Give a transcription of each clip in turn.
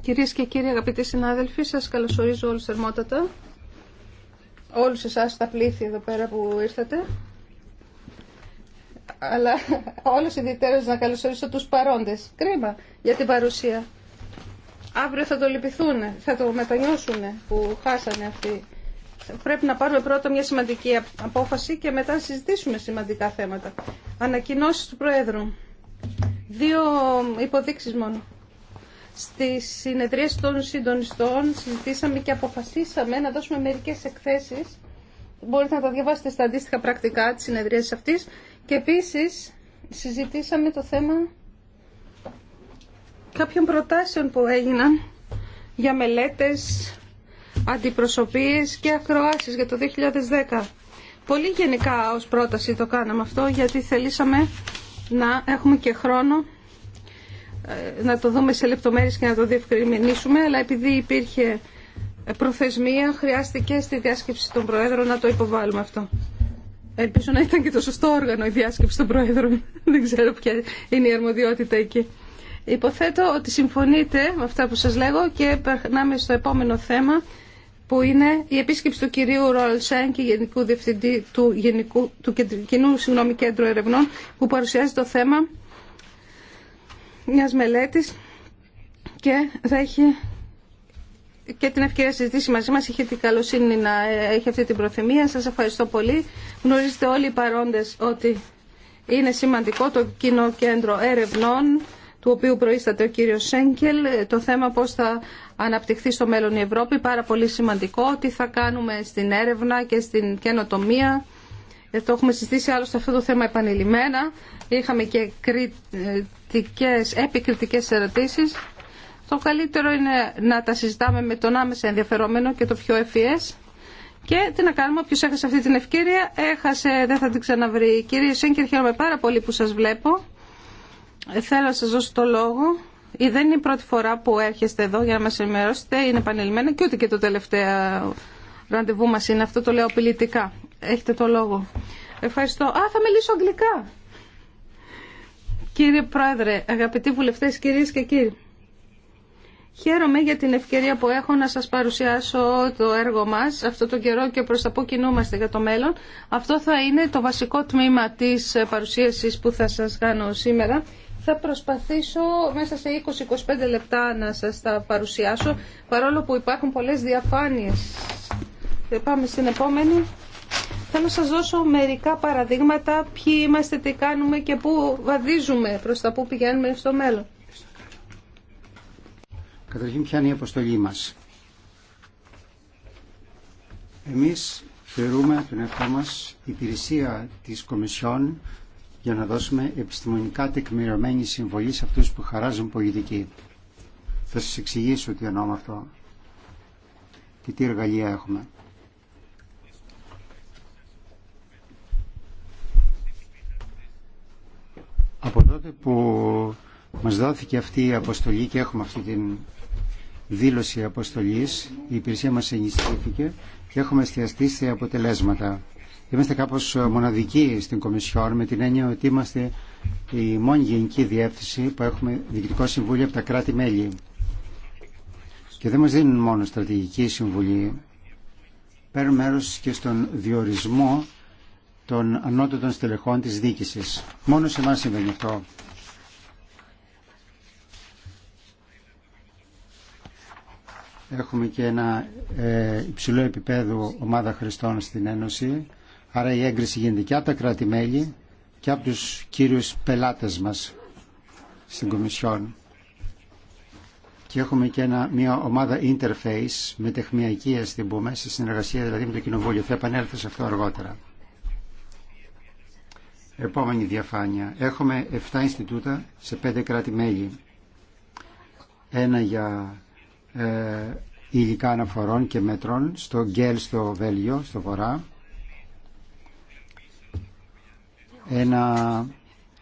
Κυρίες και κύριοι αγαπητοί συνάδελφοι, σας καλωσορίζω όλους θερμότατα, όλους εσάς τα πλήθη εδώ πέρα που ήρθατε αλλά όλος ιδιαιτέρως να καλωσορίσω τους παρόντες. Κρίμα για την παρουσία. Αύριο θα το λυπηθούν, θα το μετανιώσουν που χάσανε αυτοί. Πρέπει να πάρουμε πρώτα μια σημαντική απόφαση και μετά να συζητήσουμε σημαντικά θέματα. Ανακοινώσεις του Προέδρου. Δύο υποδείξεις μόνο. Στις συνεδρίες των συντονιστών συζητήσαμε και αποφασίσαμε να δώσουμε μερικές εκθέσεις μπορείτε να τα διαβάσετε στα αντίστοιχα πρακτικά της συνεδρίας αυτής και επίσης συζητήσαμε το θέμα κάποιων προτάσεων που έγιναν για μελέτες, αντιπροσωπείες και ακροάσεις για το 2010. Πολύ γενικά ως πρόταση το κάναμε αυτό γιατί θελήσαμε να έχουμε και χρόνο ε, να το δούμε σε λεπτομέρειες και να το διευκρινίσουμε, αλλά επειδή υπήρχε προθεσμία χρειάστηκε στη διάσκεψη των Προέδρων να το υποβάλουμε αυτό. Ελπίζω να ήταν και το σωστό όργανο η διάσκεψη των Πρόεδρων. Δεν ξέρω ποια είναι η αρμοδιότητα εκεί. Υποθέτω ότι συμφωνείτε με αυτά που σας λέγω και περνάμε στο επόμενο θέμα που είναι η επίσκεψη του κυρίου Ρολσέν και Γενικού Διευθυντή του, Γενικού, του Κοινού συγγνώμη, Κέντρου Ερευνών που παρουσιάζει το θέμα μιας μελέτης και θα έχει και την ευκαιρία συζητήσει μαζί μας. Είχε την καλοσύνη να ε, έχει αυτή την προθυμία. Σας ευχαριστώ πολύ. Γνωρίζετε όλοι οι παρόντες ότι είναι σημαντικό το κοινό κέντρο έρευνών του οποίου προείσταται ο κύριος Σέγκελ, το θέμα πώς θα αναπτυχθεί στο μέλλον η Ευρώπη, πάρα πολύ σημαντικό, τι θα κάνουμε στην έρευνα και στην καινοτομία. Ε, το έχουμε συζητήσει άλλωστε αυτό το θέμα επανειλημμένα. Είχαμε και κριτικές, ε, επικριτικές ερωτήσεις. Το καλύτερο είναι να τα συζητάμε με τον άμεσα ενδιαφερόμενο και το πιο ευφυές. Και τι να κάνουμε, όποιο έχασε αυτή την ευκαιρία, έχασε, δεν θα την ξαναβρει. Κύριε Σέγκερ, χαίρομαι πάρα πολύ που σας βλέπω. Θέλω να σας δώσω το λόγο. Ή δεν είναι πρώτη φορά που έρχεστε εδώ για να μας ενημερώσετε, είναι επανειλημμένα και ούτε και το τελευταίο ραντεβού μας είναι. Αυτό το λέω απειλητικά. Έχετε το λόγο. Ευχαριστώ. Α, θα μιλήσω αγγλικά. Κύριε Πρόεδρε, αγαπητοί βουλευτές, κυρίες και κύριοι. Χαίρομαι για την ευκαιρία που έχω να σας παρουσιάσω το έργο μας αυτό τον καιρό και προς τα πού κινούμαστε για το μέλλον. Αυτό θα είναι το βασικό τμήμα της παρουσίασης που θα σας κάνω σήμερα. Θα προσπαθήσω μέσα σε 20-25 λεπτά να σας τα παρουσιάσω, παρόλο που υπάρχουν πολλές διαφάνειες. Πάμε στην επόμενη. Θέλω να σας δώσω μερικά παραδείγματα ποιοι είμαστε, τι κάνουμε και πού βαδίζουμε προς τα πού πηγαίνουμε στο μέλλον. Καταρχήν ποια είναι η αποστολή μας. Εμείς θεωρούμε τον εαυτό μας υπηρεσία της Κομισιόν για να δώσουμε επιστημονικά τεκμηρωμένη συμβολή σε αυτούς που χαράζουν πολιτική. Θα σας εξηγήσω τι εννοώ αυτό και τι εργαλεία έχουμε. Από τότε που μας δόθηκε αυτή η αποστολή και έχουμε αυτή την δήλωση αποστολής, η υπηρεσία μας ενισχύθηκε και έχουμε εστιαστεί σε αποτελέσματα. Είμαστε κάπως μοναδικοί στην Κομισιόν με την έννοια ότι είμαστε η μόνη γενική διεύθυνση που έχουμε διοικητικό συμβούλιο από τα κράτη-μέλη. Και δεν μας δίνουν μόνο στρατηγική συμβουλή. Παίρνουν μέρος και στον διορισμό των ανώτατων στελεχών της διοίκησης. Μόνο σε εμάς συμβαίνει αυτό. Έχουμε και ένα ε, υψηλό επίπεδο ομάδα χρηστών στην Ένωση, άρα η έγκριση γίνεται και από τα κράτη-μέλη και από τους κύριους πελάτες μας στην Κομισιόν. Και έχουμε και ένα, μια ομάδα interface με τεχνιακή ας συνεργασία δηλαδή με το Κοινοβούλιο. Θα επανέλθω σε αυτό αργότερα. Επόμενη διαφάνεια. Έχουμε 7 Ινστιτούτα σε 5 κράτη-μέλη. Ένα για υλικά ε, αναφορών και μέτρων στο Γκέλ στο Βέλγιο, στο Βορρά. Ένα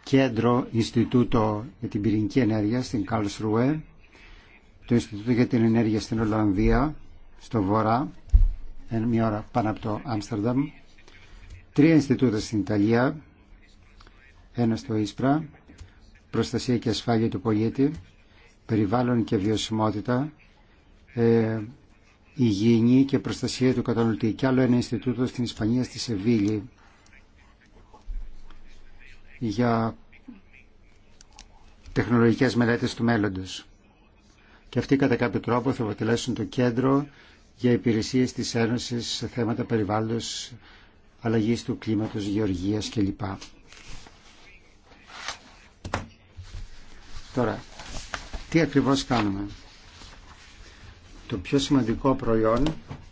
κέντρο Ινστιτούτο για την Πυρηνική Ενέργεια στην Καλσρουέ, το Ινστιτούτο για την Ενέργεια στην Ολλανδία, στο Βορρά, μια ώρα πάνω από το Άμστερνταμ, τρία Ινστιτούτα στην Ιταλία, ένα στο Ίσπρα, προστασία και ασφάλεια του πολίτη, περιβάλλον και βιωσιμότητα ε, υγιεινή και προστασία του κατανοητή. Και άλλο ένα Ινστιτούτο στην Ισπανία, στη Σεβίλη, για τεχνολογικές μελέτες του μέλλοντος. Και αυτοί κατά κάποιο τρόπο θα αποτελέσουν το κέντρο για υπηρεσίες της Ένωσης σε θέματα περιβάλλοντος, αλλαγής του κλίματος, γεωργίας κλπ. Τώρα, τι ακριβώς κάνουμε. Το πιο σημαντικό προϊόν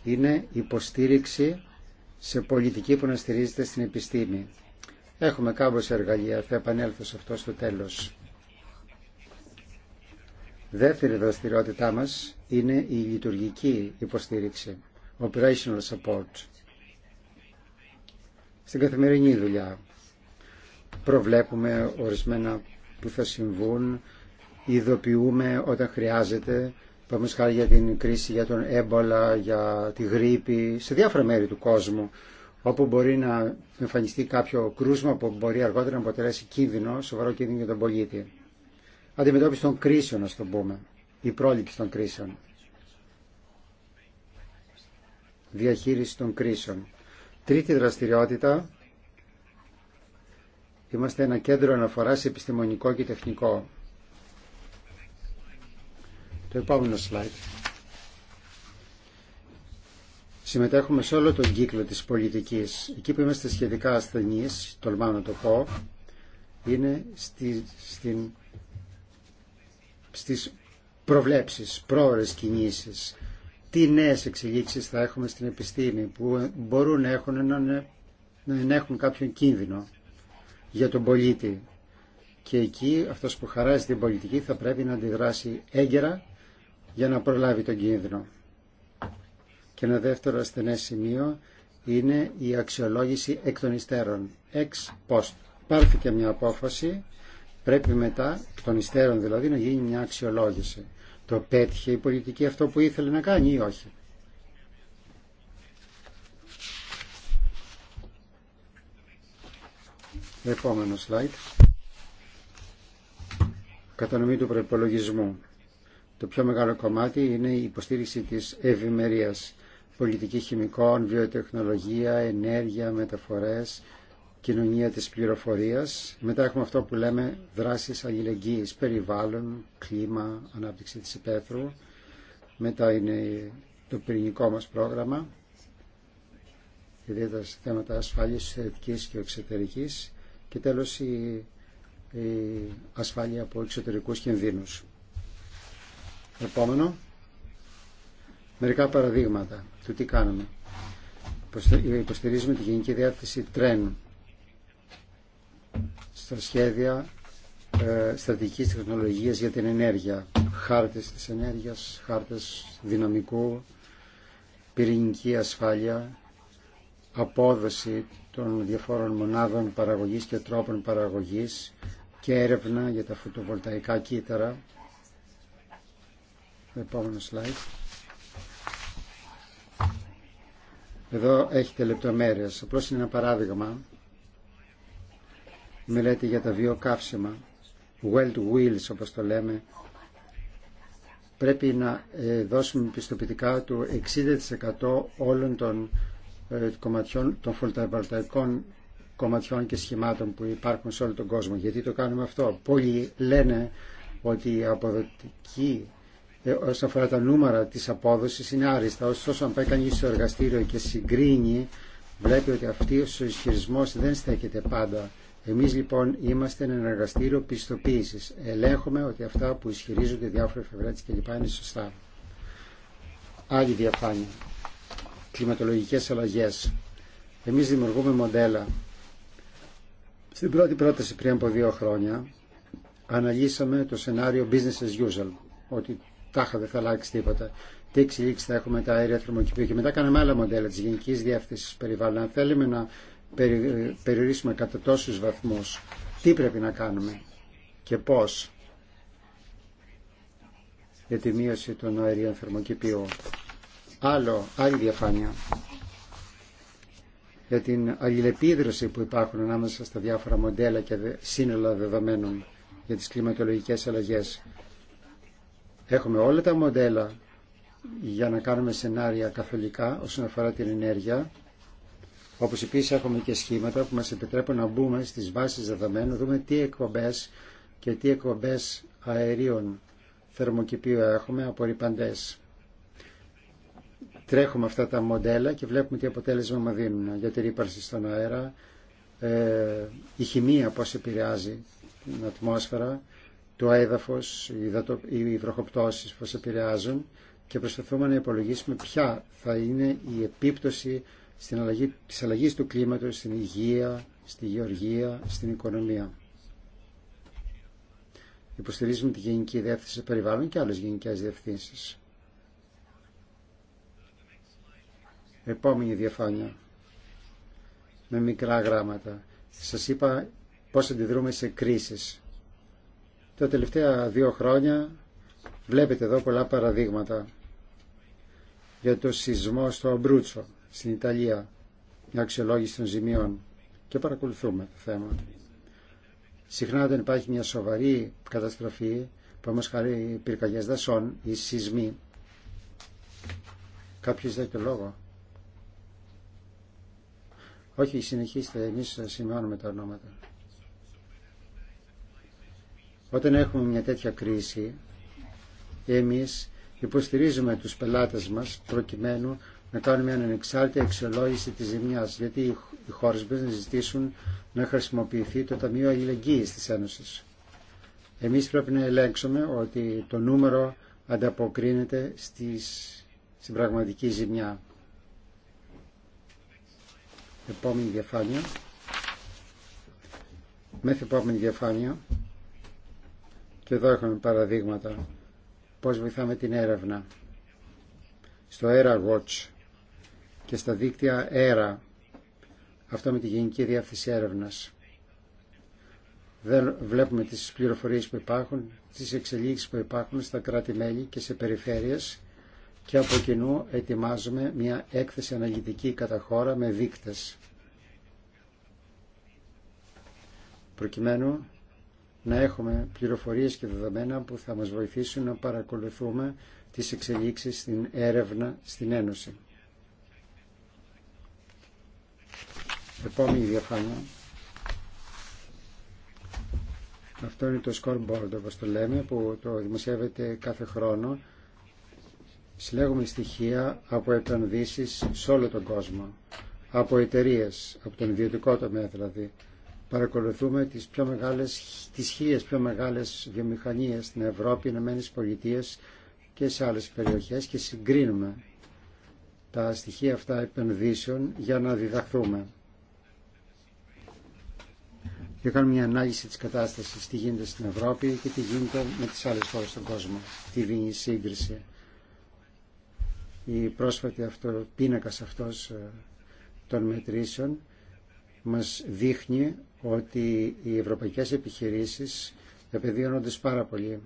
είναι υποστήριξη σε πολιτική που να στηρίζεται στην επιστήμη. Έχουμε κάμποσα εργαλεία, θα επανέλθω σε αυτό στο τέλος. Δεύτερη δραστηριότητά μας είναι η λειτουργική υποστήριξη, operational support, στην καθημερινή δουλειά. Προβλέπουμε ορισμένα που θα συμβούν, ειδοποιούμε όταν χρειάζεται, παραδείγματο χάρη για την κρίση για τον έμπολα, για τη γρήπη, σε διάφορα μέρη του κόσμου, όπου μπορεί να εμφανιστεί κάποιο κρούσμα που μπορεί αργότερα να αποτελέσει κίνδυνο, σοβαρό κίνδυνο για τον πολίτη. Αντιμετώπιση των κρίσεων, α το πούμε, η πρόληψη των κρίσεων. Διαχείριση των κρίσεων. Τρίτη δραστηριότητα, είμαστε ένα κέντρο αναφορά, επιστημονικό και τεχνικό το επόμενο slide. Συμμετέχουμε σε όλο τον κύκλο της πολιτικής. Εκεί που είμαστε σχετικά ασθενείς, τολμάω να το πω, είναι στη, στην, στις προβλέψεις, πρόορες κινήσεις. Τι νέες εξελίξεις θα έχουμε στην επιστήμη που μπορούν να έχουν, να να έχουν κάποιον κίνδυνο για τον πολίτη. Και εκεί αυτός που χαράζει την πολιτική θα πρέπει να αντιδράσει έγκαιρα για να προλάβει τον κίνδυνο. Και ένα δεύτερο ασθενέ σημείο είναι η αξιολόγηση εκ των υστέρων, ex post. Πάρθηκε μια απόφαση, πρέπει μετά, εκ των υστέρων δηλαδή, να γίνει μια αξιολόγηση. Το πέτυχε η πολιτική αυτό που ήθελε να κάνει ή όχι. Επόμενο slide. Κατανομή του προπολογισμού. Το πιο μεγάλο κομμάτι είναι η υποστήριξη της ευημερία. Πολιτική χημικών, βιοτεχνολογία, ενέργεια, μεταφορές, κοινωνία της πληροφορίας. Μετά έχουμε αυτό που λέμε δράσεις αλληλεγγύης, περιβάλλον, κλίμα, ανάπτυξη της υπαίθρου. Μετά είναι το πυρηνικό μας πρόγραμμα, ιδιαίτερα σε θέματα ασφάλειας εσωτερικής και εξωτερικής. Και τέλος η, η ασφάλεια από εξωτερικούς κινδύνους. Επόμενο. Μερικά παραδείγματα του τι κάνουμε. Υποστηρίζουμε τη Γενική Διάθεση Τρέν στα σχέδια ε, στρατηγικής τεχνολογίας για την ενέργεια. Χάρτες της ενέργειας, χάρτες δυναμικού, πυρηνική ασφάλεια, απόδοση των διαφόρων μονάδων παραγωγής και τρόπων παραγωγής και έρευνα για τα φωτοβολταϊκά κύτταρα Επόμενο slide. Εδώ έχετε λεπτομέρειες. Απλώς είναι ένα παράδειγμα. Μιλάτε για τα βιοκαύσιμα. Weld wheels όπως το λέμε. Πρέπει να ε, δώσουμε πιστοποιητικά του 60% όλων των ε, κομματιών, των φωτοβολταϊκών κομματιών και σχημάτων που υπάρχουν σε όλο τον κόσμο. Γιατί το κάνουμε αυτό. Πολλοί λένε ότι η αποδοτική ε, όσον αφορά τα νούμερα τη απόδοση είναι άριστα. Ωστόσο αν πάει κανεί στο εργαστήριο και συγκρίνει βλέπει ότι αυτό ο ισχυρισμό δεν στέκεται πάντα. Εμεί λοιπόν είμαστε ένα εργαστήριο πιστοποίηση. Ελέγχουμε ότι αυτά που ισχυρίζονται διάφορα και κλπ. είναι σωστά. Άλλη διαφάνεια. Κλιματολογικές αλλαγέ. Εμεί δημιουργούμε μοντέλα. Στην πρώτη πρόταση πριν από δύο χρόνια αναλύσαμε το σενάριο business as usual. Ότι τάχα δεν θα αλλάξει τίποτα. Τι εξελίξει θα έχουμε τα αέρια θερμοκηπίου και μετά κάναμε άλλα μοντέλα τη Γενική Διεύθυνση Περιβάλλον. Αν θέλουμε να περιορίσουμε κατά τόσου βαθμού, τι πρέπει να κάνουμε και πώ για τη μείωση των αερίων θερμοκηπίου. Άλλο, άλλη διαφάνεια για την αλληλεπίδραση που υπάρχουν ανάμεσα στα διάφορα μοντέλα και σύνολα δεδομένων για τις κλιματολογικές αλλαγές. Έχουμε όλα τα μοντέλα για να κάνουμε σενάρια καθολικά όσον αφορά την ενέργεια. Όπως επίσης έχουμε και σχήματα που μας επιτρέπουν να μπούμε στις βάσεις δεδομένων, δούμε τι εκπομπές και τι εκπομπές αερίων θερμοκηπίου έχουμε από ρηπαντές. Τρέχουμε αυτά τα μοντέλα και βλέπουμε τι αποτέλεσμα μας δίνουν για τη ρήπανση στον αέρα, ε, η χημεία πώς επηρεάζει την ατμόσφαιρα, το έδαφος, οι που πώς επηρεάζουν και προσπαθούμε να υπολογίσουμε ποια θα είναι η επίπτωση στην αλλαγή, της αλλαγής του κλίματος στην υγεία, στη γεωργία, στην οικονομία. Υποστηρίζουμε τη Γενική Διεύθυνση Περιβάλλον και άλλες γενικές διευθύνσεις. Επόμενη διαφάνεια. Με μικρά γράμματα. Σας είπα πώς αντιδρούμε σε κρίσεις. Τα τελευταία δύο χρόνια βλέπετε εδώ πολλά παραδείγματα για το σεισμό στο Αμπρούτσο στην Ιταλία, μια αξιολόγηση των ζημιών και παρακολουθούμε το θέμα. Συχνά όταν υπάρχει μια σοβαρή καταστροφή, που όμως χάρη πυρκαγιές δασών ή σεισμοί, κάποιος δεν το λόγο. Όχι, συνεχίστε, εμείς σημειώνουμε τα ονόματα. Όταν έχουμε μια τέτοια κρίση, εμείς υποστηρίζουμε τους πελάτες μας προκειμένου να κάνουμε μια ανεξάρτητη αξιολόγηση της ζημιάς, γιατί οι χώρες μας να ζητήσουν να χρησιμοποιηθεί το Ταμείο Αλληλεγγύης της Ένωσης. Εμείς πρέπει να ελέγξουμε ότι το νούμερο ανταποκρίνεται στις, στην πραγματική ζημιά. Επόμενη διαφάνεια. Μέχρι επόμενη διαφάνεια και εδώ έχουμε παραδείγματα πώς βοηθάμε την έρευνα στο ERA Watch και στα δίκτυα ERA αυτό με τη Γενική διάθεση Έρευνας. Δεν βλέπουμε τις πληροφορίες που υπάρχουν, τις εξελίξεις που υπάρχουν στα κράτη-μέλη και σε περιφέρειες και από κοινού ετοιμάζουμε μια έκθεση αναλυτική κατά χώρα με δείκτες προκειμένου να έχουμε πληροφορίες και δεδομένα που θα μας βοηθήσουν να παρακολουθούμε τις εξελίξεις στην έρευνα στην Ένωση. Επόμενη διαφάνεια. Αυτό είναι το scoreboard όπως το λέμε που το δημοσιεύεται κάθε χρόνο. Συλλέγουμε στοιχεία από επενδύσεις σε όλο τον κόσμο. Από εταιρείε, από τον ιδιωτικό τομέα δηλαδή, παρακολουθούμε τις, πιο μεγάλες, τις χίλιες πιο μεγάλες βιομηχανίες στην Ευρώπη, Ηνωμένες Πολιτείες και σε άλλες περιοχές και συγκρίνουμε τα στοιχεία αυτά επενδύσεων για να διδαχθούμε. Και κάνουμε μια ανάλυση της κατάστασης, τι γίνεται στην Ευρώπη και τι γίνεται με τις άλλες χώρες στον κόσμο. Τι δίνει η σύγκριση. Η πρόσφατη αυτό, πίνακας αυτός ε, των μετρήσεων μας δείχνει ότι οι ευρωπαϊκές επιχειρήσεις επενδύονται πάρα πολύ.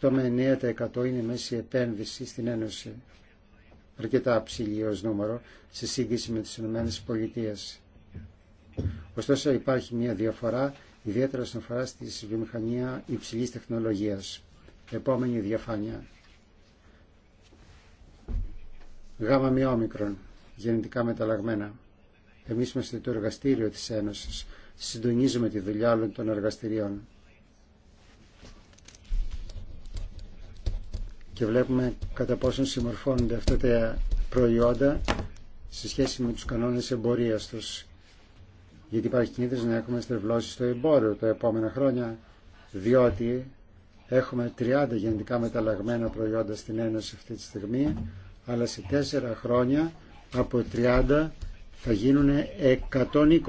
8 με 9% είναι μέση επένδυση στην Ένωση. Αρκετά ψηλή ω νούμερο σε σύγκριση με τις ΗΠΑ. Ωστόσο υπάρχει μια διαφορά, ιδιαίτερα στον αφορά στη βιομηχανία υψηλή τεχνολογίας. Επόμενη διαφάνεια. Γάμα μειόμικρον γενετικά μεταλλαγμένα. Εμεί είμαστε το εργαστήριο τη Ένωση. Συντονίζουμε τη δουλειά όλων των εργαστηριών. Και βλέπουμε κατά πόσον συμμορφώνονται αυτά τα προϊόντα σε σχέση με του κανόνε εμπορία του. Γιατί υπάρχει κίνδυνος να έχουμε στρεβλώσει στο εμπόριο τα επόμενα χρόνια, διότι έχουμε 30 γενετικά μεταλλαγμένα προϊόντα στην Ένωση αυτή τη στιγμή, αλλά σε τέσσερα χρόνια από 30 θα γίνουν 120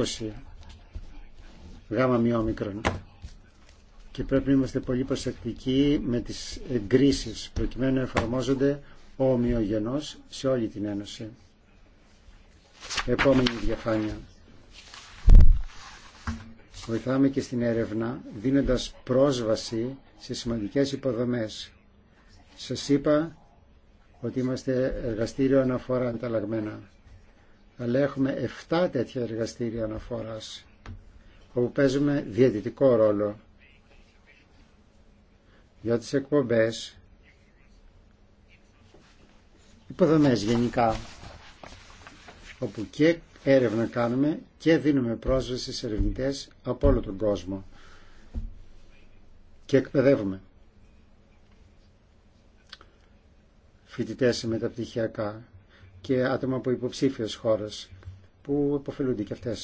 γάμα μειόμικρον. Και πρέπει να είμαστε πολύ προσεκτικοί με τις εγκρίσει προκειμένου να εφαρμόζονται ομοιογενώς σε όλη την Ένωση. Επόμενη διαφάνεια. Βοηθάμε και στην έρευνα δίνοντας πρόσβαση σε σημαντικές υποδομές. Σας είπα ότι είμαστε εργαστήριο αναφορά ανταλλαγμένα. Αλλά έχουμε 7 τέτοια εργαστήρια αναφοράς όπου παίζουμε διαιτητικό ρόλο για τις εκπομπές υποδομές γενικά όπου και έρευνα κάνουμε και δίνουμε πρόσβαση σε ερευνητές από όλο τον κόσμο και εκπαιδεύουμε. φοιτητές μεταπτυχιακά και άτομα από υποψήφιε χώρε που υποφελούνται και αυτέ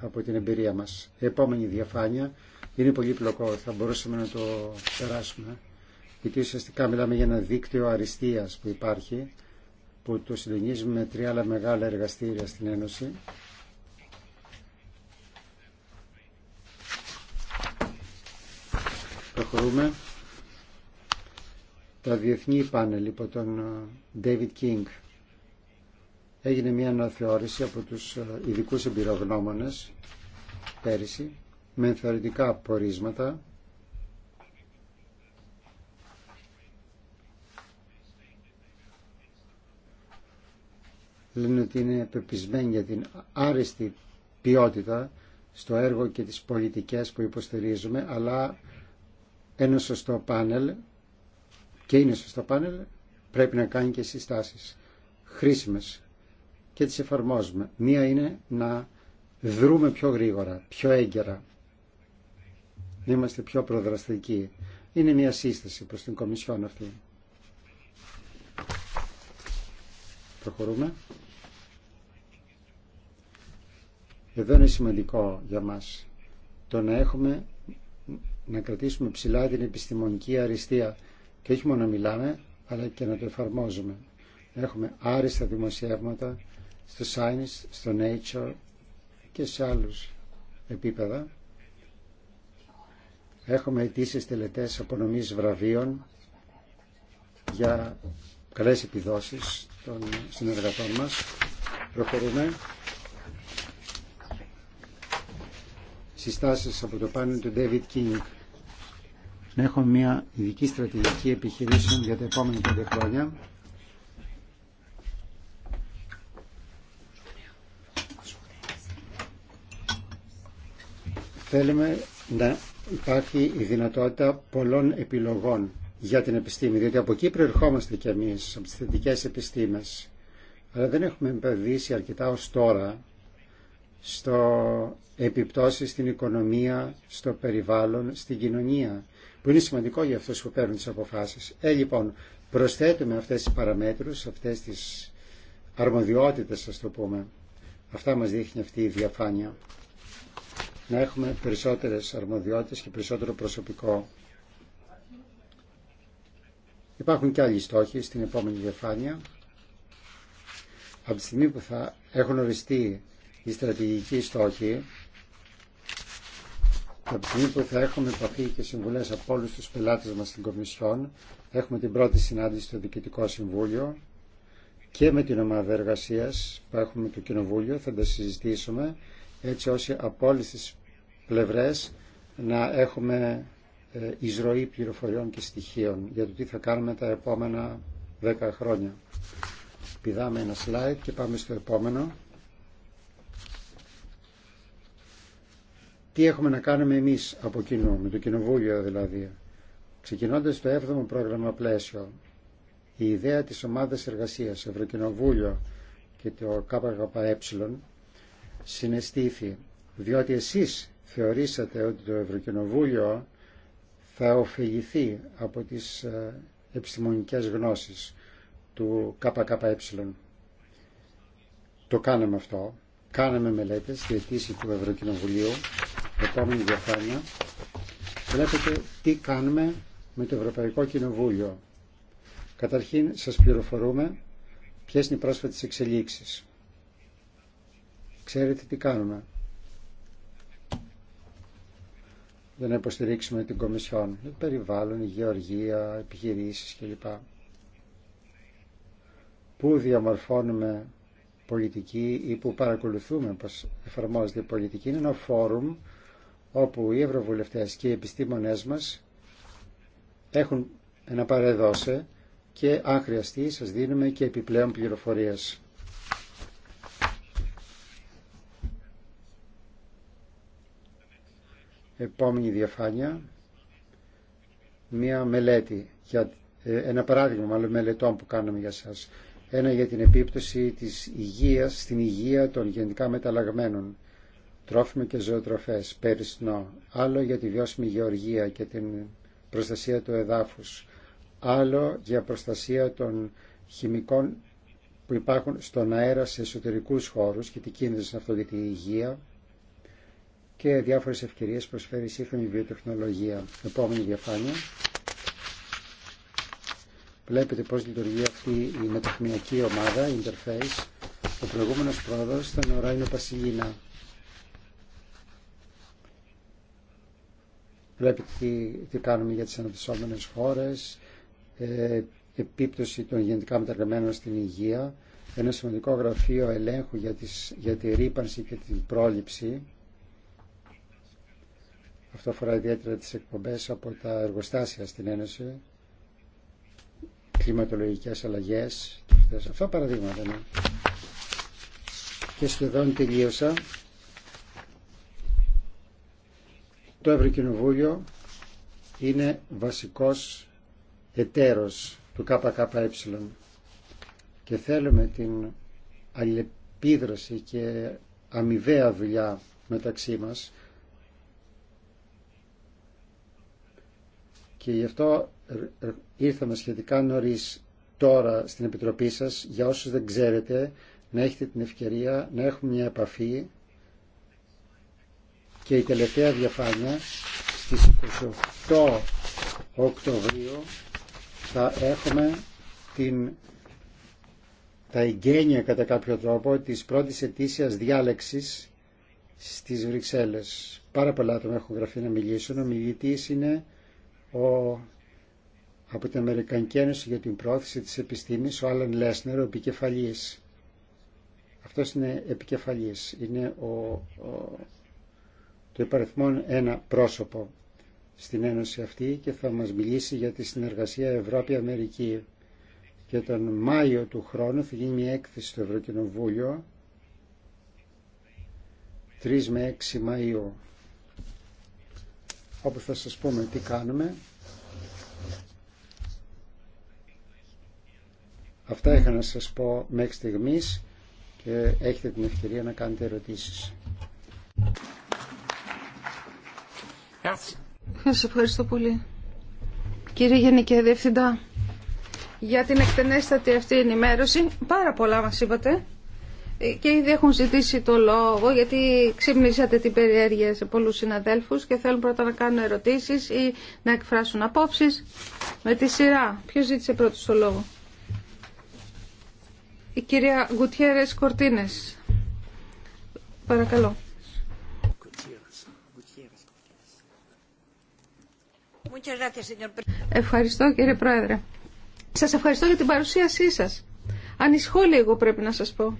από την εμπειρία μα. Η επόμενη διαφάνεια είναι πολύ πλοκό, θα μπορούσαμε να το περάσουμε γιατί ουσιαστικά μιλάμε για ένα δίκτυο αριστείας που υπάρχει που το συντονίζουμε με τρία άλλα μεγάλα εργαστήρια στην Ένωση προχωρούμε τα διεθνή πάνελ υπό τον ε, David King. Έγινε μια αναθεώρηση από τους ε, ειδικού εμπειρογνώμονες πέρυσι με θεωρητικά πορίσματα λένε ότι είναι πεπισμένη για την άρεστη ποιότητα στο έργο και τις πολιτικές που υποστηρίζουμε αλλά ένα σωστό πάνελ και είναι στο πάνελ, πρέπει να κάνει και συστάσεις χρήσιμες και τις εφαρμόζουμε. Μία είναι να δρούμε πιο γρήγορα, πιο έγκαιρα, να είμαστε πιο προδραστικοί. Είναι μια σύσταση προς την Κομισιόν αυτή. Προχωρούμε. Εδώ είναι σημαντικό για μας το να έχουμε, να κρατήσουμε ψηλά την επιστημονική αριστεία και όχι μόνο να μιλάμε, αλλά και να το εφαρμόζουμε. Έχουμε άριστα δημοσιεύματα στο Science, στο Nature και σε άλλους επίπεδα. Έχουμε αιτήσει τελετές απονομής βραβείων για καλές επιδόσεις των συνεργατών μας. Προχωρούμε. Συστάσεις από το πάνελ του David King να έχουμε μια ειδική στρατηγική επιχειρήσεων για τα επόμενα πέντε χρόνια. Θέλουμε να υπάρχει η δυνατότητα πολλών επιλογών για την επιστήμη, διότι από εκεί προερχόμαστε κι εμείς, από τις θετικές επιστήμες. Αλλά δεν έχουμε επενδύσει αρκετά ως τώρα στο επιπτώσεις στην οικονομία, στο περιβάλλον, στην κοινωνία, που είναι σημαντικό για αυτούς που παίρνουν τις αποφάσεις. Ε, λοιπόν, προσθέτουμε αυτές τις παραμέτρους, αυτές τις αρμοδιότητες, ας το πούμε. Αυτά μας δείχνει αυτή η διαφάνεια. Να έχουμε περισσότερες αρμοδιότητες και περισσότερο προσωπικό. Υπάρχουν και άλλοι στόχοι στην επόμενη διαφάνεια. Από τη στιγμή που θα έχουν οριστεί η στρατηγική στόχοι από τη στιγμή που θα έχουμε επαφή και συμβουλέ από όλου του πελάτε μα στην Κομισιόν, έχουμε την πρώτη συνάντηση στο Διοικητικό Συμβούλιο και με την ομάδα εργασία που έχουμε το Κοινοβούλιο, θα τα συζητήσουμε έτσι ώστε από όλε τι πλευρέ να έχουμε ε, εισρωή πληροφοριών και στοιχείων για το τι θα κάνουμε τα επόμενα 10 χρόνια. Πηδάμε ένα slide και πάμε στο επόμενο. τι έχουμε να κάνουμε εμείς από κοινού, με το κοινοβούλιο δηλαδή. Ξεκινώντας το 7ο πρόγραμμα πλαίσιο, η ιδέα της ομάδας εργασίας Ευρωκοινοβούλιο και το ΚΚΕ συναισθήθη, διότι εσείς θεωρήσατε ότι το Ευρωκοινοβούλιο θα ωφεληθεί από τις ε, επιστημονικές γνώσεις του ΚΚΕ. Το κάναμε αυτό, κάναμε μελέτες στη αιτήση του Ευρωκοινοβουλίου επόμενη διαφάνεια βλέπετε τι κάνουμε με το Ευρωπαϊκό Κοινοβούλιο. Καταρχήν σας πληροφορούμε ποιες είναι οι πρόσφατες εξελίξεις. Ξέρετε τι κάνουμε. δεν να υποστηρίξουμε την Κομισιόν. Περιβάλλον, γεωργία, επιχειρήσεις κλπ. Πού διαμορφώνουμε πολιτική ή που παρακολουθούμε πως εφαρμόζεται η πολιτική είναι ένα φόρουμ όπου οι ευρωβουλευτές και οι επιστήμονές μας έχουν ένα παρεδώσε και αν χρειαστεί σας δίνουμε και επιπλέον πληροφορίες. Επόμενη διαφάνεια, μία μελέτη, για, ε, ένα παράδειγμα μάλλον μελετών που κάναμε για σας. Ένα για την επίπτωση της υγείας στην υγεία των γενικά μεταλλαγμένων τρόφιμα και ζωοτροφές, περισσνό, άλλο για τη βιώσιμη γεωργία και την προστασία του εδάφους, άλλο για προστασία των χημικών που υπάρχουν στον αέρα σε εσωτερικούς χώρους και την κίνηση είναι αυτό για τη υγεία και διάφορες ευκαιρίες προσφέρει η σύγχρονη βιοτεχνολογία. Επόμενη διαφάνεια. Βλέπετε πώς λειτουργεί αυτή η μεταχμιακή ομάδα, η interface. Ο προηγούμενος πρόεδρος ήταν ο Ράινο Πασιλίνα Βλέπετε τι, κάνουμε για τις αναπτυσσόμενες χώρες, ε, επίπτωση των γενετικά μεταγραμμένων στην υγεία, ένα σημαντικό γραφείο ελέγχου για, τις, για τη ρήπανση και την πρόληψη. Αυτό αφορά ιδιαίτερα τις εκπομπές από τα εργοστάσια στην Ένωση, κλιματολογικές αλλαγές και αυτές. Αυτά παραδείγματα ναι. Και σχεδόν τελείωσα. Το Ευρωκοινοβούλιο είναι βασικός εταίρος του ΚΚΕ και θέλουμε την αλληλεπίδραση και αμοιβαία δουλειά μεταξύ μας και γι' αυτό ε, ε, ήρθαμε σχετικά νωρίς τώρα στην Επιτροπή σας για όσους δεν ξέρετε να έχετε την ευκαιρία να έχουμε μια επαφή και η τελευταία διαφάνεια στις 28 Οκτωβρίου θα έχουμε την, τα εγγένεια κατά κάποιο τρόπο της πρώτης ετήσιας διάλεξης στις Βρυξέλλες. Πάρα πολλά άτομα έχουν γραφεί να μιλήσουν. Ο μιλητής είναι ο από την Αμερικανική Ένωση για την Πρόθεση της Επιστήμης, ο Άλαν Λέσνερ, ο επικεφαλής. Αυτός είναι επικεφαλής, είναι ο, ο το υπαριθμόν ένα πρόσωπο στην Ένωση αυτή και θα μας μιλήσει για τη συνεργασία Ευρώπη-Αμερική. Και τον Μάιο του χρόνου θα γίνει μια έκθεση στο Ευρωκοινοβούλιο 3 με 6 Μαΐου όπου θα σας πούμε τι κάνουμε. Αυτά είχα να σας πω μέχρι στιγμής και έχετε την ευκαιρία να κάνετε ερωτήσεις. Σας ευχαριστώ πολύ. Κύριε Γενική Διευθυντά, για την εκτενέστατη αυτή ενημέρωση, πάρα πολλά μας είπατε και ήδη έχουν ζητήσει το λόγο γιατί ξύπνησατε την περιέργεια σε πολλούς συναδέλφους και θέλουν πρώτα να κάνουν ερωτήσεις ή να εκφράσουν απόψεις με τη σειρά. Ποιος ζήτησε πρώτος το λόγο. Η κυρία Γκουτιέρες Κορτίνες. Παρακαλώ. Ευχαριστώ κύριε Πρόεδρε. Σας ευχαριστώ για την παρουσίασή σας. Ανισχώ λίγο πρέπει να σας πω.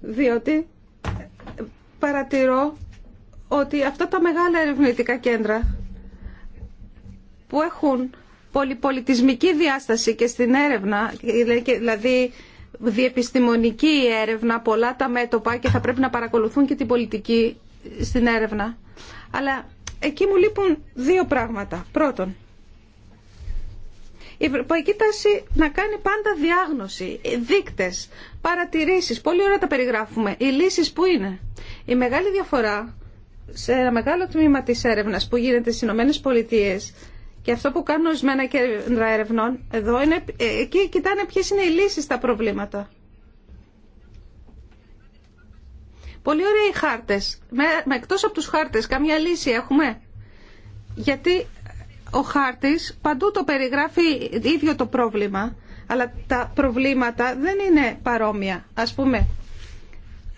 Διότι ε, παρατηρώ ότι αυτά τα μεγάλα ερευνητικά κέντρα που έχουν πολυπολιτισμική διάσταση και στην έρευνα, ε, δηλαδή διεπιστημονική έρευνα, πολλά τα μέτωπα και θα πρέπει να παρακολουθούν και την πολιτική στην έρευνα. Αλλά Εκεί μου λείπουν δύο πράγματα. Πρώτον, η ευρωπαϊκή τάση να κάνει πάντα διάγνωση, δείκτες, παρατηρήσεις. Πολύ ώρα τα περιγράφουμε. Οι λύσεις που είναι. Η μεγάλη διαφορά σε ένα μεγάλο τμήμα της έρευνας που γίνεται στις Ηνωμένες Πολιτείες και αυτό που κάνουν ορισμένα κέντρα ερευνών εδώ είναι ε, εκεί κοιτάνε ποιες είναι οι λύσεις στα προβλήματα. Πολύ ωραίοι οι χάρτες. Με, με εκτός από τους χάρτες, καμιά λύση έχουμε. Γιατί ο χάρτης παντού το περιγράφει ίδιο το πρόβλημα, αλλά τα προβλήματα δεν είναι παρόμοια. Ας πούμε,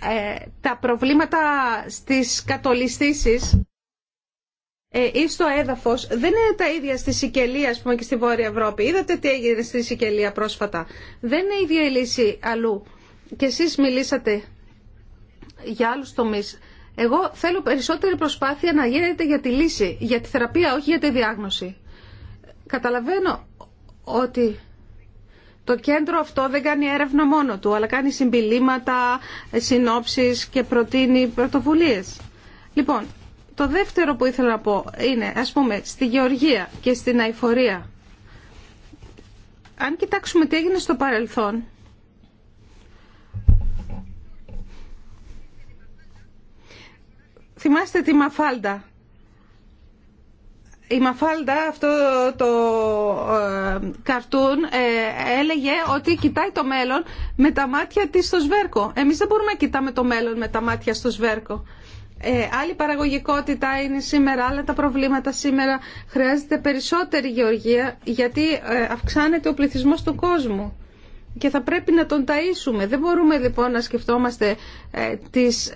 ε, τα προβλήματα στις κατολιστήσεις ε, ή στο έδαφο δεν είναι τα ίδια στη Σικελία ας πούμε, και στη Βόρεια Ευρώπη. Είδατε τι έγινε στη Σικελία πρόσφατα. Δεν είναι ίδια η λύση αλλού. Και εσείς μιλήσατε για άλλους τομείς. Εγώ θέλω περισσότερη προσπάθεια να γίνεται για τη λύση, για τη θεραπεία, όχι για τη διάγνωση. Καταλαβαίνω ότι το κέντρο αυτό δεν κάνει έρευνα μόνο του, αλλά κάνει συμπιλήματα, συνόψεις και προτείνει πρωτοβουλίες. Λοιπόν, το δεύτερο που ήθελα να πω είναι, ας πούμε, στη γεωργία και στην αηφορία. Αν κοιτάξουμε τι έγινε στο παρελθόν, Θυμάστε τη Μαφάλντα. Η Μαφάλντα αυτό το ε, καρτούν ε, έλεγε ότι κοιτάει το μέλλον με τα μάτια της στο σβέρκο. Εμείς δεν μπορούμε να κοιτάμε το μέλλον με τα μάτια στο σβέρκο. Ε, άλλη παραγωγικότητα είναι σήμερα, άλλα τα προβλήματα σήμερα. Χρειάζεται περισσότερη γεωργία γιατί ε, αυξάνεται ο πληθυσμός του κόσμου και θα πρέπει να τον ταΐσουμε. Δεν μπορούμε λοιπόν να σκεφτόμαστε ε, τις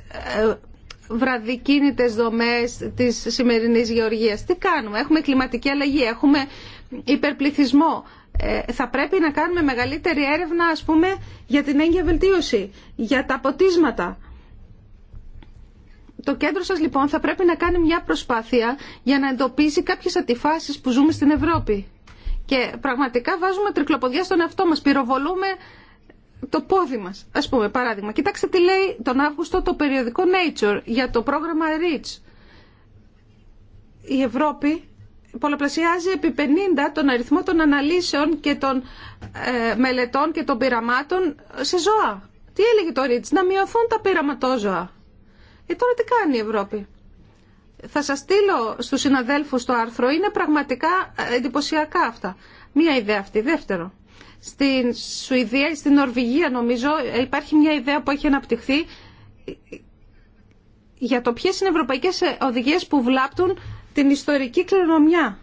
βραδικίνητες δομές της σημερινής γεωργίας. Τι κάνουμε, έχουμε κλιματική αλλαγή, έχουμε υπερπληθυσμό. Ε, θα πρέπει να κάνουμε μεγαλύτερη έρευνα, ας πούμε, για την έγκαια βελτίωση, για τα ποτίσματα. Το κέντρο σας, λοιπόν, θα πρέπει να κάνει μια προσπάθεια για να εντοπίσει κάποιες αντιφάσεις που ζούμε στην Ευρώπη. Και πραγματικά βάζουμε τρικλοποδιά στον εαυτό μας, πυροβολούμε το πόδι μας, ας πούμε, παράδειγμα. Κοιτάξτε τι λέει τον Αύγουστο το περιοδικό Nature για το πρόγραμμα REACH. Η Ευρώπη πολλαπλασιάζει επί 50 τον αριθμό των αναλύσεων και των ε, μελετών και των πειραμάτων σε ζώα. Τι έλεγε το REACH, να μειωθούν τα πειραματόζωα. Ε, τώρα τι κάνει η Ευρώπη. Θα σας στείλω στους συναδέλφους το άρθρο, είναι πραγματικά ε, εντυπωσιακά αυτά. Μία ιδέα αυτή. Δεύτερο, στην Σουηδία ή στην Νορβηγία νομίζω υπάρχει μια ιδέα που έχει αναπτυχθεί για το ποιες είναι ευρωπαϊκές οδηγίες που βλάπτουν την ιστορική κληρονομιά.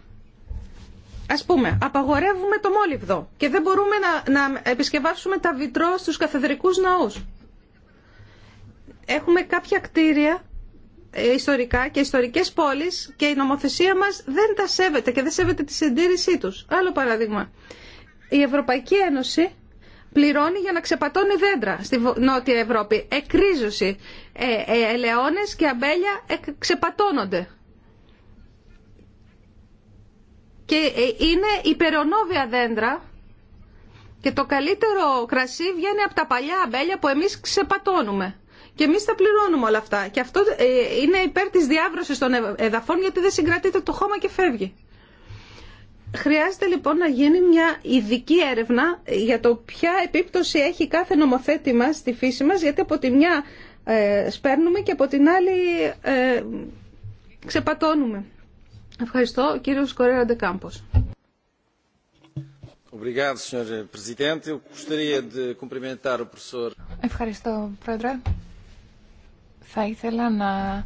Ας πούμε, απαγορεύουμε το μόλιβδο και δεν μπορούμε να, να επισκευάσουμε τα βιτρό στους καθεδρικούς ναούς. Έχουμε κάποια κτίρια ε, ιστορικά και ιστορικές πόλεις και η νομοθεσία μας δεν τα σέβεται και δεν σέβεται τη συντήρησή τους. Άλλο παράδειγμα η Ευρωπαϊκή Ένωση πληρώνει για να ξεπατώνει δέντρα στη Νότια Ευρώπη. Εκρίζωση. Ε, ε, και αμπέλια ξεπατώνονται. Και ε, είναι υπερονόβια δέντρα και το καλύτερο κρασί βγαίνει από τα παλιά αμπέλια που εμείς ξεπατώνουμε. Και εμείς τα πληρώνουμε όλα αυτά. Και αυτό ε, είναι υπέρ της διάβρωση των ε, εδαφών, γιατί δεν συγκρατείται το χώμα και φεύγει. Χρειάζεται λοιπόν να γίνει μια ειδική έρευνα για το ποια επίπτωση έχει κάθε νομοθέτημα στη φύση μας, γιατί από τη μια ε, σπέρνουμε και από την άλλη ε, ξεπατώνουμε. Ευχαριστώ. Κύριος Κορέρα Ντεκάμπος. Ευχαριστώ, Πρόεδρε. Θα ήθελα να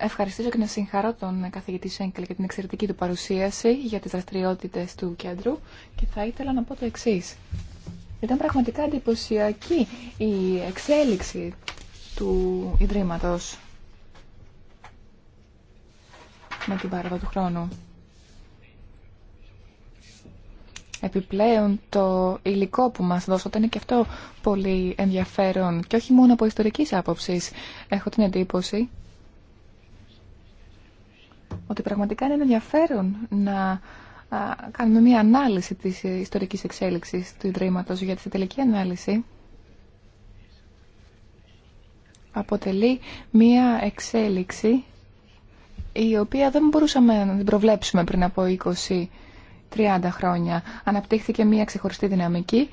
ευχαριστήσω και να συγχαρώ τον καθηγητή Σέγκελ για την εξαιρετική του παρουσίαση για τις δραστηριότητες του κέντρου και θα ήθελα να πω το εξή. Ήταν πραγματικά εντυπωσιακή η εξέλιξη του Ιδρύματος με την πάροδο του χρόνου. Επιπλέον το υλικό που μας δώσατε είναι και αυτό πολύ ενδιαφέρον και όχι μόνο από ιστορικής άποψης. Έχω την εντύπωση ότι πραγματικά είναι ενδιαφέρον να κάνουμε μια ανάλυση της ιστορικής εξέλιξης του Ιδρύματος γιατί στη τελική ανάλυση αποτελεί μια εξέλιξη η οποία δεν μπορούσαμε να την προβλέψουμε πριν από 20-30 χρόνια. Αναπτύχθηκε μια ξεχωριστή δυναμική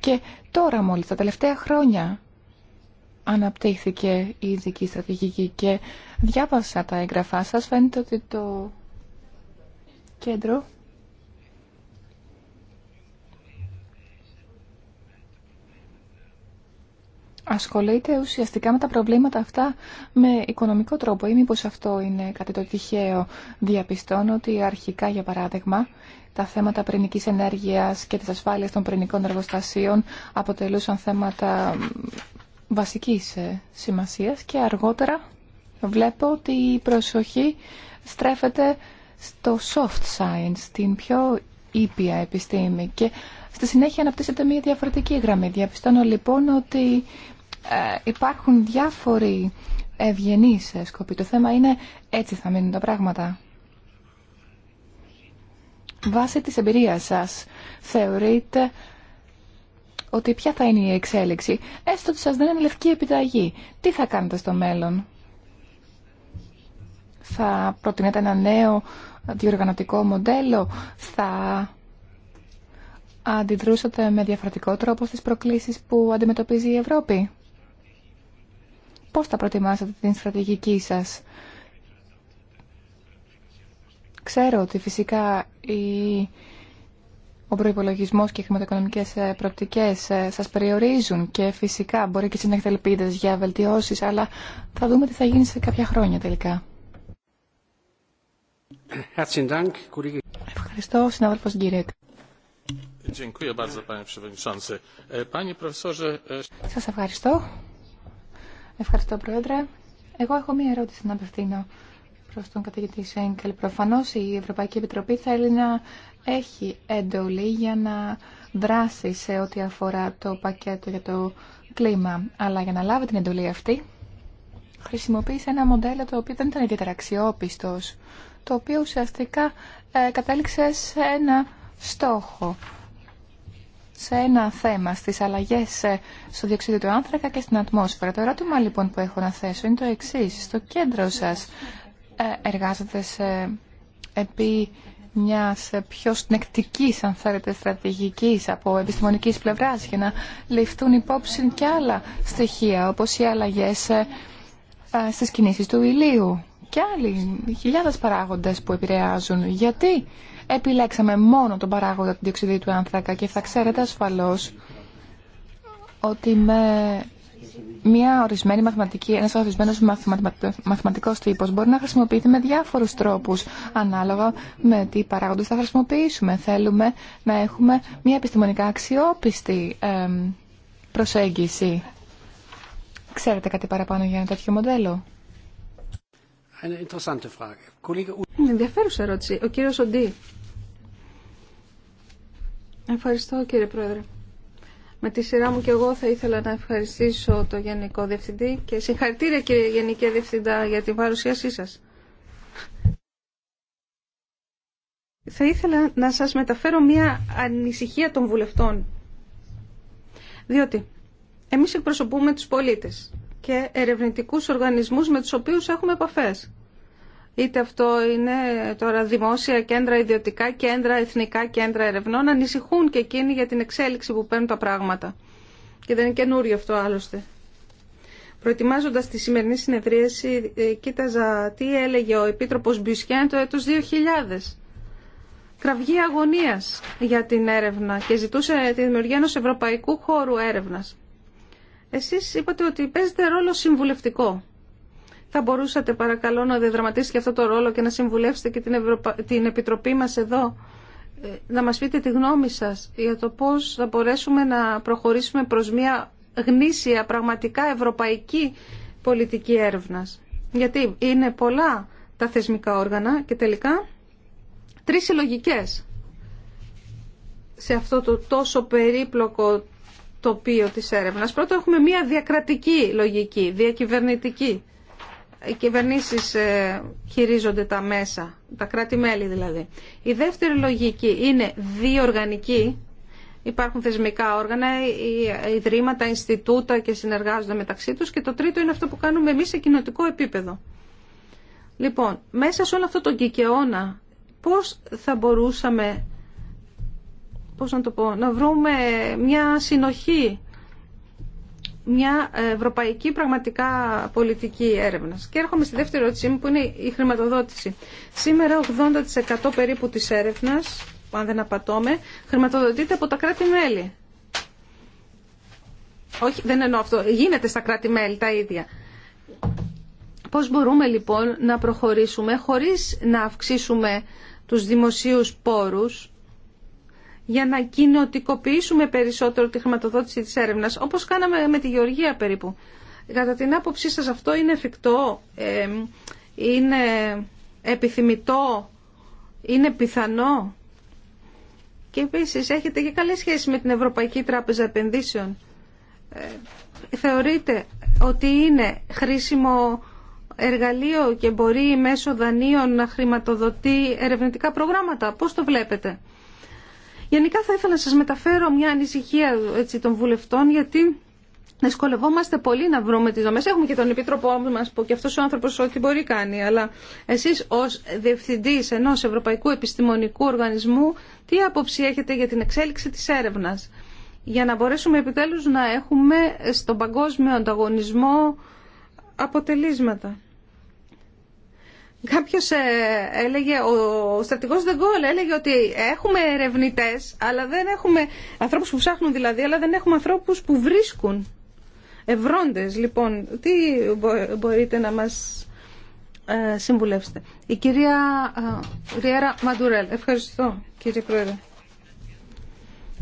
και τώρα μόλις τα τελευταία χρόνια αναπτύχθηκε η ειδική στρατηγική και διάβασα τα έγγραφά σας. Φαίνεται ότι το κέντρο ασχολείται ουσιαστικά με τα προβλήματα αυτά με οικονομικό τρόπο ή μήπως αυτό είναι κάτι το τυχαίο. Διαπιστώνω ότι αρχικά, για παράδειγμα, τα θέματα πυρηνικής ενέργειας και της ασφάλειας των πρινικών εργοστασίων αποτελούσαν θέματα βασικής ε, σημασίας και αργότερα βλέπω ότι η προσοχή στρέφεται στο soft science, την πιο ήπια επιστήμη και στη συνέχεια αναπτύσσεται μια διαφορετική γραμμή. Διαπιστώνω λοιπόν ότι ε, υπάρχουν διάφοροι ευγενείς ε, σκοποί. Το θέμα είναι έτσι θα μείνουν τα πράγματα. Βάσει της εμπειρίας σας θεωρείτε ότι ποια θα είναι η εξέλιξη, έστω ότι σας δίνουν λευκή επιταγή. Τι θα κάνετε στο μέλλον. Θα προτείνετε ένα νέο διοργανωτικό μοντέλο, θα αντιδρούσατε με διαφορετικό τρόπο στις προκλήσεις που αντιμετωπίζει η Ευρώπη. Πώς θα προτιμάσατε την στρατηγική σας. Ξέρω ότι φυσικά η ο προπολογισμό και οι χρηματοοικονομικέ ε, προοπτικέ ε, σα περιορίζουν και φυσικά μπορεί και εσεί να έχετε ελπίδε για βελτιώσει, αλλά θα δούμε τι θα γίνει σε κάποια χρόνια τελικά. Ευχαριστώ, συνάδελφο Γκίρεκ. E, e, σας ευχαριστώ. Ευχαριστώ, Πρόεδρε. Εγώ έχω μία ερώτηση να απευθύνω προς τον καθηγητή Σέγκελ. Προφανώς η Ευρωπαϊκή Επιτροπή θέλει να έχει εντολή για να δράσει σε ό,τι αφορά το πακέτο για το κλίμα. Αλλά για να λάβει την εντολή αυτή, χρησιμοποίησε ένα μοντέλο το οποίο δεν ήταν ιδιαίτερα αξιόπιστο, το οποίο ουσιαστικά ε, κατέληξε σε ένα στόχο, σε ένα θέμα, στις αλλαγές ε, στο διοξείδιο του άνθρακα και στην ατμόσφαιρα. Το ερώτημα λοιπόν που έχω να θέσω είναι το εξής. Στο κέντρο σας ε, εργάζεται σε επί μια πιο συνεκτική, αν θέλετε, στρατηγικής από επιστημονικής πλευράς για να ληφθούν υπόψη και άλλα στοιχεία, όπως οι αλλαγέ ε, ε, στις κινήσεις του ηλίου και άλλοι χιλιάδε παράγοντες που επηρεάζουν. Γιατί επιλέξαμε μόνο τον παράγοντα του διοξιδίου του άνθρακα και θα ξέρετε ασφαλώς ότι με μια ορισμένη μαθηματική, ένας ορισμένος μαθηματικός τύπος μπορεί να χρησιμοποιείται με διάφορους τρόπους ανάλογα με τι παράγοντες θα χρησιμοποιήσουμε. Θέλουμε να έχουμε μια επιστημονικά αξιόπιστη προσέγγιση. Ξέρετε κάτι παραπάνω για ένα τέτοιο μοντέλο. Είναι ενδιαφέρουσα ερώτηση. Ο κύριος Οντί. Ευχαριστώ κύριε Πρόεδρε. Με τη σειρά μου και εγώ θα ήθελα να ευχαριστήσω το Γενικό Διευθυντή και συγχαρητήρια κύριε Γενική Διευθυντά για την παρουσίασή σας. Θα ήθελα να σας μεταφέρω μια ανησυχία των βουλευτών. Διότι εμείς εκπροσωπούμε τους πολίτες και ερευνητικούς οργανισμούς με τους οποίους έχουμε επαφές είτε αυτό είναι τώρα δημόσια κέντρα, ιδιωτικά κέντρα, εθνικά κέντρα ερευνών, ανησυχούν και εκείνοι για την εξέλιξη που παίρνουν τα πράγματα. Και δεν είναι καινούριο αυτό άλλωστε. Προετοιμάζοντας τη σημερινή συνεδρίαση, ε, κοίταζα τι έλεγε ο Επίτροπος Μπιουσκέν το έτος 2000. Κραυγή αγωνία για την έρευνα και ζητούσε τη δημιουργία ενό ευρωπαϊκού χώρου Έρευνα. Εσεί είπατε ότι παίζετε ρόλο συμβουλευτικό. Θα μπορούσατε παρακαλώ να διαδραματίσετε αυτό το ρόλο και να συμβουλεύσετε και την, την Επιτροπή μας εδώ ε, να μας πείτε τη γνώμη σας για το πώς θα μπορέσουμε να προχωρήσουμε προς μια γνήσια πραγματικά ευρωπαϊκή πολιτική έρευνας. Γιατί είναι πολλά τα θεσμικά όργανα και τελικά τρεις συλλογικέ σε αυτό το τόσο περίπλοκο τοπίο της έρευνας. Πρώτα έχουμε μια διακρατική λογική, διακυβερνητική οι κυβερνήσεις ε, χειρίζονται τα μέσα, τα κράτη-μέλη δηλαδή. Η δεύτερη λογική είναι διοργανική. Υπάρχουν θεσμικά όργανα, ιδρύματα, Ινστιτούτα και συνεργάζονται μεταξύ τους. Και το τρίτο είναι αυτό που κάνουμε εμείς σε κοινοτικό επίπεδο. Λοιπόν, μέσα σε όλο αυτό τον κικαιώνα, πώς θα μπορούσαμε πώς να, το να βρούμε μια συνοχή μια ευρωπαϊκή πραγματικά πολιτική έρευνα. Και έρχομαι στη δεύτερη ερώτησή μου που είναι η χρηματοδότηση. Σήμερα 80% περίπου της έρευνας, αν δεν απατώμε, χρηματοδοτείται από τα κράτη-μέλη. Όχι, δεν εννοώ αυτό. Γίνεται στα κράτη-μέλη τα ίδια. Πώς μπορούμε λοιπόν να προχωρήσουμε χωρίς να αυξήσουμε τους δημοσίους πόρους για να κοινοτικοποιήσουμε περισσότερο τη χρηματοδότηση της έρευνας, όπως κάναμε με τη Γεωργία περίπου. Κατά την άποψή σας αυτό είναι εφικτό, είναι επιθυμητό, είναι πιθανό. Και επίσης έχετε και καλή σχέση με την Ευρωπαϊκή Τράπεζα Επενδύσεων. Ε, θεωρείτε ότι είναι χρήσιμο εργαλείο και μπορεί μέσω δανείων να χρηματοδοτεί ερευνητικά προγράμματα. Πώς το βλέπετε. Γενικά θα ήθελα να σας μεταφέρω μια ανησυχία έτσι, των βουλευτών γιατί δυσκολευόμαστε πολύ να βρούμε τις δομές. Έχουμε και τον Επίτροπό μας που και αυτός ο άνθρωπος ό,τι μπορεί κάνει. Αλλά εσείς ως διευθυντής ενός Ευρωπαϊκού Επιστημονικού Οργανισμού τι άποψη έχετε για την εξέλιξη της έρευνας για να μπορέσουμε επιτέλους να έχουμε στον παγκόσμιο ανταγωνισμό αποτελέσματα. Κάποιος ε, έλεγε, ο στρατηγός Δεγκόλ έλεγε ότι έχουμε ερευνητές, αλλά δεν έχουμε ανθρώπους που ψάχνουν δηλαδή, αλλά δεν έχουμε ανθρώπους που βρίσκουν. Ευρώντες, λοιπόν, τι μπορείτε να μας ε, συμβουλεύσετε. Η κυρία ε, Ριέρα Μαντουρέλ. Ευχαριστώ, κύριε Πρόεδρε.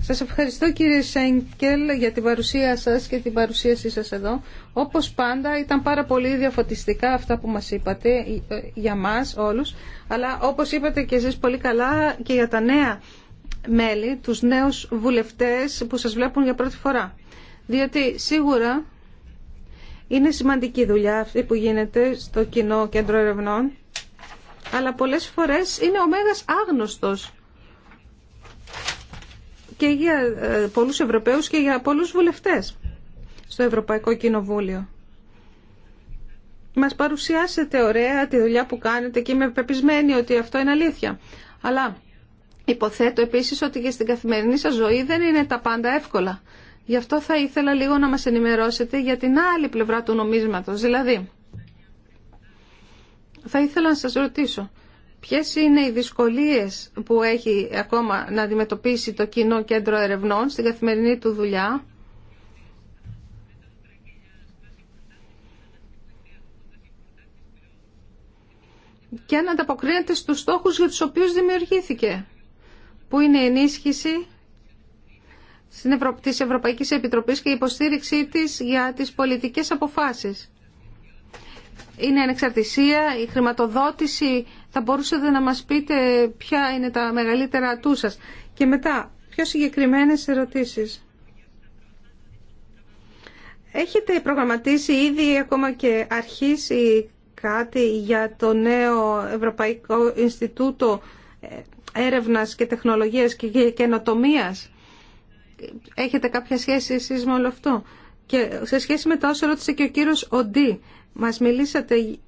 Σας ευχαριστώ κύριε Σέγκελ για την παρουσία σας και την παρουσίασή σας εδώ. Όπως πάντα ήταν πάρα πολύ διαφωτιστικά αυτά που μας είπατε ε, για μας όλους, αλλά όπως είπατε και εσείς πολύ καλά και για τα νέα μέλη, τους νέους βουλευτές που σας βλέπουν για πρώτη φορά. Διότι σίγουρα είναι σημαντική δουλειά αυτή που γίνεται στο κοινό κέντρο ερευνών, αλλά πολλές φορές είναι ο μέγας άγνωστος και για ε, πολλούς Ευρωπαίους και για πολλούς βουλευτές στο Ευρωπαϊκό Κοινοβούλιο. Μας παρουσιάσετε ωραία τη δουλειά που κάνετε και είμαι πεπισμένη ότι αυτό είναι αλήθεια. Αλλά υποθέτω επίσης ότι και στην καθημερινή σας ζωή δεν είναι τα πάντα εύκολα. Γι' αυτό θα ήθελα λίγο να μας ενημερώσετε για την άλλη πλευρά του νομίσματος. Δηλαδή, θα ήθελα να σας ρωτήσω, Ποιες είναι οι δυσκολίες που έχει ακόμα να αντιμετωπίσει το κοινό κέντρο ερευνών στην καθημερινή του δουλειά. Και αν ανταποκρίνεται στους στόχους για τους οποίους δημιουργήθηκε, που είναι η ενίσχυση της Ευρωπαϊκής Επιτροπής και η υποστήριξή της για τις πολιτικές αποφάσεις. Είναι ανεξαρτησία, η χρηματοδότηση θα μπορούσατε να μας πείτε ποια είναι τα μεγαλύτερα ατού σας. Και μετά, πιο συγκεκριμένες ερωτήσεις. Έχετε προγραμματίσει ήδη ακόμα και αρχίσει κάτι για το νέο Ευρωπαϊκό Ινστιτούτο ε, Έρευνας και Τεχνολογίας και Καινοτομίας. Έχετε κάποια σχέση εσείς με όλο αυτό. Και σε σχέση με τα όσα ρώτησε και ο κύριος Οντί, μας μιλήσατε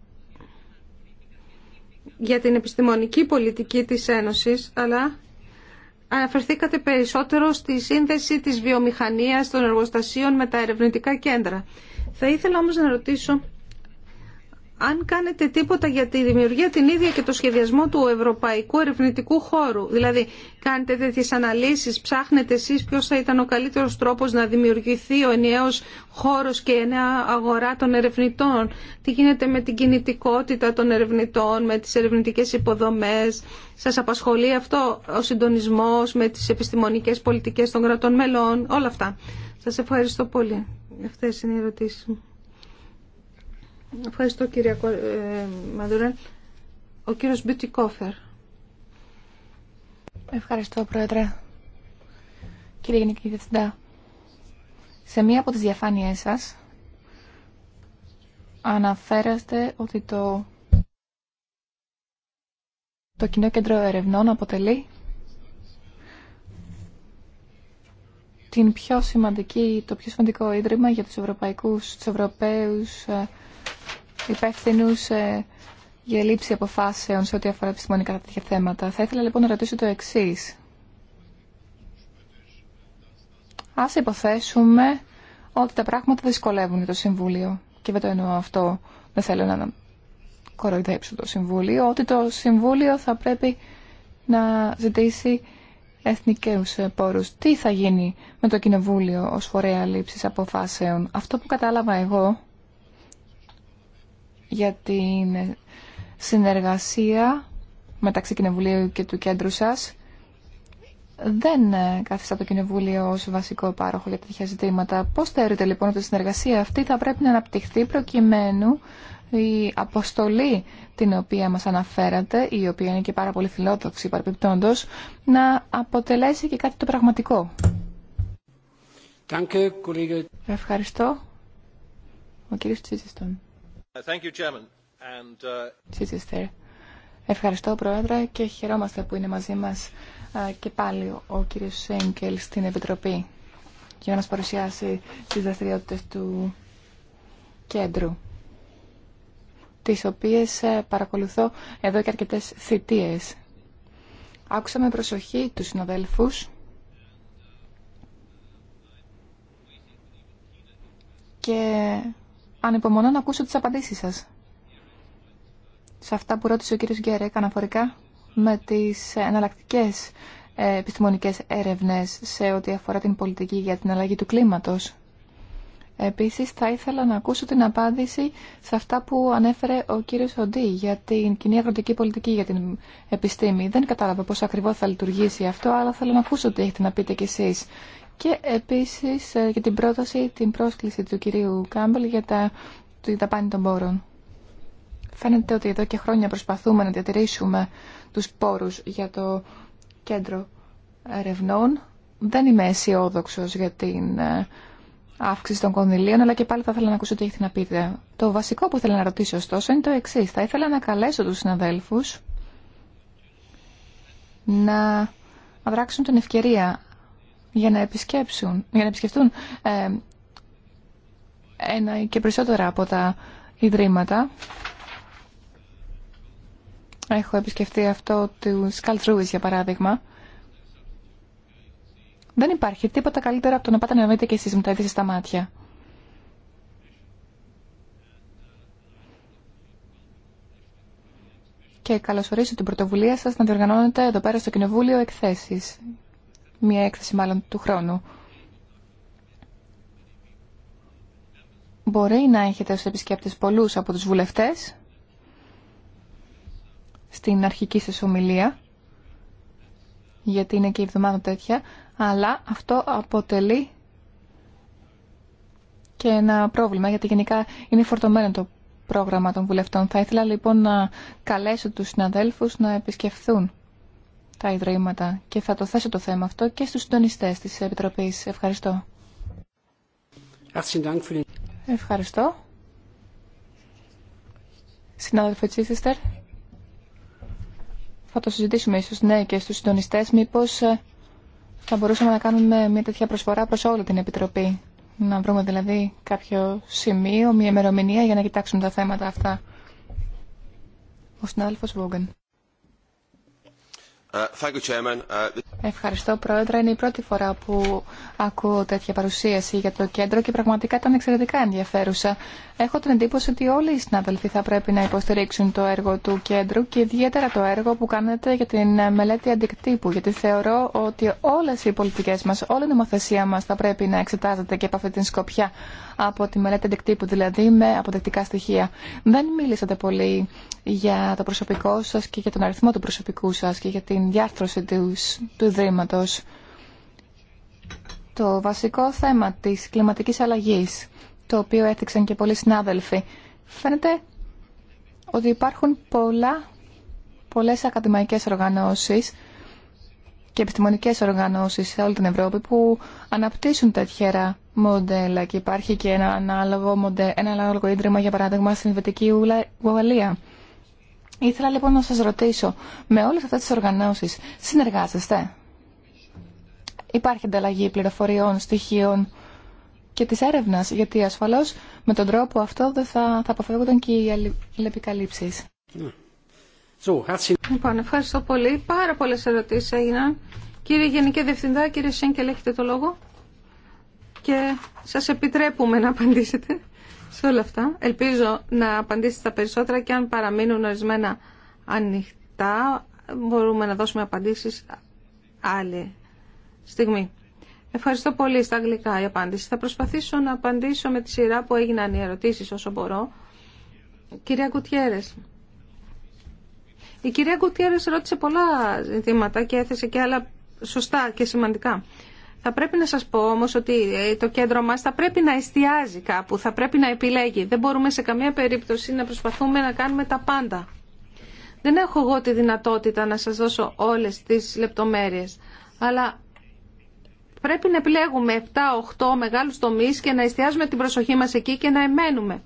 για την επιστημονική πολιτική της Ένωσης, αλλά αναφερθήκατε περισσότερο στη σύνδεση της βιομηχανίας των εργοστασίων με τα ερευνητικά κέντρα. Θα ήθελα όμως να ρωτήσω αν κάνετε τίποτα για τη δημιουργία την ίδια και το σχεδιασμό του ευρωπαϊκού ερευνητικού χώρου. Δηλαδή, κάνετε τέτοιε αναλύσει, ψάχνετε εσεί ποιο θα ήταν ο καλύτερο τρόπο να δημιουργηθεί ο ενιαίο χώρο και η νέα αγορά των ερευνητών. Τι γίνεται με την κινητικότητα των ερευνητών, με τι ερευνητικέ υποδομέ. Σα απασχολεί αυτό ο συντονισμό με τι επιστημονικέ πολιτικέ των κρατών μελών, όλα αυτά. Σα ευχαριστώ πολύ. Αυτέ είναι οι ερωτήσει μου. Ευχαριστώ κύριε ε, Μαντουρέλ. Ο κύριος Μπιτικόφερ. Ευχαριστώ πρόεδρε. Κύριε Γενική Διευθυντά, σε μία από τις διαφάνειές σας αναφέραστε ότι το, το Κοινό Κέντρο Ερευνών αποτελεί την πιο σημαντική, το πιο σημαντικό ίδρυμα για τους, ευρωπαϊκούς, τους Ευρωπαίους ε, υπεύθυνου ε, για λήψη αποφάσεων σε ό,τι αφορά επιστημονικά τέτοια θέματα. Θα ήθελα λοιπόν να ρωτήσω το εξή. Α υποθέσουμε ότι τα πράγματα δυσκολεύουν το Συμβούλιο. Και δεν το εννοώ αυτό. Δεν θέλω να κοροϊδέψω το Συμβούλιο. Ότι το Συμβούλιο θα πρέπει να ζητήσει εθνικούς πόρους. Τι θα γίνει με το Κοινοβούλιο ως φορέα λήψης αποφάσεων. Αυτό που κατάλαβα εγώ για την συνεργασία μεταξύ Κοινοβουλίου και του κέντρου σας. Δεν ε, κάθεσα το Κοινοβούλιο ως βασικό πάροχο για τέτοια ζητήματα. Πώς θεωρείτε λοιπόν ότι η συνεργασία αυτή θα πρέπει να αναπτυχθεί προκειμένου η αποστολή την οποία μας αναφέρατε, η οποία είναι και πάρα πολύ φιλόδοξη παρεπιπτόντως, να αποτελέσει και κάτι το πραγματικό. Ευχαριστώ. Ο κύριος Uh, Ευχαριστώ, Πρόεδρε, και χαιρόμαστε που είναι μαζί μας ε, και πάλι ο κύριος Σέγκελ στην Επιτροπή για να μας παρουσιάσει τις δραστηριότητες του κέντρου τις οποίες ε, παρακολουθώ εδώ και αρκετές θητείες. Άκουσα με προσοχή τους συναδέλφους και ανυπομονώ να ακούσω τις απαντήσεις σας. Σε αυτά που ρώτησε ο κύριος Γκέρεκ αναφορικά με τις εναλλακτικέ ε, επιστημονικές έρευνες σε ό,τι αφορά την πολιτική για την αλλαγή του κλίματος. Επίσης, θα ήθελα να ακούσω την απάντηση σε αυτά που ανέφερε ο κύριος Οντή για την κοινή αγροτική πολιτική για την επιστήμη. Δεν κατάλαβα πώς ακριβώς θα λειτουργήσει αυτό, αλλά θέλω να ακούσω τι έχετε να πείτε κι εσείς και επίσης ε, για την πρόταση, την πρόσκληση του κυρίου Κάμπελ για τα, τα πάνη των πόρων. Φαίνεται ότι εδώ και χρόνια προσπαθούμε να διατηρήσουμε τους πόρους για το κέντρο ερευνών. Δεν είμαι αισιόδοξο για την ε, αύξηση των κονδυλίων, αλλά και πάλι θα ήθελα να ακούσω τι έχετε να πείτε. Το βασικό που θέλω να ρωτήσω ωστόσο είναι το εξή. Θα ήθελα να καλέσω τους συναδέλφους να δράξουν την ευκαιρία για να, επισκέψουν, για να επισκεφτούν ε, ένα και περισσότερα από τα ιδρύματα. Έχω επισκεφτεί αυτό του Σκαλτρούης για παράδειγμα. Δεν υπάρχει τίποτα καλύτερα από το να πάτε να δείτε και εσείς ίδια στα μάτια. Και καλωσορίζω την πρωτοβουλία σας να διοργανώνετε εδώ πέρα στο Κοινοβούλιο εκθέσεις μια έκθεση μάλλον του χρόνου. Μπορεί να έχετε ως επισκέπτες πολλούς από τους βουλευτές στην αρχική σας ομιλία, γιατί είναι και η εβδομάδα τέτοια, αλλά αυτό αποτελεί και ένα πρόβλημα, γιατί γενικά είναι φορτωμένο το πρόγραμμα των βουλευτών. Θα ήθελα λοιπόν να καλέσω τους συναδέλφους να επισκεφθούν τα Ιδρύματα και θα το θέσω το θέμα αυτό και στους συντονιστές της Επιτροπής. Ευχαριστώ. Ευχαριστώ. Συνάδελφε Τσίθιστερ, θα το συζητήσουμε ίσως ναι και στους συντονιστές μήπως ε, θα μπορούσαμε να κάνουμε μια τέτοια προσφορά προς όλη την Επιτροπή. Να βρούμε δηλαδή κάποιο σημείο, μια ημερομηνία για να κοιτάξουμε τα θέματα αυτά. Ο συνάδελφος Βόγκεν. Uh, Ευχαριστώ Πρόεδρε. Είναι η πρώτη φορά που ακούω τέτοια παρουσίαση για το κέντρο και πραγματικά ήταν εξαιρετικά ενδιαφέρουσα. Έχω την εντύπωση ότι όλοι οι συνάδελφοι θα πρέπει να υποστηρίξουν το έργο του κέντρου και ιδιαίτερα το έργο που κάνετε για την μελέτη αντικτύπου, γιατί θεωρώ ότι όλες οι πολιτικές μας, όλη η νομοθεσία μας θα πρέπει να εξετάζεται και από αυτή την σκοπιά από τη μελέτη αντικτύπου, δηλαδή με αποδεκτικά στοιχεία. Δεν μίλησατε πολύ για το προσωπικό σας και για τον αριθμό του προσωπικού σας και για την διάρθρωση του, του Ιδρύματος. Το βασικό θέμα της κλιματικής αλλαγής το οποίο έθιξαν και πολλοί συνάδελφοι. Φαίνεται ότι υπάρχουν πολλά, πολλές ακαδημαϊκές οργανώσεις και επιστημονικές οργανώσεις σε όλη την Ευρώπη που αναπτύσσουν τέτοια μοντέλα και υπάρχει και ένα ανάλογο, μοντέλο, ένα ανάλογο ίδρυμα για παράδειγμα στην Βετική Ουαλία. Ήθελα λοιπόν να σας ρωτήσω, με όλες αυτές τις οργανώσεις συνεργάζεστε. Υπάρχει ανταλλαγή πληροφοριών, στοιχείων και τη έρευνας, γιατί ασφαλώς με τον τρόπο αυτό δεν θα, θα αποφεύγονταν και οι αλληλεπικαλύψεις. Λοιπόν, ευχαριστώ πολύ. Πάρα πολλές ερωτήσεις έγιναν. Κύριε Γενική Διευθυντά, κύριε Σέγκελ, έχετε το λόγο και σας επιτρέπουμε να απαντήσετε σε όλα αυτά. Ελπίζω να απαντήσετε τα περισσότερα και αν παραμείνουν ορισμένα ανοιχτά μπορούμε να δώσουμε απαντήσεις άλλη στιγμή. Ευχαριστώ πολύ στα αγγλικά η απάντηση. Θα προσπαθήσω να απαντήσω με τη σειρά που έγιναν οι ερωτήσεις όσο μπορώ. Κυρία Κουτιέρες. Η κυρία Κουτιέρες ρώτησε πολλά ζητήματα και έθεσε και άλλα σωστά και σημαντικά. Θα πρέπει να σας πω όμως ότι ε, το κέντρο μας θα πρέπει να εστιάζει κάπου, θα πρέπει να επιλέγει. Δεν μπορούμε σε καμία περίπτωση να προσπαθούμε να κάνουμε τα πάντα. Δεν έχω εγώ τη δυνατότητα να σας δώσω όλες τις λεπτομέρειες, αλλά Πρέπει να επιλέγουμε 7-8 μεγάλους τομείς και να εστιάζουμε την προσοχή μας εκεί και να εμένουμε.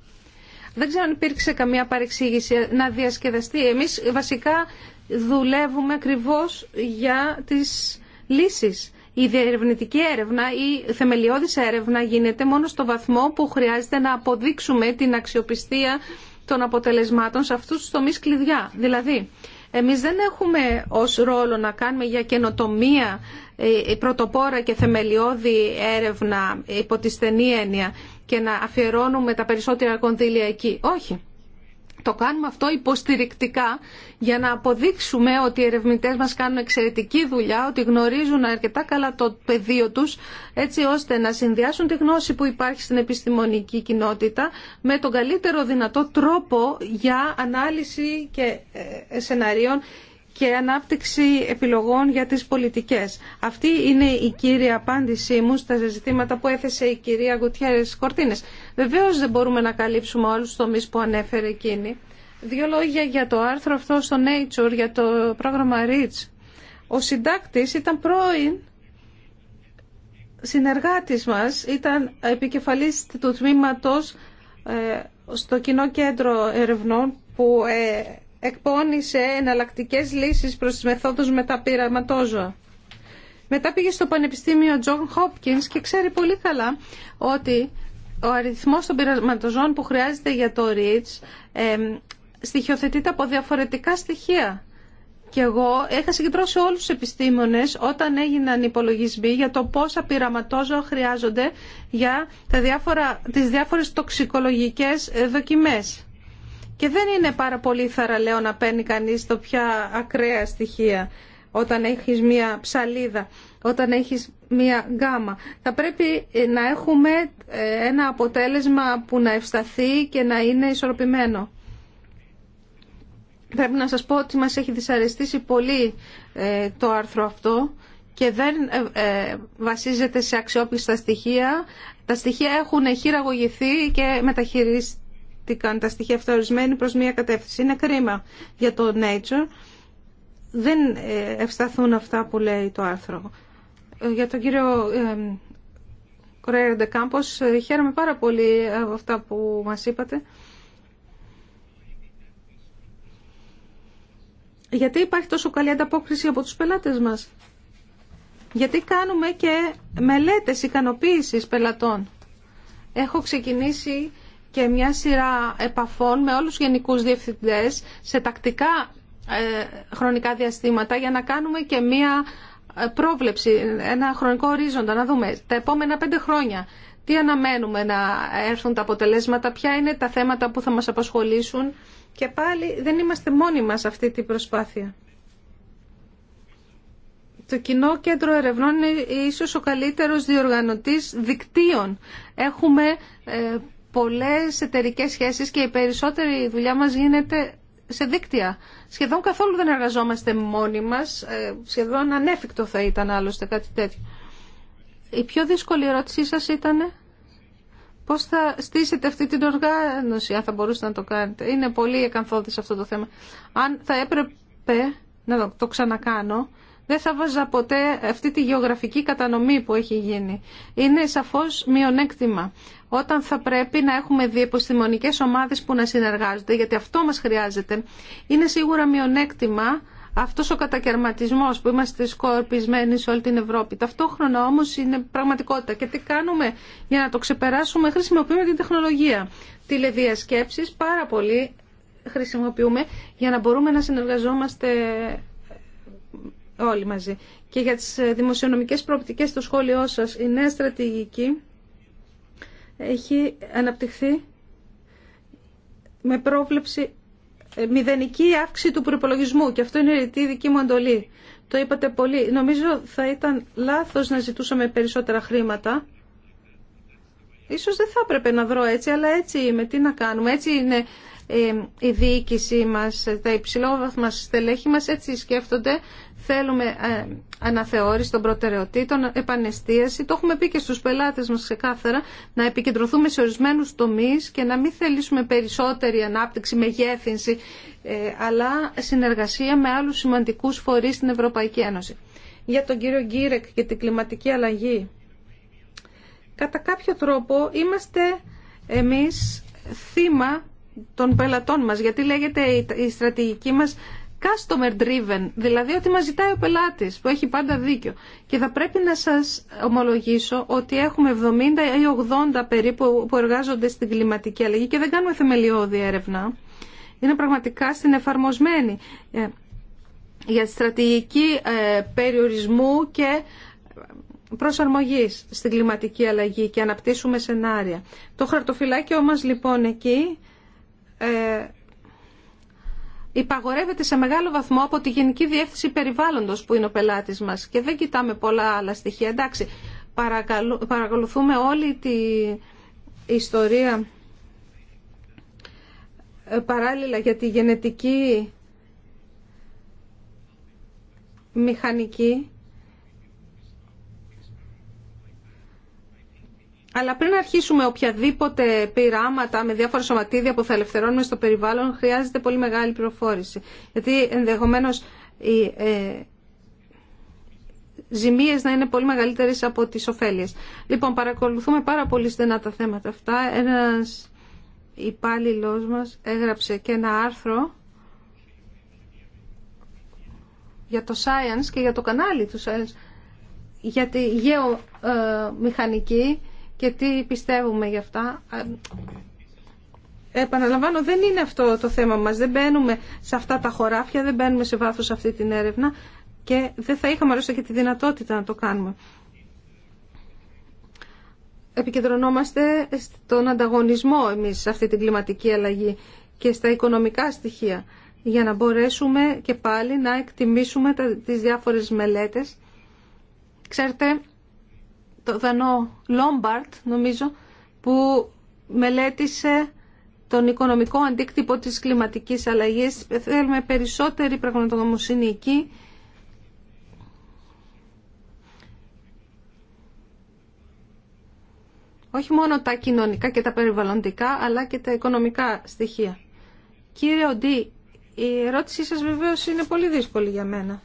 Δεν ξέρω αν υπήρξε καμία παρεξήγηση να διασκεδαστεί. Εμείς βασικά δουλεύουμε ακριβώ για τις λύσεις. Η διερευνητική έρευνα ή θεμελιώδης έρευνα γίνεται μόνο στο βαθμό που χρειάζεται να αποδείξουμε την αξιοπιστία των αποτελεσμάτων σε αυτούς τους τομείς κλειδιά. Δηλαδή, εμείς δεν έχουμε ως ρόλο να κάνουμε για καινοτομία ε, η πρωτοπόρα και θεμελιώδη έρευνα υπό τη στενή έννοια και να αφιερώνουμε τα περισσότερα κονδύλια εκεί. Όχι. Το κάνουμε αυτό υποστηρικτικά για να αποδείξουμε ότι οι ερευνητές μας κάνουν εξαιρετική δουλειά, ότι γνωρίζουν αρκετά καλά το πεδίο τους, έτσι ώστε να συνδυάσουν τη γνώση που υπάρχει στην επιστημονική κοινότητα με τον καλύτερο δυνατό τρόπο για ανάλυση και ε, σεναρίων και ανάπτυξη επιλογών για τις πολιτικές. Αυτή είναι η κύρια απάντησή μου στα ζητήματα που έθεσε η κυρία Γκουτιέρες Κορτίνες. Βεβαίως δεν μπορούμε να καλύψουμε όλους τους τομείς που ανέφερε εκείνη. Δύο λόγια για το άρθρο αυτό στο Nature, για το πρόγραμμα REACH. Ο συντάκτης ήταν πρώην συνεργάτης μας, ήταν επικεφαλής του τμήματος ε, στο Κοινό Κέντρο Ερευνών που ε, εκπώνησε εναλλακτικέ λύσεις προ τι μεθόδους με Μετά πήγε στο Πανεπιστήμιο Τζον Hopkins και ξέρει πολύ καλά ότι ο αριθμός των πειραματοζών που χρειάζεται για το REACH ε, στοιχειοθετείται από διαφορετικά στοιχεία. Και εγώ είχα συγκεντρώσει όλους τους επιστήμονες όταν έγιναν υπολογισμοί για το πόσα πειραματόζωα χρειάζονται για τι διάφορε τοξικολογικέ διάφορες δοκιμές. Και δεν είναι πάρα πολύ θαραλέο να παίρνει κανείς το πια ακραία στοιχεία όταν έχεις μία ψαλίδα, όταν έχεις μία γκάμα. Θα πρέπει ε, να έχουμε ε, ένα αποτέλεσμα που να ευσταθεί και να είναι ισορροπημένο. Πρέπει να σας πω ότι μας έχει δυσαρεστήσει πολύ ε, το άρθρο αυτό και δεν βασίζεται σε αξιόπιστα στοιχεία. Τα στοιχεία έχουν χειραγωγηθεί και μεταχειριστεί κάνουν τα στοιχεία αυτά ορισμένοι προς μία κατεύθυνση. Είναι κρίμα για το Nature. Δεν ε, ευσταθούν αυτά που λέει το άρθρο. Ε, για τον κύριο Κορέα ε, Ντεκάμπος, χαίρομαι πάρα πολύ από αυτά που μας είπατε. Γιατί υπάρχει τόσο καλή ανταπόκριση από τους πελάτες μας. Γιατί κάνουμε και μελέτες ικανοποίησης πελατών. Έχω ξεκινήσει και μια σειρά επαφών με όλους τους γενικούς διευθυντές σε τακτικά ε, χρονικά διαστήματα για να κάνουμε και μια ε, πρόβλεψη, ένα χρονικό ορίζοντα, να δούμε τα επόμενα πέντε χρόνια τι αναμένουμε να έρθουν τα αποτελέσματα, ποια είναι τα θέματα που θα μας απασχολήσουν και πάλι δεν είμαστε μόνοι μας αυτή την προσπάθεια. Το Κοινό Κέντρο Ερευνών είναι ίσως ο καλύτερος διοργανωτής δικτύων. Έχουμε ε, πολλές εταιρικές σχέσεις και η περισσότερη δουλειά μας γίνεται σε δίκτυα. Σχεδόν καθόλου δεν εργαζόμαστε μόνοι μας, ε, σχεδόν ανέφικτο θα ήταν άλλωστε κάτι τέτοιο. Η πιο δύσκολη ερώτησή σας ήταν πώς θα στήσετε αυτή την οργάνωση, αν θα μπορούσατε να το κάνετε. Είναι πολύ εκανθόδης αυτό το θέμα. Αν θα έπρεπε να το ξανακάνω, δεν θα βάζα ποτέ αυτή τη γεωγραφική κατανομή που έχει γίνει. Είναι σαφώς μειονέκτημα όταν θα πρέπει να έχουμε επιστημονικέ ομάδες που να συνεργάζονται, γιατί αυτό μας χρειάζεται. Είναι σίγουρα μειονέκτημα αυτός ο κατακαιρματισμός που είμαστε σκορπισμένοι σε όλη την Ευρώπη. Ταυτόχρονα όμως είναι πραγματικότητα. Και τι κάνουμε για να το ξεπεράσουμε, χρησιμοποιούμε την τεχνολογία. Τηλεδιασκέψεις πάρα πολύ χρησιμοποιούμε για να μπορούμε να συνεργαζόμαστε όλοι μαζί. Και για τις δημοσιονομικές προοπτικές στο σχόλιο σας, η νέα στρατηγική έχει αναπτυχθεί με πρόβλεψη ε, μηδενική αύξηση του προπολογισμού και αυτό είναι η δική μου αντολή. Το είπατε πολύ. Νομίζω θα ήταν λάθος να ζητούσαμε περισσότερα χρήματα. Ίσως δεν θα έπρεπε να βρω έτσι, αλλά έτσι είμαι. Τι να κάνουμε. Έτσι είναι ε, η διοίκησή μας, τα υψηλόβαθμα στελέχη μας, έτσι σκέφτονται Θέλουμε ε, αναθεώρηση των προτεραιοτήτων, επανεστίαση. Το έχουμε πει και στους πελάτες μας ξεκάθαρα, να επικεντρωθούμε σε ορισμένους τομείς και να μην θελήσουμε περισσότερη ανάπτυξη, μεγέθυνση, ε, αλλά συνεργασία με άλλους σημαντικούς φορείς στην Ευρωπαϊκή Ένωση. Για τον κύριο Γκίρεκ και την κλιματική αλλαγή. Κατά κάποιο τρόπο είμαστε εμείς θύμα των πελατών μας, γιατί λέγεται η στρατηγική μας customer driven, δηλαδή ότι μας ζητάει ο πελάτης που έχει πάντα δίκιο. Και θα πρέπει να σας ομολογήσω ότι έχουμε 70 ή 80 περίπου που εργάζονται στην κλιματική αλλαγή και δεν κάνουμε θεμελιώδη έρευνα. Είναι πραγματικά στην εφαρμοσμένη ε, για στρατηγική ε, περιορισμού και προσαρμογής στην κλιματική αλλαγή και αναπτύσσουμε σενάρια. Το χαρτοφυλάκιο μας λοιπόν εκεί ε, υπαγορεύεται σε μεγάλο βαθμό από τη Γενική Διεύθυνση Περιβάλλοντος που είναι ο πελάτης μας και δεν κοιτάμε πολλά άλλα στοιχεία. Εντάξει, παρακολουθούμε όλη τη ιστορία ε, παράλληλα για τη γενετική μηχανική Αλλά πριν αρχίσουμε οποιαδήποτε πειράματα με διάφορα σωματίδια που θα ελευθερώνουμε στο περιβάλλον, χρειάζεται πολύ μεγάλη πληροφόρηση. Γιατί ενδεχομένως οι ε, ζημίες να είναι πολύ μεγαλύτερε από τις ωφέλειε. Λοιπόν, παρακολουθούμε πάρα πολύ στενά τα θέματα αυτά. Ένας υπάλληλο μα έγραψε και ένα άρθρο για το Science και για το κανάλι του Science για τη γεωμηχανική ε, και τι πιστεύουμε γι' αυτά. Επαναλαμβάνω, δεν είναι αυτό το θέμα μας. Δεν μπαίνουμε σε αυτά τα χωράφια, δεν μπαίνουμε σε βάθος αυτή την έρευνα και δεν θα είχαμε αρρώστα και τη δυνατότητα να το κάνουμε. Επικεντρωνόμαστε στον ανταγωνισμό εμείς σε αυτή την κλιματική αλλαγή και στα οικονομικά στοιχεία για να μπορέσουμε και πάλι να εκτιμήσουμε τις διάφορες μελέτες. Ξέρετε, το Δανό Λόμπαρτ, νομίζω, που μελέτησε τον οικονομικό αντίκτυπο της κλιματικής αλλαγής. Θέλουμε περισσότερη πραγματογνωμοσύνη εκεί. όχι μόνο τα κοινωνικά και τα περιβαλλοντικά, αλλά και τα οικονομικά στοιχεία. Κύριε Οντή, η ερώτησή σας βεβαίως είναι πολύ δύσκολη για μένα.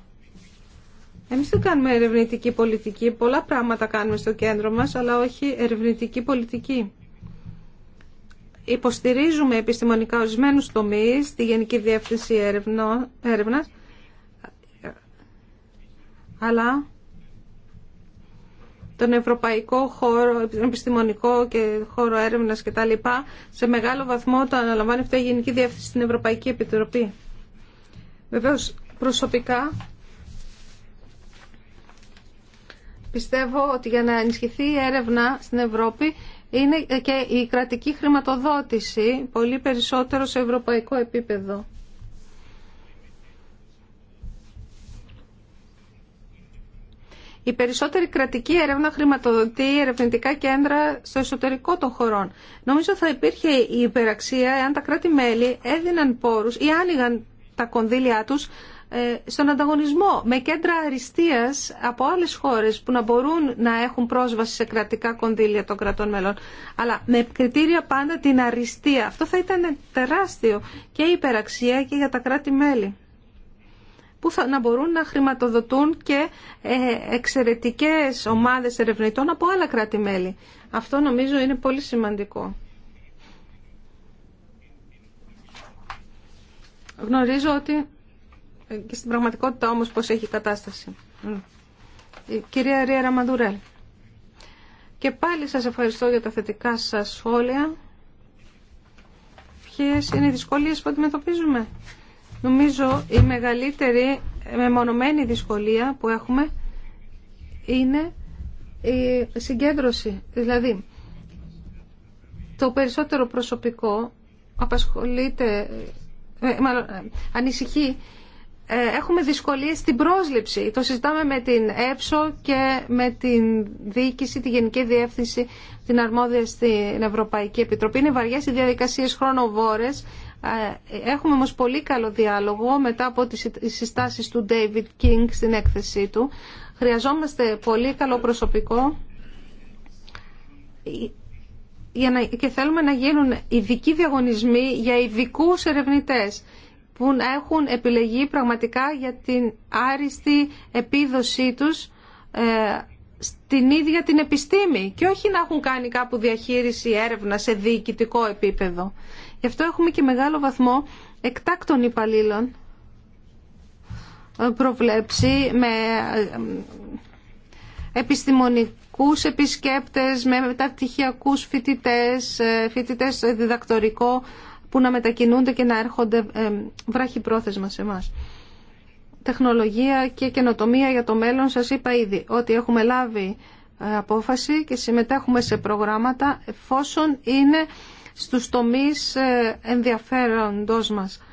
Εμεί δεν κάνουμε ερευνητική πολιτική. Πολλά πράγματα κάνουμε στο κέντρο μα, αλλά όχι ερευνητική πολιτική. Υποστηρίζουμε επιστημονικά ορισμένου τομεί στη Γενική Διεύθυνση Έρευνα, αλλά τον ευρωπαϊκό χώρο, επιστημονικό και χώρο έρευνα κτλ. σε μεγάλο βαθμό το αναλαμβάνει αυτό η Γενική Διεύθυνση στην Ευρωπαϊκή Επιτροπή. Βεβαίω, προσωπικά Πιστεύω ότι για να ενισχυθεί η έρευνα στην Ευρώπη είναι και η κρατική χρηματοδότηση πολύ περισσότερο σε ευρωπαϊκό επίπεδο. Η περισσότερη κρατική έρευνα χρηματοδοτεί ερευνητικά κέντρα στο εσωτερικό των χωρών. Νομίζω θα υπήρχε η υπεραξία εάν τα κράτη-μέλη έδιναν πόρους ή άνοιγαν τα κονδύλια τους ε, στον ανταγωνισμό με κέντρα αριστείας από άλλες χώρες που να μπορούν να έχουν πρόσβαση σε κρατικά κονδύλια των κρατών μελών αλλά με κριτήρια πάντα την αριστεία. Αυτό θα ήταν τεράστιο και υπεραξία και για τα κράτη-μέλη που θα, να μπορούν να χρηματοδοτούν και ε, εξαιρετικές ομάδες ερευνητών από άλλα κράτη-μέλη. Αυτό νομίζω είναι πολύ σημαντικό. Γνωρίζω ότι και στην πραγματικότητα όμως πώς έχει η κατάσταση. Η κυρία Ρία Ραμαντουρέλ. Και πάλι σας ευχαριστώ για τα θετικά σας σχόλια. Ποιες είναι οι δυσκολίες που αντιμετωπίζουμε. Νομίζω η μεγαλύτερη μεμονωμένη δυσκολία που έχουμε είναι η συγκέντρωση. Δηλαδή, το περισσότερο προσωπικό απασχολείται, ε, μάλλον, ε, ανησυχεί ε, έχουμε δυσκολίες στην πρόσληψη. Το συζητάμε με την ΕΠΣΟ και με την διοίκηση, τη Γενική Διεύθυνση, την αρμόδια στην Ευρωπαϊκή Επιτροπή. Είναι βαριές οι διαδικασίες χρονοβόρες. Ε, έχουμε όμως πολύ καλό διάλογο μετά από τις συστάσεις του David King στην έκθεσή του. Χρειαζόμαστε πολύ καλό προσωπικό και θέλουμε να γίνουν ειδικοί διαγωνισμοί για ειδικού ερευνητές που έχουν επιλεγεί πραγματικά για την άριστη επίδοσή τους ε, στην ίδια την επιστήμη και όχι να έχουν κάνει κάπου διαχείριση έρευνα σε διοικητικό επίπεδο. Γι' αυτό έχουμε και μεγάλο βαθμό εκτάκτων υπαλλήλων ε, προβλέψει με ε, επιστημονικούς επισκέπτες, με μεταπτυχιακούς φοιτητές, φοιτητές διδακτορικό που να μετακινούνται και να έρχονται ε, βράχοι πρόθεσμα σε εμά. Τεχνολογία και καινοτομία για το μέλλον σας είπα ήδη ότι έχουμε λάβει ε, απόφαση και συμμετέχουμε σε προγράμματα εφόσον είναι στους τομείς ε, ενδιαφέροντός μας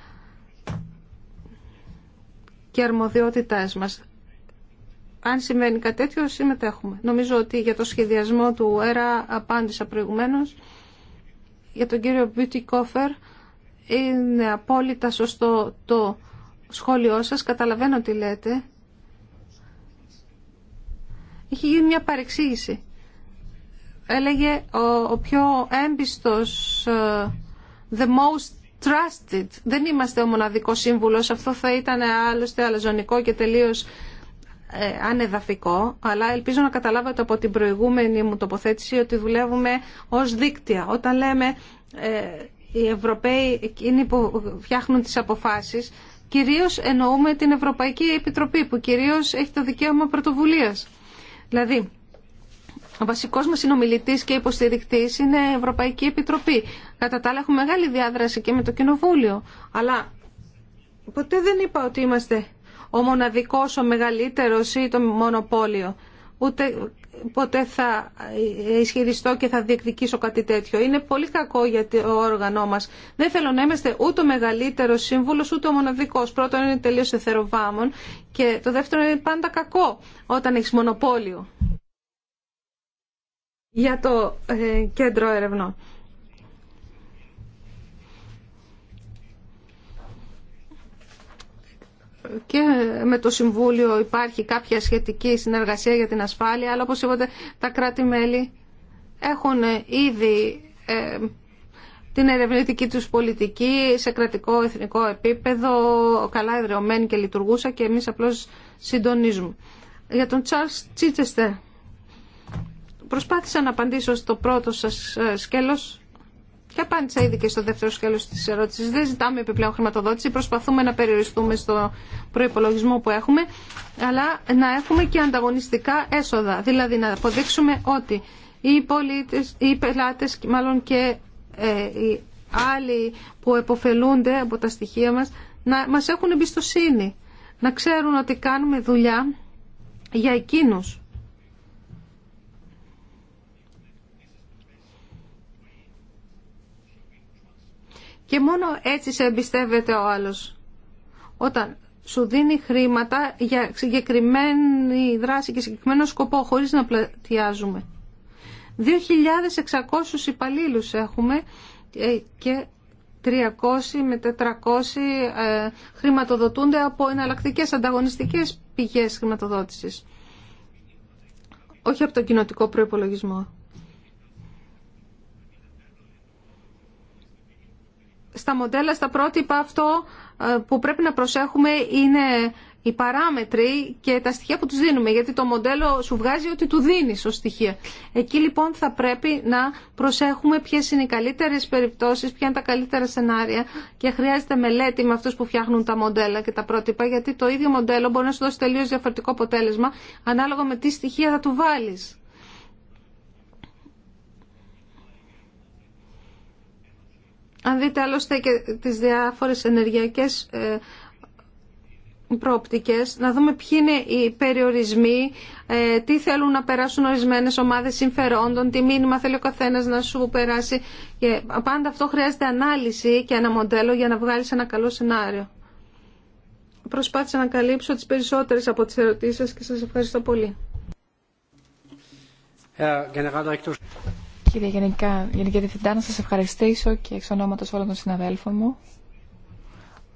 και αρμοδιότητάς μας. Αν συμβαίνει κάτι τέτοιο, συμμετέχουμε. Νομίζω ότι για το σχεδιασμό του ΕΡΑ απάντησα προηγουμένως για τον κύριο Μπιούτι Κόφερ είναι απόλυτα σωστό το σχόλιο σας. Καταλαβαίνω τι λέτε. Είχε γίνει μια παρεξήγηση. Έλεγε ο, πιο έμπιστος, ε, the most trusted. Δεν είμαστε ο μοναδικός σύμβουλος. Αυτό θα ήταν άλλωστε αλαζονικό και τελείως ε, ανεδαφικό, αλλά ελπίζω να καταλάβατε από την προηγούμενη μου τοποθέτηση ότι δουλεύουμε ως δίκτυα. Όταν λέμε ε, οι Ευρωπαίοι που φτιάχνουν τις αποφάσεις, κυρίως εννοούμε την Ευρωπαϊκή Επιτροπή που κυρίως έχει το δικαίωμα πρωτοβουλίας. Δηλαδή, ο βασικό μα συνομιλητή και υποστηρικτή είναι η Ευρωπαϊκή Επιτροπή. Κατά τα άλλα, έχουμε μεγάλη διάδραση και με το Κοινοβούλιο. Αλλά ποτέ δεν είπα ότι είμαστε ο μοναδικός, ο μεγαλύτερος ή το μονοπόλιο. Ούτε ποτέ θα ισχυριστώ και θα διεκδικήσω κάτι τέτοιο. Είναι πολύ κακό για το όργανό μας. Δεν θέλω να είμαστε ούτε ο μεγαλύτερος σύμβουλος, ούτε ο μοναδικός. Πρώτον είναι τελείως εθεροβάμων και το δεύτερο είναι πάντα κακό όταν έχεις μονοπόλιο για το ε, κέντρο ερευνών. και με το Συμβούλιο υπάρχει κάποια σχετική συνεργασία για την ασφάλεια, αλλά όπως είπατε τα κράτη-μέλη έχουν ε, ήδη ε, την ερευνητική τους πολιτική σε κρατικό εθνικό επίπεδο, καλά εδρεωμένη και λειτουργούσα και εμείς απλώς συντονίζουμε. Για τον Τσάρλς Τσίτσεστε, προσπάθησα να απαντήσω στο πρώτο σας ε, σκέλος και απάντησα ήδη και στο δεύτερο σκέλος της ερώτησης. Δεν ζητάμε επιπλέον χρηματοδότηση, προσπαθούμε να περιοριστούμε στο προϋπολογισμό που έχουμε, αλλά να έχουμε και ανταγωνιστικά έσοδα. Δηλαδή να αποδείξουμε ότι οι πολίτες, οι πελάτες, μάλλον και ε, οι άλλοι που επωφελούνται από τα στοιχεία μας, να μας έχουν εμπιστοσύνη, να ξέρουν ότι κάνουμε δουλειά για εκείνους Και μόνο έτσι σε εμπιστεύεται ο άλλος. Όταν σου δίνει χρήματα για συγκεκριμένη δράση και συγκεκριμένο σκοπό, χωρίς να πλατιάζουμε. 2.600 υπαλλήλου έχουμε ε, και 300 με 400 ε, χρηματοδοτούνται από εναλλακτικέ ανταγωνιστικές πηγές χρηματοδότησης. Όχι από τον κοινοτικό προϋπολογισμό. στα μοντέλα, στα πρότυπα αυτό ε, που πρέπει να προσέχουμε είναι οι παράμετροι και τα στοιχεία που τους δίνουμε, γιατί το μοντέλο σου βγάζει ότι του δίνεις ως στοιχεία. Εκεί λοιπόν θα πρέπει να προσέχουμε ποιες είναι οι καλύτερες περιπτώσεις, ποια είναι τα καλύτερα σενάρια και χρειάζεται μελέτη με αυτούς που φτιάχνουν τα μοντέλα και τα πρότυπα, γιατί το ίδιο μοντέλο μπορεί να σου δώσει τελείως διαφορετικό αποτέλεσμα ανάλογα με τι στοιχεία θα του βάλεις. Αν δείτε άλλωστε και τις διάφορες ενεργειακές ε, προοπτικές, να δούμε ποιοι είναι οι περιορισμοί, ε, τι θέλουν να περάσουν ορισμένες ομάδες συμφερόντων, τι μήνυμα θέλει ο καθένας να σου περάσει. Και πάντα αυτό χρειάζεται ανάλυση και ένα μοντέλο για να βγάλεις ένα καλό σενάριο. Προσπάθησα να καλύψω τις περισσότερες από τις ερωτήσεις σας και σας ευχαριστώ πολύ. Κύριε Γενικά, Γενική Διευθυντά, να σας ευχαριστήσω και εξ ονόματος όλων των συναδέλφων μου.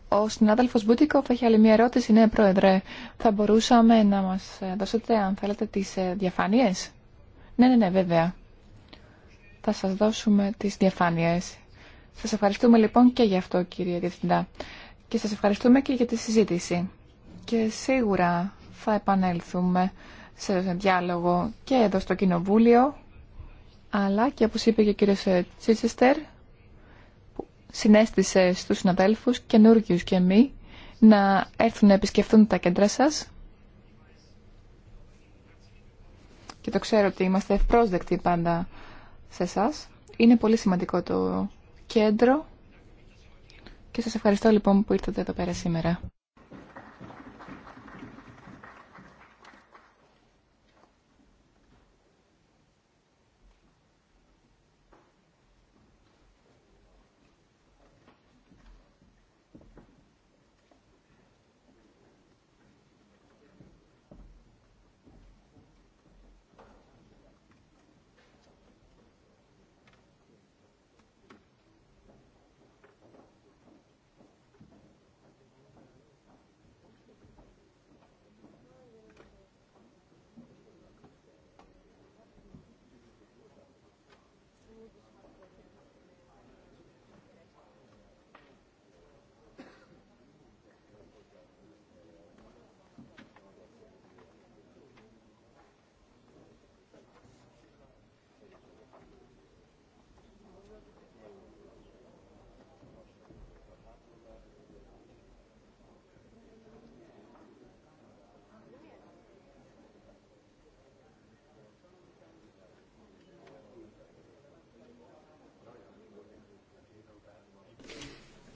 Ο συνάδελφος Μπούτικοφ έχει άλλη μια ερώτηση. Ναι, Πρόεδρε, θα μπορούσαμε να μας δώσετε, αν θέλετε, τις ε, διαφάνειες. Ναι, ναι, ναι, βέβαια. Θα σας δώσουμε τις διαφάνειες. Σας ευχαριστούμε λοιπόν και γι' αυτό, κύριε Διευθυντά. Και σας ευχαριστούμε και για τη συζήτηση. Και σίγουρα θα επανέλθουμε σε διάλογο και εδώ στο Κοινοβούλιο αλλά και όπως είπε και ο κύριος Τσίτσεστερ, συνέστησε στους συναδέλφους καινούργιου και μη να έρθουν να επισκεφτούν τα κέντρα σας. Και το ξέρω ότι είμαστε ευπρόσδεκτοι πάντα σε εσά. Είναι πολύ σημαντικό το κέντρο και σας ευχαριστώ λοιπόν που ήρθατε εδώ πέρα σήμερα.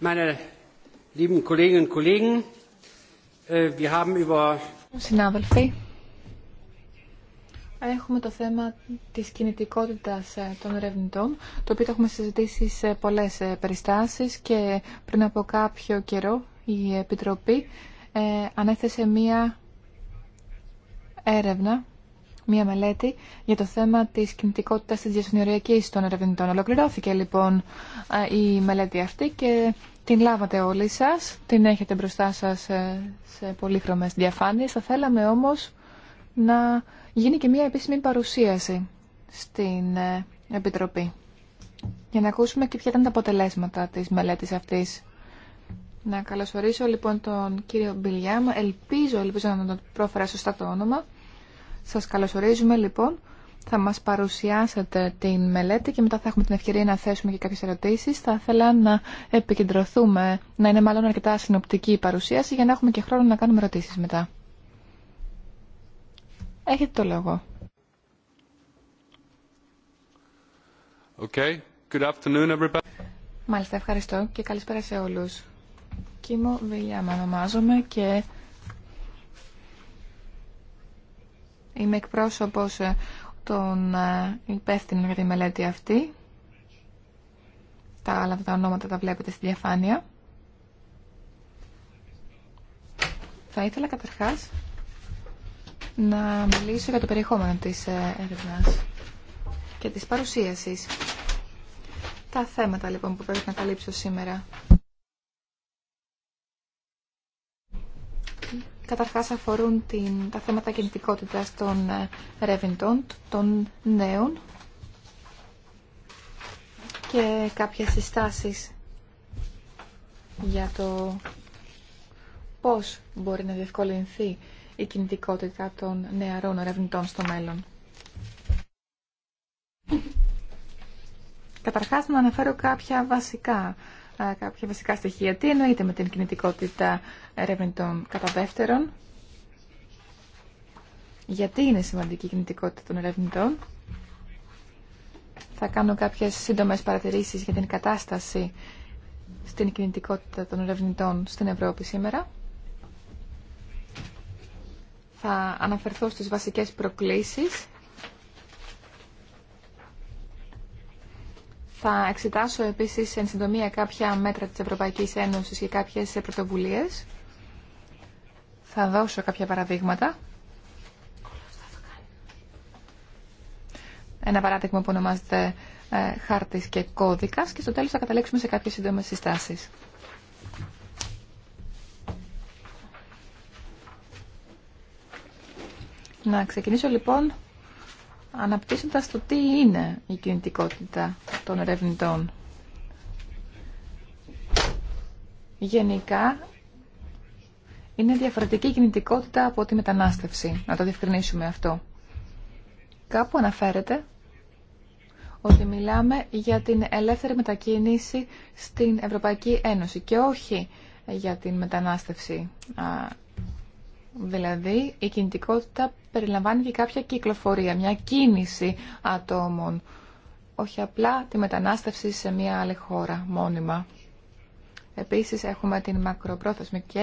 Meine lieben äh, έχουμε το θέμα της κινητικότητας ε, των ερευνητών, το οποίο το έχουμε συζητήσει σε πολλές ε, περιστάσεις και πριν από κάποιο καιρό η Επιτροπή ε, ανέθεσε μία έρευνα μία μελέτη για το θέμα της κινητικότητας της διασυνοριακής των ερευνητών. Ολοκληρώθηκε λοιπόν η μελέτη αυτή και την λάβατε όλοι σας, την έχετε μπροστά σας ε, σε πολύχρωμες διαφάνειες. Θα θέλαμε όμως να γίνει και μια επίσημη παρουσίαση στην ε, Επιτροπή για να ακούσουμε και ποια ήταν τα αποτελέσματα της μελέτης αυτής. Να καλωσορίσω λοιπόν τον κύριο Μπιλιάμ. Ελπίζω, ελπίζω να τον πρόφερα σωστά το όνομα. Σας καλωσορίζουμε λοιπόν θα μας παρουσιάσετε την μελέτη και μετά θα έχουμε την ευκαιρία να θέσουμε και κάποιες ερωτήσεις. Θα ήθελα να επικεντρωθούμε, να είναι μάλλον αρκετά συνοπτική η παρουσίαση για να έχουμε και χρόνο να κάνουμε ερωτήσεις μετά. Έχετε το λόγο. Okay. Good afternoon, everybody. Μάλιστα, ευχαριστώ και καλησπέρα σε όλους. Κίμω Βιλιάμα ονομάζομαι και είμαι εκπρόσωπος ε, τον ε, υπεύθυνο για τη μελέτη αυτή. Τα άλλα τα ονόματα τα βλέπετε στη διαφάνεια. Θα ήθελα καταρχάς να μιλήσω για το περιεχόμενο της ε, έρευνας και της παρουσίασης. Τα θέματα λοιπόν που πρέπει να καλύψω σήμερα καταρχάς αφορούν την, τα θέματα κινητικότητας των ε, ρευνητών, των νέων και κάποιες συστάσεις για το πώς μπορεί να διευκολυνθεί η κινητικότητα των νεαρών ερευνητών στο μέλλον. Καταρχάς να αναφέρω κάποια βασικά κάποια βασικά στοιχεία. Τι εννοείται με την κινητικότητα ερευνητών κατά δεύτερον. Γιατί είναι σημαντική η κινητικότητα των ερευνητών. Θα κάνω κάποιες σύντομες παρατηρήσεις για την κατάσταση στην κινητικότητα των ερευνητών στην Ευρώπη σήμερα. Θα αναφερθώ στις βασικές προκλήσεις Θα εξετάσω επίσης εν συντομία κάποια μέτρα της Ευρωπαϊκής Ένωσης και κάποιες πρωτοβουλίες. Θα δώσω κάποια παραδείγματα. Ένα παράδειγμα που ονομάζεται ε, χάρτης και κώδικας και στο τέλος θα καταλήξουμε σε κάποιες σύντομες συστάσεις. Να ξεκινήσω λοιπόν αναπτύσσοντας το τι είναι η κινητικότητα των ερευνητών. Γενικά, είναι διαφορετική κινητικότητα από τη μετανάστευση. Να το διευκρινίσουμε αυτό. Κάπου αναφέρεται ότι μιλάμε για την ελεύθερη μετακίνηση στην Ευρωπαϊκή Ένωση και όχι για την μετανάστευση Δηλαδή, η κινητικότητα περιλαμβάνει και κάποια κυκλοφορία, μια κίνηση ατόμων. Όχι απλά τη μετανάστευση σε μια άλλη χώρα μόνιμα. Επίσης, έχουμε την μακροπρόθεσμη και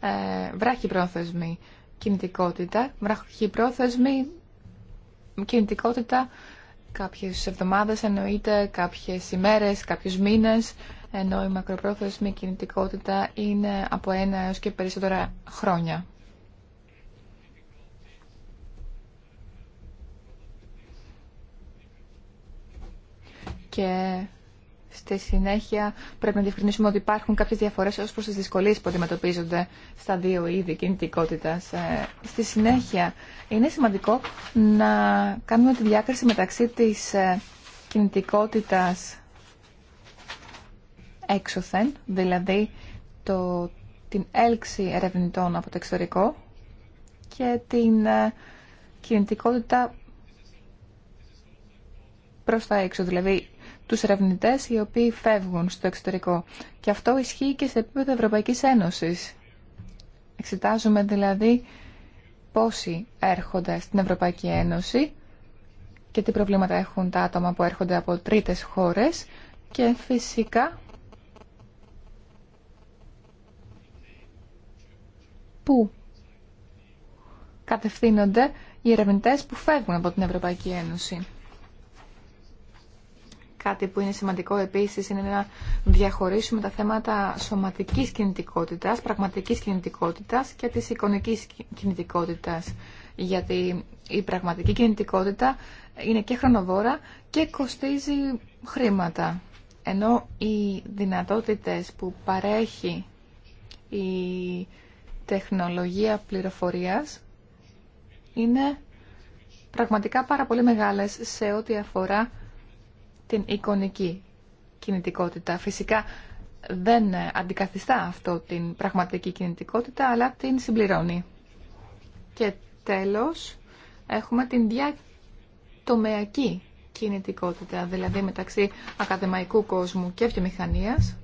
ε, βράχυπρόθεσμη κινητικότητα. Βράχυπρόθεσμη κινητικότητα κάποιες εβδομάδες εννοείται, κάποιες ημέρες, κάποιους μήνες, ενώ η μακροπρόθεσμη κινητικότητα είναι από ένα έως και περισσότερα χρόνια. και στη συνέχεια πρέπει να διευκρινίσουμε ότι υπάρχουν κάποιες διαφορές ως προς τις δυσκολίες που αντιμετωπίζονται στα δύο είδη κινητικότητας. Ε, στη συνέχεια είναι σημαντικό να κάνουμε τη διάκριση μεταξύ της ε, κινητικότητας έξωθεν, δηλαδή το, την έλξη ερευνητών από το εξωτερικό και την ε, κινητικότητα προς τα έξω, δηλαδή τους ερευνητέ οι οποίοι φεύγουν στο εξωτερικό. Και αυτό ισχύει και σε επίπεδο Ευρωπαϊκή ένωση Εξετάζουμε δηλαδή πόσοι έρχονται στην Ευρωπαϊκή Ένωση και τι προβλήματα έχουν τα άτομα που έρχονται από τρίτες χώρες και φυσικά πού κατευθύνονται οι ερευνητές που φεύγουν από την Ευρωπαϊκή Ένωση. Κάτι που είναι σημαντικό επίσης είναι να διαχωρίσουμε τα θέματα σωματικής κινητικότητας, πραγματικής κινητικότητας και της εικονικής κινητικότητας. Γιατί η πραγματική κινητικότητα είναι και χρονοβόρα και κοστίζει χρήματα. Ενώ οι δυνατότητες που παρέχει η τεχνολογία πληροφορίας είναι πραγματικά πάρα πολύ μεγάλες σε ό,τι αφορά την εικονική κινητικότητα. Φυσικά δεν αντικαθιστά αυτό την πραγματική κινητικότητα, αλλά την συμπληρώνει. Και τέλος, έχουμε την διατομεακή κινητικότητα, δηλαδή μεταξύ ακαδημαϊκού κόσμου και βιομηχανίας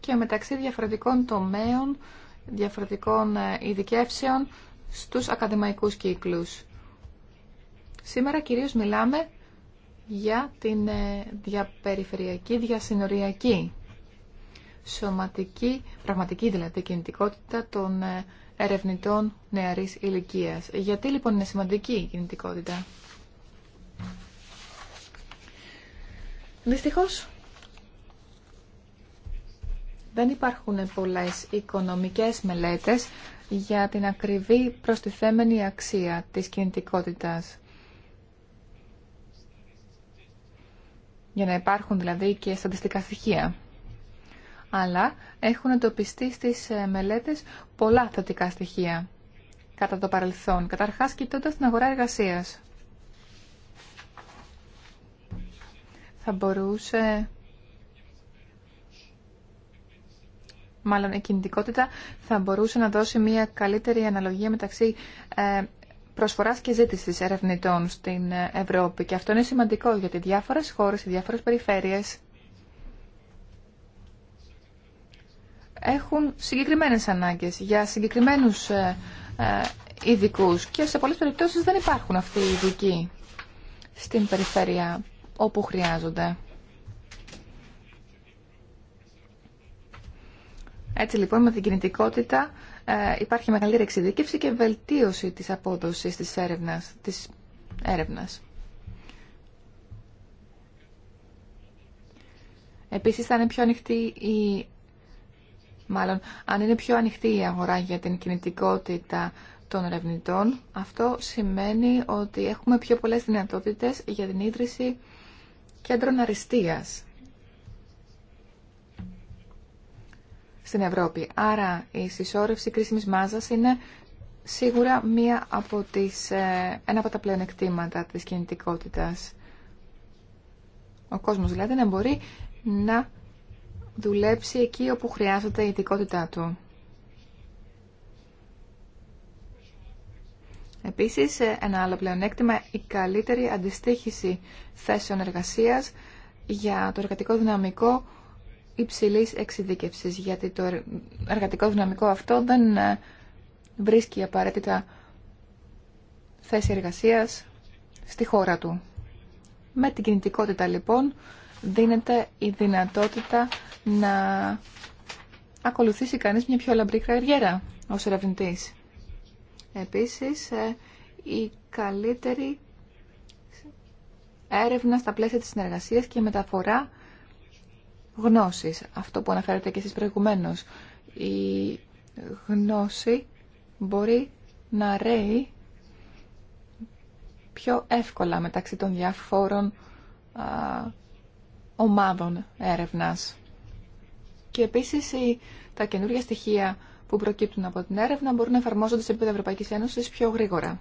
και μεταξύ διαφορετικών τομέων, διαφορετικών ε, ειδικεύσεων στους ακαδημαϊκούς κύκλους. Σήμερα κυρίως μιλάμε για την ε, διαπεριφερειακή διασυνοριακή σωματική, πραγματική δηλαδή κινητικότητα των ε, ερευνητών νεαρής ηλικίας. Γιατί λοιπόν είναι σημαντική η κινητικότητα. Δυστυχώς δεν υπάρχουν πολλές οικονομικές μελέτες για την ακριβή προστιθέμενη αξία της κινητικότητας. για να υπάρχουν δηλαδή και στατιστικά στοιχεία. Αλλά έχουν εντοπιστεί στις ε, μελέτες πολλά θετικά στοιχεία κατά το παρελθόν, καταρχάς κοιτώντας την αγορά εργασίας. Θα μπορούσε... Μάλλον η κινητικότητα θα μπορούσε να δώσει μια καλύτερη αναλογία μεταξύ ε, προσφοράς και ζήτησης ερευνητών στην Ευρώπη και αυτό είναι σημαντικό γιατί διάφορες χώρες, οι διάφορες περιφέρειες έχουν συγκεκριμένες ανάγκες για συγκεκριμένους ε, ε, ειδικού και σε πολλές περιπτώσεις δεν υπάρχουν αυτοί οι ειδικοί στην περιφέρεια όπου χρειάζονται. Έτσι λοιπόν με την κινητικότητα ε, υπάρχει μεγαλύτερη εξειδίκευση και βελτίωση της απόδοσης της έρευνας. Της έρευνας. Επίσης θα είναι πιο ανοιχτή η... Μάλλον, αν είναι πιο ανοιχτή η αγορά για την κινητικότητα των ερευνητών, αυτό σημαίνει ότι έχουμε πιο πολλές δυνατότητες για την ίδρυση κέντρων αριστείας. στην Ευρώπη. Άρα η συσσόρευση κρίσιμης μάζας είναι σίγουρα μία από τις, ε, ένα από τα πλεονεκτήματα της κινητικότητας. Ο κόσμος δηλαδή να μπορεί να δουλέψει εκεί όπου χρειάζεται η ειδικότητά του. Επίσης, ε, ένα άλλο πλεονέκτημα, η καλύτερη αντιστοίχηση θέσεων εργασίας για το εργατικό δυναμικό Υψηλή εξειδίκευση, γιατί το εργατικό δυναμικό αυτό δεν ε, βρίσκει απαραίτητα θέση εργασίας στη χώρα του. Με την κινητικότητα λοιπόν δίνεται η δυνατότητα να ακολουθήσει κανείς μια πιο λαμπρή καριέρα ως ερευνητή. Επίσης, ε, η καλύτερη έρευνα στα πλαίσια της συνεργασίας και μεταφορά γνώσης. Αυτό που αναφέρετε και εσείς προηγουμένως. Η γνώση μπορεί να ρέει πιο εύκολα μεταξύ των διαφόρων α, ομάδων έρευνας. Και επίσης η, τα καινούργια στοιχεία που προκύπτουν από την έρευνα μπορούν να εφαρμόζονται σε επίπεδο Ευρωπαϊκής Ένωσης πιο γρήγορα.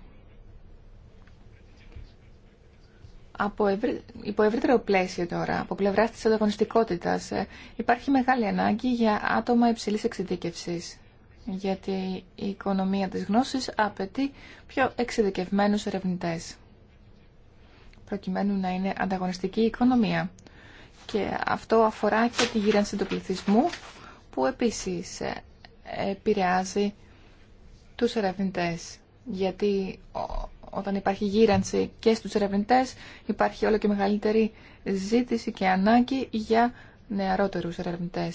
από ευρύ, υπό ευρύτερο πλαίσιο τώρα, από πλευρά τη ανταγωνιστικότητα, ε, υπάρχει μεγάλη ανάγκη για άτομα υψηλή εξειδίκευση. Γιατί η οικονομία της γνώσης απαιτεί πιο εξειδικευμένους ερευνητέ. προκειμένου να είναι ανταγωνιστική η οικονομία. Και αυτό αφορά και τη γύρανση του πληθυσμού, που επίσης ε, επηρεάζει τους ερευνητές. Γιατί όταν υπάρχει γύρανση και στους ερευνητέ, υπάρχει όλο και μεγαλύτερη ζήτηση και ανάγκη για νεαρότερους ερευνητέ.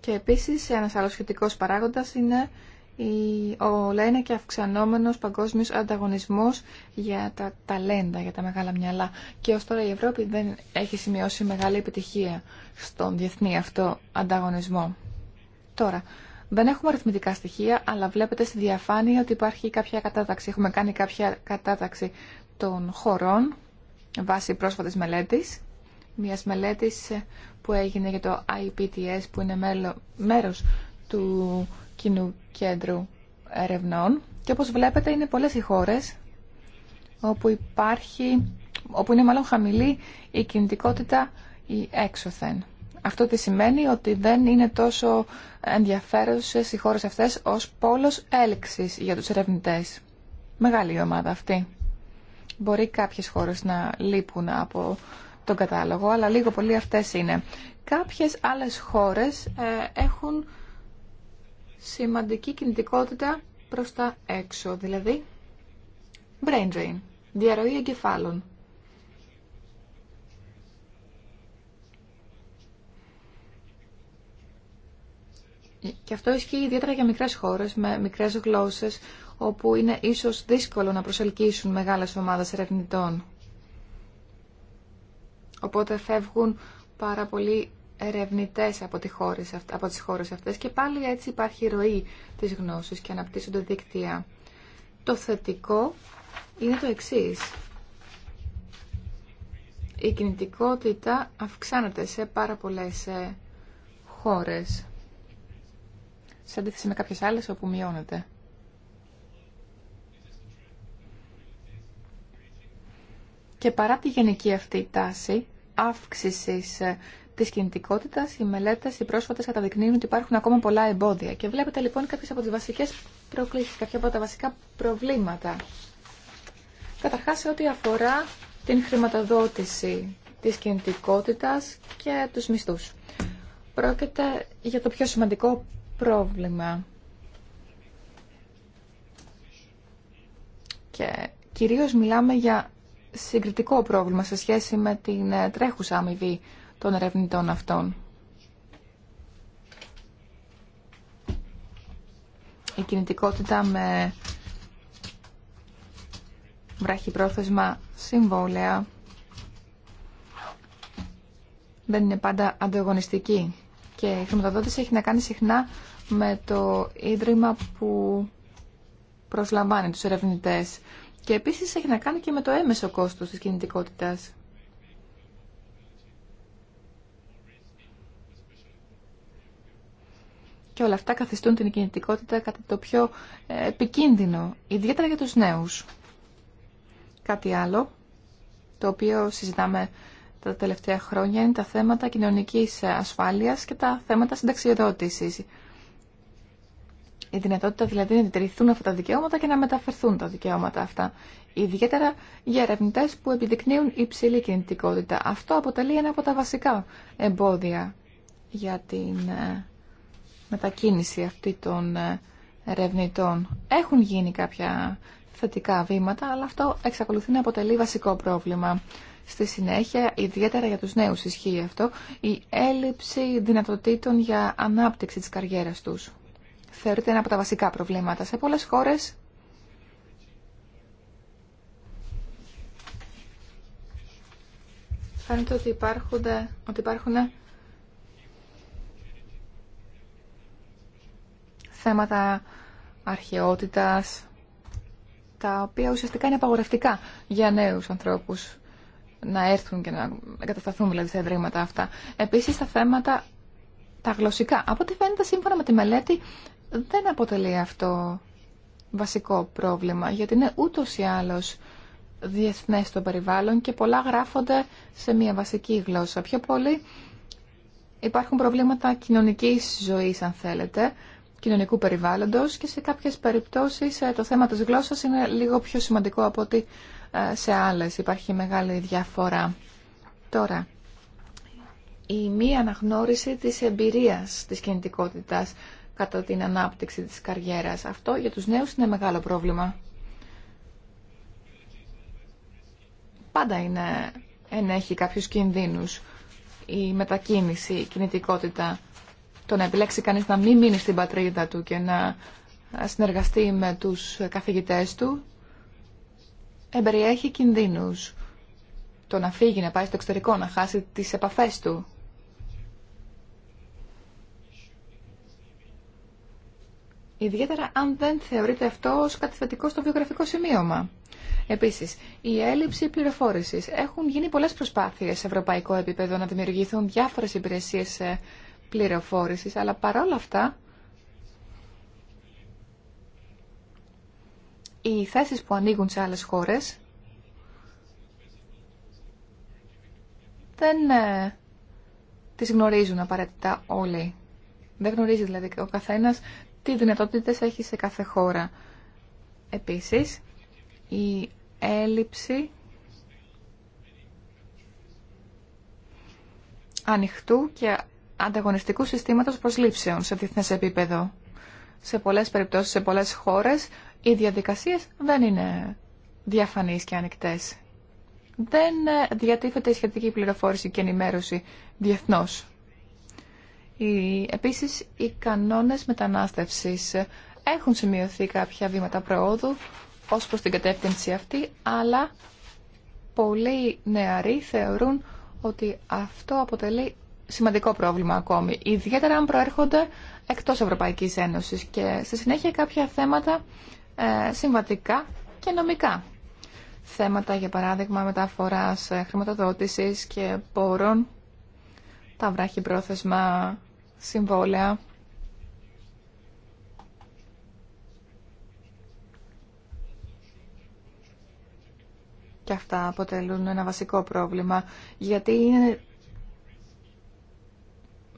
Και επίσης ένας άλλος σχετικός παράγοντας είναι ο λένε και αυξανόμενος παγκόσμιος ανταγωνισμός για τα ταλέντα, για τα μεγάλα μυαλά. Και ως τώρα η Ευρώπη δεν έχει σημειώσει μεγάλη επιτυχία στον διεθνή αυτό ανταγωνισμό. Τώρα, δεν έχουμε αριθμητικά στοιχεία, αλλά βλέπετε στη διαφάνεια ότι υπάρχει κάποια κατάταξη. Έχουμε κάνει κάποια κατάταξη των χωρών βάσει πρόσφατης μελέτης. Μιας μελέτης που έγινε για το IPTS που είναι μέλο, μέρος του Κοινού Κέντρου Ερευνών. Και όπως βλέπετε είναι πολλές οι χώρες όπου υπάρχει, όπου είναι μάλλον χαμηλή η κινητικότητα η έξωθεν. Αυτό τι σημαίνει ότι δεν είναι τόσο ενδιαφέρουσες οι χώρες αυτές ως πόλος έλξης για τους ερευνητές. Μεγάλη η ομάδα αυτή. Μπορεί κάποιες χώρες να λείπουν από τον κατάλογο, αλλά λίγο πολύ αυτές είναι. Κάποιες άλλες χώρες ε, έχουν σημαντική κινητικότητα προς τα έξω, δηλαδή brain drain, διαρροή εγκεφάλων. Και αυτό ισχύει ιδιαίτερα για μικρές χώρες με μικρές γλώσσες όπου είναι ίσως δύσκολο να προσελκύσουν μεγάλες ομάδες ερευνητών. Οπότε φεύγουν πάρα πολλοί ερευνητές από, χώρες, από τις χώρες αυτές και πάλι έτσι υπάρχει ροή της γνώσης και αναπτύσσονται δίκτυα. Το θετικό είναι το εξής. Η κινητικότητα αυξάνεται σε πάρα πολλές ε, χώρες σε αντίθεση με κάποιες άλλες όπου μειώνεται. Και παρά τη γενική αυτή τάση αύξησης ε, της κινητικότητας, οι μελέτες, οι πρόσφατες καταδεικνύουν ότι υπάρχουν ακόμα πολλά εμπόδια. Και βλέπετε λοιπόν κάποιες από τις βασικές προκλήσεις, κάποια από τα βασικά προβλήματα. Καταρχάς σε ό,τι αφορά την χρηματοδότηση της κινητικότητας και τους μισθούς. Πρόκειται για το πιο σημαντικό πρόβλημα. Και κυρίως μιλάμε για συγκριτικό πρόβλημα σε σχέση με την ε, τρέχουσα αμοιβή των ερευνητών αυτών. Η κινητικότητα με βραχυπρόθεσμα συμβόλαια δεν είναι πάντα ανταγωνιστική. Και η χρηματοδότηση έχει να κάνει συχνά με το ίδρυμα που προσλαμβάνει τους ερευνητές. Και επίσης έχει να κάνει και με το έμεσο κόστος της κινητικότητας. Και όλα αυτά καθιστούν την κινητικότητα κατά το πιο ε, επικίνδυνο, ιδιαίτερα για τους νέους. Κάτι άλλο, το οποίο συζητάμε τα τελευταία χρόνια είναι τα θέματα κοινωνικής ασφάλειας και τα θέματα συνταξιοδότησης. Η δυνατότητα δηλαδή να διατηρηθούν αυτά τα δικαιώματα και να μεταφερθούν τα δικαιώματα αυτά. Ιδιαίτερα για ερευνητέ που επιδεικνύουν υψηλή κινητικότητα. Αυτό αποτελεί ένα από τα βασικά εμπόδια για την ε, μετακίνηση αυτή των ε, ερευνητών. Έχουν γίνει κάποια θετικά βήματα, αλλά αυτό εξακολουθεί να αποτελεί βασικό πρόβλημα. Στη συνέχεια, ιδιαίτερα για τους νέους ισχύει αυτό, η έλλειψη δυνατοτήτων για ανάπτυξη της καριέρας τους. Θεωρείται ένα από τα βασικά προβλήματα. Σε πολλές χώρες φαίνεται ότι, υπάρχουν, ότι θέματα αρχαιότητας, τα οποία ουσιαστικά είναι απαγορευτικά για νέους ανθρώπους να έρθουν και να εγκατασταθούν δηλαδή στα ευρήματα αυτά. Επίσης τα θέματα τα γλωσσικά. Από ό,τι φαίνεται σύμφωνα με τη μελέτη δεν αποτελεί αυτό βασικό πρόβλημα γιατί είναι ούτως ή άλλως διεθνές το περιβάλλον και πολλά γράφονται σε μια βασική γλώσσα. Πιο πολύ υπάρχουν προβλήματα κοινωνικής ζωής αν θέλετε κοινωνικού περιβάλλοντος και σε κάποιες περιπτώσεις ε, το θέμα της γλώσσας είναι λίγο πιο σημαντικό από ότι σε άλλες. Υπάρχει μεγάλη διαφορά. Τώρα, η μη αναγνώριση της εμπειρίας της κινητικότητας κατά την ανάπτυξη της καριέρας. Αυτό για τους νέους είναι μεγάλο πρόβλημα. Πάντα είναι, ενέχει κάποιους κινδύνους η μετακίνηση, η κινητικότητα. Το να επιλέξει κανείς να μην μείνει στην πατρίδα του και να συνεργαστεί με τους καθηγητές του εμπεριέχει κινδύνους. Το να φύγει, να πάει στο εξωτερικό, να χάσει τις επαφές του. Ιδιαίτερα αν δεν θεωρείται αυτό ως κάτι στο βιογραφικό σημείωμα. Επίσης, η έλλειψη πληροφόρησης. Έχουν γίνει πολλές προσπάθειες σε ευρωπαϊκό επίπεδο να δημιουργηθούν διάφορες υπηρεσίες ε, πληροφόρησης, αλλά παρόλα αυτά οι θέσεις που ανοίγουν σε άλλες χώρες δεν ε, τις γνωρίζουν απαραίτητα όλοι. Δεν γνωρίζει δηλαδή ο καθένας τι δυνατότητες έχει σε κάθε χώρα. Επίσης, η έλλειψη ανοιχτού και ανταγωνιστικού συστήματος προσλήψεων σε διεθνές επίπεδο. Σε πολλές περιπτώσεις, σε πολλές χώρες, οι διαδικασίες δεν είναι διαφανείς και ανοιχτές. Δεν ε, διατίθεται η σχετική πληροφόρηση και ενημέρωση διεθνώς. Οι, επίσης, οι κανόνες μετανάστευσης έχουν σημειωθεί κάποια βήματα προόδου ως προς την κατεύθυνση αυτή, αλλά πολλοί νεαροί θεωρούν ότι αυτό αποτελεί σημαντικό πρόβλημα ακόμη, ιδιαίτερα αν προέρχονται εκτός Ευρωπαϊκής Ένωσης και στη συνέχεια κάποια θέματα ε, συμβατικά και νομικά. Θέματα, για παράδειγμα, μεταφοράς ε, χρηματοδότησης και πόρων, τα βράχη πρόθεσμα συμβόλαια. Και αυτά αποτελούν ένα βασικό πρόβλημα, γιατί είναι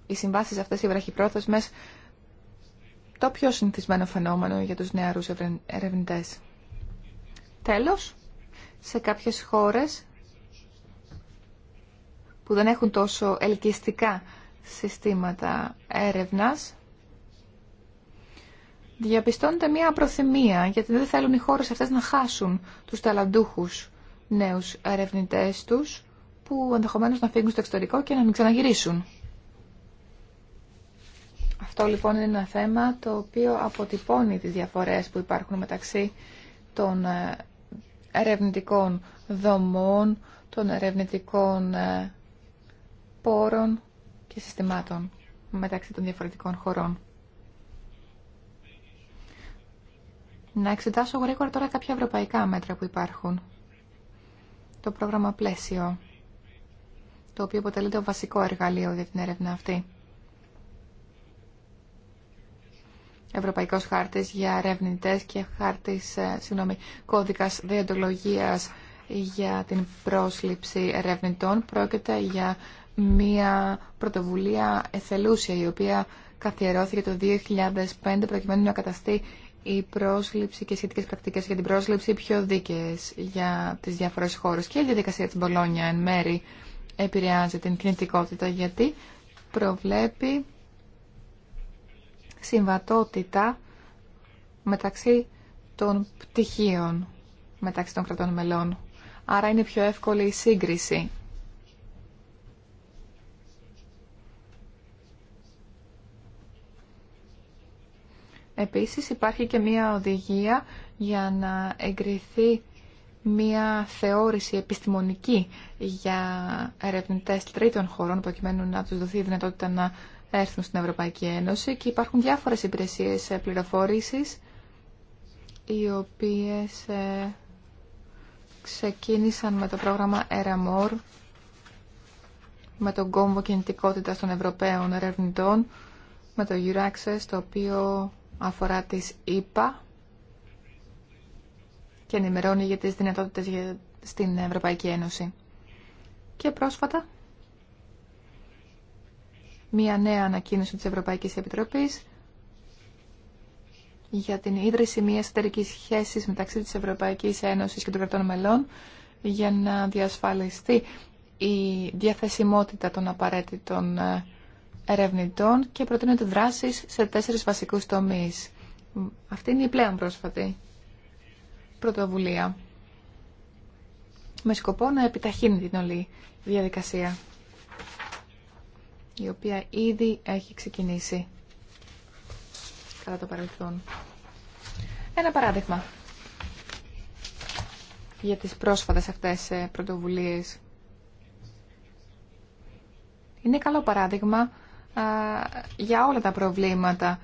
οι συμβάσεις αυτές οι βραχυπρόθεσμες το πιο συνηθισμένο φαινόμενο για τους νεαρούς ερευνητές. Τέλος, σε κάποιες χώρες που δεν έχουν τόσο ελκυστικά συστήματα έρευνας, διαπιστώνεται μια προθυμία, γιατί δεν θέλουν οι χώρες αυτές να χάσουν τους ταλαντούχους νέους ερευνητές τους, που ενδεχομένως να φύγουν στο εξωτερικό και να μην ξαναγυρίσουν. Αυτό λοιπόν είναι ένα θέμα το οποίο αποτυπώνει τις διαφορές που υπάρχουν μεταξύ των ε, ερευνητικών δομών, των ερευνητικών ε, πόρων και συστημάτων μεταξύ των διαφορετικών χωρών. Να εξετάσω γρήγορα τώρα κάποια ευρωπαϊκά μέτρα που υπάρχουν. Το πρόγραμμα πλαίσιο, το οποίο αποτελεί το βασικό εργαλείο για την έρευνα αυτή. Ευρωπαϊκός Χάρτης για ερευνητέ και χάρτης, ε, συγγνώμη, κώδικας διοντολογίας για την πρόσληψη ερευνητών. Πρόκειται για μια πρωτοβουλία εθελούσια η οποία καθιερώθηκε το 2005 προκειμένου να καταστεί η πρόσληψη και σχετικέ πρακτικέ για την πρόσληψη πιο δίκαιε για τι διάφορε χώρε. Και η διαδικασία τη Μπολόνια εν μέρη επηρεάζει την κινητικότητα γιατί προβλέπει συμβατότητα μεταξύ των πτυχίων μεταξύ των κρατών μελών. Άρα είναι πιο εύκολη η σύγκριση. Επίσης υπάρχει και μία οδηγία για να εγκριθεί μία θεώρηση επιστημονική για ερευνητές τρίτων χωρών προκειμένου να τους δοθεί η δυνατότητα να έρθουν στην Ευρωπαϊκή Ένωση και υπάρχουν διάφορες υπηρεσίες ε, πληροφόρησης οι οποίες ε, ξεκίνησαν με το πρόγραμμα ERAMOR με τον κόμβο κινητικότητα των Ευρωπαίων ερευνητών με το Euraccess το οποίο αφορά τις ΕΠΑ και ενημερώνει για τις δυνατότητες στην Ευρωπαϊκή Ένωση. Και πρόσφατα μια νέα ανακοίνωση της Ευρωπαϊκής Επιτροπής για την ίδρυση μια εταιρική σχέση μεταξύ της Ευρωπαϊκής Ένωσης και των κρατών μελών για να διασφαλιστεί η διαθεσιμότητα των απαραίτητων ε, ερευνητών και προτείνονται δράσεις σε τέσσερις βασικούς τομείς. Αυτή είναι η πλέον πρόσφατη πρωτοβουλία με σκοπό να επιταχύνει την όλη διαδικασία η οποία ήδη έχει ξεκινήσει κατά το παρελθόν. Ένα παράδειγμα για τις πρόσφατες αυτές ε, πρωτοβουλίες. Είναι καλό παράδειγμα για όλα τα προβλήματα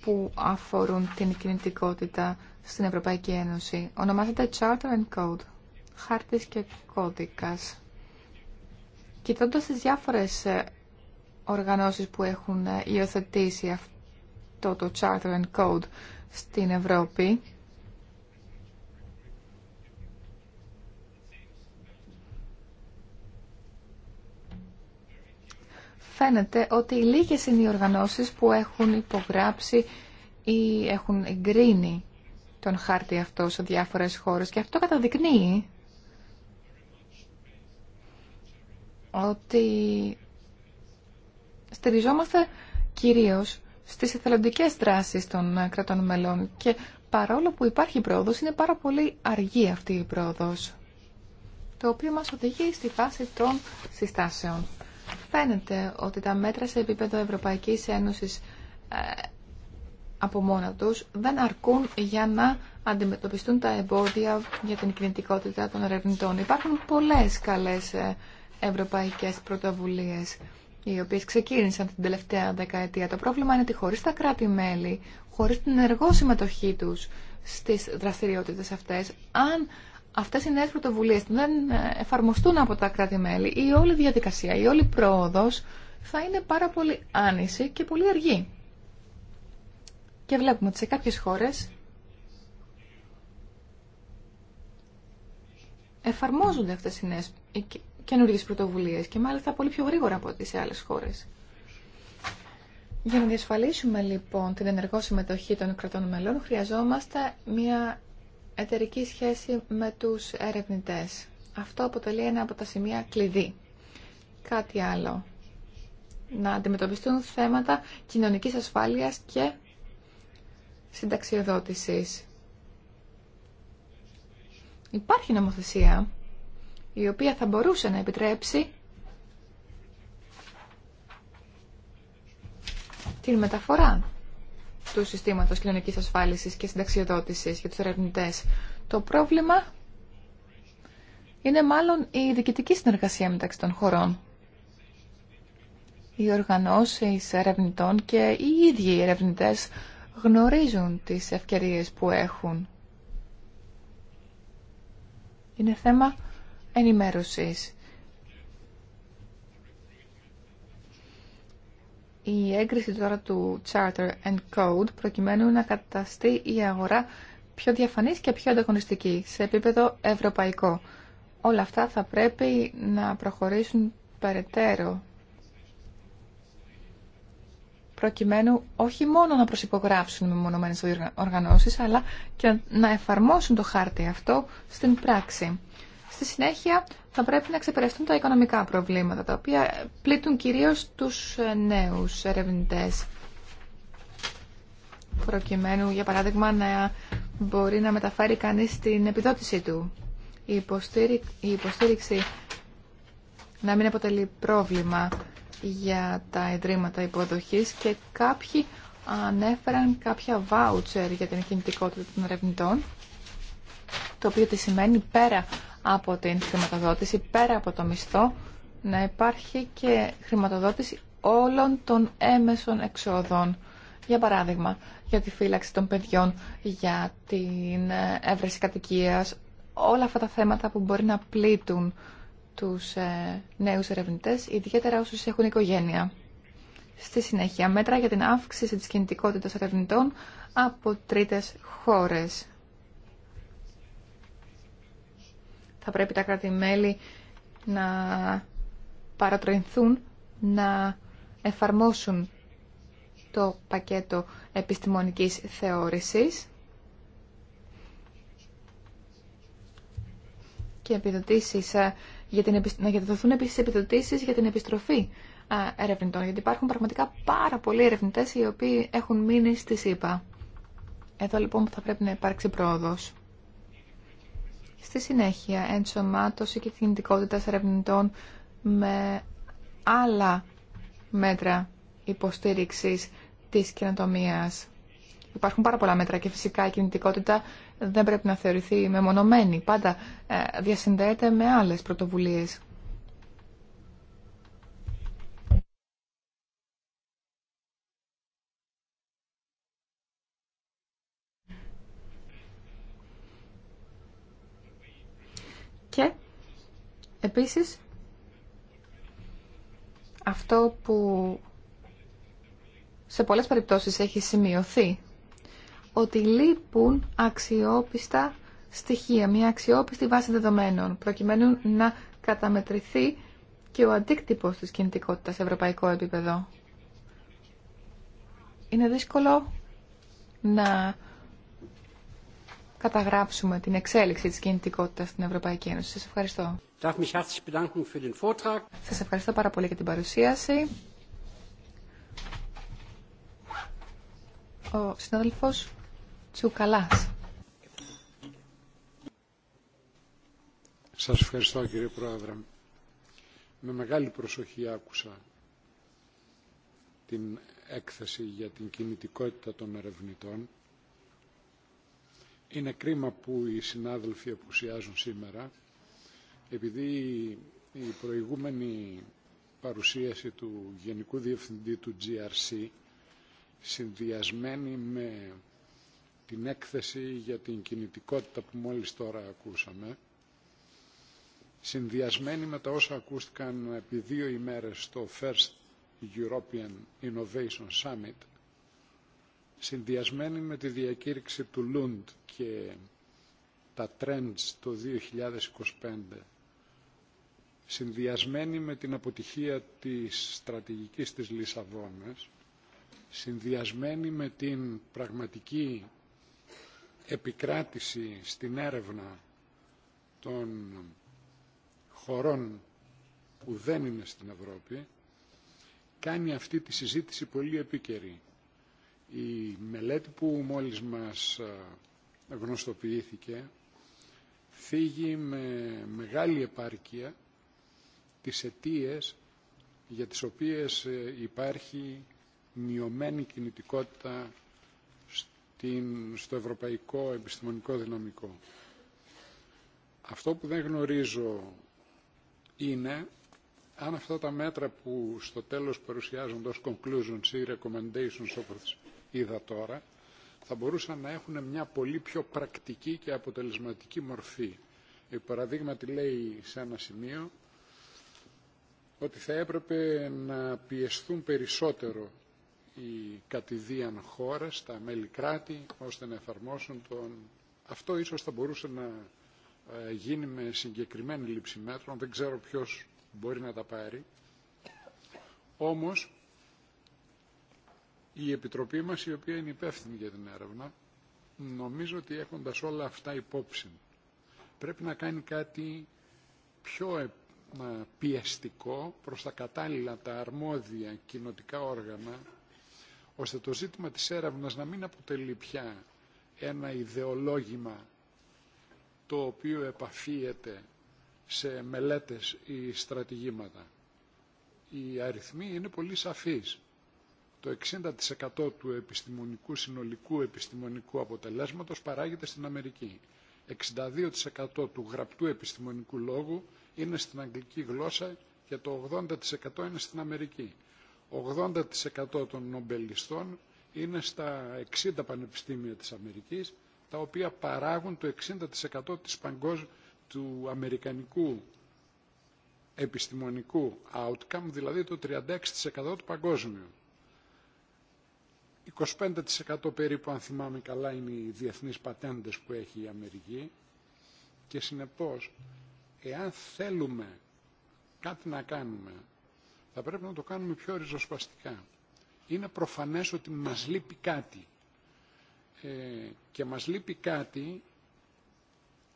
που αφορούν την κινητικότητα στην Ευρωπαϊκή Ένωση. Ονομάζεται Charter and Code, χάρτης και κώδικας. Κοιτώντας τις διάφορες ε, οργανώσεις που έχουν ε, υιοθετήσει αυτό το Charter and Code στην Ευρώπη. Φαίνεται ότι λίγες είναι οι οργανώσεις που έχουν υπογράψει ή έχουν εγκρίνει τον χάρτη αυτό σε διάφορες χώρες και αυτό καταδεικνύει ότι στηριζόμαστε κυρίως στις εθελοντικές δράσεις των ε, κρατών μελών και παρόλο που υπάρχει πρόοδος, είναι πάρα πολύ αργή αυτή η πρόοδος, το οποίο μας οδηγεί στη φάση των συστάσεων. Φαίνεται ότι τα μέτρα σε επίπεδο Ευρωπαϊκής Ένωσης ε, από μόνα τους δεν αρκούν για να αντιμετωπιστούν τα εμπόδια για την κινητικότητα των ερευνητών. Υπάρχουν πολλές καλές ε, ευρωπαϊκές πρωτοβουλίες οι οποίε ξεκίνησαν την τελευταία δεκαετία. Το πρόβλημα είναι ότι χωρί τα κράτη-μέλη, χωρί την ενεργό συμμετοχή τους στις δραστηριότητες αυτές, αν αυτές οι νέε πρωτοβουλίε δεν εφαρμοστούν από τα κράτη-μέλη, η όλη διαδικασία, η όλη πρόοδος θα είναι πάρα πολύ άνηση και πολύ αργή. Και βλέπουμε ότι σε κάποιες χώρες εφαρμόζονται αυτές οι νέες καινούργιε πρωτοβουλίε και μάλιστα πολύ πιο γρήγορα από ό,τι σε άλλε χώρε. Για να διασφαλίσουμε λοιπόν την ενεργό συμμετοχή των κρατών μελών, χρειαζόμαστε μια εταιρική σχέση με τους ερευνητέ. Αυτό αποτελεί ένα από τα σημεία κλειδί. Κάτι άλλο. Να αντιμετωπιστούν θέματα κοινωνικής ασφάλειας και συνταξιοδότησης. Υπάρχει νομοθεσία η οποία θα μπορούσε να επιτρέψει την μεταφορά του συστήματος κοινωνικής ασφάλισης και συνταξιοδότησης για τους ερευνητέ. Το πρόβλημα είναι μάλλον η διοικητική συνεργασία μεταξύ των χωρών. Οι οργανώσεις ερευνητών και οι ίδιοι ερευνητέ γνωρίζουν τις ευκαιρίες που έχουν. Είναι θέμα ενημέρωσης. Η έγκριση τώρα του Charter and Code προκειμένου να καταστεί η αγορά πιο διαφανής και πιο ανταγωνιστική σε επίπεδο ευρωπαϊκό. Όλα αυτά θα πρέπει να προχωρήσουν περαιτέρω προκειμένου όχι μόνο να προσυπογράψουν με οργανώσεις αλλά και να εφαρμόσουν το χάρτη αυτό στην πράξη στη συνέχεια θα πρέπει να ξεπεραστούν τα οικονομικά προβλήματα, τα οποία πλήττουν κυρίως τους ε, νέους ερευνητές. Προκειμένου, για παράδειγμα, να μπορεί να μεταφέρει κανείς την επιδότησή του. Η υποστήριξη, η να μην αποτελεί πρόβλημα για τα ιδρύματα υποδοχής και κάποιοι ανέφεραν κάποια βάουτσερ για την κινητικότητα των ερευνητών το οποίο τι σημαίνει πέρα από την χρηματοδότηση, πέρα από το μισθό, να υπάρχει και χρηματοδότηση όλων των έμεσων εξόδων. Για παράδειγμα, για τη φύλαξη των παιδιών, για την ε, έβρεση κατοικίας, όλα αυτά τα θέματα που μπορεί να πλήττουν τους ε, νέους ερευνητές, ιδιαίτερα όσους έχουν οικογένεια. Στη συνέχεια, μέτρα για την αύξηση της κινητικότητας ερευνητών από τρίτες χώρες. θα πρέπει τα κράτη-μέλη να παρατρινθούν να εφαρμόσουν το πακέτο επιστημονικής θεώρησης και επιδοτήσεις ε, για την, να δοθούν επίσης επιδοτήσεις για την επιστροφή ε, ερευνητών, γιατί υπάρχουν πραγματικά πάρα πολλοί ερευνητές οι οποίοι έχουν μείνει στη ΣΥΠΑ. Εδώ λοιπόν θα πρέπει να υπάρξει πρόοδος. Στη συνέχεια, ενσωμάτωση και κινητικότητα ερευνητών με άλλα μέτρα υποστήριξης της καινοτομίας. Υπάρχουν πάρα πολλά μέτρα και φυσικά η κινητικότητα δεν πρέπει να θεωρηθεί μεμονωμένη. Πάντα ε, διασυνδέεται με άλλες πρωτοβουλίες. Και επίσης αυτό που σε πολλές περιπτώσεις έχει σημειωθεί ότι λείπουν αξιόπιστα στοιχεία, μια αξιόπιστη βάση δεδομένων προκειμένου να καταμετρηθεί και ο αντίκτυπος της κινητικότητας σε ευρωπαϊκό επίπεδο. Είναι δύσκολο να καταγράψουμε την εξέλιξη της κινητικότητας στην Ευρωπαϊκή Ένωση. Σας ευχαριστώ. Σας ευχαριστώ πάρα πολύ για την παρουσίαση. Ο συνάδελφος Τσουκαλάς. Σας ευχαριστώ κύριε Πρόεδρε. Με μεγάλη προσοχή άκουσα την έκθεση για την κινητικότητα των ερευνητών είναι κρίμα που οι συνάδελφοι απουσιάζουν σήμερα, επειδή η προηγούμενη παρουσίαση του Γενικού Διευθυντή του GRC, συνδυασμένη με την έκθεση για την κινητικότητα που μόλις τώρα ακούσαμε, συνδυασμένη με τα όσα ακούστηκαν επί δύο ημέρες στο First European Innovation Summit, συνδυασμένη με τη διακήρυξη του Λούντ και τα trends το 2025, συνδυασμένη με την αποτυχία της στρατηγικής της Λισαβόνας, συνδυασμένη με την πραγματική επικράτηση στην έρευνα των χωρών που δεν είναι στην Ευρώπη, κάνει αυτή τη συζήτηση πολύ επίκαιρη. Η μελέτη που μόλις μας γνωστοποιήθηκε φύγει με μεγάλη επάρκεια τις αιτίε για τις οποίες ε, υπάρχει μειωμένη κινητικότητα στο ευρωπαϊκό επιστημονικό δυναμικό. Αυτό που δεν γνωρίζω είναι αν αυτά τα μέτρα που στο τέλος παρουσιάζονται ως conclusions ή recommendations όπως είδα τώρα, θα μπορούσαν να έχουν μια πολύ πιο πρακτική και αποτελεσματική μορφή. Η τη λέει σε ένα σημείο ότι θα έπρεπε να πιεστούν περισσότερο οι κατηδίαν χώρα τα μέλη κράτη, ώστε να εφαρμόσουν τον... Αυτό ίσως θα μπορούσε να ε, γίνει με συγκεκριμένη λήψη μέτρων, δεν ξέρω ποιος μπορεί να τα πάρει. Όμως η Επιτροπή μας, η οποία είναι υπεύθυνη για την έρευνα, νομίζω ότι έχοντας όλα αυτά υπόψη, πρέπει να κάνει κάτι πιο ε, ε, πιεστικό προς τα κατάλληλα τα αρμόδια κοινοτικά όργανα, ώστε το ζήτημα της έρευνας να μην αποτελεί πια ένα ιδεολόγημα το οποίο επαφίεται σε μελέτες ή στρατηγήματα. Οι αριθμοί είναι πολύ σαφείς το 60% του επιστημονικού, συνολικού επιστημονικού αποτελέσματος παράγεται στην Αμερική. 62% του γραπτού επιστημονικού λόγου είναι στην αγγλική γλώσσα και το 80% είναι στην Αμερική. 80% των νομπελιστών είναι στα 60 πανεπιστήμια της Αμερικής, τα οποία παράγουν το 60% της του αμερικανικού επιστημονικού outcome, δηλαδή το 36% του παγκόσμιου. 25% περίπου, αν θυμάμαι καλά, είναι οι διεθνείς πατέντες που έχει η Αμερική και συνεπώς, εάν θέλουμε κάτι να κάνουμε, θα πρέπει να το κάνουμε πιο ριζοσπαστικά. Είναι προφανές ότι μας λείπει κάτι. Ε, και μας λείπει κάτι,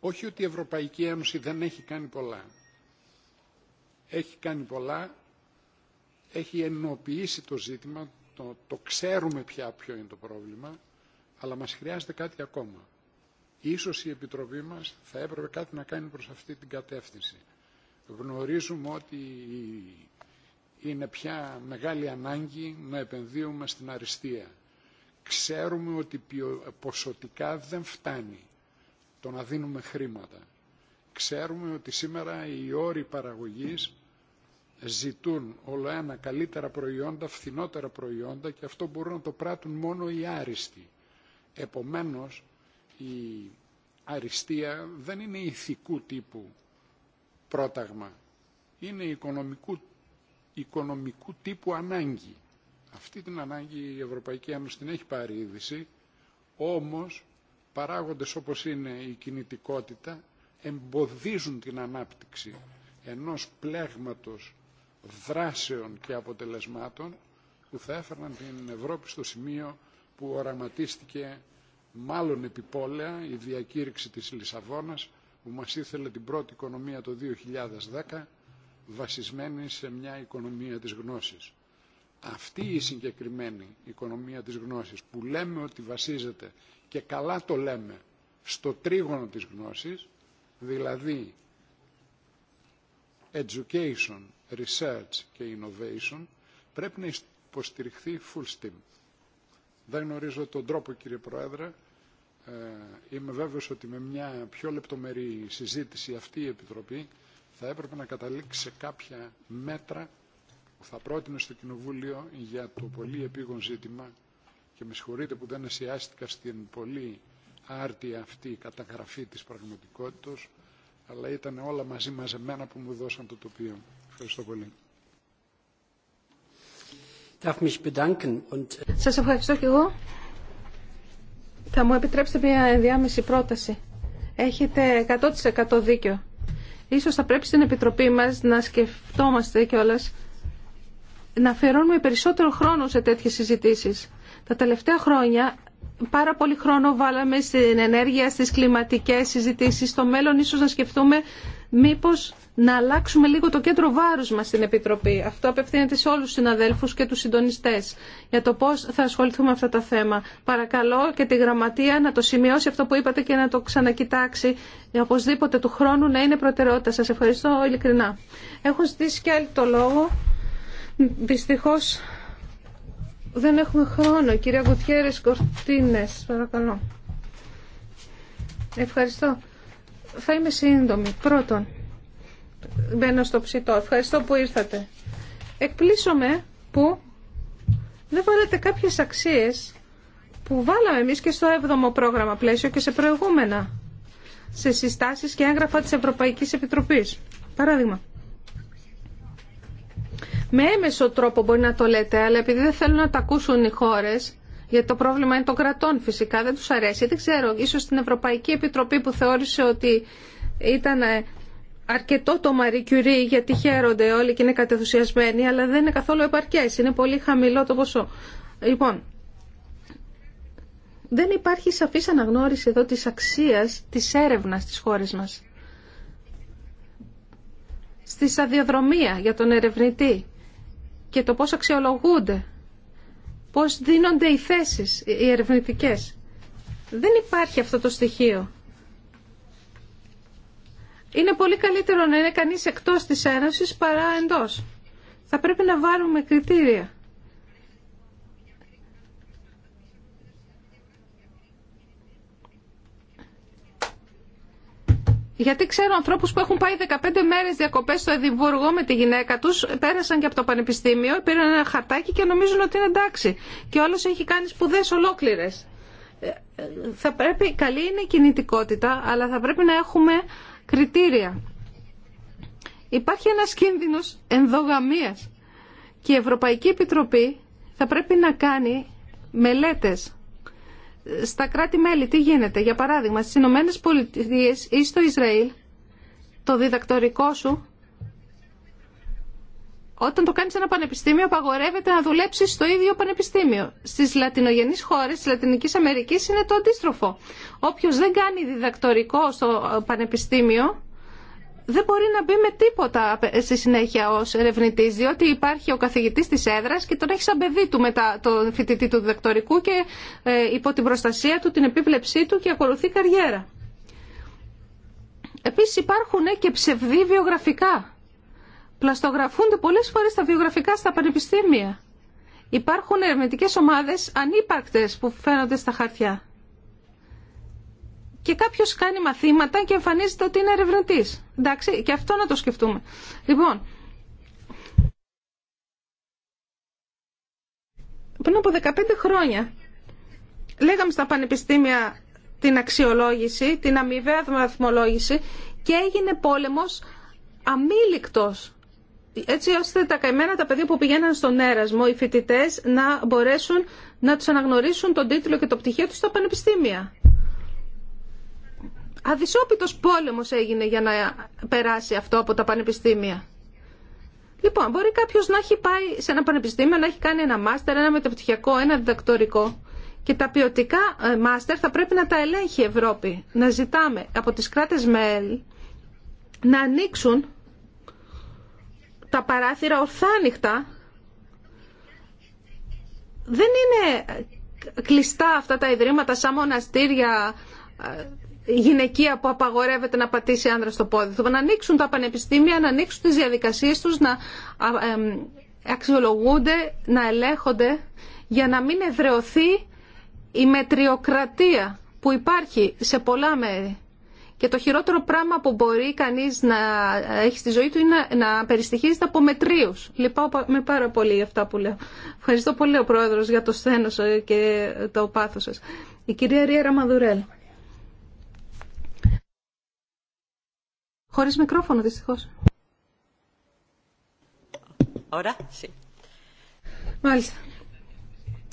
όχι ότι η Ευρωπαϊκή Ένωση δεν έχει κάνει πολλά. Έχει κάνει πολλά, έχει ενοποιήσει το ζήτημα το, ξέρουμε πια ποιο είναι το πρόβλημα, αλλά μας χρειάζεται κάτι ακόμα. Ίσως η Επιτροπή μας θα έπρεπε κάτι να κάνει προς αυτή την κατεύθυνση. Γνωρίζουμε ότι είναι πια μεγάλη ανάγκη να επενδύουμε στην αριστεία. Ξέρουμε ότι ποσοτικά δεν φτάνει το να δίνουμε χρήματα. Ξέρουμε ότι σήμερα οι όροι παραγωγής ζητούν όλο ένα καλύτερα προϊόντα, φθηνότερα προϊόντα και αυτό μπορούν να το πράττουν μόνο οι άριστοι. Επομένως, η αριστεία δεν είναι ηθικού τύπου πρόταγμα. Είναι οικονομικού, οικονομικού τύπου ανάγκη. Αυτή την ανάγκη η Ευρωπαϊκή Ένωση την έχει πάρει είδηση, όμως παράγοντες όπως είναι η κινητικότητα εμποδίζουν την ανάπτυξη ενός πλέγματος δράσεων και αποτελεσμάτων που θα έφερναν την Ευρώπη στο σημείο που οραματίστηκε μάλλον επιπόλαια η διακήρυξη της Λισαβόνας που μας ήθελε την πρώτη οικονομία το 2010 βασισμένη σε μια οικονομία της γνώσης. Αυτή η συγκεκριμένη οικονομία της γνώσης που λέμε ότι βασίζεται και καλά το λέμε στο τρίγωνο της γνώσης, δηλαδή education, research και innovation πρέπει να υποστηριχθεί full steam. Δεν γνωρίζω τον τρόπο κύριε Πρόεδρε. Ε, είμαι βέβαιος ότι με μια πιο λεπτομερή συζήτηση αυτή η Επιτροπή θα έπρεπε να καταλήξει σε κάποια μέτρα που θα πρότεινε στο Κοινοβούλιο για το πολύ επίγον ζήτημα και με συγχωρείτε που δεν εσιάστηκα στην πολύ άρτια αυτή καταγραφή της πραγματικότητας αλλά ήταν όλα μαζί μαζεμένα που μου δώσαν το τοπίο. Ευχαριστώ äh, Σας ευχαριστώ και εγώ. Θα μου επιτρέψετε μια ενδιάμεση πρόταση. Έχετε 100% δίκιο. Ίσως θα πρέπει στην Επιτροπή μας να σκεφτόμαστε κιόλας να αφιερώνουμε περισσότερο χρόνο σε τέτοιες συζητήσεις. Τα τελευταία χρόνια πάρα πολύ χρόνο βάλαμε στην ενέργεια, στις κλιματικές συζητήσεις. Στο μέλλον ίσως να σκεφτούμε μήπως να αλλάξουμε λίγο το κέντρο βάρους μας στην Επιτροπή. Αυτό απευθύνεται σε όλους τους συναδέλφους και τους συντονιστές για το πώς θα ασχοληθούμε με αυτά τα θέματα. Παρακαλώ και τη Γραμματεία να το σημειώσει αυτό που είπατε και να το ξανακοιτάξει. Οπωσδήποτε του χρόνου να είναι προτεραιότητα. Σας ευχαριστώ ειλικρινά. Έχω ζητήσει και άλλη το λόγο. Δυστυχώς δεν έχουμε χρόνο. Κυρία Γκουτιέρες Κορτίνες, παρακαλώ. Ευχαριστώ. Θα είμαι σύντομη. Πρώτον, μπαίνω στο ψητό. Ευχαριστώ που ήρθατε. Εκπλήσωμαι που δεν βάλετε κάποιες αξίες που βάλαμε εμείς και στο 7ο πρόγραμμα πλαίσιο και σε προηγούμενα σε συστάσεις και έγγραφα της Ευρωπαϊκής Επιτροπής. Παράδειγμα. Με έμεσο τρόπο μπορεί να το λέτε, αλλά επειδή δεν θέλουν να τα ακούσουν οι χώρες, γιατί το πρόβλημα είναι των κρατών φυσικά, δεν τους αρέσει. Δεν ξέρω, ίσως στην Ευρωπαϊκή Επιτροπή που θεώρησε ότι ήταν ε, αρκετό το Marie γιατί χαίρονται όλοι και είναι κατεθουσιασμένοι, αλλά δεν είναι καθόλου επαρκές, είναι πολύ χαμηλό το ποσό. Λοιπόν, δεν υπάρχει σαφής αναγνώριση εδώ της αξίας της έρευνας στις χώρες μας. Στη σταδιοδρομία για τον ερευνητή και το πώς αξιολογούνται πώς δίνονται οι θέσεις, οι ερευνητικές. Δεν υπάρχει αυτό το στοιχείο. Είναι πολύ καλύτερο να είναι κανείς εκτός της Ένωσης παρά εντός. Θα πρέπει να βάλουμε κριτήρια. Γιατί ξέρω ανθρώπους που έχουν πάει 15 μέρες διακοπές στο Εδιμβούργο με τη γυναίκα τους, πέρασαν και από το πανεπιστήμιο, πήραν ένα χαρτάκι και νομίζουν ότι είναι εντάξει. Και όλος έχει κάνει σπουδέ ολόκληρε. Ε, ε, θα πρέπει, καλή είναι η κινητικότητα, αλλά θα πρέπει να έχουμε κριτήρια. Υπάρχει ένα κίνδυνος ενδογαμίας και η Ευρωπαϊκή Επιτροπή θα πρέπει να κάνει μελέτες στα κράτη-μέλη τι γίνεται. Για παράδειγμα, στι Ηνωμένε Πολιτείε ή στο Ισραήλ, το διδακτορικό σου, όταν το κάνει ένα πανεπιστήμιο, απαγορεύεται να δουλέψει στο ίδιο πανεπιστήμιο. Στι λατινογενεί χώρε τη Λατινική Αμερική είναι το αντίστροφο. Όποιο δεν κάνει διδακτορικό στο πανεπιστήμιο, δεν μπορεί να μπει με τίποτα στη συνέχεια ως ερευνητή, διότι υπάρχει ο καθηγητής τη Έδρα και τον έχει σαν παιδί του μετά τον φοιτητή του διδακτορικού και ε, υπό την προστασία του, την επίβλεψή του και ακολουθεί καριέρα. Επίσης υπάρχουν ε, και ψευδή βιογραφικά. Πλαστογραφούνται πολλές φορές τα βιογραφικά στα πανεπιστήμια. Υπάρχουν ερευνητικέ ομάδε ανύπαρκτες που φαίνονται στα χαρτιά και κάποιο κάνει μαθήματα και εμφανίζεται ότι είναι ερευνητή. Εντάξει, και αυτό να το σκεφτούμε. Λοιπόν, πριν από 15 χρόνια λέγαμε στα πανεπιστήμια την αξιολόγηση, την αμοιβαία βαθμολόγηση και έγινε πόλεμος αμήλικτος έτσι ώστε τα καημένα τα παιδιά που πηγαίναν στον έρασμο, οι φοιτητέ να μπορέσουν να του αναγνωρίσουν τον τίτλο και το πτυχίο του στα πανεπιστήμια. Αδυσόπιτος πόλεμος έγινε για να περάσει αυτό από τα πανεπιστήμια. Λοιπόν, μπορεί κάποιο να έχει πάει σε ένα πανεπιστήμιο, να έχει κάνει ένα μάστερ, ένα μεταπτυχιακό, ένα διδακτορικό. Και τα ποιοτικά ε, μάστερ θα πρέπει να τα ελέγχει η Ευρώπη. Να ζητάμε από τις κράτες μέλη να ανοίξουν τα παράθυρα ανοιχτά. Δεν είναι κλειστά αυτά τα ιδρύματα σαν μοναστήρια ε, γυναικεία που απαγορεύεται να πατήσει άνδρα στο πόδι του. Να ανοίξουν τα πανεπιστήμια, να ανοίξουν τις διαδικασίες τους, να αξιολογούνται, να ελέγχονται για να μην ευρεωθεί η μετριοκρατία που υπάρχει σε πολλά μέρη. Και το χειρότερο πράγμα που μπορεί κανείς να έχει στη ζωή του είναι να, περιστοιχίζεται από μετρίους. Λυπάμαι πάρα πολύ για αυτά που λέω. Ευχαριστώ πολύ ο Πρόεδρος για το σθένος ε, και το πάθος σας. Η κυρία Ρία Χωρίς μικρόφωνο, δυστυχώς.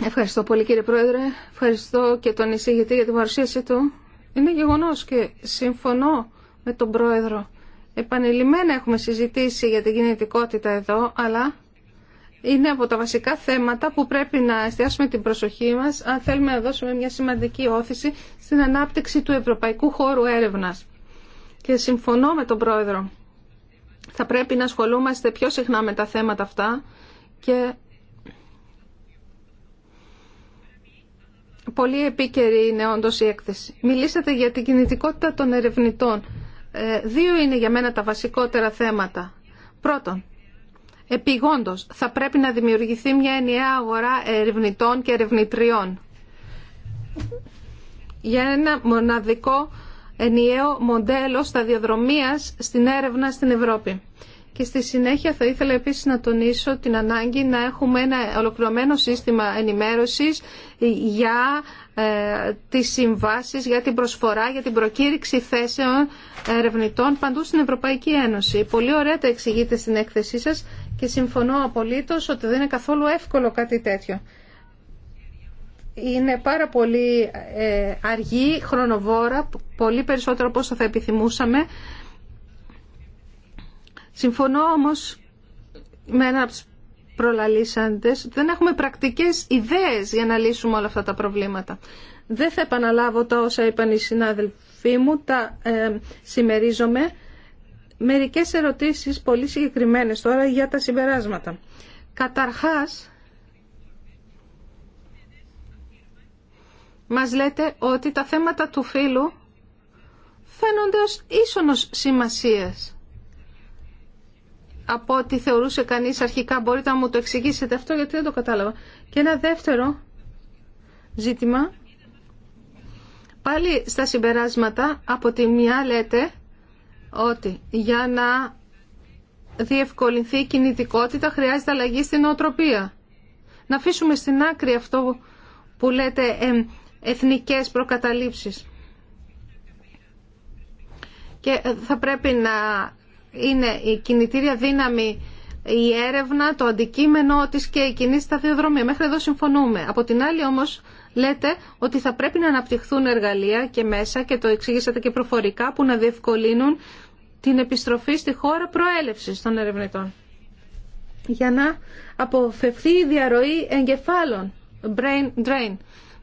Ευχαριστώ πολύ κύριε Πρόεδρε. Ευχαριστώ και τον εισηγητή για την παρουσίαση του. Είναι γεγονός και συμφωνώ με τον Πρόεδρο. Επανειλημμένα έχουμε συζητήσει για την κινητικότητα εδώ, αλλά είναι από τα βασικά θέματα που πρέπει να εστιάσουμε την προσοχή μας αν θέλουμε να δώσουμε μια σημαντική όθηση στην ανάπτυξη του ευρωπαϊκού χώρου έρευνας και συμφωνώ με τον Πρόεδρο. Θα πρέπει να ασχολούμαστε πιο συχνά με τα θέματα αυτά και πολύ επίκαιρη είναι όντω η έκθεση. Μιλήσατε για την κινητικότητα των ερευνητών. Ε, δύο είναι για μένα τα βασικότερα θέματα. Πρώτον, επιγόντως θα πρέπει να δημιουργηθεί μια ενιαία αγορά ερευνητών και ερευνητριών για ένα μοναδικό ενιαίο μοντέλο σταδιοδρομία στην έρευνα στην Ευρώπη. Και στη συνέχεια θα ήθελα επίσης να τονίσω την ανάγκη να έχουμε ένα ολοκληρωμένο σύστημα ενημέρωσης για ε, τις συμβάσεις, για την προσφορά, για την προκήρυξη θέσεων ερευνητών παντού στην Ευρωπαϊκή Ένωση. Πολύ ωραία το εξηγείτε στην έκθεσή σας και συμφωνώ απολύτως ότι δεν είναι καθόλου εύκολο κάτι τέτοιο είναι πάρα πολύ ε, αργή, χρονοβόρα, πολύ περισσότερο από όσο θα επιθυμούσαμε. Συμφωνώ όμως με ένα από τους προλαλήσαντες, δεν έχουμε πρακτικές ιδέες για να λύσουμε όλα αυτά τα προβλήματα. Δεν θα επαναλάβω τα όσα είπαν οι συνάδελφοί μου, τα ε, συμμερίζομαι. Μερικές ερωτήσεις πολύ συγκεκριμένες τώρα για τα συμπεράσματα. Καταρχάς, μας λέτε ότι τα θέματα του φίλου φαίνονται ως ίσονος σημασίας. Από ό,τι θεωρούσε κανείς αρχικά, μπορείτε να μου το εξηγήσετε αυτό γιατί δεν το κατάλαβα. Και ένα δεύτερο ζήτημα, πάλι στα συμπεράσματα, από τη μια λέτε ότι για να διευκολυνθεί η κινητικότητα χρειάζεται αλλαγή στην οτροπία. Να αφήσουμε στην άκρη αυτό που λέτε εθνικές προκαταλήψεις. Και θα πρέπει να είναι η κινητήρια δύναμη η έρευνα, το αντικείμενο της και η κοινή σταδιοδρομία. Μέχρι εδώ συμφωνούμε. Από την άλλη όμως λέτε ότι θα πρέπει να αναπτυχθούν εργαλεία και μέσα και το εξήγησατε και προφορικά που να διευκολύνουν την επιστροφή στη χώρα προέλευσης των ερευνητών για να αποφευθεί η διαρροή εγκεφάλων, brain drain.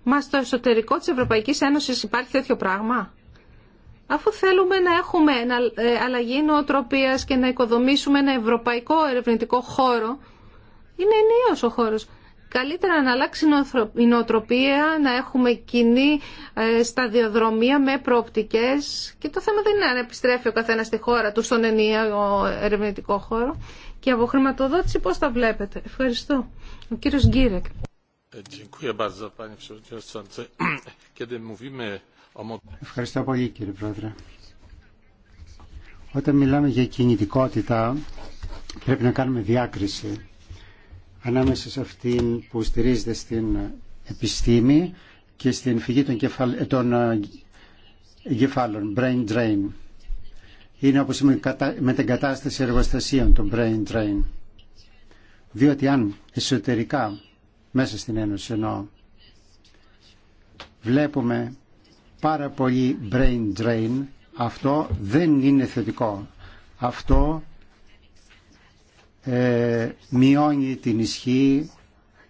Μα στο εσωτερικό της Ευρωπαϊκής Ένωσης υπάρχει τέτοιο πράγμα. Αφού θέλουμε να έχουμε ε, αλλαγή νοοτροπίας και να οικοδομήσουμε ένα ευρωπαϊκό ερευνητικό χώρο, είναι ενίος ο χώρος. Καλύτερα να αλλάξει η νοοτροπία, να έχουμε κοινή ε, σταδιοδρομία με προοπτικές και το θέμα δεν είναι αν επιστρέφει ο καθένας στη χώρα του στον ενίο ερευνητικό χώρο και από χρηματοδότηση πώς τα βλέπετε. Ευχαριστώ. Ο κύριος Γκίρεκ. Ευχαριστώ πολύ κύριε Πρόεδρε. Όταν μιλάμε για κινητικότητα πρέπει να κάνουμε διάκριση ανάμεσα σε αυτήν που στηρίζεται στην επιστήμη και στην φυγή των, κεφαλ... Ε, ε, εγκεφάλων, brain drain. Είναι όπως την κατάσταση εργοστασίων, το brain drain. Διότι αν εσωτερικά μέσα στην Ένωση ενώ βλέπουμε πάρα πολύ brain drain αυτό δεν είναι θετικό αυτό ε, μειώνει την ισχύ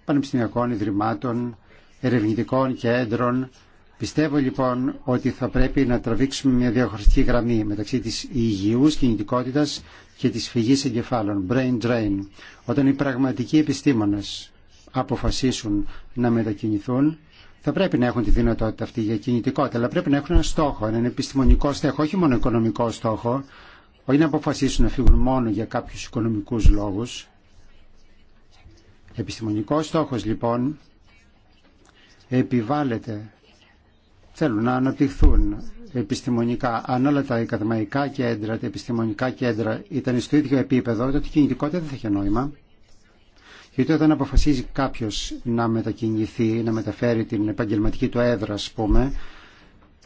πανεπιστημιακών ιδρυμάτων ερευνητικών κέντρων Πιστεύω λοιπόν ότι θα πρέπει να τραβήξουμε μια διαχωριστική γραμμή μεταξύ της υγιούς κινητικότητας και της φυγής εγκεφάλων, brain drain, όταν οι πραγματικοί επιστήμονες αποφασίσουν να μετακινηθούν θα πρέπει να έχουν τη δυνατότητα αυτή για κινητικότητα, αλλά πρέπει να έχουν ένα στόχο, έναν επιστημονικό στόχο, όχι μόνο οικονομικό στόχο, όχι να αποφασίσουν να φύγουν μόνο για κάποιους οικονομικούς λόγους. Επιστημονικό στόχος λοιπόν επιβάλλεται, θέλουν να αναπτυχθούν επιστημονικά. Αν όλα τα ακαδημαϊκά κέντρα, τα επιστημονικά κέντρα ήταν στο ίδιο επίπεδο, τότε η κινητικότητα δεν θα είχε νόημα. Γιατί όταν αποφασίζει κάποιο να μετακινηθεί, να μεταφέρει την επαγγελματική του έδρα, α πούμε,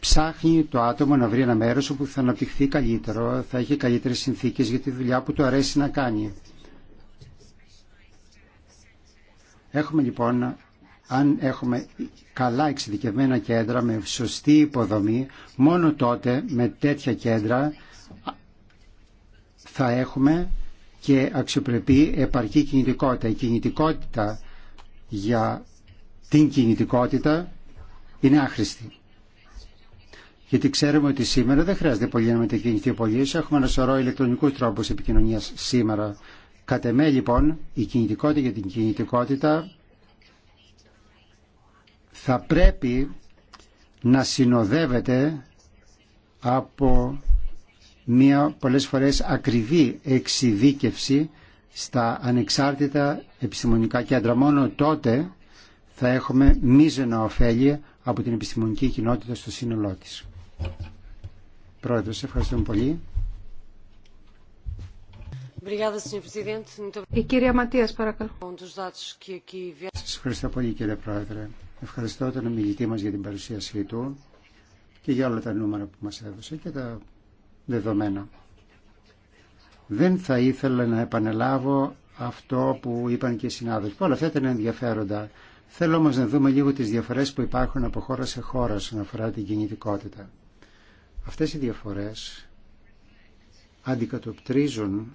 ψάχνει το άτομο να βρει ένα μέρος όπου θα αναπτυχθεί καλύτερο, θα έχει καλύτερες συνθήκες για τη δουλειά που του αρέσει να κάνει. Έχουμε λοιπόν, αν έχουμε καλά εξειδικευμένα κέντρα με σωστή υποδομή, μόνο τότε με τέτοια κέντρα θα έχουμε και αξιοπρεπή επαρκή κινητικότητα. Η κινητικότητα για την κινητικότητα είναι άχρηστη. Γιατί ξέρουμε ότι σήμερα δεν χρειάζεται πολύ να μετακινηθεί πολίτη. Έχουμε ένα σωρό ηλεκτρονικού τρόπου επικοινωνία σήμερα. Κατ' εμέ λοιπόν η κινητικότητα για την κινητικότητα θα πρέπει να συνοδεύεται από μια πολλές φορές ακριβή εξειδίκευση στα ανεξάρτητα επιστημονικά κέντρα. Μόνο τότε θα έχουμε μίζωνα ωφέλη από την επιστημονική κοινότητα στο σύνολό της. Πρόεδρος, ευχαριστούμε πολύ. Η κυρία Ματίας, παρακαλώ. Σας ευχαριστώ πολύ κύριε Πρόεδρε. Ευχαριστώ τον ομιλητή μας για την παρουσίασή του και για όλα τα νούμερα που μας έδωσε και τα δεδομένα. Δεν θα ήθελα να επανελάβω αυτό που είπαν και οι συνάδελφοι. Όλα αυτά ήταν ενδιαφέροντα. Θέλω όμως να δούμε λίγο τις διαφορές που υπάρχουν από χώρα σε χώρα όσον αφορά την κινητικότητα. Αυτές οι διαφορές αντικατοπτρίζουν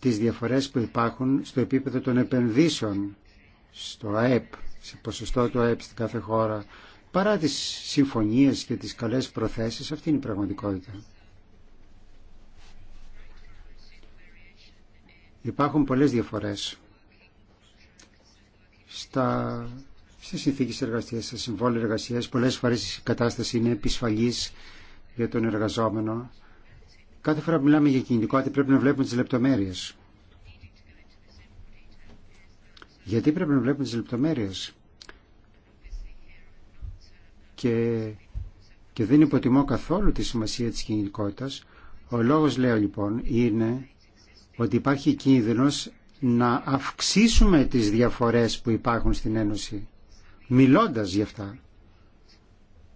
τις διαφορές που υπάρχουν στο επίπεδο των επενδύσεων στο ΑΕΠ, σε ποσοστό του ΑΕΠ στην κάθε χώρα, Παρά τις συμφωνίες και τις καλές προθέσεις, αυτή είναι η πραγματικότητα. Υπάρχουν πολλές διαφορές στα, στις συνθήκες εργασίας, στα συμβόλαια εργασίας. Πολλές φορές η κατάσταση είναι επισφαλής για τον εργαζόμενο. Κάθε φορά που μιλάμε για κινητικότητα πρέπει να βλέπουμε τις λεπτομέρειες. Γιατί πρέπει να βλέπουμε τις λεπτομέρειες και, και δεν υποτιμώ καθόλου τη σημασία της κινητικότητας. Ο λόγος λέω λοιπόν είναι ότι υπάρχει κίνδυνος να αυξήσουμε τις διαφορές που υπάρχουν στην Ένωση μιλώντας γι' αυτά.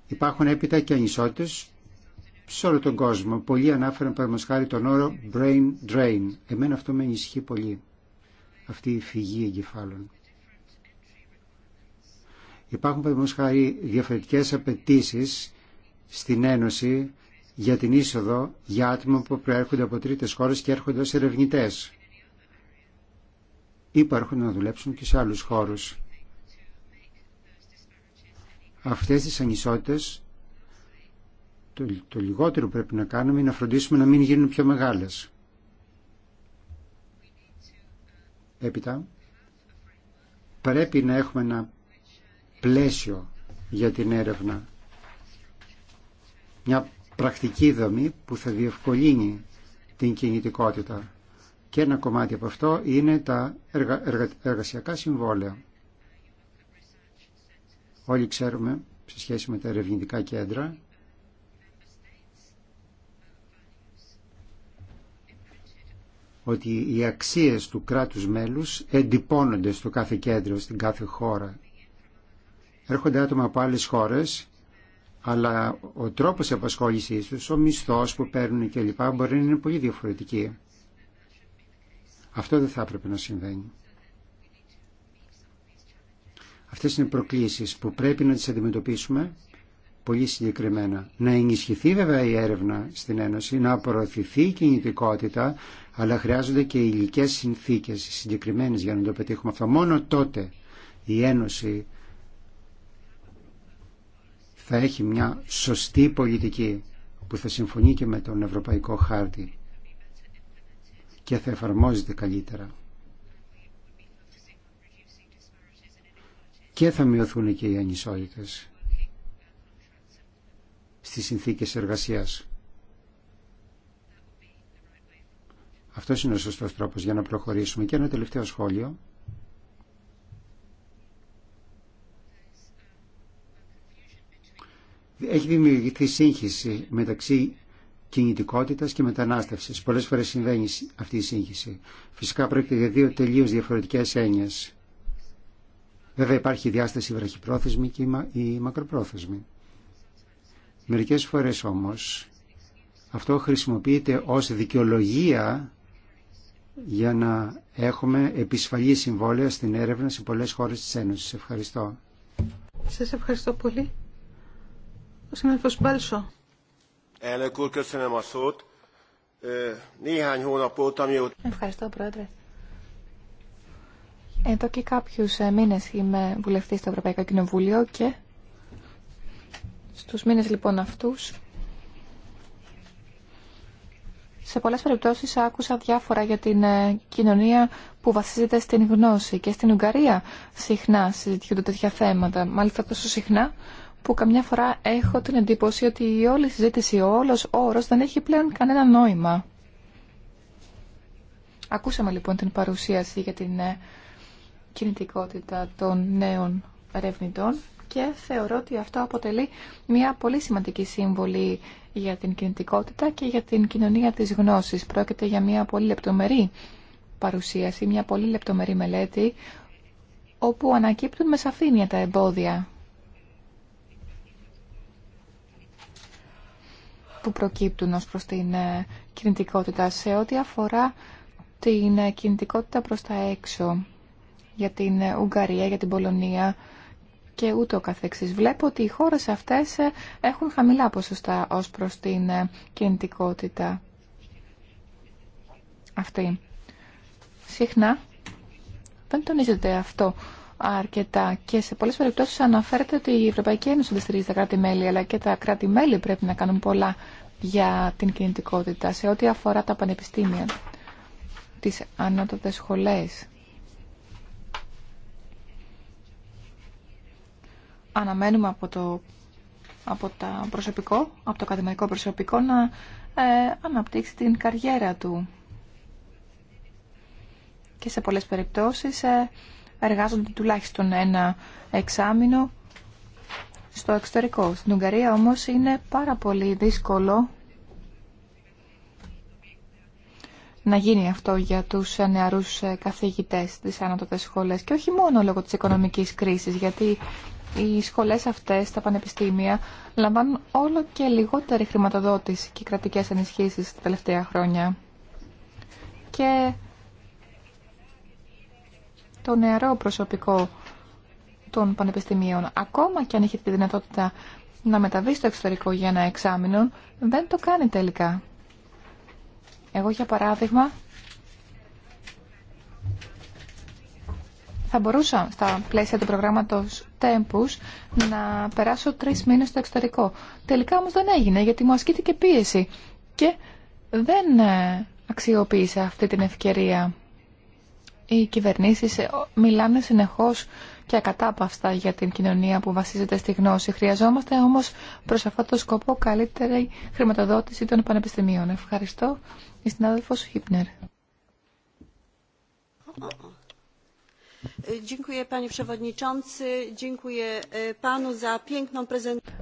Υπάρχουν έπειτα και ανισότητες σε όλο τον κόσμο. Πολλοί ανάφεραν παραδείγματος τον όρο brain drain. Εμένα αυτό με ενισχύει πολύ. Αυτή η φυγή εγκεφάλων. Υπάρχουν παραδείγματος χάρη διαφορετικές απαιτήσει στην Ένωση για την είσοδο για άτομα που προέρχονται από τρίτες χώρες και έρχονται ως ερευνητές Υπάρχουν να δουλέψουν και σε άλλους χώρους. Αυτές τις ανισότητες το, το λιγότερο που πρέπει να κάνουμε είναι να φροντίσουμε να μην γίνουν πιο μεγάλες. Έπειτα, πρέπει να έχουμε ένα πλαίσιο για την έρευνα. Μια πρακτική δομή που θα διευκολύνει την κινητικότητα. Και ένα κομμάτι από αυτό είναι τα εργασιακά συμβόλαια. Όλοι ξέρουμε σε σχέση με τα ερευνητικά κέντρα ότι οι αξίες του κράτους μέλους εντυπώνονται στο κάθε κέντρο, στην κάθε χώρα έρχονται άτομα από άλλες χώρες αλλά ο τρόπος απασχόλησής τους, ο μισθός που παίρνουν κλπ. μπορεί να είναι πολύ διαφορετική. Αυτό δεν θα έπρεπε να συμβαίνει. Αυτές είναι προκλήσεις που πρέπει να τις αντιμετωπίσουμε πολύ συγκεκριμένα. Να ενισχυθεί βέβαια η έρευνα στην Ένωση, να απορροφηθεί η κινητικότητα, αλλά χρειάζονται και υλικέ συνθήκες συγκεκριμένες για να το πετύχουμε αυτό. Μόνο τότε η Ένωση θα έχει μια σωστή πολιτική που θα συμφωνεί και με τον Ευρωπαϊκό Χάρτη και θα εφαρμόζεται καλύτερα. Και θα μειωθούν και οι ανισότητες στις συνθήκες εργασίας. Αυτό είναι ο σωστός τρόπος για να προχωρήσουμε. Και ένα τελευταίο σχόλιο. έχει δημιουργηθεί σύγχυση μεταξύ κινητικότητα και μετανάστευση. Πολλέ φορέ συμβαίνει αυτή η σύγχυση. Φυσικά πρόκειται για δύο τελείω διαφορετικέ έννοιε. Βέβαια υπάρχει η διάσταση βραχυπρόθεσμη και η μακροπρόθεσμη. Μερικέ φορέ όμω αυτό χρησιμοποιείται ως δικαιολογία για να έχουμε επισφαλή συμβόλαια στην έρευνα σε πολλές χώρες της Ένωσης. Ευχαριστώ. Σας ευχαριστώ πολύ. Ευχαριστώ, Πρόεδρε. Εδώ και κάποιου ε, μήνε είμαι βουλευτή στο Ευρωπαϊκό Κοινοβούλιο και στου μήνε λοιπόν αυτού. σε πολλέ περιπτώσει άκουσα διάφορα για την ε, κοινωνία που βασίζεται στην γνώση και στην Ουγγαρία συχνά συζητιούνται τέτοια θέματα. Μάλιστα τόσο συχνά που καμιά φορά έχω την εντύπωση ότι η όλη συζήτηση, ο όλος όρος δεν έχει πλέον κανένα νόημα. Ακούσαμε λοιπόν την παρουσίαση για την ε, κινητικότητα των νέων ερευνητών και θεωρώ ότι αυτό αποτελεί μια πολύ σημαντική σύμβολη για την κινητικότητα και για την κοινωνία της γνώσης. Πρόκειται για μια πολύ λεπτομερή παρουσίαση, μια πολύ λεπτομερή μελέτη, όπου ανακύπτουν με σαφήνεια τα εμπόδια που προκύπτουν ως προς την ε, κινητικότητα σε ό,τι αφορά την ε, κινητικότητα προς τα έξω για την ε, Ουγγαρία, για την Πολωνία και ούτω καθεξής. Βλέπω ότι οι χώρες αυτές έχουν χαμηλά ποσοστά ως προς την κινητικότητα αυτή. Συχνά δεν τονίζεται αυτό αρκετά και σε πολλές περιπτώσεις αναφέρεται ότι η Ευρωπαϊκή Ένωση δεν στηρίζει τα κράτη-μέλη αλλά και τα κράτη-μέλη πρέπει να κάνουν πολλά για την κινητικότητα σε ό,τι αφορά τα πανεπιστήμια, τις ανώτατες σχολές. Αναμένουμε από, το, από, τα προσωπικό, από το ακαδημαϊκό προσωπικό να ε, αναπτύξει την καριέρα του. Και σε πολλές περιπτώσεις ε, εργάζονται τουλάχιστον ένα εξάμεινο στο εξωτερικό. Στην Ουγγαρία όμως είναι πάρα πολύ δύσκολο να γίνει αυτό για τους νεαρούς ε, καθηγητές της ανώτατες σχολές και όχι μόνο λόγω της οικονομικής κρίσης γιατί οι σχολές αυτές, τα πανεπιστήμια λαμβάνουν όλο και λιγότερη χρηματοδότηση και κρατικές ενισχύσεις τα τελευταία χρόνια το νεαρό προσωπικό των πανεπιστημίων. Ακόμα και αν έχετε τη δυνατότητα να μεταβεί στο εξωτερικό για ένα εξάμεινο, δεν το κάνει τελικά. Εγώ, για παράδειγμα, θα μπορούσα στα πλαίσια του προγράμματος Tempus να περάσω τρεις μήνες στο εξωτερικό. Τελικά όμως δεν έγινε γιατί μου ασκήθηκε πίεση και δεν ε, αξιοποίησα αυτή την ευκαιρία οι κυβερνήσεις ε, μιλάνε συνεχώς και ακατάπαυστα για την κοινωνία που βασίζεται στη γνώση. Χρειαζόμαστε όμως προς αυτό το σκοπό καλύτερη χρηματοδότηση των πανεπιστημίων. Ευχαριστώ. Η συνάδελφος Χίπνερ. E,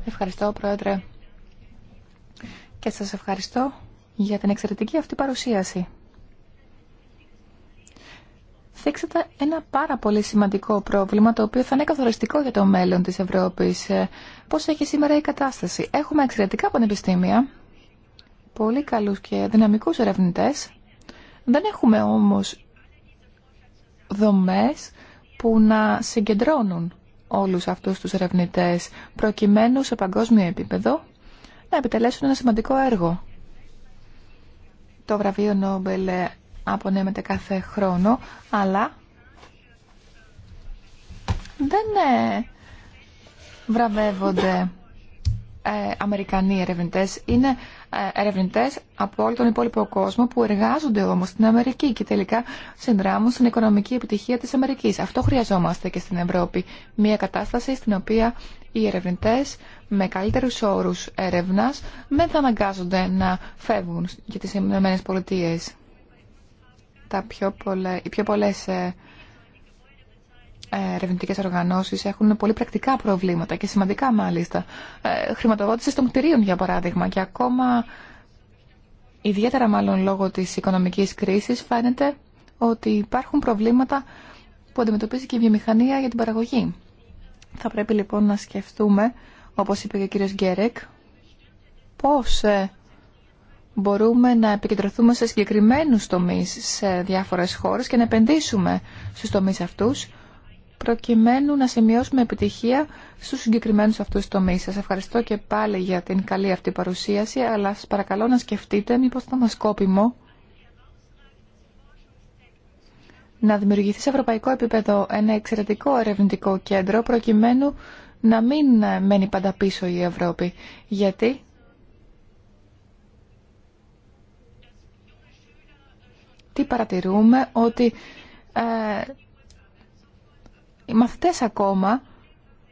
ευχαριστώ, Πρόεδρε. Και σας ευχαριστώ για την εξαιρετική αυτή παρουσίαση θίξατε ένα πάρα πολύ σημαντικό πρόβλημα το οποίο θα είναι καθοριστικό για το μέλλον της Ευρώπης. Ε, πώς έχει σήμερα η κατάσταση. Έχουμε εξαιρετικά πανεπιστήμια, πολύ καλούς και δυναμικούς ερευνητές. Δεν έχουμε όμως δομές που να συγκεντρώνουν όλους αυτούς τους ερευνητές προκειμένου σε παγκόσμιο επίπεδο να επιτελέσουν ένα σημαντικό έργο. Το βραβείο Νόμπελ απονέμεται κάθε χρόνο, αλλά δεν ε, βραβεύονται ε, Αμερικανοί ερευνητές. Είναι ε, ερευνητές από όλο τον υπόλοιπο κόσμο που εργάζονται όμως στην Αμερική και τελικά συνδράμουν στην οικονομική επιτυχία της Αμερικής. Αυτό χρειαζόμαστε και στην Ευρώπη. Μια κατάσταση στην οποία οι ερευνητές με καλύτερους όρου έρευνα δεν θα αναγκάζονται να φεύγουν για τι ΗΠΑ τα πιο οι πιο πολλές ε, ε, ερευνητικέ οργανώσει έχουν πολύ πρακτικά προβλήματα και σημαντικά μάλιστα. Ε, χρηματοδότηση των κτηρίων, για παράδειγμα, και ακόμα ιδιαίτερα μάλλον λόγω τη οικονομική κρίση, φαίνεται ότι υπάρχουν προβλήματα που αντιμετωπίζει και η βιομηχανία για την παραγωγή. Θα πρέπει λοιπόν να σκεφτούμε, όπως είπε και ο κύριος Γκέρεκ, πώς μπορούμε να επικεντρωθούμε σε συγκεκριμένους τομείς σε διάφορες χώρες και να επενδύσουμε στους τομείς αυτούς προκειμένου να σημειώσουμε επιτυχία στους συγκεκριμένους αυτούς τομείς. Σας ευχαριστώ και πάλι για την καλή αυτή παρουσίαση, αλλά σας παρακαλώ να σκεφτείτε μήπως θα μας κόπιμο να δημιουργηθεί σε ευρωπαϊκό επίπεδο ένα εξαιρετικό ερευνητικό κέντρο προκειμένου να μην μένει πάντα πίσω η Ευρώπη. Γιατί τι παρατηρούμε, ότι ε, οι μαθητές ακόμα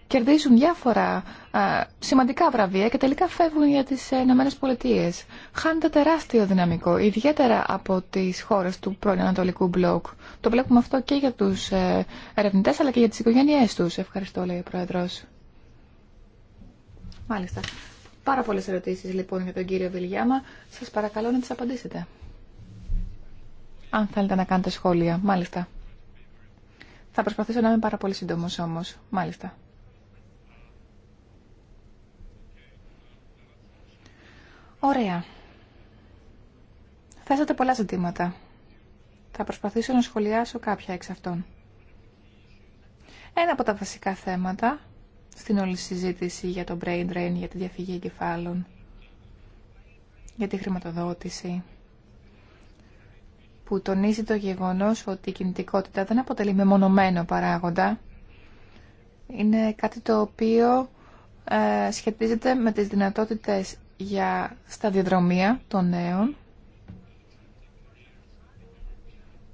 κερδίζουν διάφορα ε, σημαντικά βραβεία και τελικά φεύγουν για τις Ηνωμένε Πολιτείε. Χάνεται τεράστιο δυναμικό, ιδιαίτερα από τις χώρες του πρώην Ανατολικού Μπλοκ. Το βλέπουμε αυτό και για τους ε, ερευνητές αλλά και για τις οικογένειές τους. Ευχαριστώ, λέει ο Πρόεδρος. Μάλιστα. Πάρα πολλές ερωτήσεις λοιπόν για τον κύριο Βιλιάμα. Σας παρακαλώ να τις απαντήσετε αν θέλετε να κάνετε σχόλια. Μάλιστα. Θα προσπαθήσω να είμαι πάρα πολύ σύντομος όμως. Μάλιστα. Ωραία. Θέσατε πολλά ζητήματα. Θα προσπαθήσω να σχολιάσω κάποια εξ αυτών. Ένα από τα βασικά θέματα στην όλη συζήτηση για το brain drain, για τη διαφυγή εγκεφάλων, για τη χρηματοδότηση, που τονίζει το γεγονός ότι η κινητικότητα δεν αποτελεί μεμονωμένο παράγοντα. Είναι κάτι το οποίο ε, σχετίζεται με τις δυνατότητες για σταδιοδρομία των νέων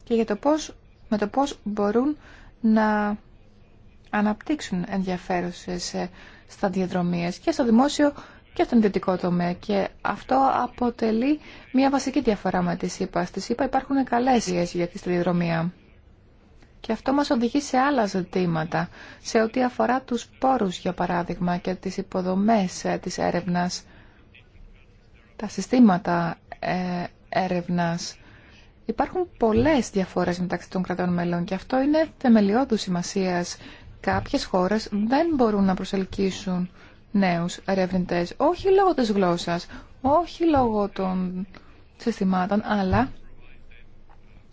και για το πώς, με το πώς μπορούν να αναπτύξουν ενδιαφέρουσες ε, σταδιοδρομίες και στο δημόσιο και στον ιδιωτικό τομέα και αυτό αποτελεί μια βασική διαφορά με τη ΣΥΠΑ. Στη ΣΥΠΑ υπάρχουν καλέ σχέσει για τη σταδιοδρομία. Και αυτό μας οδηγεί σε άλλα ζητήματα, σε ό,τι αφορά τους πόρους, για παράδειγμα, και τις υποδομές ε, της έρευνας, τα συστήματα ε, έρευνας. Υπάρχουν πολλές διαφορές μεταξύ των κρατών μελών και αυτό είναι θεμελιώδου σημασίας. Κάποιες χώρες δεν μπορούν να προσελκύσουν νέους ερευνητές, όχι λόγω της γλώσσας, όχι λόγω των συστημάτων, αλλά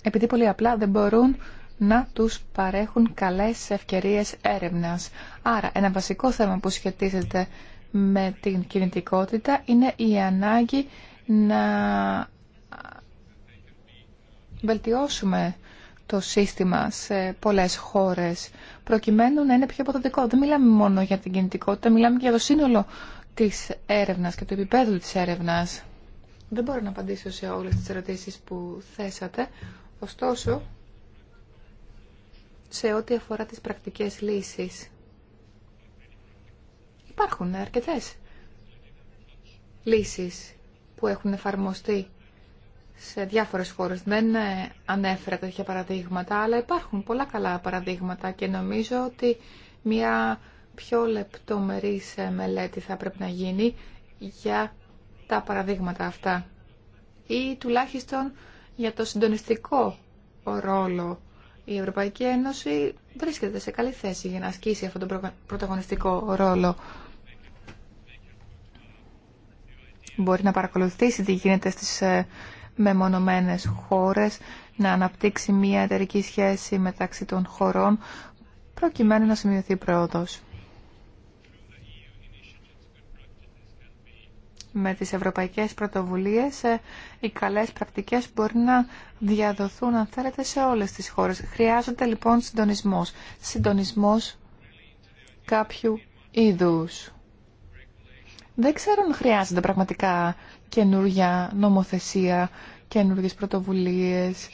επειδή πολύ απλά δεν μπορούν να τους παρέχουν καλές ευκαιρίες έρευνας. Άρα ένα βασικό θέμα που σχετίζεται με την κινητικότητα είναι η ανάγκη να βελτιώσουμε το σύστημα σε πολλές χώρες προκειμένου να είναι πιο αποδοτικό. Δεν μιλάμε μόνο για την κινητικότητα, μιλάμε και για το σύνολο της έρευνας και του επίπεδου της έρευνας. Δεν μπορώ να απαντήσω σε όλε τι ερωτήσει που θέσατε, ωστόσο σε ό,τι αφορά τις πρακτικές λύσεις. Υπάρχουν αρκετέ λύσεις που έχουν εφαρμοστεί σε διάφορες χώρες. Δεν ε, ανέφερα τέτοια παραδείγματα, αλλά υπάρχουν πολλά καλά παραδείγματα και νομίζω ότι μια πιο λεπτομερής ε, μελέτη θα πρέπει να γίνει για τα παραδείγματα αυτά ή τουλάχιστον για το συντονιστικό ρόλο. Η Ευρωπαϊκή Ένωση βρίσκεται σε καλή θέση για να ασκήσει αυτόν τον πρωταγωνιστικό ρόλο. Μπορεί να παρακολουθήσει τι γίνεται στις ε, με μονομενες χώρες, να αναπτύξει μια εταιρική σχέση μεταξύ των χωρών, προκειμένου να σημειωθεί πρόοδος. Με τις ευρωπαϊκές πρωτοβουλίες, ε, οι καλές πρακτικές μπορεί να διαδοθούν, αν θέλετε, σε όλες τις χώρες. Χρειάζεται λοιπόν συντονισμός. Συντονισμός κάποιου είδους. Δεν ξέρω αν χρειάζεται πραγματικά καινούργια νομοθεσία, καινούργιες πρωτοβουλίες.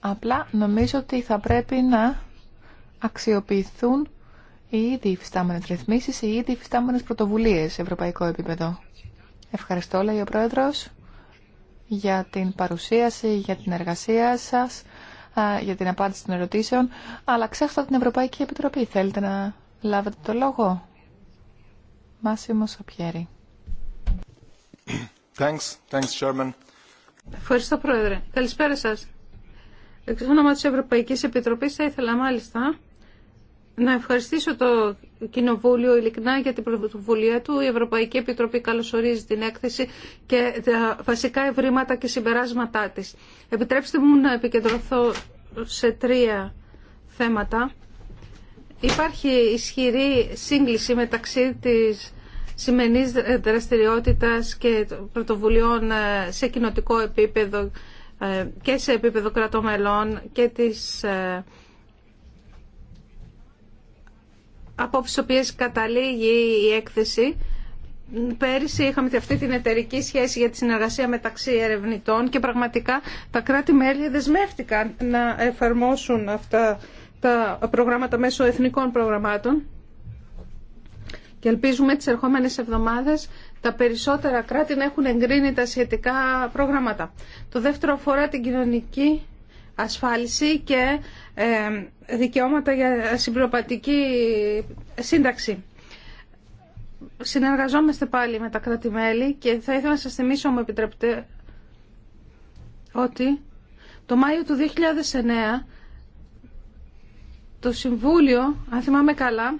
Απλά νομίζω ότι θα πρέπει να αξιοποιηθούν οι ήδη υφιστάμενες ρυθμίσεις, οι ήδη υφιστάμενες πρωτοβουλίες σε ευρωπαϊκό επίπεδο. Ευχαριστώ, λέει ο Πρόεδρος, για την παρουσίαση, για την εργασία σας, για την απάντηση των ερωτήσεων, αλλά ξέχασα την Ευρωπαϊκή Επιτροπή. Θέλετε να λάβετε το λόγο. Μάσιμο Σαπιέρη. Ευχαριστώ, Πρόεδρε. Καλησπέρα σας. Εξ όνομα τη Ευρωπαϊκής Επιτροπής θα ήθελα μάλιστα να ευχαριστήσω το Κοινοβούλιο ειλικρινά για την πρωτοβουλία του. Η Ευρωπαϊκή Επιτροπή καλωσορίζει την έκθεση και τα βασικά ευρήματα και συμπεράσματά της. Επιτρέψτε μου να επικεντρωθώ σε τρία θέματα. Υπάρχει ισχυρή σύγκληση μεταξύ της σημενής δραστηριότητας και πρωτοβουλειών ε, σε κοινοτικό επίπεδο ε, και σε επίπεδο κρατομελών και τις ε, απόψεις οποίες καταλήγει η έκθεση. Πέρυσι είχαμε αυτή την εταιρική σχέση για τη συνεργασία μεταξύ ερευνητών και πραγματικά τα κράτη-μέλη δεσμεύτηκαν να εφαρμόσουν αυτά τα προγράμματα μέσω εθνικών προγραμμάτων και ελπίζουμε τις ερχόμενες εβδομάδες τα περισσότερα κράτη να έχουν εγκρίνει τα σχετικά προγράμματα. Το δεύτερο αφορά την κοινωνική ασφάλιση και ε, δικαιώματα για συμπληρωματική σύνταξη. Συνεργαζόμαστε πάλι με τα κράτη-μέλη και θα ήθελα να σας θυμίσω, μου επιτρέπετε, ότι το Μάιο του 2009 το Συμβούλιο, αν θυμάμαι καλά,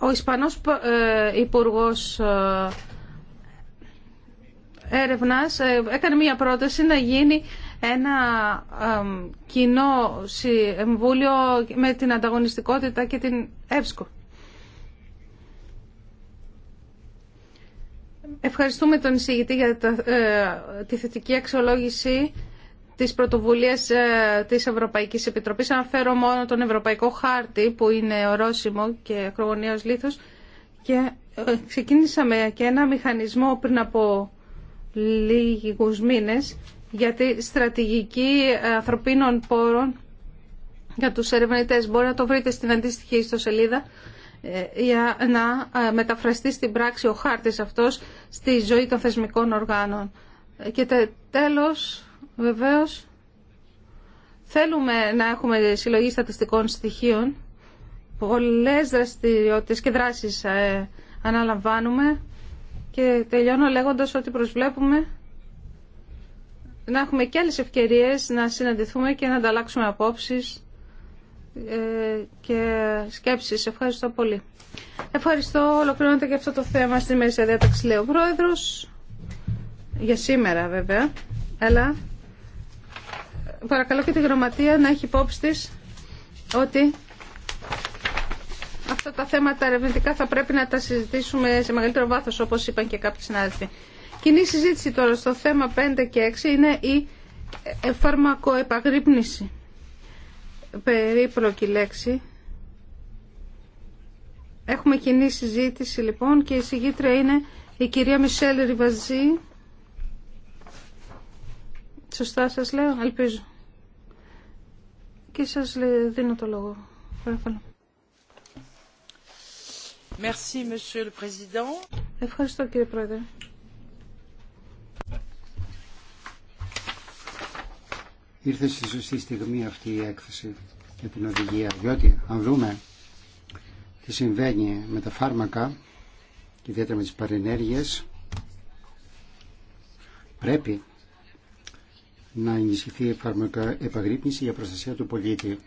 Ο Ισπανός ε, Υπουργός ε, Έρευνας ε, έκανε μία πρόταση να γίνει ένα κοινό συμβούλιο με την ανταγωνιστικότητα και την ΕΠΣΚΟ. Ευχαριστούμε τον εισηγητή για τη θετική αξιολόγηση της πρωτοβουλίας ε, της Ευρωπαϊκής Επιτροπής. Αναφέρω μόνο τον Ευρωπαϊκό Χάρτη που είναι ορόσημο και ακρογωνίως λίθος και ε, ξεκίνησαμε και ένα μηχανισμό πριν από λίγους μήνες για τη στρατηγική ε, ανθρωπίνων πόρων για τους ερευνητές. Μπορεί να το βρείτε στην αντίστοιχη ιστοσελίδα για να μεταφραστεί στην πράξη ο χάρτης αυτός στη ζωή των θεσμικών οργάνων. Και τέλος, Βεβαίω, θέλουμε να έχουμε συλλογή στατιστικών στοιχείων. Πολλές δραστηριότητες και δράσεις ε, αναλαμβάνουμε και τελειώνω λέγοντας ότι προσβλέπουμε να έχουμε και άλλε ευκαιρίες να συναντηθούμε και να ανταλλάξουμε απόψεις ε, και σκέψεις. Ευχαριστώ πολύ. Ευχαριστώ. Ολοκληρώνεται και αυτό το θέμα στη Μέση Διάταξη, λέει ο Για σήμερα βέβαια. Αλλά παρακαλώ και τη Γραμματεία να έχει υπόψη της ότι αυτά τα θέματα ερευνητικά θα πρέπει να τα συζητήσουμε σε μεγαλύτερο βάθος όπως είπαν και κάποιοι συνάδελφοι. Κοινή συζήτηση τώρα στο θέμα 5 και 6 είναι η φαρμακοεπαγρύπνηση. Περίπλοκη λέξη. Έχουμε κοινή συζήτηση λοιπόν και η συγγήτρια είναι η κυρία Μισελ Ριβαζή. Σωστά σας λέω, ελπίζω και σας δίνω το λόγο. Παρακαλώ. Merci, Monsieur le Président. Ευχαριστώ κύριε Πρόεδρε. Ήρθε στη σωστή στιγμή αυτή η έκθεση για την οδηγία, διότι αν δούμε τι συμβαίνει με τα φάρμακα και ιδιαίτερα με τις παρενέργειες, πρέπει να ενισχυθεί η επαγρύπνηση για προστασία του πολίτη.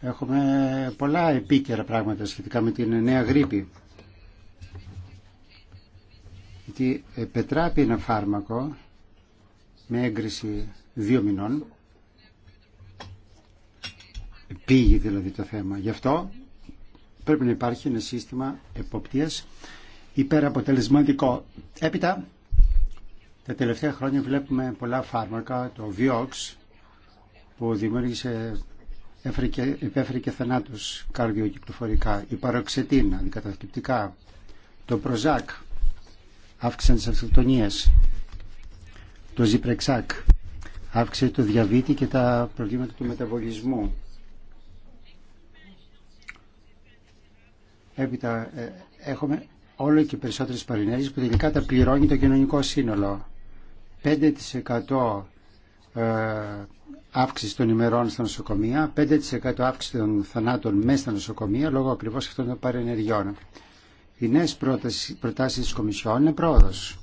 Έχουμε πολλά επίκαιρα πράγματα σχετικά με την νέα γρήπη. Γιατί πετράπει ένα φάρμακο με έγκριση δύο μηνών. Πήγει δηλαδή το θέμα. Γι' αυτό πρέπει να υπάρχει ένα σύστημα εποπτείας υπεραποτελεσματικό. Έπειτα τα τελευταία χρόνια βλέπουμε πολλά φάρμακα, το Vioxx που δημιούργησε επέφερε και θανάτους καρδιοκυκλοφορικά, η παροξετίνα, αντικαταθλιπτικά, το Προζάκ, αύξησαν τις αυτοκτονίες, το Ziprexac, αύξησε το διαβήτη και τα προβλήματα του μεταβολισμού. Έπειτα ε, έχουμε όλο και περισσότερες παρενέργειες που τελικά τα πληρώνει το κοινωνικό σύνολο. 5% ε, αύξηση των ημερών στα νοσοκομεία, 5% αύξηση των θανάτων μέσα στα νοσοκομεία λόγω ακριβώς αυτών των παρενεργειών. Οι νέες προτάσεις της Κομισιόν είναι πρόοδος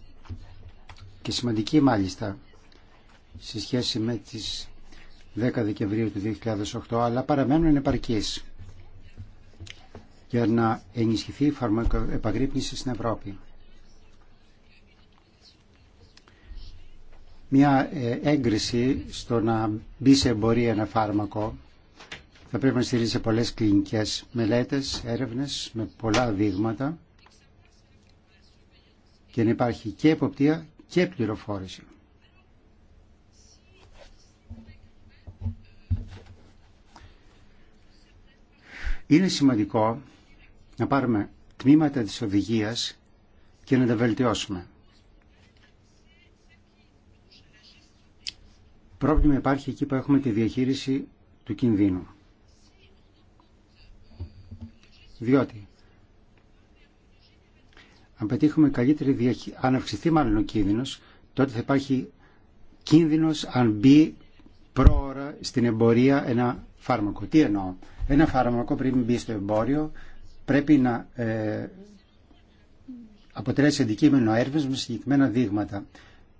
και σημαντική μάλιστα σε σχέση με τις 10 Δεκεμβρίου του 2008 αλλά παραμένουν επαρκείς για να ενισχυθεί η φαρμακοεπαγρύπνηση στην Ευρώπη. μια ε, έγκριση στο να μπει σε εμπορία ένα φάρμακο θα πρέπει να στηρίζει σε πολλές κλινικές μελέτες, έρευνες με πολλά δείγματα και να υπάρχει και εποπτεία και πληροφόρηση. Είναι σημαντικό να πάρουμε τμήματα της οδηγίας και να τα βελτιώσουμε. Πρόβλημα υπάρχει εκεί που έχουμε τη διαχείριση του κινδύνου. Διότι αν πετύχουμε καλύτερη διαχείριση, αν αυξηθεί μάλλον ο κίνδυνος, τότε θα υπάρχει κίνδυνος αν μπει πρόωρα στην εμπορία ένα φάρμακο. Τι εννοώ. Ένα φάρμακο πριν μπει στο εμπόριο πρέπει να ε, αποτελέσει αντικείμενο έρευνα με συγκεκριμένα δείγματα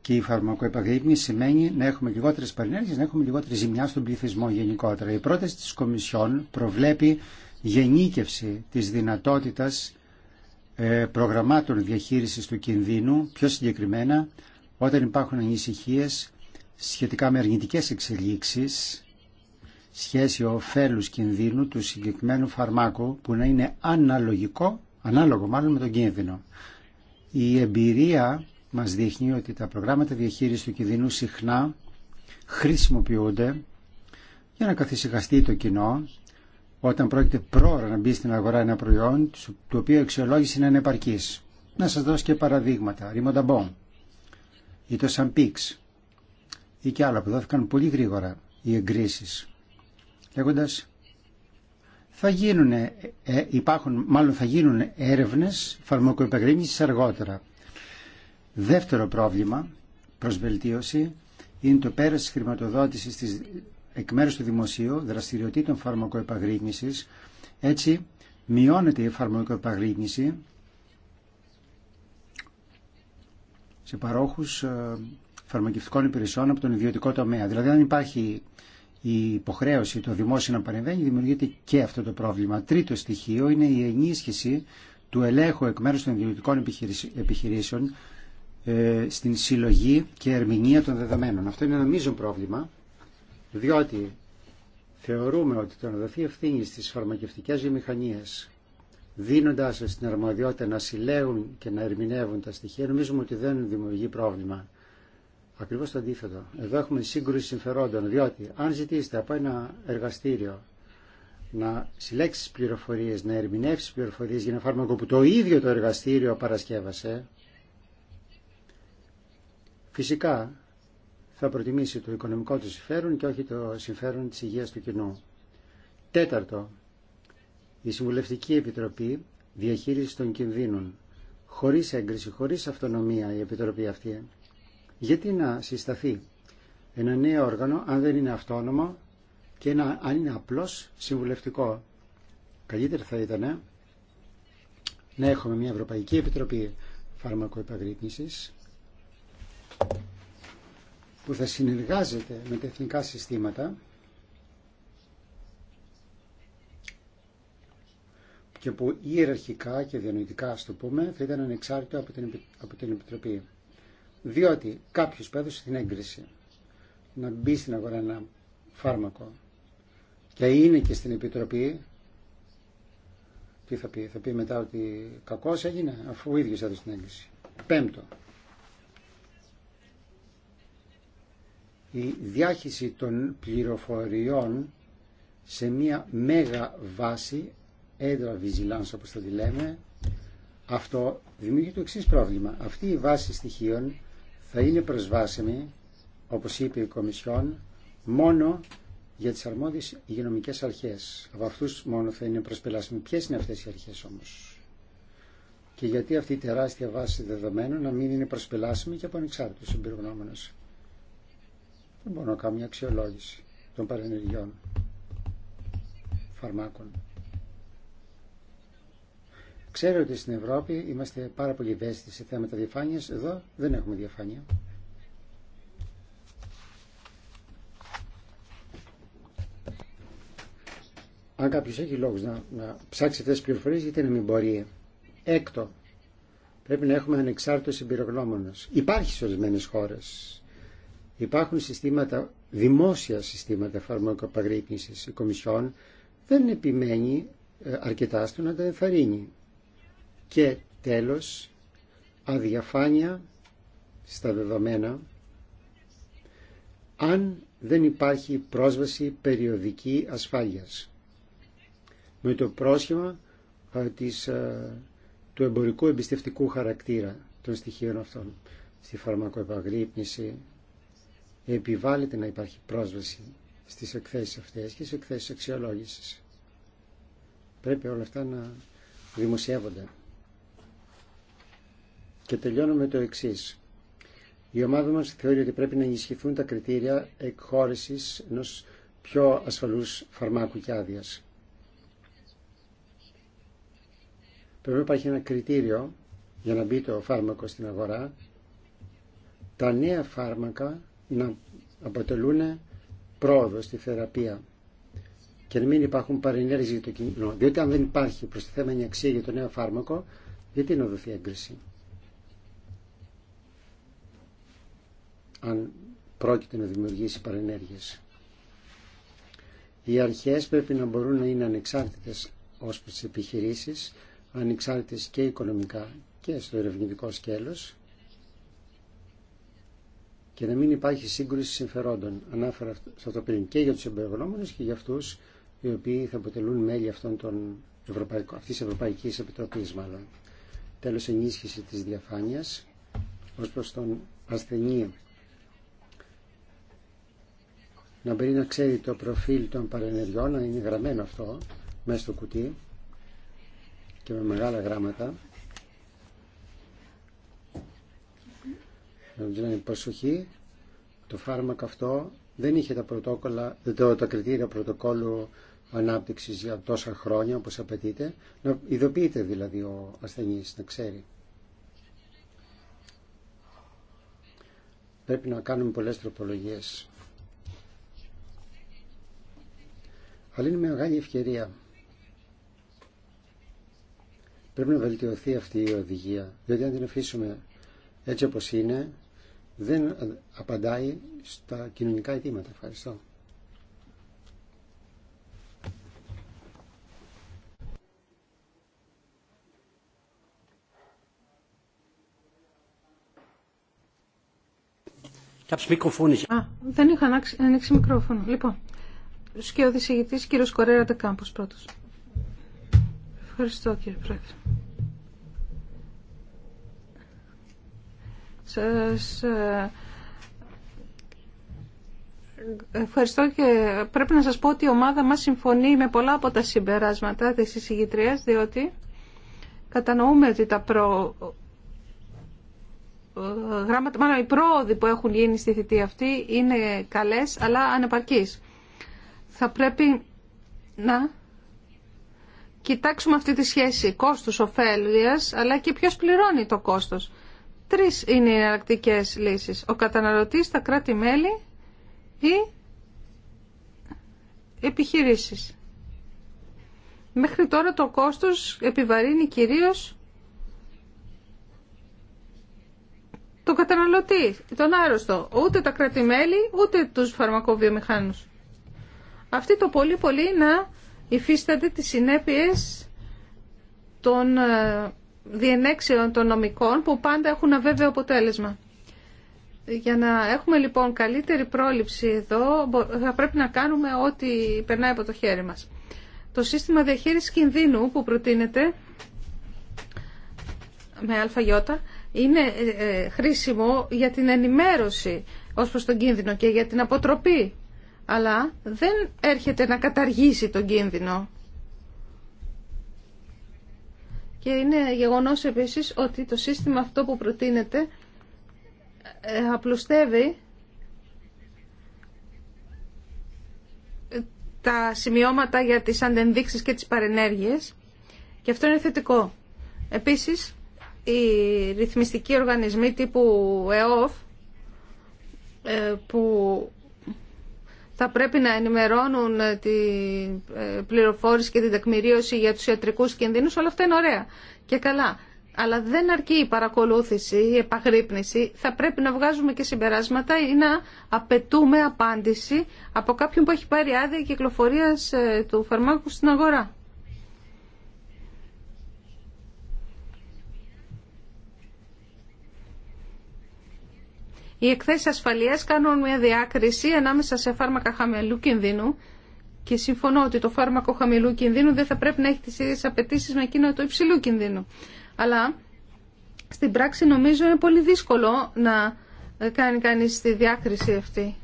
και η φαρμακοεπαγρύπνηση σημαίνει να έχουμε λιγότερε παρενέργειες, να έχουμε λιγότερη ζημιά στον πληθυσμό γενικότερα. Η πρόταση τη Κομισιόν προβλέπει γενίκευση της δυνατότητας ε, προγραμμάτων διαχείριση του κινδύνου, πιο συγκεκριμένα όταν υπάρχουν ανησυχίε σχετικά με αρνητικέ εξελίξεις, σχέση ωφέλου κινδύνου του συγκεκριμένου φαρμάκου που να είναι αναλογικό, ανάλογο μάλλον με τον κίνδυνο. Η εμπειρία μας δείχνει ότι τα προγράμματα διαχείρισης του κινδύνου συχνά χρησιμοποιούνται για να καθησυχαστεί το κοινό όταν πρόκειται πρόωρα να μπει στην αγορά ένα προϊόν το οποίο η αξιολόγηση είναι ανεπαρκής. Να σας δώσω και παραδείγματα. Ρίμονταμπο ή το Σαμπίξ ή και άλλα που δόθηκαν πολύ γρήγορα οι εγκρίσεις λέγοντας θα γίνουν, ε, ε, υπάρχουν, μάλλον θα γίνουν έρευνες αργότερα. Δεύτερο πρόβλημα προς βελτίωση είναι το πέρας της χρηματοδότησης της, εκ μέρους του δημοσίου δραστηριοτήτων φαρμακοεπαγρύπνησης. Έτσι μειώνεται η φαρμακοεπαγρύπνηση σε παρόχους ε, φαρμακευτικών υπηρεσιών από τον ιδιωτικό τομέα. Δηλαδή αν υπάρχει η υποχρέωση το δημόσιο να παρεμβαίνει δημιουργείται και αυτό το πρόβλημα. Τρίτο στοιχείο είναι η ενίσχυση του ελέγχου εκ μέρους των ιδιωτικών επιχειρήσεων ε, στην συλλογή και ερμηνεία των δεδομένων. Αυτό είναι ένα μείζον πρόβλημα, διότι θεωρούμε ότι το να δοθεί ευθύνη στις φαρμακευτικές βιομηχανίες δίνοντάς στην αρμοδιότητα να συλλέγουν και να ερμηνεύουν τα στοιχεία, νομίζουμε ότι δεν δημιουργεί πρόβλημα. Ακριβώ το αντίθετο. Εδώ έχουμε σύγκρουση συμφερόντων, διότι αν ζητήσετε από ένα εργαστήριο να συλλέξει πληροφορίε, να ερμηνεύσει πληροφορίε για ένα φάρμακο που το ίδιο το εργαστήριο παρασκεύασε, Φυσικά θα προτιμήσει το οικονομικό του συμφέρον και όχι το συμφέρον της υγείας του κοινού. Τέταρτο, η Συμβουλευτική Επιτροπή Διαχείριση των Κινδύνων. Χωρίς έγκριση, χωρίς αυτονομία η Επιτροπή αυτή. Γιατί να συσταθεί ένα νέο όργανο αν δεν είναι αυτόνομο και αν είναι απλώς συμβουλευτικό. Καλύτερα θα ήταν ε, να έχουμε μια Ευρωπαϊκή Επιτροπή Φαρμακοεπαγρύπνησης που θα συνεργάζεται με τα εθνικά συστήματα και που ιεραρχικά και διανοητικά, ας το πούμε, θα ήταν ανεξάρτητο από την, από την Επιτροπή. Διότι κάποιος που έδωσε την έγκριση να μπει στην αγορά ένα φάρμακο και είναι και στην Επιτροπή, τι θα πει, θα πει μετά ότι κακός έγινε αφού ο ίδιος έδωσε την έγκριση. Πέμπτο, η διάχυση των πληροφοριών σε μια μέγα βάση, έδρα βιζιλάνς όπως το λέμε, αυτό δημιουργεί το εξή πρόβλημα. Αυτή η βάση στοιχείων θα είναι προσβάσιμη, όπως είπε η Κομισιόν, μόνο για τις αρμόδιες υγειονομικές αρχές. Από αυτούς μόνο θα είναι προσπελάσιμη. Ποιες είναι αυτές οι αρχές όμως. Και γιατί αυτή η τεράστια βάση δεδομένων να μην είναι προσπελάσιμη και από ανεξάρτητους δεν μπορώ να κάνω μια αξιολόγηση των παρενεργειών φαρμάκων. Ξέρω ότι στην Ευρώπη είμαστε πάρα πολύ ευαίσθητοι σε θέματα διαφάνεια. Εδώ δεν έχουμε διαφάνεια. Αν κάποιο έχει λόγους να, να ψάξει αυτέ τι πληροφορίες, γιατί να μην μπορεί. Έκτο, πρέπει να έχουμε ανεξάρτητο εμπειρογνώμονα. Υπάρχει σε ορισμένε χώρες Υπάρχουν συστήματα, δημόσια συστήματα φαρμακοπαγρύπνησης. Η Κομισιόν δεν επιμένει ε, αρκετά στο να τα ενθαρρύνει. Και τέλος, αδιαφάνεια στα δεδομένα αν δεν υπάρχει πρόσβαση περιοδική ασφάλειας. Με το πρόσχημα ε, της, ε, του εμπορικού εμπιστευτικού χαρακτήρα των στοιχείων αυτών στη φαρμακοεπαγρύπνηση, επιβάλλεται να υπάρχει πρόσβαση στις εκθέσεις αυτές και στις εκθέσεις αξιολόγησης. Πρέπει όλα αυτά να δημοσιεύονται. Και τελειώνω με το εξή. Η ομάδα μας θεωρεί ότι πρέπει να ενισχυθούν τα κριτήρια εκχώρησης ενός πιο ασφαλούς φαρμάκου και άδεια. Πρέπει να υπάρχει ένα κριτήριο για να μπει το φάρμακο στην αγορά. Τα νέα φάρμακα να αποτελούν πρόοδο στη θεραπεία και να μην υπάρχουν παρενέργειες για το κοινό. Διότι αν δεν υπάρχει προστιθέμενη αξία για το νέο φάρμακο, γιατί να δοθεί έγκριση. Αν πρόκειται να δημιουργήσει παρενέργειες. Οι αρχές πρέπει να μπορούν να είναι ανεξάρτητες ως προς τις επιχειρήσεις, ανεξάρτητες και οικονομικά και στο ερευνητικό σκέλος και να μην υπάρχει σύγκρουση συμφερόντων. Ανάφερα σε αυτό πριν και για του εμπεριογνώμονες και για αυτού οι οποίοι θα αποτελούν μέλη αυτή τη Ευρωπαϊκό, αυτής της Ευρωπαϊκής Επιτροπής μάλλον. Τέλος ενίσχυση της διαφάνειας ω προ τον ασθενή να μπορεί να ξέρει το προφίλ των παρενεργειών, να είναι γραμμένο αυτό μέσα στο κουτί και με μεγάλα γράμματα να προσοχή, το φάρμακο αυτό δεν είχε τα, πρωτόκολλα, το, τα κριτήρια πρωτοκόλλου ανάπτυξης για τόσα χρόνια όπως απαιτείται, να ειδοποιείται δηλαδή ο ασθενής να ξέρει. Πρέπει να κάνουμε πολλέ τροπολογίε. Αλλά είναι μεγάλη ευκαιρία. Πρέπει να βελτιωθεί αυτή η οδηγία, διότι αν την αφήσουμε έτσι όπως είναι, δεν απαντάει στα κοινωνικά αιτήματα. Ευχαριστώ. Α, δεν είχα ανοίξει μικρόφωνο. Λοιπόν, σκιώδης ηγητής, κύριος Κορέρα Τεκάμπος πρώτος. Ευχαριστώ κύριε Πρόεδρε. Σας ε, ευχαριστώ και πρέπει να σας πω ότι η ομάδα μας συμφωνεί με πολλά από τα συμπεράσματα της εισηγητρίας διότι κατανοούμε ότι τα προ... Ε, γράμματα, μάλλον οι πρόοδοι που έχουν γίνει στη θητεία αυτή είναι καλές αλλά ανεπαρκείς. Θα πρέπει να κοιτάξουμε αυτή τη σχέση κόστους-οφέλειας αλλά και ποιος πληρώνει το κόστος. Τρεις είναι οι εναλλακτικέ λύσεις. Ο καταναλωτής, τα κράτη-μέλη ή επιχειρήσεις. Μέχρι τώρα το κόστος επιβαρύνει κυρίως τον καταναλωτή, τον άρρωστο, ούτε τα κράτη-μέλη, ούτε τους φαρμακοβιομηχάνους. Αυτή το πολύ πολύ να υφίσταται τις συνέπειες των ε, διενέξεων των νομικών που πάντα έχουν αβέβαιο αποτέλεσμα. Για να έχουμε λοιπόν καλύτερη πρόληψη εδώ θα πρέπει να κάνουμε ό,τι περνάει από το χέρι μας. Το σύστημα διαχείρισης κινδύνου που προτείνεται με ΑΙ είναι ε, ε, χρήσιμο για την ενημέρωση ως προς τον κίνδυνο και για την αποτροπή αλλά δεν έρχεται να καταργήσει τον κίνδυνο. Και είναι γεγονός επίσης ότι το σύστημα αυτό που προτείνεται ε, απλουστεύει τα σημειώματα για τις αντενδείξεις και τις παρενέργειες και αυτό είναι θετικό. Επίσης, οι ρυθμιστικοί οργανισμοί τύπου ΕΟΦ ε, που θα πρέπει να ενημερώνουν ε, την ε, πληροφόρηση και την τεκμηρίωση για τους ιατρικούς κινδύνους. Όλα αυτά είναι ωραία και καλά. Αλλά δεν αρκεί η παρακολούθηση, η επαγρύπνηση. Θα πρέπει να βγάζουμε και συμπεράσματα ή να απαιτούμε απάντηση από κάποιον που έχει πάρει άδεια κυκλοφορίας ε, του φαρμάκου στην αγορά. Οι εκθέσει ασφαλείας κάνουν μια διάκριση ανάμεσα σε φάρμακα χαμηλού κινδύνου και συμφωνώ ότι το φάρμακο χαμηλού κινδύνου δεν θα πρέπει να έχει τις ίδιες απαιτήσει με εκείνο το υψηλού κινδύνου. Αλλά στην πράξη νομίζω είναι πολύ δύσκολο να ε, κάνει κανείς τη διάκριση αυτή.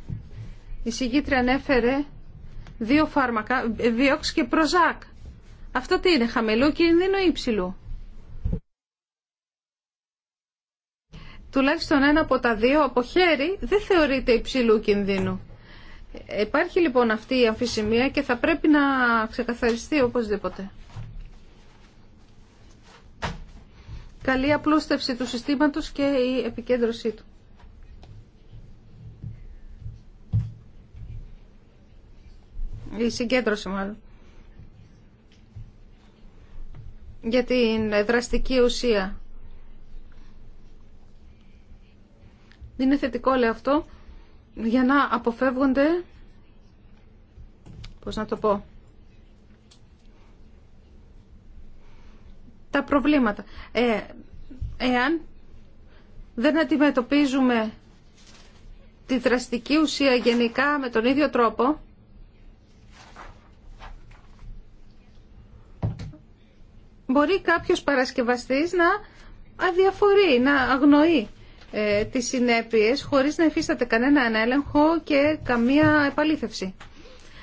Η συγκήτρια ανέφερε δύο φάρμακα, Βίοξ ε, και Προζάκ. Αυτό τι είναι, χαμηλού κινδύνου ή υψηλού. τουλάχιστον ένα από τα δύο από χέρι δεν θεωρείται υψηλού κινδύνου. Υπάρχει λοιπόν αυτή η αμφισημία και θα πρέπει να ξεκαθαριστεί οπωσδήποτε. Καλή απλούστευση του συστήματος και η επικέντρωσή του. Η συγκέντρωση μάλλον. Για την δραστική ουσία. Είναι θετικό, λέει αυτό, για να αποφεύγονται, πώς να το πω, τα προβλήματα. Ε, εάν δεν αντιμετωπίζουμε τη δραστική ουσία γενικά με τον ίδιο τρόπο, μπορεί κάποιος παρασκευαστής να αδιαφορεί, να αγνοεί ε, τις συνέπειες χωρίς να υφίσταται κανένα ανέλεγχο και καμία επαλήθευση.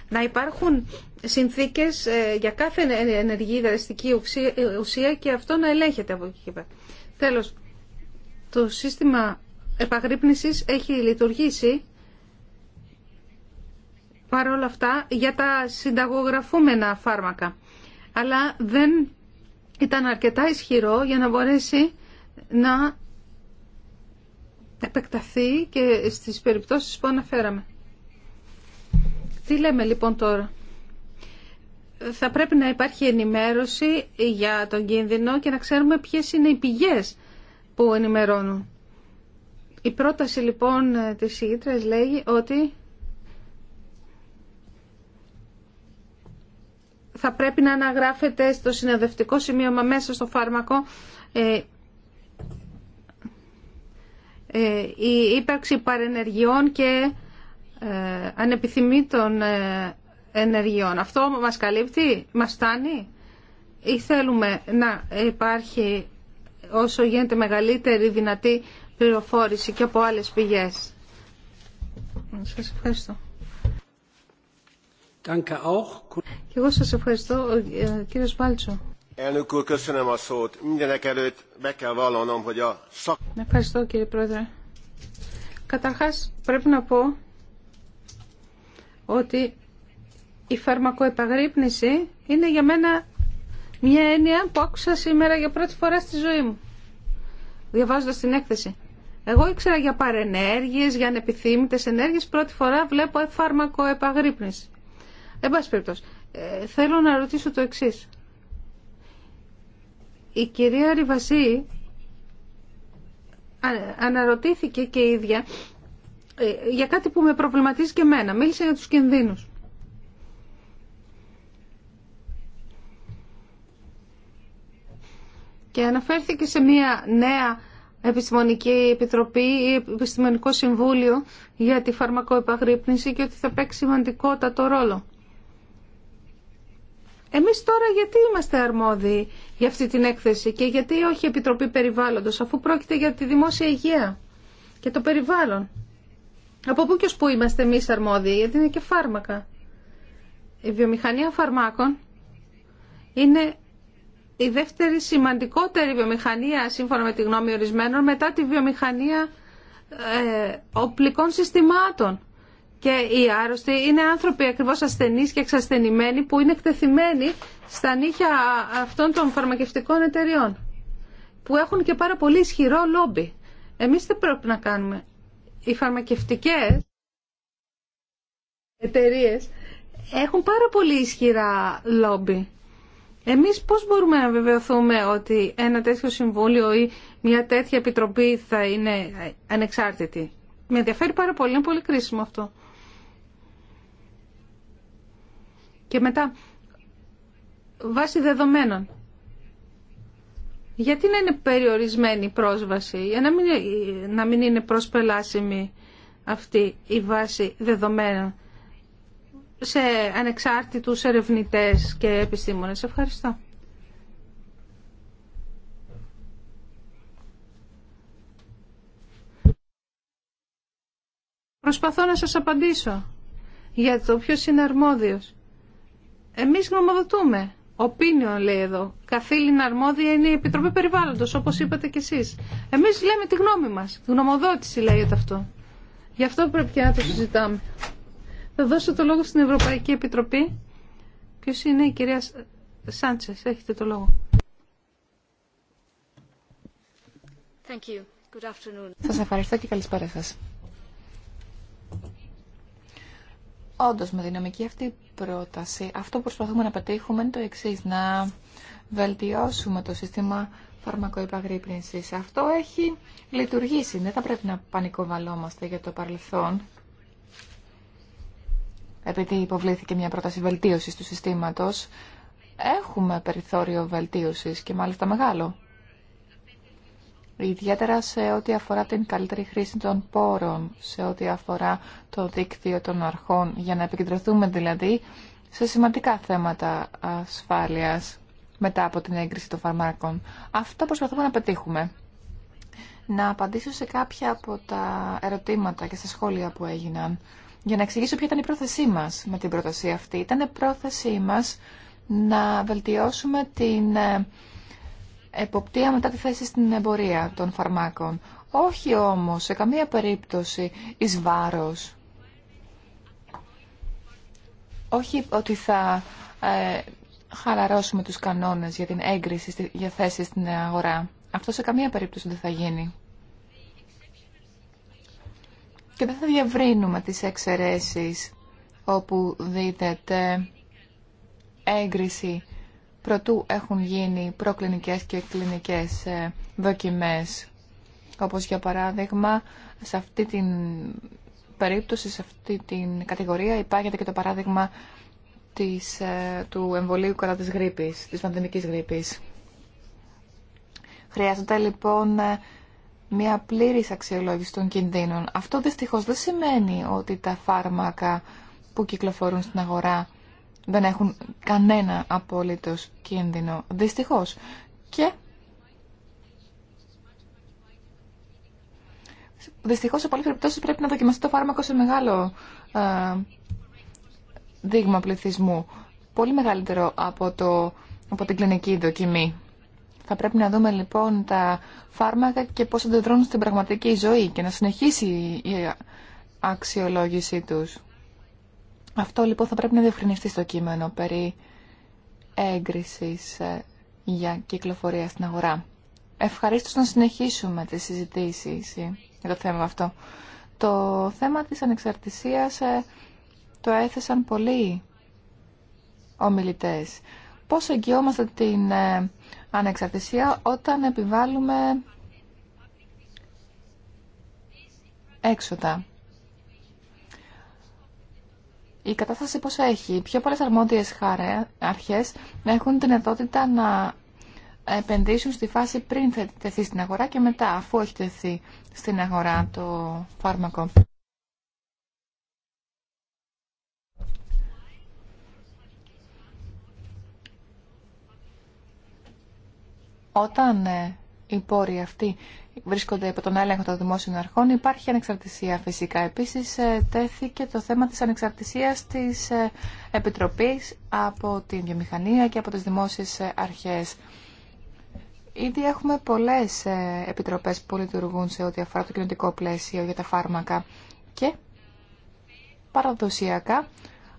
Να υπάρχουν συνθήκες ε, για κάθε ενεργή δραστική ε, ουσία και αυτό να ελέγχεται από εκεί και πέρα. Τέλος, το σύστημα επαγρύπνησης έχει λειτουργήσει παρόλα αυτά για τα συνταγογραφούμενα φάρμακα. Αλλά δεν ήταν αρκετά ισχυρό για να μπορέσει να επεκταθεί και στις περιπτώσεις που αναφέραμε. Τι λέμε λοιπόν τώρα. Θα πρέπει να υπάρχει ενημέρωση για τον κίνδυνο και να ξέρουμε ποιες είναι οι πηγές που ενημερώνουν. Η πρόταση λοιπόν της Ήτρας λέγει ότι θα πρέπει να αναγράφεται στο συνοδευτικό σημείωμα μέσα στο φάρμακο ε, ε, η ύπαρξη παρενεργειών και ε, ανεπιθυμήτων ε, ενεργειών. Αυτό μας καλύπτει, μας στάνει ή θέλουμε να υπάρχει όσο γίνεται μεγαλύτερη δυνατή πληροφόρηση και από άλλες πηγές. Σας ευχαριστώ. Και εγώ σας ευχαριστώ, κύριε Σπάλτσο. Ευχαριστώ κύριε Πρόεδρε. Καταρχάς πρέπει να πω ότι η φαρμακοεπαγρύπνηση είναι για μένα μια έννοια που άκουσα σήμερα για πρώτη φορά στη ζωή μου, διαβάζοντας την έκθεση. Εγώ ήξερα για παρενέργειες, για ανεπιθύμητες ενέργειες, πρώτη φορά βλέπω φαρμακοεπαγρύπνηση. Εν ε, θέλω να ρωτήσω το εξής. Η κυρία Ριβασί αναρωτήθηκε και η ίδια ε, για κάτι που με προβληματίζει και εμένα. Μίλησε για τους κινδύνους. Και αναφέρθηκε σε μια νέα επιστημονική επιτροπή ή επιστημονικό συμβούλιο για τη φαρμακοεπαγρύπνηση και ότι θα παίξει σημαντικότατο ρόλο. Εμείς τώρα γιατί είμαστε αρμόδιοι για αυτή την έκθεση και γιατί όχι Επιτροπή Περιβάλλοντος, αφού πρόκειται για τη δημόσια υγεία και το περιβάλλον. Από πού και ως πού είμαστε εμείς αρμόδιοι, γιατί είναι και φάρμακα. Η βιομηχανία φαρμάκων είναι η δεύτερη σημαντικότερη βιομηχανία, σύμφωνα με τη γνώμη ορισμένων, μετά τη βιομηχανία ε, οπλικών συστημάτων και οι άρρωστοι είναι άνθρωποι ακριβώς ασθενείς και εξασθενημένοι που είναι εκτεθειμένοι στα νύχια αυτών των φαρμακευτικών εταιριών που έχουν και πάρα πολύ ισχυρό λόμπι. Εμείς τι πρέπει να κάνουμε. Οι φαρμακευτικές εταιρείε έχουν πάρα πολύ ισχυρά λόμπι. Εμείς πώς μπορούμε να βεβαιωθούμε ότι ένα τέτοιο συμβούλιο ή μια τέτοια επιτροπή θα είναι ανεξάρτητη. Με ενδιαφέρει πάρα πολύ, είναι πολύ κρίσιμο αυτό. Και μετά, βάση δεδομένων. Γιατί να είναι περιορισμένη η πρόσβαση, για να μην, να μην είναι προσπελάσιμη αυτή η βάση δεδομένων σε ανεξάρτητους ερευνητές και επιστήμονες. Ευχαριστώ. Προσπαθώ να σας απαντήσω για το ποιος είναι αρμόδιος. Εμείς γνωμοδοτούμε. Opinion λέει εδώ. Καθήλυνα αρμόδια είναι η Επιτροπή Περιβάλλοντος, όπως είπατε κι εσείς. Εμείς λέμε τη γνώμη μας. Γνωμοδότηση λέγεται αυτό. Γι' αυτό πρέπει και να το συζητάμε. Θα δώσω το λόγο στην Ευρωπαϊκή Επιτροπή. Ποιο είναι η κυρία Σάντσες. Έχετε το λόγο. Thank Σας ευχαριστώ και καλησπέρα σας. Όντω, με δυναμική αυτή πρόταση, αυτό που προσπαθούμε να πετύχουμε είναι το εξή, να βελτιώσουμε το σύστημα φαρμακοϊπαγρύπνηση. Αυτό έχει λειτουργήσει, δεν θα πρέπει να πανικοβαλόμαστε για το παρελθόν. Επειδή υποβλήθηκε μια πρόταση βελτίωσης του συστήματος, έχουμε περιθώριο βελτίωση και μάλιστα μεγάλο ιδιαίτερα σε ό,τι αφορά την καλύτερη χρήση των πόρων, σε ό,τι αφορά το δίκτυο των αρχών, για να επικεντρωθούμε δηλαδή σε σημαντικά θέματα ασφάλειας μετά από την έγκριση των φαρμάκων. Αυτό προσπαθούμε να πετύχουμε. Να απαντήσω σε κάποια από τα ερωτήματα και στα σχόλια που έγιναν, για να εξηγήσω ποια ήταν η πρόθεσή μας με την πρόταση αυτή. Ήταν η πρόθεσή μας να βελτιώσουμε την ε, εποπτεία μετά τη θέση στην εμπορία των φαρμάκων. Όχι όμως σε καμία περίπτωση εις βάρος. Όχι ότι θα ε, χαλαρώσουμε τους κανόνες για την έγκριση για θέση στην αγορά. Αυτό σε καμία περίπτωση δεν θα γίνει. Και δεν θα διαβρύνουμε τις εξαιρέσεις όπου δίδεται έγκριση προτού έχουν γίνει προκλινικές και κλινικές ε, δοκιμές. Όπως για παράδειγμα, σε αυτή την περίπτωση, σε αυτή την κατηγορία υπάρχει και το παράδειγμα της, ε, του εμβολίου κατά της γρήπης, της πανδημικής γρήπης. Χρειάζεται λοιπόν ε, μια πλήρης αξιολόγηση των κινδύνων. Αυτό δυστυχώς δεν σημαίνει ότι τα φάρμακα που κυκλοφορούν στην αγορά δεν έχουν κανένα απόλυτος κίνδυνο, δυστυχώς. Και δυστυχώς σε πολλές περιπτώσεις πρέπει να δοκιμαστεί το φάρμακο σε μεγάλο ε, δείγμα πληθυσμού. Πολύ μεγαλύτερο από, το, από την κλινική δοκιμή. Θα πρέπει να δούμε λοιπόν τα φάρμακα και πώς αντιδρούν στην πραγματική ζωή και να συνεχίσει η αξιολόγησή τους. Αυτό λοιπόν θα πρέπει να διευκρινιστεί στο κείμενο περί έγκρισης ε, για κυκλοφορία στην αγορά. Ευχαρίστως να συνεχίσουμε τη συζήτηση, ε, για το θέμα αυτό. Το θέμα της ανεξαρτησίας ε, το έθεσαν πολλοί ομιλητές. Πώς εγγυόμαστε την ανεξαρτησία όταν επιβάλλουμε έξοδα η κατάσταση πώς έχει. Οι πιο πολλές αρμόδιες αρχές έχουν την δυνατότητα να επενδύσουν στη φάση πριν τεθεί στην αγορά και μετά αφού έχει τεθεί στην αγορά το φάρμακο. Όταν η ε, πόροι αυτή βρίσκονται υπό τον έλεγχο των δημόσιων αρχών. Υπάρχει ανεξαρτησία φυσικά. Επίσης ε, τέθηκε το θέμα της ανεξαρτησίας της ε, Επιτροπής από την βιομηχανία και από τις δημόσιες ε, αρχές. Ήδη έχουμε πολλές επιτροπές που λειτουργούν σε ό,τι αφορά το κοινωτικό πλαίσιο για τα φάρμακα και παραδοσιακά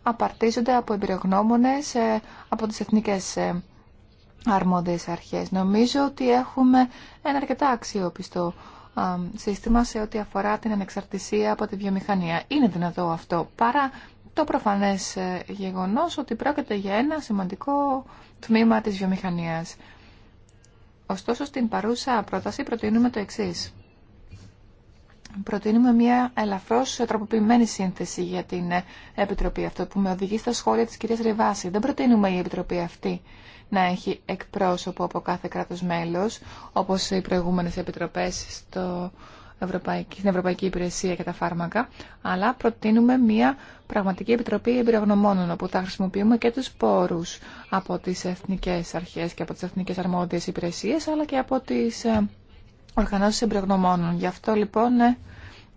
απαρτίζονται από εμπειρογνώμονες από τις εθνικές αρμόδιες αρχές. Νομίζω ότι έχουμε ένα αρκετά αξιόπιστο σύστημα σε ό,τι αφορά την ανεξαρτησία από τη βιομηχανία. Είναι δυνατό αυτό, παρά το προφανές ε, γεγονός ότι πρόκειται για ένα σημαντικό τμήμα της βιομηχανίας. Ωστόσο, στην παρούσα πρόταση προτείνουμε το εξή. Προτείνουμε μια ελαφρώς τροποποιημένη σύνθεση για την ε, Επιτροπή αυτό που με οδηγεί στα σχόλια της κυρίας Ριβάση. Δεν προτείνουμε η Επιτροπή αυτή να έχει εκπρόσωπο από κάθε κράτος μέλος, όπως οι προηγούμενες επιτροπές στο Ευρωπαϊκή, στην Ευρωπαϊκή Υπηρεσία για τα Φάρμακα, αλλά προτείνουμε μια πραγματική επιτροπή εμπειρογνωμόνων, όπου θα χρησιμοποιούμε και τους πόρους από τις εθνικές αρχές και από τις εθνικές αρμόδιες υπηρεσίες, αλλά και από τις ε, οργανώσεις εμπειρογνωμόνων. Γι' αυτό λοιπόν ε,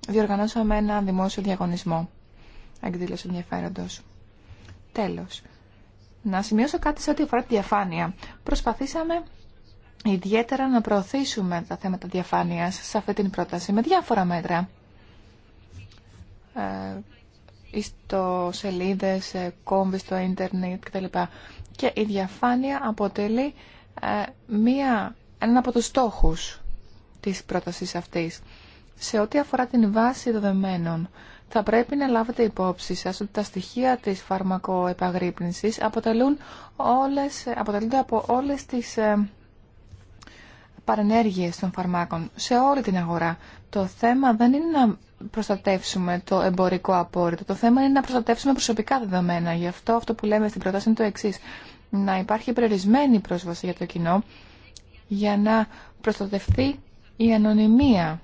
διοργανώσαμε ένα δημόσιο διαγωνισμό εκδήλωση ενδιαφέροντος. Τέλος, να σημειώσω κάτι σε ό,τι αφορά τη διαφάνεια. Προσπαθήσαμε ιδιαίτερα να προωθήσουμε τα θέματα διαφάνειας σε αυτή την πρόταση με διάφορα μέτρα. Ε, στο σελίδες, ε, κόμβι στο ίντερνετ κτλ. Και η διαφάνεια αποτελεί ε, μία, έναν από τους στόχους της πρότασης αυτής. Σε ό,τι αφορά την βάση δεδομένων, θα πρέπει να λάβετε υπόψη σας ότι τα στοιχεία της φαρμακοεπαγρύπνησης αποτελούν όλες, αποτελούνται από όλες τις ε, παρενέργειες των φαρμάκων σε όλη την αγορά. Το θέμα δεν είναι να προστατεύσουμε το εμπορικό απόρριτο. Το θέμα είναι να προστατεύσουμε προσωπικά δεδομένα. Γι' αυτό αυτό που λέμε στην πρόταση είναι το εξή. Να υπάρχει περιορισμένη πρόσβαση για το κοινό για να προστατευτεί η ανωνυμία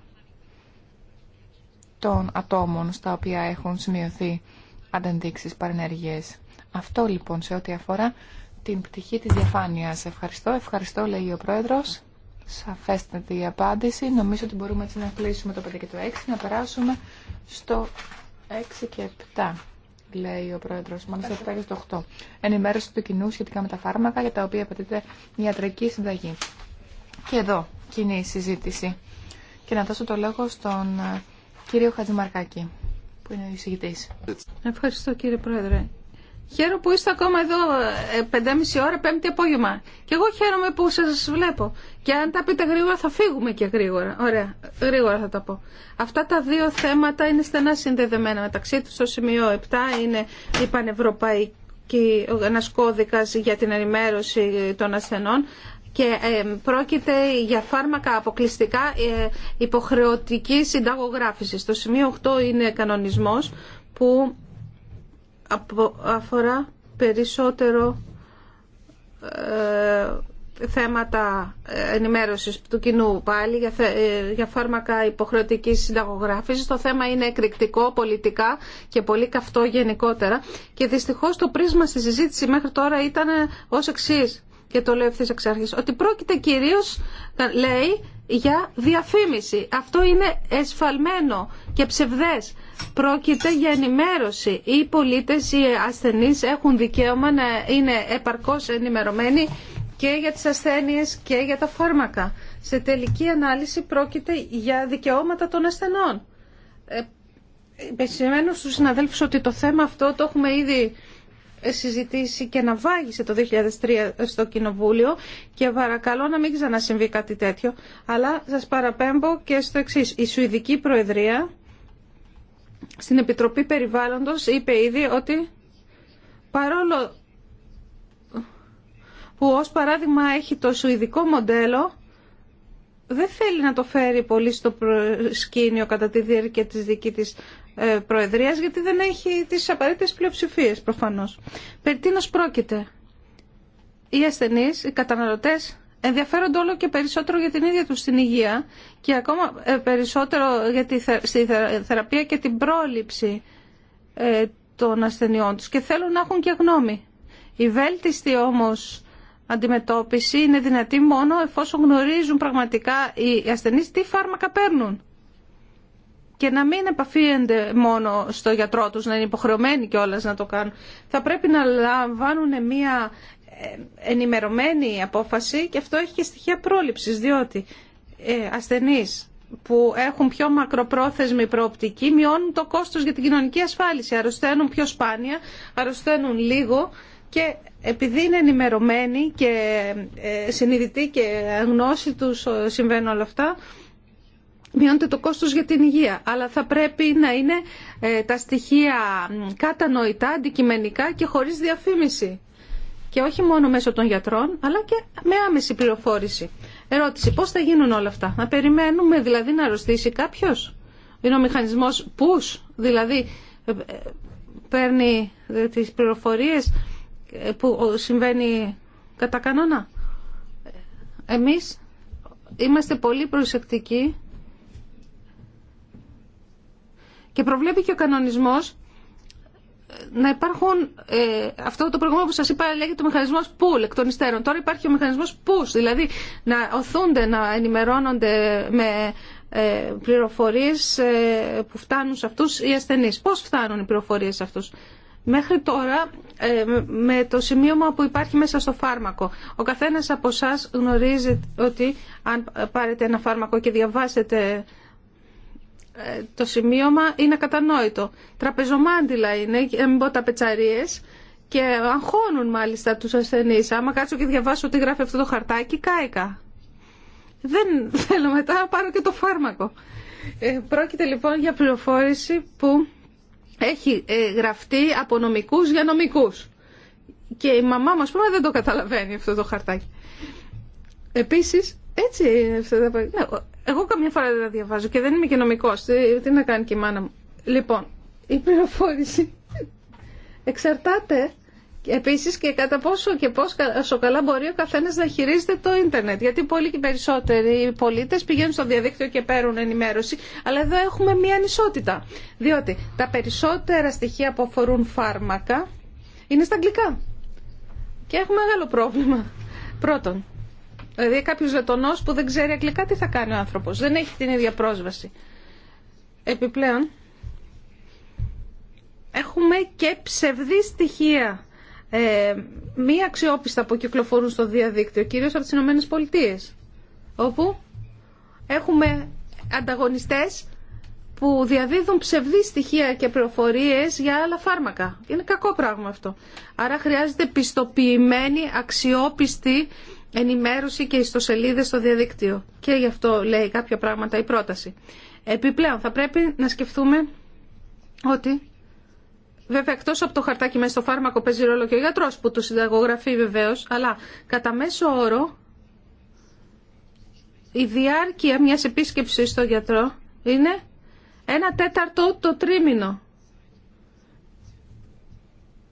των ατόμων στα οποία έχουν σημειωθεί ανταντήξεις παρενέργειες. Αυτό λοιπόν σε ό,τι αφορά την πτυχή της διαφάνειας. Ευχαριστώ, ευχαριστώ λέει ο Πρόεδρος. Σαφέστατη η απάντηση. Νομίζω ότι μπορούμε έτσι να κλείσουμε το 5 και το 6, να περάσουμε στο 6 και 7 λέει ο πρόεδρο, μάλιστα 7 και στο 8. Ενημέρωση του κοινού σχετικά με τα φάρμακα για τα οποία απαιτείται ιατρική συνταγή. Και εδώ κοινή συζήτηση. Και να δώσω το λόγο στον κύριο Χατζημαρκάκη, που είναι ο εισηγητής. Ευχαριστώ κύριε Πρόεδρε. Χαίρομαι που είστε ακόμα εδώ 5,5 ε, ώρα, πέμπτη απόγευμα. Και εγώ χαίρομαι που σα βλέπω. Και αν τα πείτε γρήγορα θα φύγουμε και γρήγορα. Ωραία, γρήγορα θα τα πω. Αυτά τα δύο θέματα είναι στενά συνδεδεμένα μεταξύ του Στο σημείο 7 είναι η πανευρωπαϊκή Ένα κώδικα για την ενημέρωση των ασθενών και ε, πρόκειται για φάρμακα αποκλειστικά ε, υποχρεωτική συνταγογράφηση. Το σημείο 8 είναι κανονισμός που αφορά περισσότερο ε, θέματα ενημέρωσης του κοινού πάλι για, για φάρμακα υποχρεωτικής συνταγογράφησης. Το θέμα είναι εκρηκτικό πολιτικά και πολύ καυτό γενικότερα και δυστυχώς το πρίσμα στη συζήτηση μέχρι τώρα ήταν ως εξής και το λέω ευθύ εξ αρχή, ότι πρόκειται κυρίως, λέει, για διαφήμιση. Αυτό είναι εσφαλμένο και ψευδές. Πρόκειται για ενημέρωση. Οι πολίτε οι ασθενεί έχουν δικαίωμα να είναι επαρκώς ενημερωμένοι και για τις ασθένειες και για τα φάρμακα. Σε τελική ανάλυση πρόκειται για δικαιώματα των ασθενών. Ε, Επισημένω στους συναδέλφους ότι το θέμα αυτό το έχουμε ήδη συζητήσει και να βάγισε το 2003 στο Κοινοβούλιο και παρακαλώ να μην ξανασυμβεί κάτι τέτοιο. Αλλά σας παραπέμπω και στο εξή. Η Σουηδική Προεδρία στην Επιτροπή Περιβάλλοντος είπε ήδη ότι παρόλο που ως παράδειγμα έχει το σουηδικό μοντέλο δεν θέλει να το φέρει πολύ στο σκήνιο κατά τη διάρκεια της δική της ε, προεδρίας γιατί δεν έχει τις απαραίτητες πλειοψηφίες προφανώς. Περί τίνος πρόκειται. Οι ασθενείς, οι καταναλωτές ενδιαφέρονται όλο και περισσότερο για την ίδια τους την υγεία και ακόμα ε, περισσότερο για τη θεραπεία και την πρόληψη ε, των ασθενειών τους και θέλουν να έχουν και γνώμη. Η βέλτιστη όμως αντιμετώπιση είναι δυνατή μόνο εφόσον γνωρίζουν πραγματικά οι ασθενείς τι φάρμακα παίρνουν και να μην επαφίενται μόνο στο γιατρό τους, να είναι υποχρεωμένοι κιόλα να το κάνουν. Θα πρέπει να λαμβάνουν μια ε, ενημερωμένη απόφαση και αυτό έχει και στοιχεία πρόληψης, διότι ε, ασθενείς που έχουν πιο μακροπρόθεσμη προοπτική μειώνουν το κόστος για την κοινωνική ασφάλιση, αρρωσταίνουν πιο σπάνια, αρρωσταίνουν λίγο και επειδή είναι ενημερωμένοι και ε, συνειδητοί και γνώση τους συμβαίνουν όλα αυτά, μειώνεται το κόστος για την υγεία. Αλλά θα πρέπει να είναι ε, τα στοιχεία κατανοητά, αντικειμενικά και χωρίς διαφήμιση. Και όχι μόνο μέσω των γιατρών, αλλά και με άμεση πληροφόρηση. Ερώτηση, πώς θα γίνουν όλα αυτά. Να περιμένουμε δηλαδή να αρρωστήσει κάποιος. Είναι ο μηχανισμός πους δηλαδή ε, ε, παίρνει τις πληροφορίες που συμβαίνει κατά κανόνα. Εμείς είμαστε πολύ προσεκτικοί Και προβλέπει και ο κανονισμός να υπάρχουν, ε, αυτό το προηγούμενο που σας είπα λέγεται ο μηχανισμός pull εκ των υστέρων. Τώρα υπάρχει ο μηχανισμός push, δηλαδή να οθούνται, να ενημερώνονται με ε, πληροφορίες ε, που φτάνουν σε αυτούς οι ασθενείς. Πώς φτάνουν οι πληροφορίες σε αυτούς. Μέχρι τώρα, ε, με το σημείωμα που υπάρχει μέσα στο φάρμακο, ο καθένας από εσά γνωρίζει ότι αν πάρετε ένα φάρμακο και διαβάσετε ε, το σημείωμα είναι κατανόητο. Τραπεζομάντιλα είναι, ε, να και αγχώνουν μάλιστα τους ασθενείς. Άμα κάτσω και διαβάσω τι γράφει αυτό το χαρτάκι, κάηκα. Δεν θέλω μετά να πάρω και το φάρμακο. Ε, πρόκειται λοιπόν για πληροφόρηση που έχει ε, γραφτεί από νομικούς για νομικούς. Και η μαμά μας πούμε δεν το καταλαβαίνει αυτό το χαρτάκι. Επίσης, έτσι ναι, Εγώ καμιά φορά δεν τα διαβάζω και δεν είμαι και νομικό. Τι, να κάνει και η μάνα μου. Λοιπόν, η πληροφόρηση εξαρτάται Επίση, και κατά πόσο και πόσο καλά μπορεί ο καθένα να χειρίζεται το ίντερνετ. Γιατί πολλοί και περισσότεροι πολίτε πηγαίνουν στο διαδίκτυο και παίρνουν ενημέρωση. Αλλά εδώ έχουμε μία ανισότητα. Διότι τα περισσότερα στοιχεία που αφορούν φάρμακα είναι στα αγγλικά. Και έχουμε μεγάλο πρόβλημα. Πρώτον, Δηλαδή κάποιο Λετωνός που δεν ξέρει αγγλικά τι θα κάνει ο άνθρωπος. Δεν έχει την ίδια πρόσβαση. Επιπλέον, έχουμε και ψευδή στοιχεία. Ε, μη αξιόπιστα που κυκλοφορούν στο διαδίκτυο, κυρίως από τις Ηνωμένες Πολιτείες, όπου έχουμε ανταγωνιστές που διαδίδουν ψευδή στοιχεία και πληροφορίε για άλλα φάρμακα. Είναι κακό πράγμα αυτό. Άρα χρειάζεται πιστοποιημένη, αξιόπιστη ενημέρωση και σελίδες, στο διαδίκτυο. Και γι' αυτό λέει κάποια πράγματα η πρόταση. Επιπλέον θα πρέπει να σκεφτούμε ότι βέβαια εκτό από το χαρτάκι μέσα στο φάρμακο παίζει ρόλο και ο γιατρός που το συνταγογραφεί βεβαίω, αλλά κατά μέσο όρο η διάρκεια μιας επίσκεψης στο γιατρό είναι ένα τέταρτο το τρίμηνο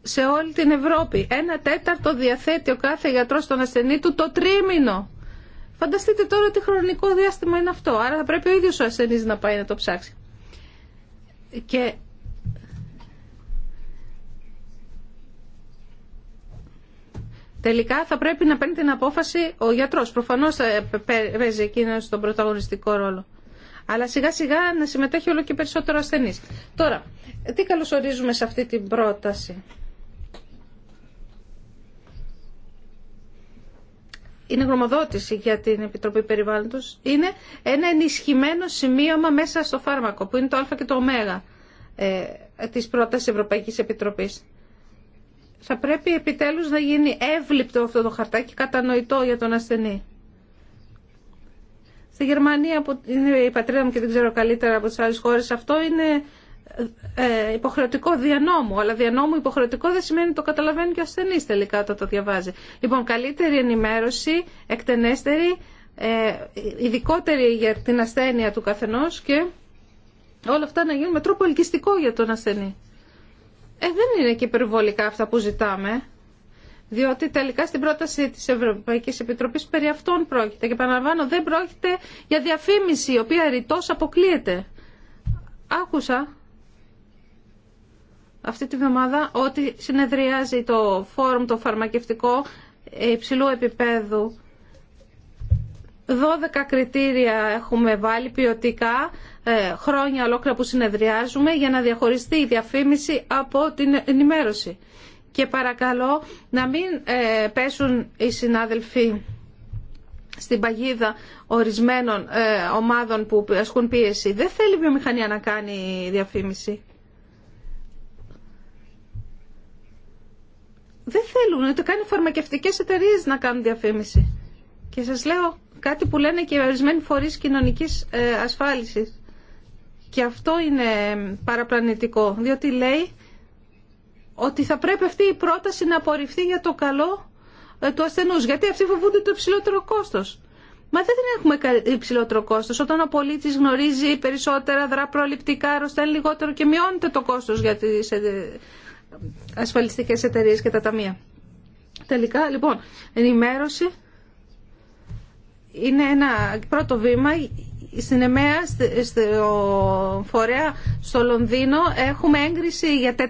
σε όλη την Ευρώπη. Ένα τέταρτο διαθέτει ο κάθε γιατρός στον ασθενή του το τρίμηνο. Φανταστείτε τώρα τι χρονικό διάστημα είναι αυτό. Άρα θα πρέπει ο ίδιος ο ασθενής να πάει να το ψάξει. Και Τελικά θα πρέπει να παίρνει την απόφαση ο γιατρός. Προφανώς παίζει εκείνο τον πρωταγωνιστικό ρόλο. Αλλά σιγά σιγά να συμμετέχει όλο και περισσότερο ασθενής. Τώρα, τι καλωσορίζουμε σε αυτή την πρόταση. είναι γνωμοδότηση για την Επιτροπή Περιβάλλοντος, είναι ένα ενισχυμένο σημείωμα μέσα στο φάρμακο, που είναι το α και το ω ε, της πρώτας Ευρωπαϊκής Επιτροπής. Θα πρέπει επιτέλους να γίνει εύληπτο αυτό το χαρτάκι, κατανοητό για τον ασθενή. Στη Γερμανία, που είναι η πατρίδα μου και δεν ξέρω καλύτερα από τις άλλες χώρες, αυτό είναι ε, ε, υποχρεωτικό διανόμου. Αλλά διανόμου υποχρεωτικό δεν σημαίνει ότι το καταλαβαίνει και ο ασθενή τελικά όταν το διαβάζει. Λοιπόν, καλύτερη ενημέρωση, εκτενέστερη, ε, ειδικότερη για την ασθένεια του καθενό και όλα αυτά να γίνουν με τρόπο ελκυστικό για τον ασθενή. Ε, δεν είναι και υπερβολικά αυτά που ζητάμε. Διότι τελικά στην πρόταση της Ευρωπαϊκής Επιτροπής περί αυτών πρόκειται. Και επαναλαμβάνω, δεν πρόκειται για διαφήμιση, η οποία ρητός αποκλείεται. Άκουσα αυτή τη βδομάδα ότι συνεδριάζει το φόρουμ το φαρμακευτικό υψηλού επίπεδου. 12 κριτήρια έχουμε βάλει ποιοτικά, ε, χρόνια ολόκληρα που συνεδριάζουμε, για να διαχωριστεί η διαφήμιση από την ενημέρωση. Και παρακαλώ να μην ε, πέσουν οι συνάδελφοι στην παγίδα ορισμένων ε, ομάδων που ασκούν πίεση. Δεν θέλει η βιομηχανία να κάνει διαφήμιση. δεν θέλουν ούτε καν οι φαρμακευτικές εταιρείες να κάνουν διαφήμιση. Και σας λέω κάτι που λένε και οι ορισμένοι φορείς κοινωνικής ε, ασφάλισης. Και αυτό είναι παραπλανητικό, διότι λέει ότι θα πρέπει αυτή η πρόταση να απορριφθεί για το καλό ε, του ασθενούς. Γιατί αυτοί φοβούνται το υψηλότερο κόστος. Μα δεν έχουμε υψηλότερο κόστο. Όταν ο πολίτη γνωρίζει περισσότερα, δρά προληπτικά, αρρωσταίνει λιγότερο και μειώνεται το κόστο για τι ε, ασφαλιστικές εταιρείες και τα ταμεία. Τελικά, λοιπόν, ενημέρωση είναι ένα πρώτο βήμα. Στην ΕΜΕΑ, στο φορέα στο Λονδίνο, έχουμε έγκριση για 400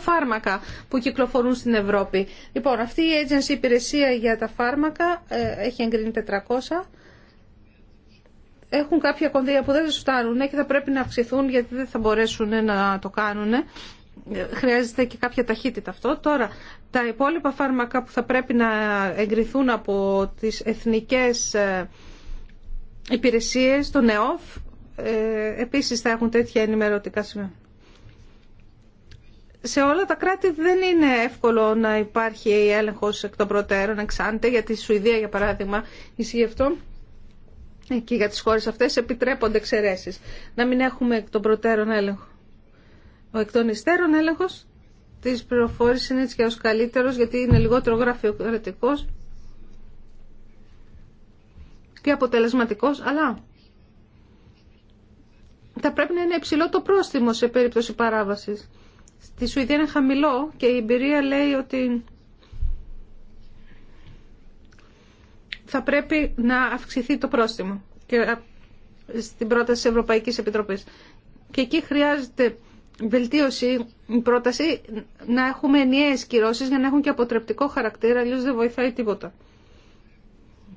φάρμακα που κυκλοφορούν στην Ευρώπη. Λοιπόν, αυτή η agency υπηρεσία για τα φάρμακα ε, έχει εγκρίνει 400 έχουν κάποια κονδύλια που δεν τους φτάνουν και θα πρέπει να αυξηθούν γιατί δεν θα μπορέσουν να το κάνουν χρειάζεται και κάποια ταχύτητα αυτό. Τώρα, τα υπόλοιπα φάρμακα που θα πρέπει να εγκριθούν από τις εθνικές ε, υπηρεσίες, το ΝΕΟΦ, ε, επίσης θα έχουν τέτοια ενημερωτικά σημεία. Σε όλα τα κράτη δεν είναι εύκολο να υπάρχει έλεγχος εκ των προτέρων, εξάντε, για τη Σουηδία για παράδειγμα, ισχύει αυτό ε, και για τις χώρες αυτές επιτρέπονται εξαιρέσεις. Να μην έχουμε εκ των προτέρων έλεγχο. Ο εκ των υστέρων έλεγχος της πληροφόρηση είναι έτσι και ω καλύτερο γιατί είναι λιγότερο γραφειοκρατικό και αποτελεσματικός, αλλά θα πρέπει να είναι υψηλό το πρόστιμο σε περίπτωση παράβασης. Στη Σουηδία είναι χαμηλό και η εμπειρία λέει ότι θα πρέπει να αυξηθεί το πρόστιμο και στην πρόταση της Ευρωπαϊκής Επιτροπής. Και εκεί χρειάζεται βελτίωση, πρόταση να έχουμε ενιαίες κυρώσεις για να έχουν και αποτρεπτικό χαρακτήρα, αλλιώς δεν βοηθάει τίποτα.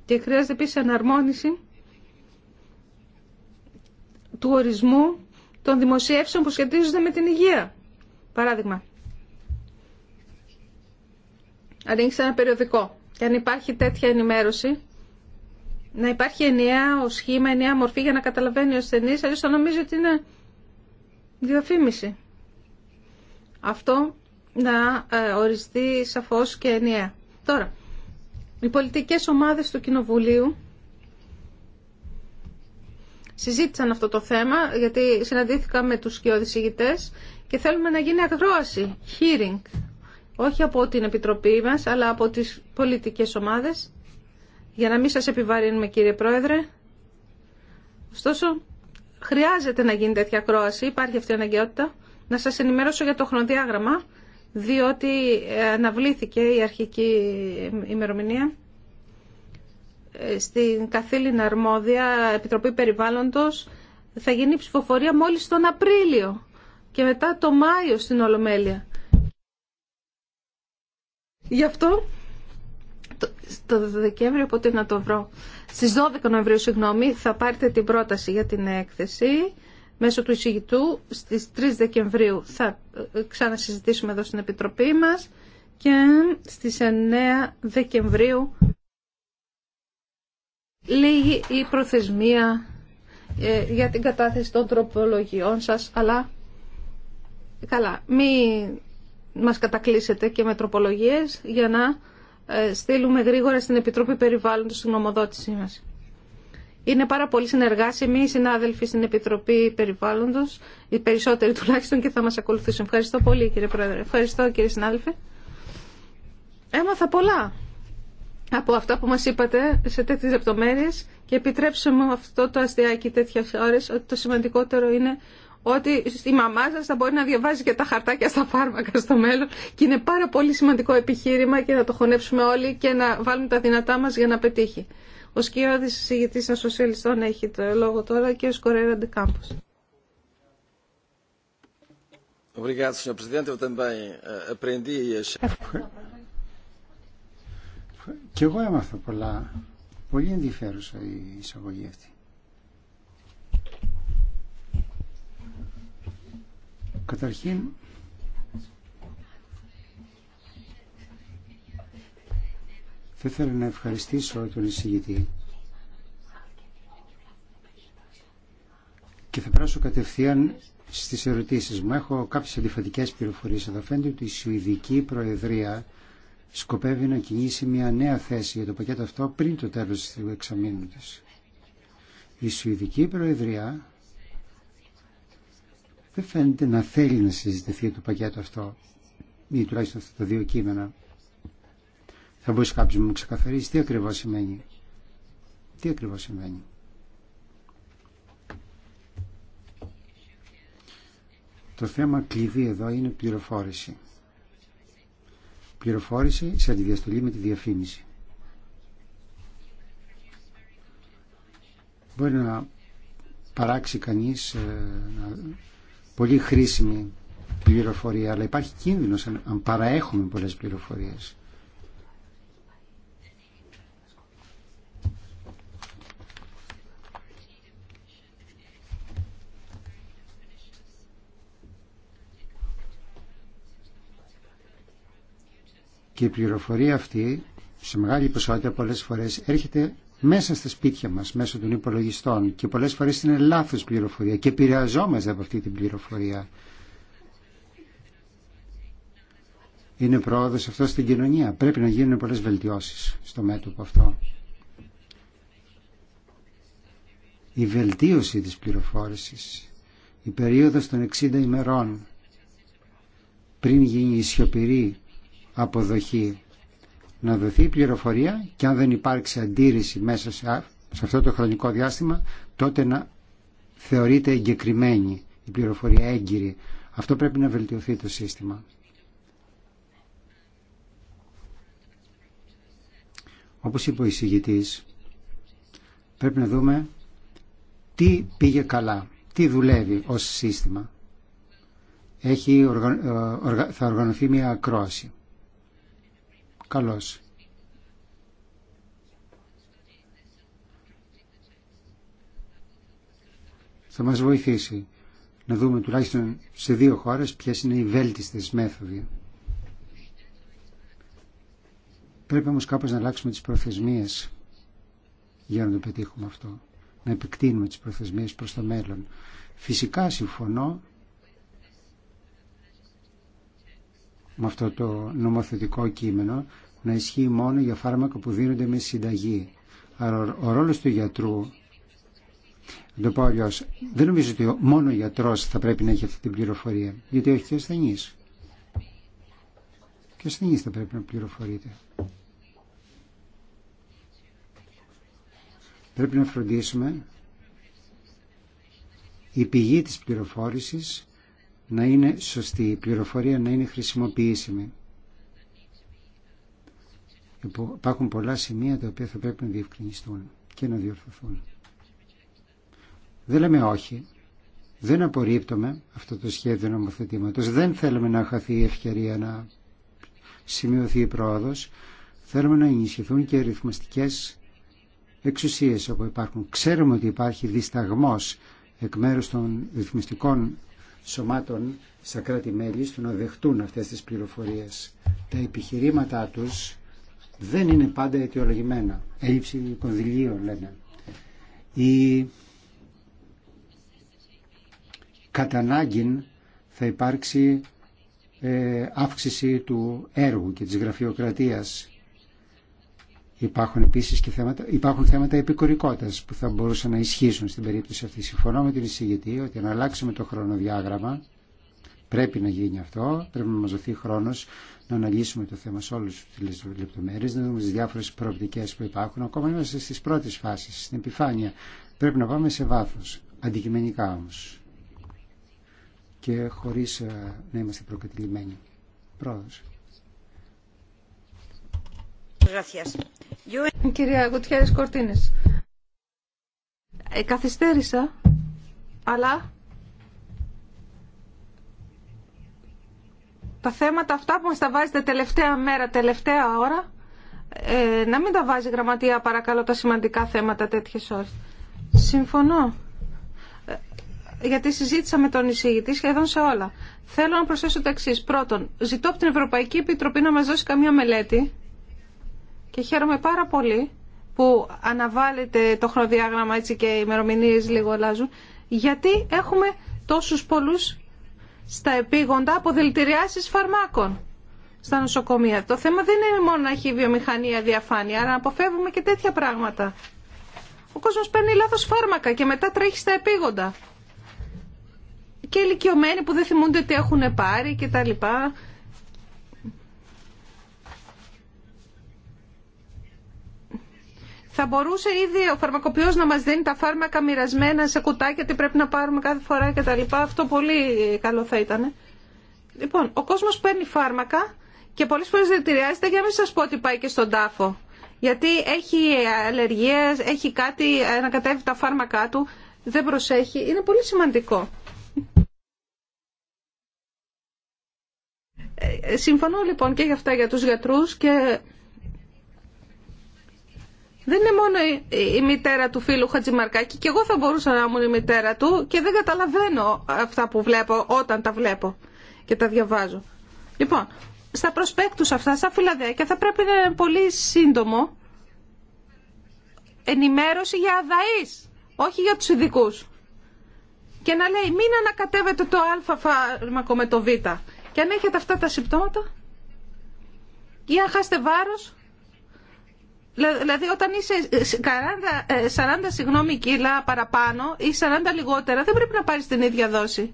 Και χρειάζεται επίση αναρμόνιση του ορισμού των δημοσιεύσεων που σχετίζονται με την υγεία. Παράδειγμα, ανοίξει ένα περιοδικό και αν υπάρχει τέτοια ενημέρωση, να υπάρχει ενιαία σχήμα, ενιαία μορφή για να καταλαβαίνει ο ασθενή, αλλιώ θα νομίζει ότι είναι διαφήμιση. Αυτό να ε, οριστεί σαφώς και ενιαία. Τώρα, οι πολιτικές ομάδες του Κοινοβουλίου συζήτησαν αυτό το θέμα γιατί συναντήθηκα με τους σκιώδης και θέλουμε να γίνει ακρόαση, hearing, όχι από την Επιτροπή μας αλλά από τις πολιτικές ομάδες για να μην σας επιβαρύνουμε κύριε Πρόεδρε. Ωστόσο, Χρειάζεται να γίνει τέτοια κρόαση, υπάρχει αυτή η αναγκαιότητα. Να σας ενημερώσω για το χρονοδιάγραμμα, διότι αναβλήθηκε η αρχική ημερομηνία ε, στην καθήλυνα αρμόδια Επιτροπή Περιβάλλοντος θα γίνει ψηφοφορία μόλις τον Απρίλιο και μετά το Μάιο στην Ολομέλεια. Γι' αυτό στο Δεκέμβριο, οπότε να το βρω. Στις 12 Νοεμβρίου, συγγνώμη, θα πάρετε την πρόταση για την έκθεση μέσω του εισηγητού. Στις 3 Δεκεμβρίου θα ε, ξανασυζητήσουμε εδώ στην Επιτροπή μας και στις 9 Δεκεμβρίου λίγη η προθεσμία ε, για την κατάθεση των τροπολογιών σας, αλλά καλά, μην μας κατακλείσετε και με τροπολογίες για να ε, στείλουμε γρήγορα στην Επιτροπή Περιβάλλοντος τη νομοδότησή μας. Είναι πάρα πολύ συνεργάσιμοι οι συνάδελφοι στην Επιτροπή Περιβάλλοντος, οι περισσότεροι τουλάχιστον και θα μας ακολουθήσουν. Ευχαριστώ πολύ κύριε Πρόεδρε. Ευχαριστώ κύριε συνάδελφε. Έμαθα πολλά από αυτά που μας είπατε σε τέτοιες λεπτομέρειε και επιτρέψτε μου αυτό το αστείακι τέτοιες ώρες ότι το σημαντικότερο είναι ότι η μαμά σα θα μπορεί να διαβάζει και τα χαρτάκια στα φάρμακα στο μέλλον και είναι πάρα πολύ σημαντικό επιχείρημα και να το χωνέψουμε όλοι και να βάλουμε τα δυνατά μα για να πετύχει. Ο Σκιώδη, συζητητής των σοσιαλιστών έχει το λόγο τώρα και ο Σκορέρα Ντεκάμπος. Eh, e και εγώ έμαθα πολλά. Πολύ ενδιαφέρουσα η εισαγωγή αυτή. Καταρχήν, θα ήθελα να ευχαριστήσω τον εισηγητή και θα περάσω κατευθείαν στις ερωτήσεις μου. Έχω κάποιες αντιφατικές πληροφορίες. Θα φαίνεται ότι η Σουηδική Προεδρία σκοπεύει να κινήσει μια νέα θέση για το πακέτο αυτό πριν το τέλος του εξαμήνου της. Η Σουηδική Προεδρία δεν φαίνεται να θέλει να συζητηθεί το πακέτο αυτό ή τουλάχιστον αυτά τα δύο κείμενα. Θα μπορούσε κάποιος να μου ξεκαθαρίσει τι ακριβώς σημαίνει. Τι ακριβώς σημαίνει. Το θέμα κλειδί εδώ είναι πληροφόρηση. Πληροφόρηση σε αντιδιαστολή με τη διαφήμιση. Μπορεί να παράξει κανείς, ε, να πολύ χρήσιμη πληροφορία, αλλά υπάρχει κίνδυνος αν παραέχουμε πολλές πληροφορίες. Και η πληροφορία αυτή σε μεγάλη ποσότητα πολλές φορές έρχεται μέσα στα σπίτια μας, μέσω των υπολογιστών και πολλές φορές είναι λάθος πληροφορία και επηρεαζόμαστε από αυτή την πληροφορία. Είναι πρόοδος αυτό στην κοινωνία. Πρέπει να γίνουν πολλές βελτιώσεις στο μέτωπο αυτό. Η βελτίωση της πληροφόρησης, η περίοδος των 60 ημερών πριν γίνει η σιωπηρή αποδοχή να δοθεί η πληροφορία και αν δεν υπάρξει αντίρρηση μέσα σε αυτό το χρονικό διάστημα τότε να θεωρείται εγκεκριμένη η πληροφορία έγκυρη. Αυτό πρέπει να βελτιωθεί το σύστημα. Όπως είπε ο εισηγητής, πρέπει να δούμε τι πήγε καλά, τι δουλεύει ως σύστημα. Έχει, ε, θα οργανωθεί μια ακρόαση. Καλώς. Θα μας βοηθήσει να δούμε τουλάχιστον σε δύο χώρες ποιες είναι οι βέλτιστες μέθοδοι. Πρέπει όμως κάπως να αλλάξουμε τις προθεσμίες για να το πετύχουμε αυτό. Να επεκτείνουμε τις προθεσμίες προς το μέλλον. Φυσικά συμφωνώ με αυτό το νομοθετικό κείμενο να ισχύει μόνο για φάρμακα που δίνονται με συνταγή. Άρα ο ρόλος του γιατρού, να δεν νομίζω ότι μόνο ο γιατρός θα πρέπει να έχει αυτή την πληροφορία, γιατί έχει και ασθενής. Και ασθενής θα πρέπει να πληροφορείται. Πρέπει να φροντίσουμε η πηγή της πληροφόρησης να είναι σωστή, η πληροφορία να είναι χρησιμοποιήσιμη. Υπάρχουν πολλά σημεία τα οποία θα πρέπει να διευκρινιστούν και να διορθωθούν. Δεν λέμε όχι. Δεν απορρίπτουμε αυτό το σχέδιο νομοθετήματος. Δεν θέλουμε να χαθεί η ευκαιρία να σημειωθεί η πρόοδος. Θέλουμε να ενισχυθούν και ρυθμιστικές εξουσίες όπου υπάρχουν. Ξέρουμε ότι υπάρχει δισταγμός εκ μέρους των ρυθμιστικών σωμάτων στα κράτη-μέλη στο να δεχτούν αυτές τις πληροφορίες. Τα επιχειρήματά τους δεν είναι πάντα αιτιολογημένα. Έλλειψη κονδυλίων λένε. Ή κατανάγκη θα υπάρξει ε, αύξηση του έργου και της γραφειοκρατίας Υπάρχουν επίσης και θέματα, υπάρχουν θέματα που θα μπορούσαν να ισχύσουν στην περίπτωση αυτή. Συμφωνώ με την εισηγητή ότι αν αλλάξουμε το χρονοδιάγραμμα πρέπει να γίνει αυτό, πρέπει να μα δοθεί χρόνο να αναλύσουμε το θέμα σε όλες τις λεπτομέρειε να δούμε τι διάφορε προοπτικέ που υπάρχουν. Ακόμα είμαστε στι πρώτε φάσει, στην επιφάνεια. Πρέπει να πάμε σε βάθο. αντικειμενικά όμω. και χωρί ε, να είμαστε προκατηλημένοι. Πρόεδρο. Κυρία Γκουτιέρης Κορτίνης, ε, καθυστέρησα, αλλά τα θέματα αυτά που μας τα βάζετε τελευταία μέρα, τελευταία ώρα, ε, να μην τα βάζει γραμματεία παρακαλώ τα σημαντικά θέματα τέτοιες ώρες. Συμφωνώ. Ε, γιατί συζήτησα με τον εισηγητή σχεδόν σε όλα. Θέλω να προσθέσω τα εξή. Πρώτον, ζητώ από την Ευρωπαϊκή Επιτροπή να μα δώσει καμία μελέτη και χαίρομαι πάρα πολύ που αναβάλλεται το χρονοδιάγραμμα έτσι και οι ημερομηνίε λίγο αλλάζουν. Γιατί έχουμε τόσους πολλούς στα επίγοντα αποδελτηριάσεις φαρμάκων στα νοσοκομεία. Το θέμα δεν είναι μόνο να έχει η βιομηχανία διαφάνεια, αλλά να αποφεύγουμε και τέτοια πράγματα. Ο κόσμος παίρνει λάθος φάρμακα και μετά τρέχει στα επίγοντα. Και ηλικιωμένοι που δεν θυμούνται τι έχουν πάρει κτλ., Θα μπορούσε ήδη ο φαρμακοποιός να μας δίνει τα φάρμακα μοιρασμένα σε κουτάκια, τι πρέπει να πάρουμε κάθε φορά λοιπά. Αυτό πολύ καλό θα ήταν. Λοιπόν, ο κόσμος παίρνει φάρμακα και πολλές φορές δεν τηρεάζεται για να μην σας πω ότι πάει και στον τάφο. Γιατί έχει αλλεργίες, έχει κάτι, να κατέβει τα φάρμακά του, δεν προσέχει. Είναι πολύ σημαντικό. Ε, συμφωνώ λοιπόν και για αυτά για τους γιατρούς και δεν είναι μόνο η μητέρα του φίλου Χατζημαρκάκη και εγώ θα μπορούσα να ήμουν η μητέρα του και δεν καταλαβαίνω αυτά που βλέπω όταν τα βλέπω και τα διαβάζω. Λοιπόν, στα προσπέκτους αυτά, στα φυλαδέκια θα πρέπει να είναι πολύ σύντομο ενημέρωση για αδαείς, όχι για τους ειδικού. Και να λέει μην ανακατεύετε το α φάρμακο με το β. Και αν έχετε αυτά τα συμπτώματα ή αν χάσετε βάρος, Δηλαδή όταν είσαι 40, ε, συγγνώμη, κιλά παραπάνω ή 40 λιγότερα δεν πρέπει να πάρεις την ίδια δόση.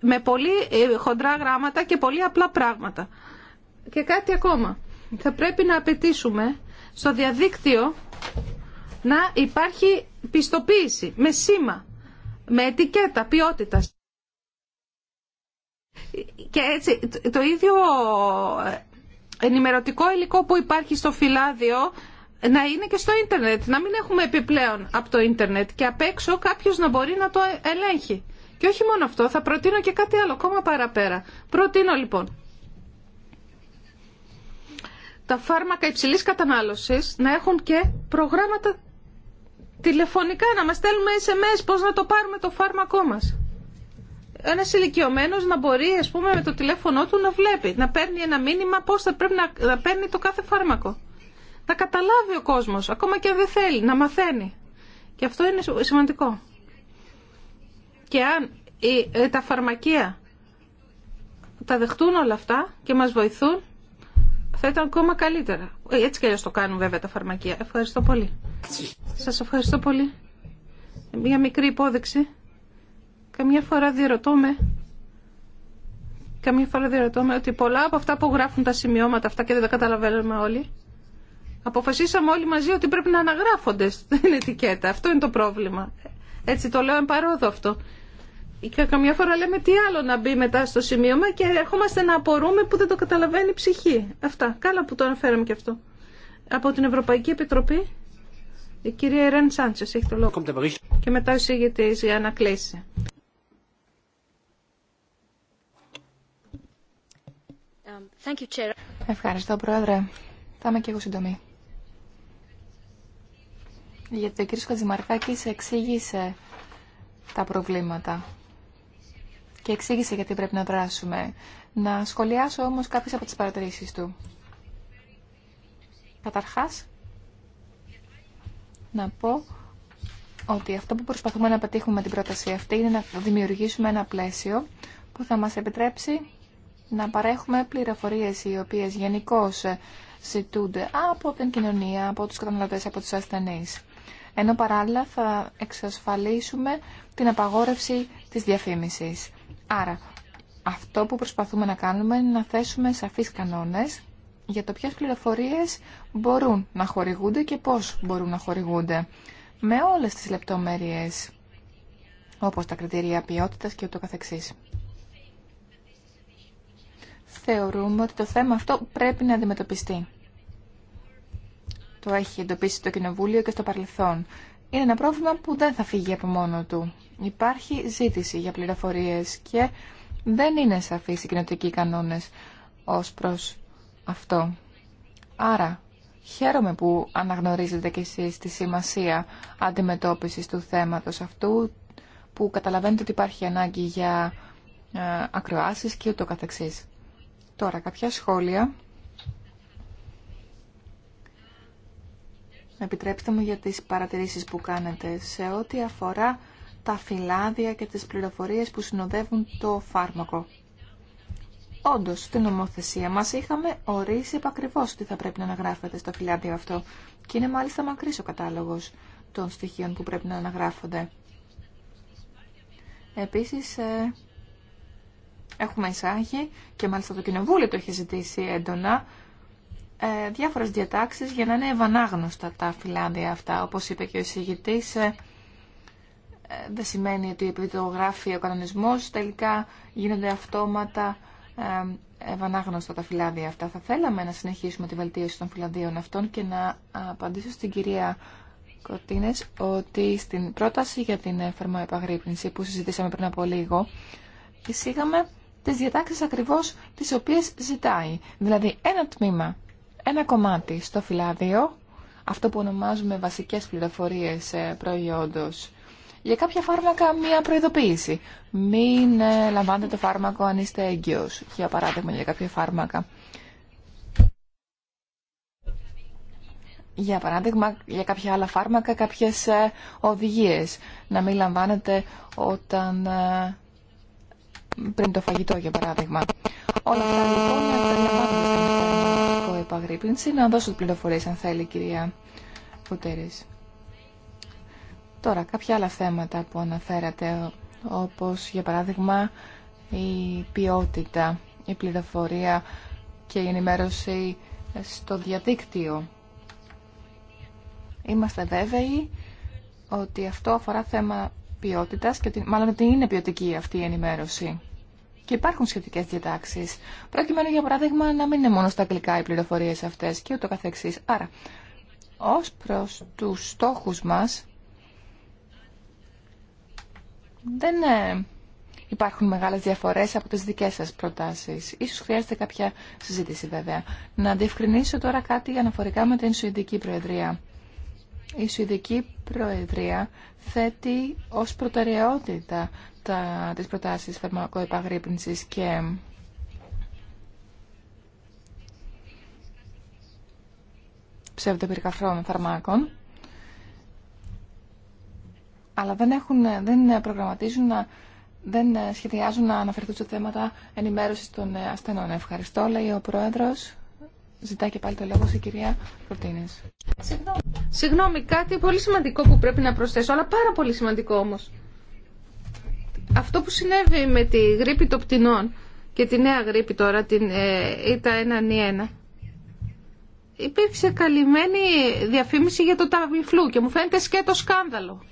Με πολύ ε, χοντρά γράμματα και πολύ απλά πράγματα. Και κάτι ακόμα. Θα πρέπει να απαιτήσουμε στο διαδίκτυο να υπάρχει πιστοποίηση με σήμα, με ετικέτα ποιότητας. Και έτσι το ίδιο ε, ενημερωτικό υλικό που υπάρχει στο φυλάδιο να είναι και στο ίντερνετ, να μην έχουμε επιπλέον από το ίντερνετ και απ' έξω κάποιος να μπορεί να το ελέγχει. Και όχι μόνο αυτό, θα προτείνω και κάτι άλλο ακόμα παραπέρα. Προτείνω λοιπόν τα φάρμακα υψηλής κατανάλωσης να έχουν και προγράμματα τηλεφωνικά, να μας στέλνουμε SMS πώς να το πάρουμε το φάρμακό μας ένα ηλικιωμένο να μπορεί ας πούμε, με το τηλέφωνό του να βλέπει, να παίρνει ένα μήνυμα πώ θα πρέπει να, να παίρνει το κάθε φάρμακο. Να καταλάβει ο κόσμο, ακόμα και αν δεν θέλει, να μαθαίνει. Και αυτό είναι σημαντικό. Και αν η, ε, τα φαρμακεία τα δεχτούν όλα αυτά και μας βοηθούν, θα ήταν ακόμα καλύτερα. Ε, έτσι και το κάνουν βέβαια τα φαρμακεία. Ευχαριστώ πολύ. Σας ευχαριστώ πολύ. Μια μικρή υπόδειξη. Καμιά φορά διερωτώμε Καμιά φορά διαρωτώμε ότι πολλά από αυτά που γράφουν τα σημειώματα αυτά και δεν τα καταλαβαίνουμε όλοι, αποφασίσαμε όλοι μαζί ότι πρέπει να αναγράφονται στην ετικέτα. Αυτό είναι το πρόβλημα. Έτσι το λέω εμπαρόδο αυτό. Και καμιά φορά λέμε τι άλλο να μπει μετά στο σημείωμα και ερχόμαστε να απορούμε που δεν το καταλαβαίνει η ψυχή. Αυτά. Καλά που το αναφέραμε και αυτό. Από την Ευρωπαϊκή Επιτροπή, η κυρία Ερεν Σάντσες έχει το λόγο. Και μετά ο για να κλείσει. Ευχαριστώ, Πρόεδρε. Θα είμαι και εγώ σύντομη. Γιατί ο κ. Κατζημαρκάκη εξήγησε τα προβλήματα και εξήγησε γιατί πρέπει να δράσουμε. Να σχολιάσω όμως κάποιες από τις παρατηρήσεις του. Καταρχάς, να πω ότι αυτό που προσπαθούμε να πετύχουμε με την πρόταση αυτή είναι να δημιουργήσουμε ένα πλαίσιο που θα μας επιτρέψει να παρέχουμε πληροφορίες οι οποίες γενικώ ζητούνται από την κοινωνία, από τους καταναλωτές, από τους ασθενείς. Ενώ παράλληλα θα εξασφαλίσουμε την απαγόρευση της διαφήμισης. Άρα, αυτό που προσπαθούμε να κάνουμε είναι να θέσουμε σαφείς κανόνες για το ποιες πληροφορίες μπορούν να χορηγούνται και πώς μπορούν να χορηγούνται. Με όλες τις λεπτομέρειες, όπως τα κριτήρια ποιότητας και ούτω καθεξής θεωρούμε ότι το θέμα αυτό πρέπει να αντιμετωπιστεί. Το έχει εντοπίσει το Κοινοβούλιο και στο παρελθόν. Είναι ένα πρόβλημα που δεν θα φύγει από μόνο του. Υπάρχει ζήτηση για πληροφορίες και δεν είναι σαφείς οι κοινοτικοί κανόνες ως προς αυτό. Άρα, χαίρομαι που αναγνωρίζετε κι εσείς τη σημασία αντιμετώπισης του θέματος αυτού, που καταλαβαίνετε ότι υπάρχει ανάγκη για ε, ακροάσεις και ούτω καθεξής. Τώρα, κάποια σχόλια. Επιτρέψτε μου για τις παρατηρήσεις που κάνετε σε ό,τι αφορά τα φυλάδια και τις πληροφορίες που συνοδεύουν το φάρμακο. Όντως, στην νομοθεσία μας είχαμε ορίσει επακριβώς τι θα πρέπει να αναγράφεται στο φυλάδιο αυτό και είναι μάλιστα μακρύς ο κατάλογος των στοιχείων που πρέπει να αναγράφονται. Επίσης, ε, Έχουμε εισάγει, και μάλιστα το Κοινοβούλιο το έχει ζητήσει έντονα, ε, διάφορες διατάξεις για να είναι ευανάγνωστα τα φυλάδια αυτά. Όπως είπε και ο εισηγητής, ε, ε, δεν σημαίνει ότι επειδή το γράφει ο κανονισμός, τελικά γίνονται αυτόματα ε, ευανάγνωστα τα φυλάδια αυτά. Θα θέλαμε να συνεχίσουμε τη βελτίωση των φυλαδίων αυτών και να απαντήσω στην κυρία Κορτίνες ότι στην πρόταση για την φερμοεπαγρύπνηση που συζητήσαμε πριν από λίγο, εισήγαμε τις διατάξεις ακριβώς τις οποίες ζητάει. Δηλαδή ένα τμήμα, ένα κομμάτι στο φυλάδιο, αυτό που ονομάζουμε βασικές πληροφορίες ε, προϊόντος, για κάποια φάρμακα μία προειδοποίηση. Μην ε, λαμβάνετε το φάρμακο αν είστε έγκυος, για παράδειγμα, για κάποια φάρμακα. για παράδειγμα για κάποια άλλα φάρμακα κάποιες ε, οδηγίες να μην λαμβάνετε όταν πριν το φαγητό για παράδειγμα. Όλα αυτά λοιπόν περιλαμβάνονται στην ενεργειακό επαγρύπνηση. Να δώσω πληροφορίες αν θέλει κυρία Πουτέρης. Τώρα κάποια άλλα θέματα που αναφέρατε όπως για παράδειγμα η ποιότητα, η πληροφορία και η ενημέρωση στο διαδίκτυο. Είμαστε βέβαιοι ότι αυτό αφορά θέμα ποιότητας και μάλλον ότι είναι ποιοτική αυτή η ενημέρωση. Και υπάρχουν σχετικές διατάξεις. Προκειμένου, για παράδειγμα, να μην είναι μόνο στα αγγλικά οι πληροφορίες αυτές και ούτω καθεξή. Άρα, ω προς τους στόχους μας, δεν ε, υπάρχουν μεγάλες διαφορές από τις δικές σας προτάσεις. Ίσως χρειάζεται κάποια συζήτηση βέβαια. Να διευκρινίσω τώρα κάτι αναφορικά με την Σουηδική Προεδρία. Η Σουηδική Προεδρία θέτει ως προτεραιότητα τα, τις προτάσεις φαρμακοεπαγρύπνησης και ψευδοπυρκαφρών φαρμάκων αλλά δεν, έχουν, δεν προγραμματίζουν να δεν σχεδιάζουν να αναφερθούν σε θέματα ενημέρωσης των ασθενών. Ευχαριστώ, λέει ο πρόεδρος Ζητά και πάλι το λόγο η κυρία Προτίνης. Συγγνώμη, κάτι πολύ σημαντικό που πρέπει να προσθέσω, αλλά πάρα πολύ σημαντικό όμω. Αυτό που συνέβη με τη γρήπη των πτηνών και τη νέα γρήπη τώρα, την ΙΤΑ ε, 1-1, υπήρξε καλυμμένη διαφήμιση για το ταμιφλού και μου φαίνεται σκέτο σκάνδαλο.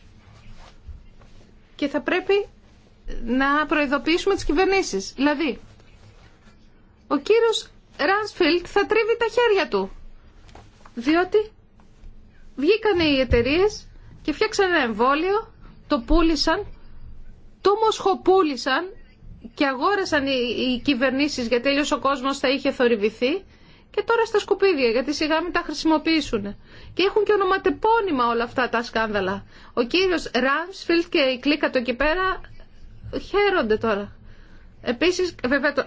Και θα πρέπει να προειδοποιήσουμε τις κυβερνήσεις. Δηλαδή, ο κύριος Ράνσφιλτ θα τρίβει τα χέρια του. Διότι βγήκανε οι εταιρείε και ένα εμβόλιο, το πούλησαν του μοσχοπούλησαν και αγόρασαν οι κυβερνήσει γιατί τέλειω ο κόσμο θα είχε θορυβηθεί και τώρα στα σκουπίδια γιατί σιγά μην τα χρησιμοποιήσουν. Και έχουν και ονοματεπώνυμα όλα αυτά τα σκάνδαλα. Ο κύριος Ράμσφιλτ και η κλίκα του εκεί πέρα χαίρονται τώρα. Επίσης, βέβαια το,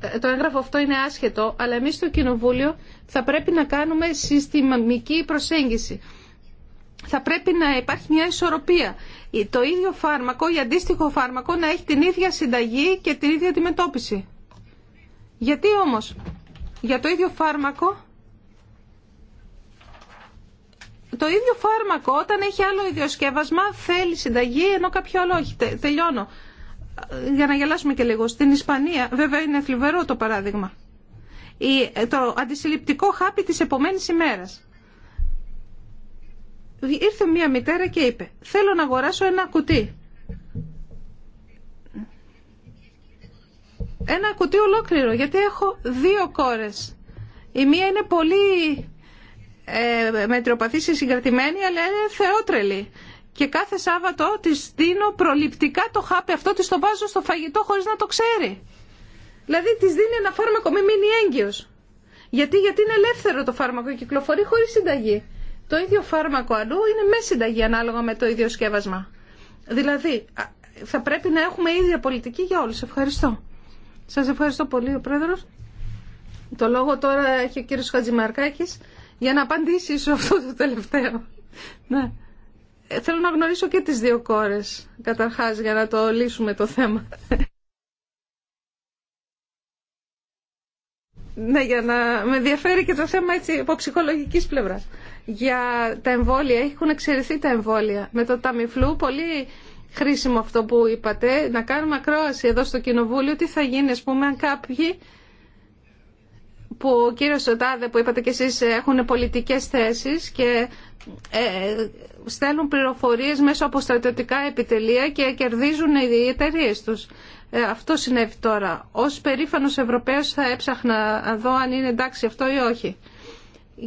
ε, το έγγραφο αυτό είναι άσχετο, αλλά εμείς στο Κοινοβούλιο θα πρέπει να κάνουμε συστημική προσέγγιση θα πρέπει να υπάρχει μια ισορροπία. Το ίδιο φάρμακο ή αντίστοιχο φάρμακο να έχει την ίδια συνταγή και την ίδια αντιμετώπιση. Γιατί όμως για το ίδιο φάρμακο το ίδιο φάρμακο όταν έχει άλλο ιδιοσκεύασμα θέλει συνταγή ενώ κάποιο άλλο όχι. Τελειώνω. Για να γελάσουμε και λίγο. Στην Ισπανία βέβαια είναι θλιβερό το παράδειγμα. Το αντισυλληπτικό χάπι της επομένης ημέρας ήρθε μια μητέρα και είπε θέλω να αγοράσω ένα κουτί. Ένα κουτί ολόκληρο γιατί έχω δύο κόρες. Η μία είναι πολύ ε, και συγκρατημένη αλλά είναι θεότρελη. Και κάθε Σάββατο της δίνω προληπτικά το χάπι αυτό, της το βάζω στο φαγητό χωρίς να το ξέρει. Δηλαδή της δίνει ένα φάρμακο, μην μείνει έγκυος. Γιατί, γιατί είναι ελεύθερο το φάρμακο, κυκλοφορεί χωρίς συνταγή το ίδιο φάρμακο αλλού είναι μέση συνταγή ανάλογα με το ίδιο σκεύασμα. Δηλαδή, θα πρέπει να έχουμε ίδια πολιτική για όλους. Ευχαριστώ. Σας ευχαριστώ πολύ ο Πρόεδρος. Το λόγο τώρα έχει ο κύριος Χατζημαρκάκης για να απαντήσει σε αυτό το τελευταίο. Ναι. Ε, θέλω να γνωρίσω και τις δύο κόρες, καταρχάς, για να το λύσουμε το θέμα. ναι, για να με ενδιαφέρει και το θέμα έτσι από ψυχολογικής πλευράς για τα εμβόλια. Έχουν εξαιρεθεί τα εμβόλια. Με το ταμιφλού πολύ χρήσιμο αυτό που είπατε, να κάνουμε ακρόαση εδώ στο Κοινοβούλιο, τι θα γίνει, ας πούμε, αν κάποιοι που ο κύριος Σοτάδε που είπατε και εσείς έχουν πολιτικές θέσεις και ε, στέλνουν πληροφορίες μέσω από στρατιωτικά επιτελεία και κερδίζουν οι εταιρείε τους. Ε, αυτό συνέβη τώρα. Ως περήφανος Ευρωπαίος θα έψαχνα να δω αν είναι εντάξει αυτό ή όχι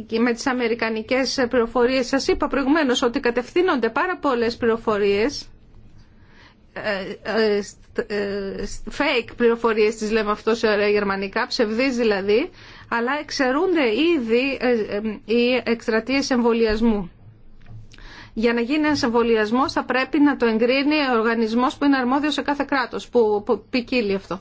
και με τις αμερικανικές πληροφορίες. Σας είπα προηγουμένως ότι κατευθύνονται πάρα πολλές πληροφορίες ε, ε, ε, fake πληροφορίες τις λέμε αυτό σε ωραία γερμανικά, ψευδείς δηλαδή, αλλά εξαιρούνται ήδη οι εκστρατείε εμβολιασμού. Για να γίνει ένα εμβολιασμό θα πρέπει να το εγκρίνει ο οργανισμό που είναι αρμόδιο σε κάθε κράτο, που ποικίλει αυτό.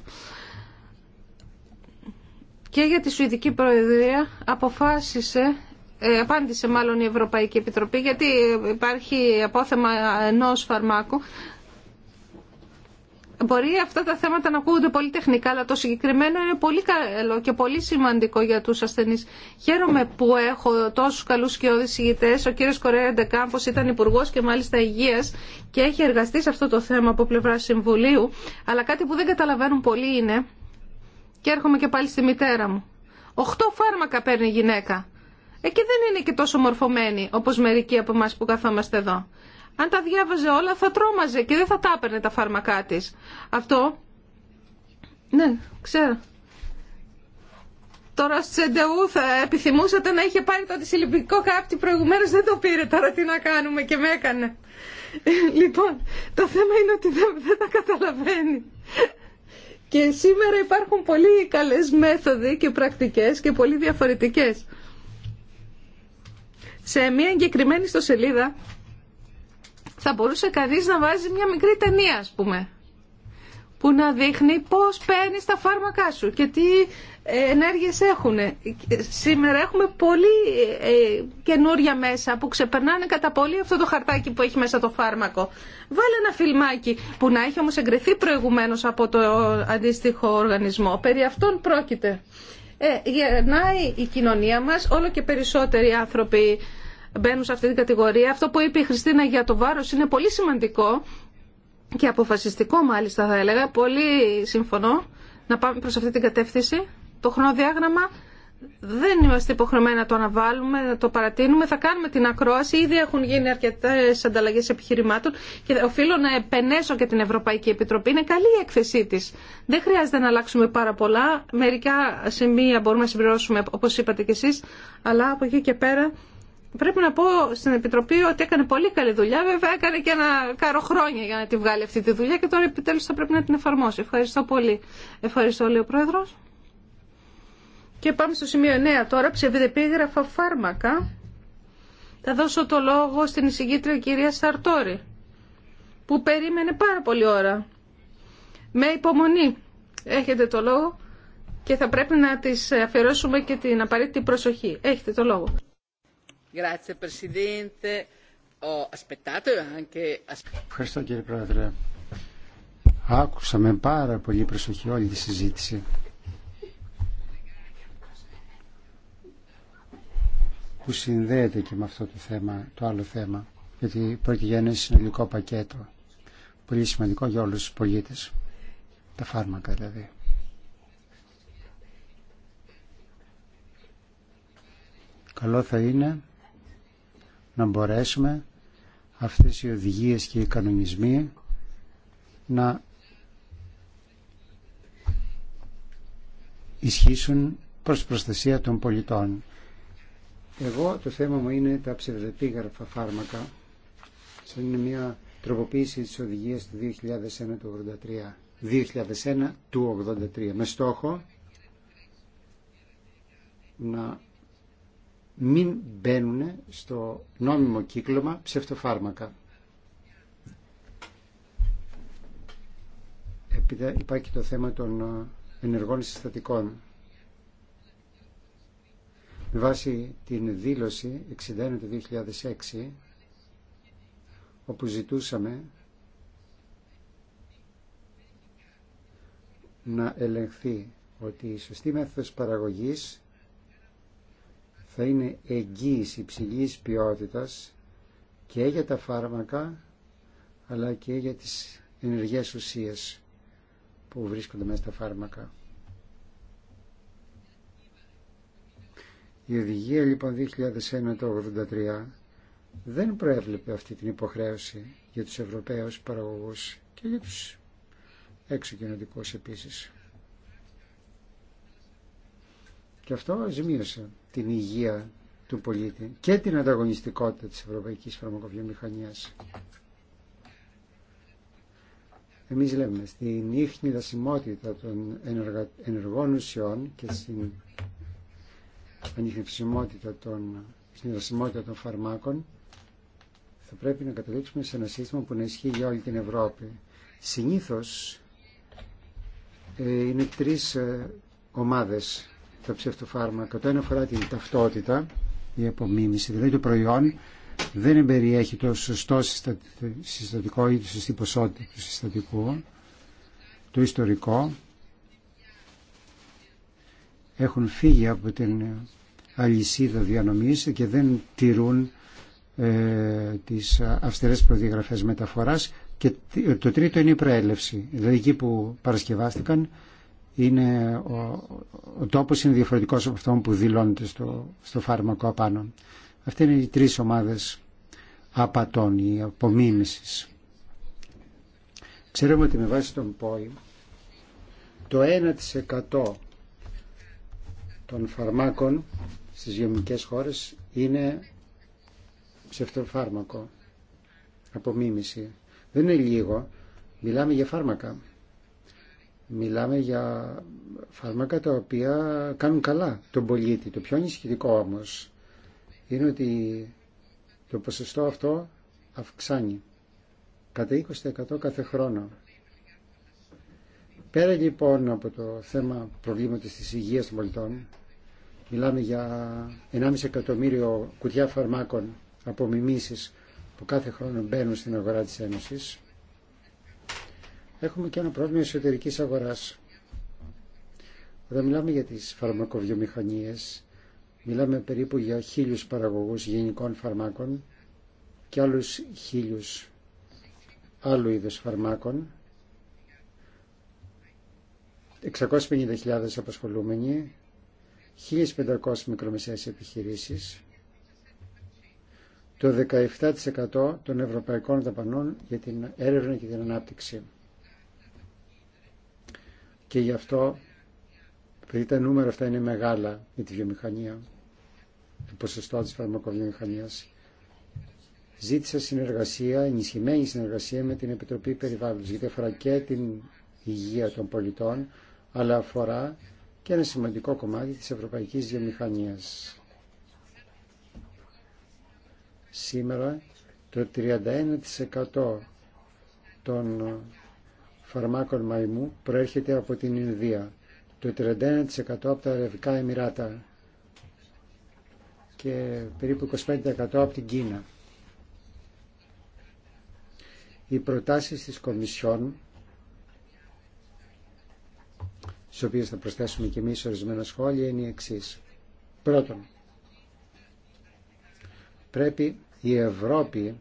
Και για τη Σουηδική Προεδρία αποφάσισε, ε, απάντησε μάλλον η Ευρωπαϊκή Επιτροπή, γιατί υπάρχει απόθεμα ενός φαρμάκου, Μπορεί αυτά τα θέματα να ακούγονται πολύ τεχνικά, αλλά το συγκεκριμένο είναι πολύ καλό και πολύ σημαντικό για τους ασθενείς. Χαίρομαι που έχω τόσους καλούς και ηγητές. Ο κύριος Κορέα Ντεκάμπος ήταν υπουργό και μάλιστα υγείας και έχει εργαστεί σε αυτό το θέμα από πλευρά Συμβουλίου. Αλλά κάτι που δεν καταλαβαίνουν πολύ είναι και έρχομαι και πάλι στη μητέρα μου. Οχτώ φάρμακα παίρνει η γυναίκα. Εκεί δεν είναι και τόσο μορφωμένη όπω μερικοί από εμά που καθόμαστε εδώ. Αν τα διάβαζε όλα θα τρόμαζε και δεν θα τα έπαιρνε τα φάρμακά τη. Αυτό, ναι, ξέρω. Τώρα στο Τσεντεού θα επιθυμούσατε να είχε πάρει το αντισυλληπτικό κάπτη προηγουμένως, δεν το πήρε τώρα τι να κάνουμε και με έκανε. Λοιπόν, το θέμα είναι ότι δεν, δεν τα καταλαβαίνει. Και σήμερα υπάρχουν πολύ καλές μέθοδοι και πρακτικές και πολύ διαφορετικές. Σε μια εγκεκριμένη στο σελίδα θα μπορούσε κανείς να βάζει μια μικρή ταινία, ας πούμε, που να δείχνει πώς παίρνει τα φάρμακά σου και τι ενέργειες έχουν. Σήμερα έχουμε πολύ ε, καινούρια μέσα που ξεπερνάνε κατά πολύ αυτό το χαρτάκι που έχει μέσα το φάρμακο. Βάλε ένα φιλμάκι που να έχει όμως εγκριθεί προηγουμένως από το αντίστοιχο οργανισμό. Περί αυτών πρόκειται. Ε, γερνάει η κοινωνία μας, όλο και περισσότεροι άνθρωποι μπαίνουν σε αυτή την κατηγορία. Αυτό που είπε η Χριστίνα για το βάρος είναι πολύ σημαντικό και αποφασιστικό μάλιστα θα έλεγα. Πολύ συμφωνώ να πάμε προς αυτή την κατεύθυνση το χρονοδιάγραμμα δεν είμαστε υποχρεωμένοι να το αναβάλουμε, να το παρατείνουμε. Θα κάνουμε την ακρόαση. Ήδη έχουν γίνει αρκετέ ανταλλαγέ επιχειρημάτων και οφείλω να επενέσω και την Ευρωπαϊκή Επιτροπή. Είναι καλή η έκθεσή τη. Δεν χρειάζεται να αλλάξουμε πάρα πολλά. Μερικά σημεία μπορούμε να συμπληρώσουμε, όπω είπατε κι εσεί, αλλά από εκεί και πέρα. Πρέπει να πω στην Επιτροπή ότι έκανε πολύ καλή δουλειά. Βέβαια, έκανε και ένα κάρο χρόνια για να τη βγάλει αυτή τη δουλειά και τώρα επιτέλου θα πρέπει να την εφαρμόσει. Ευχαριστώ πολύ. Ευχαριστώ, λέει ο Πρόεδρο. Και πάμε στο σημείο 9 τώρα, ψευδεπίγραφα φάρμακα. Θα δώσω το λόγο στην εισηγήτρια κυρία Σαρτόρη, που περίμενε πάρα πολύ ώρα. Με υπομονή έχετε το λόγο και θα πρέπει να της αφιερώσουμε και την απαραίτητη προσοχή. Έχετε το λόγο. Ευχαριστώ κύριε Πρόεδρε. Άκουσα με πάρα πολύ προσοχή όλη τη συζήτηση. που συνδέεται και με αυτό το θέμα, το άλλο θέμα, γιατί πρόκειται για ένα συνολικό πακέτο, πολύ σημαντικό για όλους τους πολίτες, τα φάρμακα δηλαδή. Καλό θα είναι να μπορέσουμε αυτές οι οδηγίες και οι κανονισμοί να ισχύσουν προς προστασία των πολιτών. Εγώ το θέμα μου είναι τα ψευδεπίγραφα φάρμακα. σαν είναι μια τροποποίηση της οδηγίας του 2001 του 83. 2001 του 83. Με στόχο να μην μπαίνουν στο νόμιμο κύκλωμα ψευτοφάρμακα. Επειδή υπάρχει το θέμα των ε, ενεργών συστατικών. Με βάση την δήλωση 61 του 2006, όπου ζητούσαμε να ελεγχθεί ότι η σωστή μέθοδος παραγωγής θα είναι εγγύηση υψηλής ποιότητας και για τα φάρμακα αλλά και για τις ενεργές ουσίες που βρίσκονται μέσα στα φάρμακα. Η οδηγία λοιπόν 2001 το 83 δεν προέβλεπε αυτή την υποχρέωση για τους Ευρωπαίους παραγωγούς και για τους εξωκοινωτικούς επίσης. Και αυτό ζημίωσε την υγεία του πολίτη και την ανταγωνιστικότητα της ευρωπαϊκής φαρμακοβιομηχανίας. Εμείς λέμε στην ίχνη δασιμότητα των ενεργών ουσιών και στην ανιχνευσιμότητα των, των φαρμάκων θα πρέπει να καταλήξουμε σε ένα σύστημα που να ισχύει για όλη την Ευρώπη. Συνήθως ε, είναι τρεις ε, ομάδες τα ψευτοφάρμακα. Το ένα αφορά την ταυτότητα, η απομίμηση, δηλαδή το προϊόν δεν περιέχει το σωστό συστατικό ή τη σωστή ποσότητα του συστατικού, το ιστορικό, έχουν φύγει από την αλυσίδα διανομής και δεν τηρούν ε, τις αυστηρές προδιαγραφές μεταφοράς και το τρίτο είναι η προέλευση. Δηλαδή εκεί που παρασκευάστηκαν είναι ο, ο τόπος είναι διαφορετικός από αυτόν που δηλώνεται στο, στο φάρμακο απάνω. Αυτές είναι οι τρεις ομάδες απατών ή απομίμησης. Ξέρουμε ότι με βάση τον ΠΟΗ το 1% των φαρμάκων στις γεωμικές χώρες είναι ψευτοφάρμακο από μίμηση. Δεν είναι λίγο. Μιλάμε για φάρμακα. Μιλάμε για φάρμακα τα οποία κάνουν καλά τον πολίτη. Το πιο ανησυχητικό όμως είναι ότι το ποσοστό αυτό αυξάνει κατά 20% κάθε χρόνο. Πέρα λοιπόν από το θέμα προβλήματος της υγείας των πολιτών, Μιλάμε για 1,5 εκατομμύριο κουτιά φαρμάκων από μιμήσεις που κάθε χρόνο μπαίνουν στην αγορά της Ένωσης. Έχουμε και ένα πρόβλημα εσωτερικής αγοράς. Όταν μιλάμε για τις φαρμακοβιομηχανίες, μιλάμε περίπου για χίλιους παραγωγούς γενικών φαρμάκων και άλλους χίλιους άλλου είδους φαρμάκων. 650.000 απασχολούμενοι 1.500 μικρομεσαίες επιχειρήσεις, το 17% των ευρωπαϊκών δαπανών για την έρευνα και την ανάπτυξη. Και γι' αυτό, επειδή τα νούμερα αυτά είναι μεγάλα για τη βιομηχανία, το ποσοστό της φαρμακοβιομηχανίας, ζήτησα συνεργασία, ενισχυμένη συνεργασία με την Επιτροπή Περιβάλλοντος, γιατί αφορά και την υγεία των πολιτών, αλλά αφορά και ένα σημαντικό κομμάτι της ευρωπαϊκής βιομηχανίας. Σήμερα το 31% των φαρμάκων μαϊμού προέρχεται από την Ινδία, το 31% από τα Αραβικά Εμμυράτα και περίπου 25% από την Κίνα. Οι προτάσεις της Κομισιόν στις οποίες θα προσθέσουμε και εμείς ορισμένα σχόλια είναι οι εξή. Πρώτον, πρέπει η Ευρώπη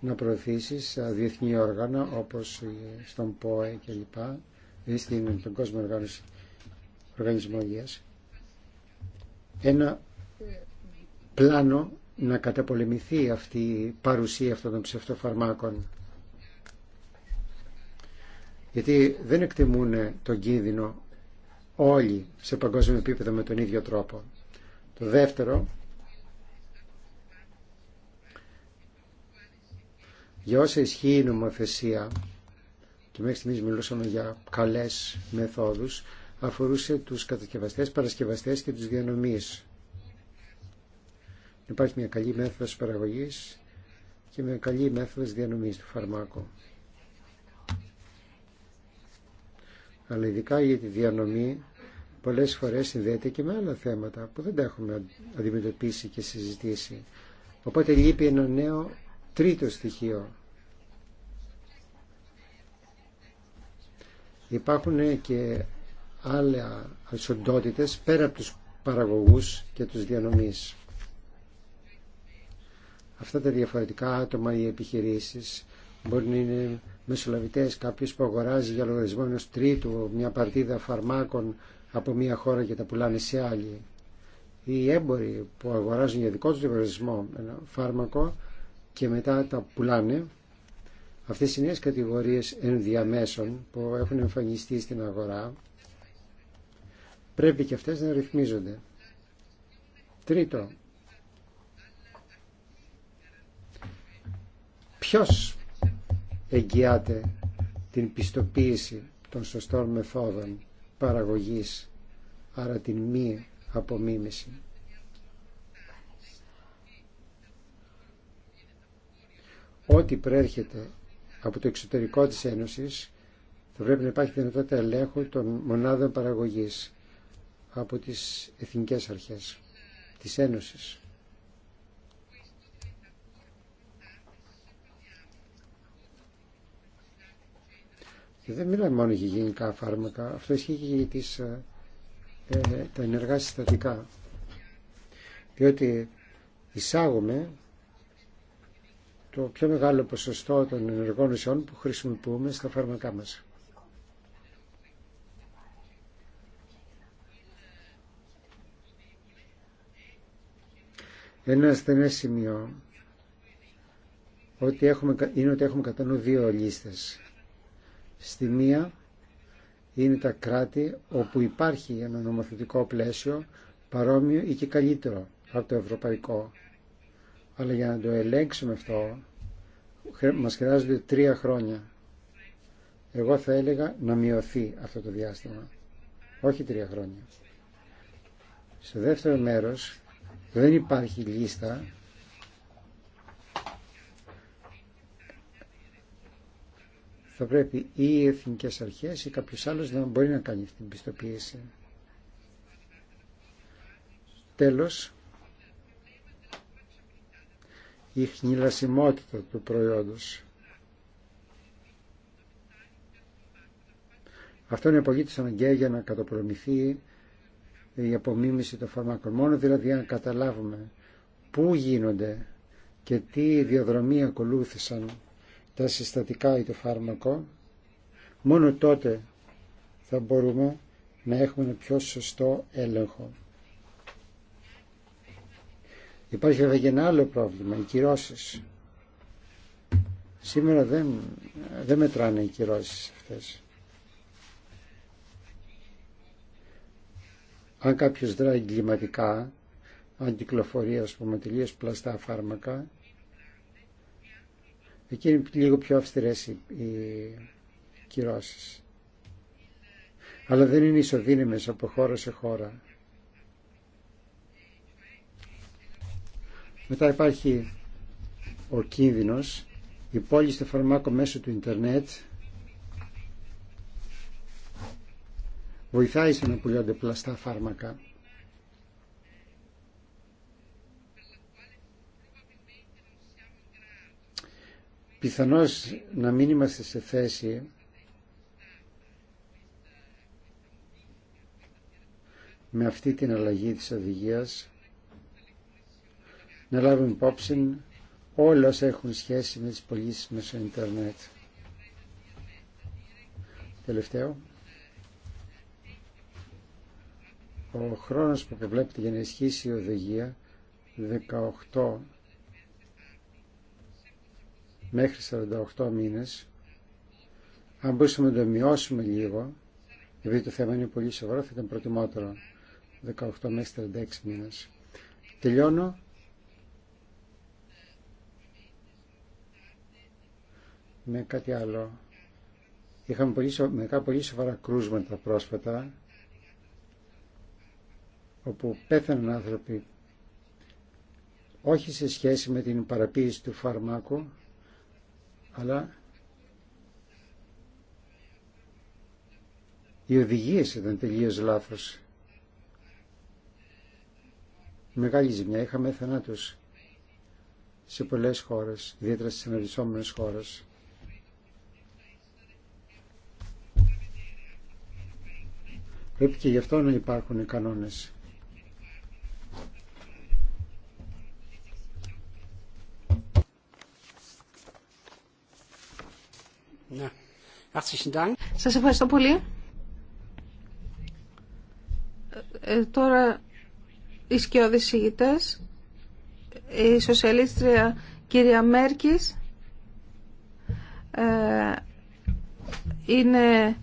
να προωθήσει σε διεθνή όργανα όπως στον ΠΟΕ και λοιπά ή στην τον κόσμο οργάνωση, οργανισμό υγείας ένα πλάνο να καταπολεμηθεί αυτή η παρουσία αυτών των ψευτοφαρμάκων γιατί δεν εκτιμούν τον κίνδυνο όλοι σε παγκόσμιο επίπεδο με τον ίδιο τρόπο. Το δεύτερο, για όσα ισχύει η νομοθεσία, και μέχρι στιγμής μιλούσαμε για καλές μεθόδους, αφορούσε τους κατασκευαστές, παρασκευαστές και τους διανομείς. Υπάρχει μια καλή μέθοδος παραγωγής και μια καλή μέθοδος διανομής του φαρμάκου. αλλά ειδικά για τη διανομή πολλές φορές συνδέεται και με άλλα θέματα που δεν τα έχουμε αντιμετωπίσει και συζητήσει. Οπότε λείπει ένα νέο τρίτο στοιχείο. Υπάρχουν και άλλα οντότητες πέρα από τους παραγωγούς και τους διανομής. Αυτά τα διαφορετικά άτομα ή επιχειρήσεις μπορεί να είναι μεσολαβητέ, κάποιο που αγοράζει για λογαριασμό ενός τρίτου μια παρτίδα φαρμάκων από μια χώρα και τα πουλάνε σε άλλη. Οι έμποροι που αγοράζουν για δικό του λογαριασμό ένα φάρμακο και μετά τα πουλάνε. Αυτές οι νέες κατηγορίες ενδιαμέσων που έχουν εμφανιστεί στην αγορά πρέπει και αυτές να ρυθμίζονται. Τρίτο, ποιος εγγυάται την πιστοποίηση των σωστών μεθόδων παραγωγής, άρα την μη απομίμηση. Ό,τι προέρχεται από το εξωτερικό της Ένωσης θα πρέπει να υπάρχει δυνατότητα ελέγχου των μονάδων παραγωγής από τις εθνικές αρχές της Ένωσης. Και δεν μιλάμε μόνο για γενικά φάρμακα, αυτό ισχύει και για τις, ε, ε, τα ενεργά συστατικά. Διότι εισάγουμε το πιο μεγάλο ποσοστό των ενεργών ουσιών που χρησιμοποιούμε στα φάρμακά μας. Ένα ασθενέ σημείο ότι έχουμε, είναι ότι έχουμε κατά νου δύο λίστες Στη μία είναι τα κράτη όπου υπάρχει ένα νομοθετικό πλαίσιο παρόμοιο ή και καλύτερο από το ευρωπαϊκό. Αλλά για να το ελέγξουμε αυτό μας χρειάζονται τρία χρόνια. Εγώ θα έλεγα να μειωθεί αυτό το διάστημα. Όχι τρία χρόνια. Στο δεύτερο μέρος δεν υπάρχει λίστα θα πρέπει ή οι εθνικές αρχές ή κάποιος άλλος να μπορεί να κάνει αυτή την πιστοποίηση. Τέλος, η οι εθνικε αρχες η καποιο αλλο να μπορει να κανει αυτη την πιστοποιηση τελος η χνηλασιμοτητα του προϊόντο. Αυτό είναι απολύτως αναγκαία για να κατοπρομηθεί η απομίμηση των φαρμάκων. Μόνο δηλαδή αν καταλάβουμε πού γίνονται και τι διαδρομή ακολούθησαν τα συστατικά ή το φάρμακο, μόνο τότε θα μπορούμε να έχουμε ένα πιο σωστό έλεγχο. Υπάρχει βέβαια και ένα άλλο πρόβλημα, οι κυρώσει. Σήμερα δεν, δεν μετράνε οι κυρώσει αυτές. Αν κάποιος δράει εγκληματικά, αν κυκλοφορεί ας πούμε πλαστά φάρμακα, Εκεί είναι λίγο πιο αυστηρές οι, κυρώσει. Αλλά δεν είναι ισοδύναμες από χώρα σε χώρα. Μετά υπάρχει ο κίνδυνος, η πόλη στο φαρμάκο μέσω του ίντερνετ βοηθάει στο να πουλιώνται πλαστά φάρμακα. πιθανώς να μην είμαστε σε θέση με αυτή την αλλαγή της οδηγίας να λάβουμε υπόψη όλα όσα έχουν σχέση με τις πωλήσει μέσω ίντερνετ. Τελευταίο. Ο χρόνος που προβλέπεται για να ισχύσει η οδηγία 18 μέχρι 48 μήνες αν μπορούσαμε να το μειώσουμε λίγο επειδή το θέμα είναι πολύ σοβαρό θα ήταν προτιμότερο 18 μέχρι 36 μήνες τελειώνω με κάτι άλλο είχαμε πολύ, μερικά πολύ σοβαρά κρούσματα πρόσφατα όπου πέθαναν άνθρωποι όχι σε σχέση με την παραποίηση του φαρμάκου αλλά οι οδηγίες ήταν τελείως λάθος. Μεγάλη ζημιά είχαμε θανάτους σε πολλές χώρες, ιδιαίτερα στις αναλυσσόμενες χώρες. Πρέπει και γι' αυτό να υπάρχουν οι κανόνες. Ναι. Σας ευχαριστώ πολύ. Ε, ε τώρα οι σκιώδεις ηγητέ, η σοσιαλίστρια κυρία Μέρκης ε, είναι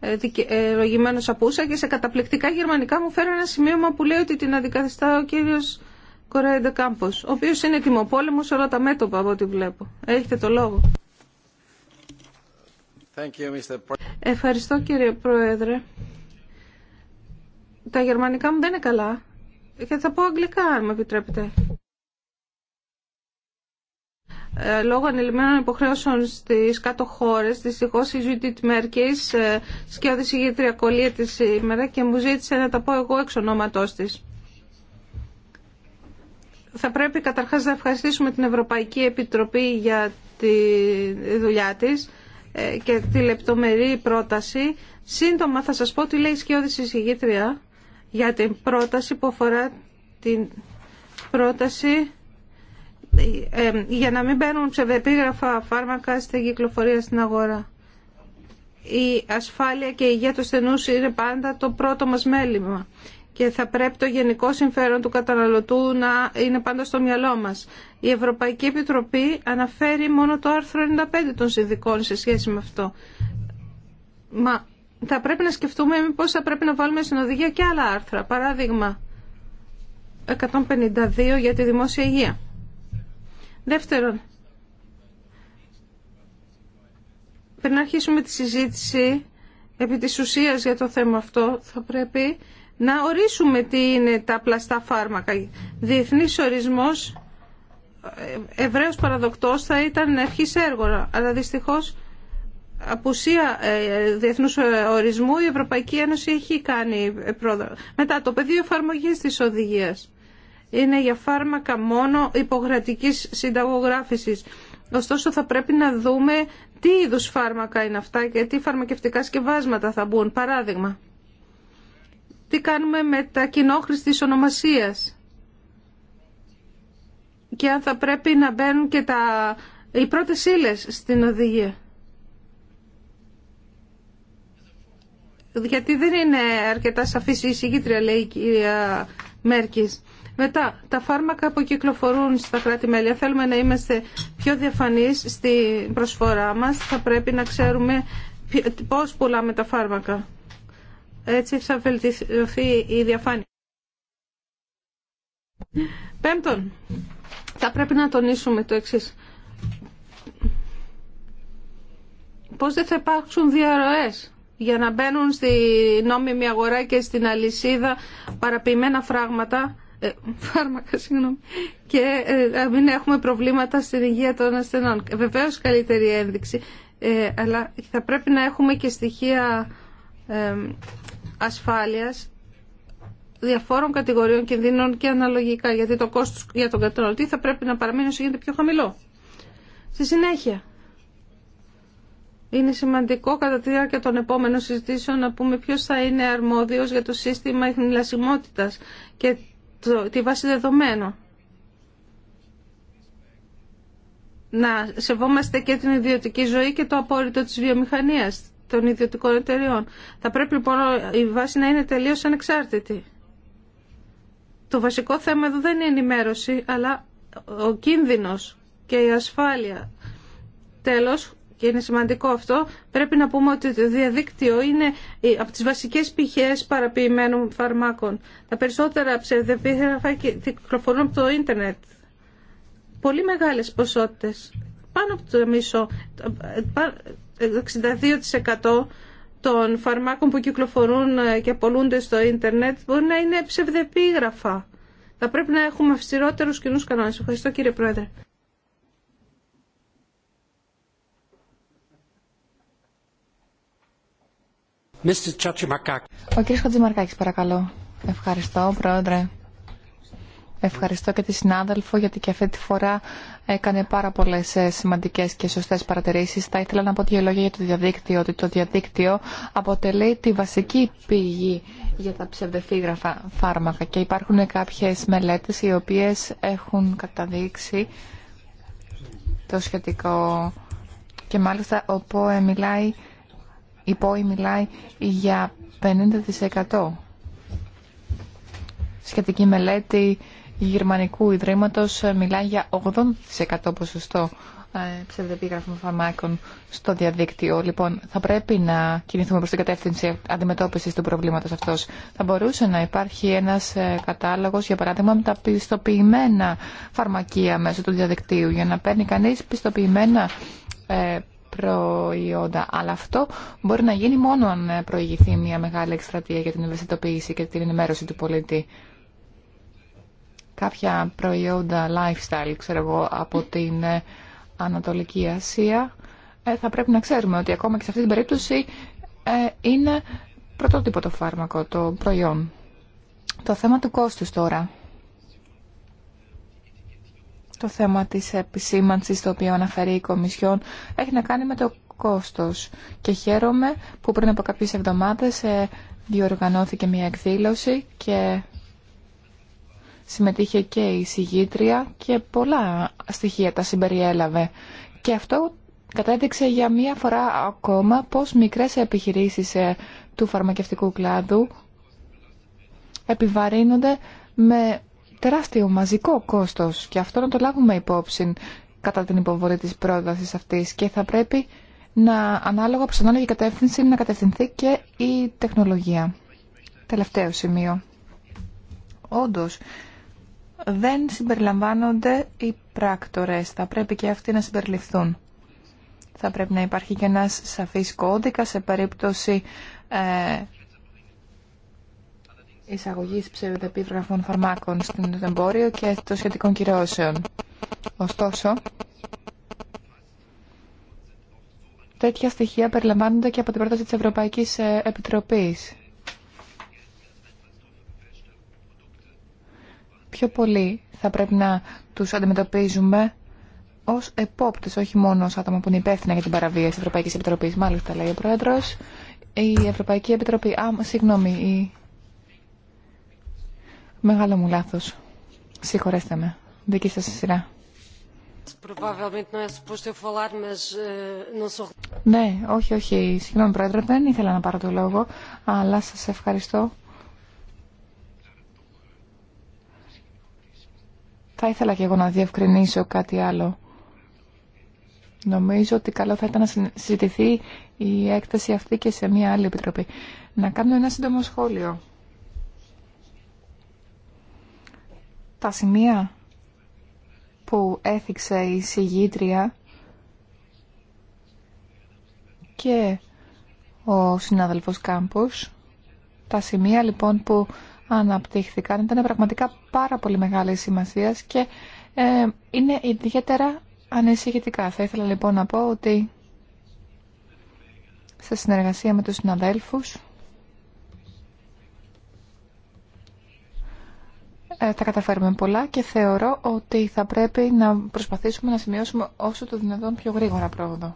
ε, ε, από απούσα και σε καταπληκτικά γερμανικά μου φέρνει ένα σημείωμα που λέει ότι την αντικαθιστά ο κύριος Κορέντε Κάμπος, ο οποίος είναι τιμοπόλεμος σε όλα τα μέτωπα από ό,τι βλέπω. Έχετε το λόγο. Ευχαριστώ κύριε Πρόεδρε. Τα γερμανικά μου δεν είναι καλά και θα πω αγγλικά αν με επιτρέπετε. Ε, λόγω ανελημμένων υποχρέωσεων στι κάτω χώρε, δυστυχώ η Judith η ε, σκιώδης κολλή τη σήμερα και μου ζήτησε να τα πω εγώ εξ ονόματό τη. Θα πρέπει καταρχάς να ευχαριστήσουμε την Ευρωπαϊκή Επιτροπή για τη δουλειά τη. Ε, και τη λεπτομερή πρόταση. Σύντομα θα σας πω τι λέει η σκιώδη συζηγήτρια για την πρόταση που αφορά την πρόταση ε, για να μην μπαίνουν ψευδεπίγραφα φάρμακα στην κυκλοφορία στην αγορά. Η ασφάλεια και η υγεία του στενούς είναι πάντα το πρώτο μας μέλημα και θα πρέπει το γενικό συμφέρον του καταναλωτού να είναι πάντα στο μυαλό μας. Η Ευρωπαϊκή Επιτροπή αναφέρει μόνο το άρθρο 95 των συνδικών σε σχέση με αυτό. Μα θα πρέπει να σκεφτούμε μήπως θα πρέπει να βάλουμε στην οδηγία και άλλα άρθρα. Παράδειγμα, 152 για τη δημόσια υγεία. Δεύτερον, πριν αρχίσουμε τη συζήτηση επί της ουσίας για το θέμα αυτό, θα πρέπει να ορίσουμε τι είναι τα πλαστά φάρμακα. Διεθνής ορισμός ε, ευρέως παραδοκτός θα ήταν ευχής έργο, αλλά δυστυχώς απουσία ε, διεθνούς ε, ορισμού η Ευρωπαϊκή Ένωση έχει κάνει πρόοδο. Μετά το πεδίο εφαρμογή της οδηγίας είναι για φάρμακα μόνο υπογρατικής συνταγογράφησης. Ωστόσο θα πρέπει να δούμε τι είδους φάρμακα είναι αυτά και τι φαρμακευτικά σκευάσματα θα μπουν. Παράδειγμα, τι κάνουμε με τα κοινόχρηστης ονομασίας και αν θα πρέπει να μπαίνουν και τα, οι πρώτες ύλε στην οδηγία. Γιατί δεν είναι αρκετά σαφής η εισηγήτρια, λέει η κυρία Μέρκης. Μετά, τα φάρμακα που κυκλοφορούν στα κράτη-μέλη, θέλουμε να είμαστε πιο διαφανείς στην προσφορά μας, θα πρέπει να ξέρουμε πώς πουλάμε τα φάρμακα. Έτσι θα βελτιωθεί η διαφάνεια. Πέμπτον, θα πρέπει να τονίσουμε το εξής. Πώς δεν θα υπάρξουν διαρροές για να μπαίνουν στη νόμιμη αγορά και στην αλυσίδα παραποιημένα φράγματα, ε, φάρμακα συγγνώμη, και ε, μην έχουμε προβλήματα στην υγεία των ασθενών. Βεβαίως καλύτερη ένδειξη, ε, αλλά θα πρέπει να έχουμε και στοιχεία ασφάλειας διαφόρων κατηγοριών κινδύνων και αναλογικά, γιατί το κόστος για τον καταναλωτή θα πρέπει να παραμείνει όσο γίνεται πιο χαμηλό. Στη συνέχεια, είναι σημαντικό κατά τη διάρκεια των επόμενων συζητήσεων να πούμε ποιος θα είναι αρμόδιος για το σύστημα εχνηλασιμότητας και τη βάση δεδομένων. Να σεβόμαστε και την ιδιωτική ζωή και το απόρριτο της βιομηχανίας των ιδιωτικών εταιριών. Θα πρέπει λοιπόν η βάση να είναι τελείως ανεξάρτητη. Το βασικό θέμα εδώ δεν είναι η ενημέρωση, αλλά ο κίνδυνος και η ασφάλεια. Τέλος, και είναι σημαντικό αυτό, πρέπει να πούμε ότι το διαδίκτυο είναι από τις βασικές πηγές παραποιημένων φαρμάκων. Τα περισσότερα ψευδεπίθερα κυκλοφορούν από το ίντερνετ. Πολύ μεγάλες ποσότητες, πάνω από το μισό, 62% των φαρμάκων που κυκλοφορούν ε, και απολούνται στο ίντερνετ μπορεί να είναι ψευδεπίγραφα. Θα πρέπει να έχουμε αυστηρότερους κοινούς κανόνες. Ευχαριστώ κύριε Πρόεδρε. Ο κύριος Χατζημαρκάκης παρακαλώ. Ευχαριστώ Πρόεδρε. Ευχαριστώ και τη συνάδελφο γιατί και αυτή τη φορά έκανε πάρα πολλές ε, σημαντικές και σωστές παρατηρήσει. Θα ήθελα να πω δύο λόγια για το διαδίκτυο, ότι το διαδίκτυο αποτελεί τη βασική πηγή για τα ψευδεφύγραφα φάρμακα και υπάρχουν κάποιες μελέτες οι οποίες έχουν καταδείξει το σχετικό και μάλιστα ο μιλάει, η ΠΟΕ μιλάει για 50% σχετική μελέτη η Γερμανικού Ιδρύματος μιλάει για 80% ποσοστό ε, ψευδεπίγραφων φαρμάκων στο διαδίκτυο. Λοιπόν, θα πρέπει να κινηθούμε προς την κατεύθυνση αντιμετώπισης του προβλήματος αυτός. Θα μπορούσε να υπάρχει ένας ε, κατάλογος, για παράδειγμα, με τα πιστοποιημένα φαρμακεία μέσω του διαδικτύου, για να παίρνει κανείς πιστοποιημένα ε, προϊόντα. Αλλά αυτό μπορεί να γίνει μόνο αν προηγηθεί μια μεγάλη εκστρατεία για την ευαισθητοποίηση και την ενημέρωση του πολίτη κάποια προϊόντα lifestyle, ξέρω εγώ, από την ε, Ανατολική Ασία, ε, θα πρέπει να ξέρουμε ότι ακόμα και σε αυτή την περίπτωση ε, είναι πρωτότυπο το φάρμακο, το προϊόν. Το θέμα του κόστους τώρα. Το θέμα της επισήμανσης το οποίο αναφέρει η Κομισιόν έχει να κάνει με το κόστος. Και χαίρομαι που πριν από κάποιες εβδομάδες διοργανώθηκε μια εκδήλωση και συμμετείχε και η συγγήτρια και πολλά στοιχεία τα συμπεριέλαβε. Και αυτό κατέδειξε για μία φορά ακόμα πώς μικρές επιχειρήσεις ε, του φαρμακευτικού κλάδου επιβαρύνονται με τεράστιο μαζικό κόστος και αυτό να το λάβουμε υπόψη κατά την υποβολή της πρότασης αυτής και θα πρέπει να ανάλογα προς ανάλογη κατεύθυνση να κατευθυνθεί και η τεχνολογία. Τελευταίο σημείο. Όντως, δεν συμπεριλαμβάνονται οι πράκτορες. Θα πρέπει και αυτοί να συμπεριληφθούν. Θα πρέπει να υπάρχει και ένας σαφής κώδικα σε περίπτωση ε, εισαγωγής φαρμάκων στην εμπόριο και των σχετικών κυρώσεων. Ωστόσο, τέτοια στοιχεία περιλαμβάνονται και από την πρόταση της Ευρωπαϊκής ε, Επιτροπής πιο πολύ θα πρέπει να τους αντιμετωπίζουμε ως επόπτες, όχι μόνο ως άτομα που είναι υπεύθυνα για την παραβίαση της Ευρωπαϊκής Επιτροπής. Μάλιστα, λέει ο Πρόεδρος, η Ευρωπαϊκή Επιτροπή... Α, συγγνώμη, η... Μεγάλο μου λάθος. Συγχωρέστε με. Δική σας σειρά. Ναι, όχι, όχι. Συγγνώμη, Πρόεδρε, δεν ήθελα να πάρω το λόγο, αλλά σας ευχαριστώ Θα ήθελα και εγώ να διευκρινίσω κάτι άλλο. Νομίζω ότι καλό θα ήταν να συζητηθεί η έκταση αυτή και σε μια άλλη επιτροπή. Να κάνω ένα σύντομο σχόλιο. Τα σημεία που έθιξε η συγγήτρια και ο συνάδελφος Κάμπος, τα σημεία λοιπόν που αναπτύχθηκαν ήταν πραγματικά πάρα πολύ μεγάλη σημασία και ε, είναι ιδιαίτερα ανησυχητικά. Θα ήθελα λοιπόν να πω ότι σε συνεργασία με τους συναδέλφους ε, θα καταφέρουμε πολλά και θεωρώ ότι θα πρέπει να προσπαθήσουμε να σημειώσουμε όσο το δυνατόν πιο γρήγορα πρόοδο.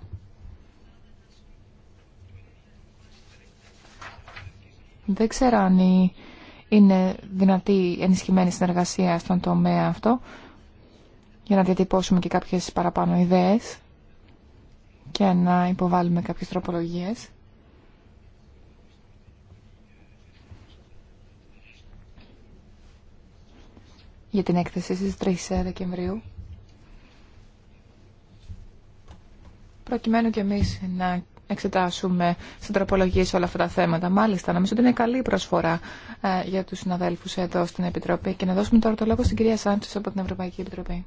Δεν ξέρω είναι δυνατή ενισχυμένη συνεργασία στον τομέα αυτό για να διατυπώσουμε και κάποιες παραπάνω ιδέες και να υποβάλουμε κάποιες τροπολογίες. για την έκθεση στις 3 Δεκεμβρίου. Προκειμένου και εμείς να εξετάσουμε στην τροπολογία σε όλα αυτά τα θέματα. Μάλιστα, νομίζω ότι είναι καλή προσφορά ε, για τους συναδέλφους εδώ στην Επιτροπή. Και να δώσουμε τώρα το λόγο στην κυρία Σάντσες από την Ευρωπαϊκή Επιτροπή.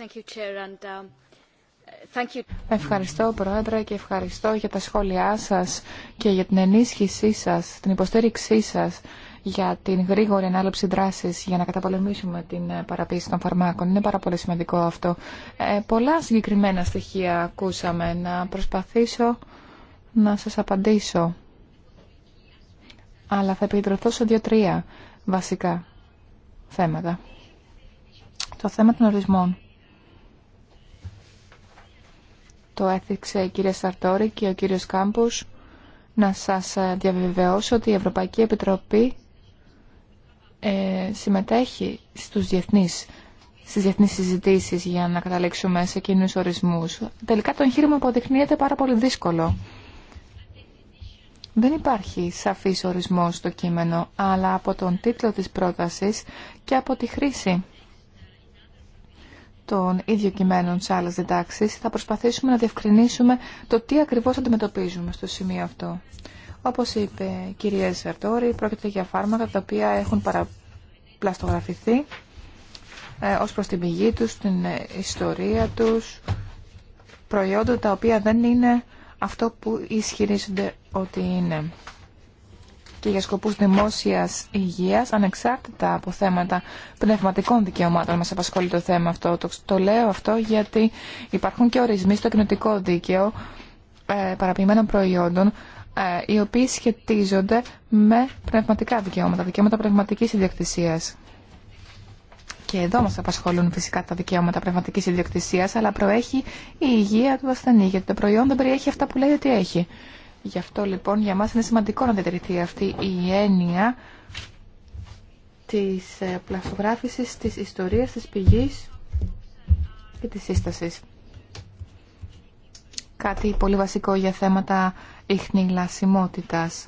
Thank you, Chair, and, um, Ευχαριστώ Πρόεδρε και ευχαριστώ για τα σχόλιά σας και για την ενίσχυσή σας, την υποστήριξή σας για την γρήγορη ανάληψη δράση για να καταπολεμήσουμε την ε, παραποίηση των φαρμάκων. Είναι πάρα πολύ σημαντικό αυτό. Ε, πολλά συγκεκριμένα στοιχεία ακούσαμε. Να προσπαθήσω να σας απαντήσω. Αλλά θα επικεντρωθώ σε δύο-τρία βασικά θέματα. Το θέμα των ορισμών. Το έθιξε η κυρία Σαρτόρη και ο κύριος Κάμπους να σας ε, διαβεβαιώσω ότι η Ευρωπαϊκή Επιτροπή ε, συμμετέχει στους διεθνείς, στις διεθνείς συζητήσεις για να καταλήξουμε σε κοινούς ορισμούς. Τελικά το εγχείρημα αποδεικνύεται πάρα πολύ δύσκολο. Δεν υπάρχει σαφής ορισμός στο κείμενο, αλλά από τον τίτλο της πρότασης και από τη χρήση των ίδιων κειμένων της άλλες θα προσπαθήσουμε να διευκρινίσουμε το τι ακριβώς αντιμετωπίζουμε στο σημείο αυτό. Όπως είπε η κυρία Σερτόρη, πρόκειται για φάρμακα τα οποία έχουν παραπλαστογραφηθεί ε, ως προς την πηγή τους, την ιστορία τους, προϊόντα τα οποία δεν είναι αυτό που ισχυρίζονται ότι είναι. Και για σκοπούς δημόσιας υγείας, ανεξάρτητα από θέματα πνευματικών δικαιωμάτων, μας απασχολεί το θέμα αυτό. Το, λέω αυτό γιατί υπάρχουν και ορισμοί στο κοινωτικό δίκαιο ε, παραποιημένων προϊόντων ε, οι οποίοι σχετίζονται με πνευματικά δικαιώματα, δικαιώματα πνευματικής ιδιοκτησίας. Και εδώ μας απασχολούν φυσικά τα δικαιώματα πνευματικής ιδιοκτησίας, αλλά προέχει η υγεία του ασθενή, γιατί το προϊόν δεν περιέχει αυτά που λέει ότι έχει. Γι' αυτό λοιπόν για μας είναι σημαντικό να διατηρηθεί αυτή η έννοια της ε, πλαστογράφησης, της ιστορίας, της πηγής και της σύστασης. Κάτι πολύ βασικό για θέματα ιχνηλασιμότητας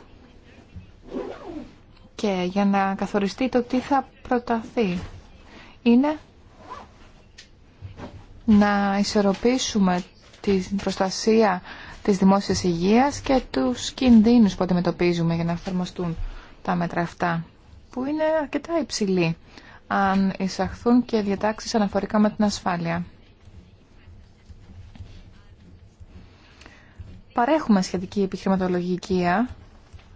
και για να καθοριστεί το τι θα προταθεί είναι να ισορροπήσουμε την προστασία της δημόσιας υγείας και τους κινδύνους που αντιμετωπίζουμε για να εφαρμοστούν τα μέτρα αυτά που είναι αρκετά υψηλοί αν εισαχθούν και διατάξεις αναφορικά με την ασφάλεια. παρέχουμε σχετική επιχειρηματολογικία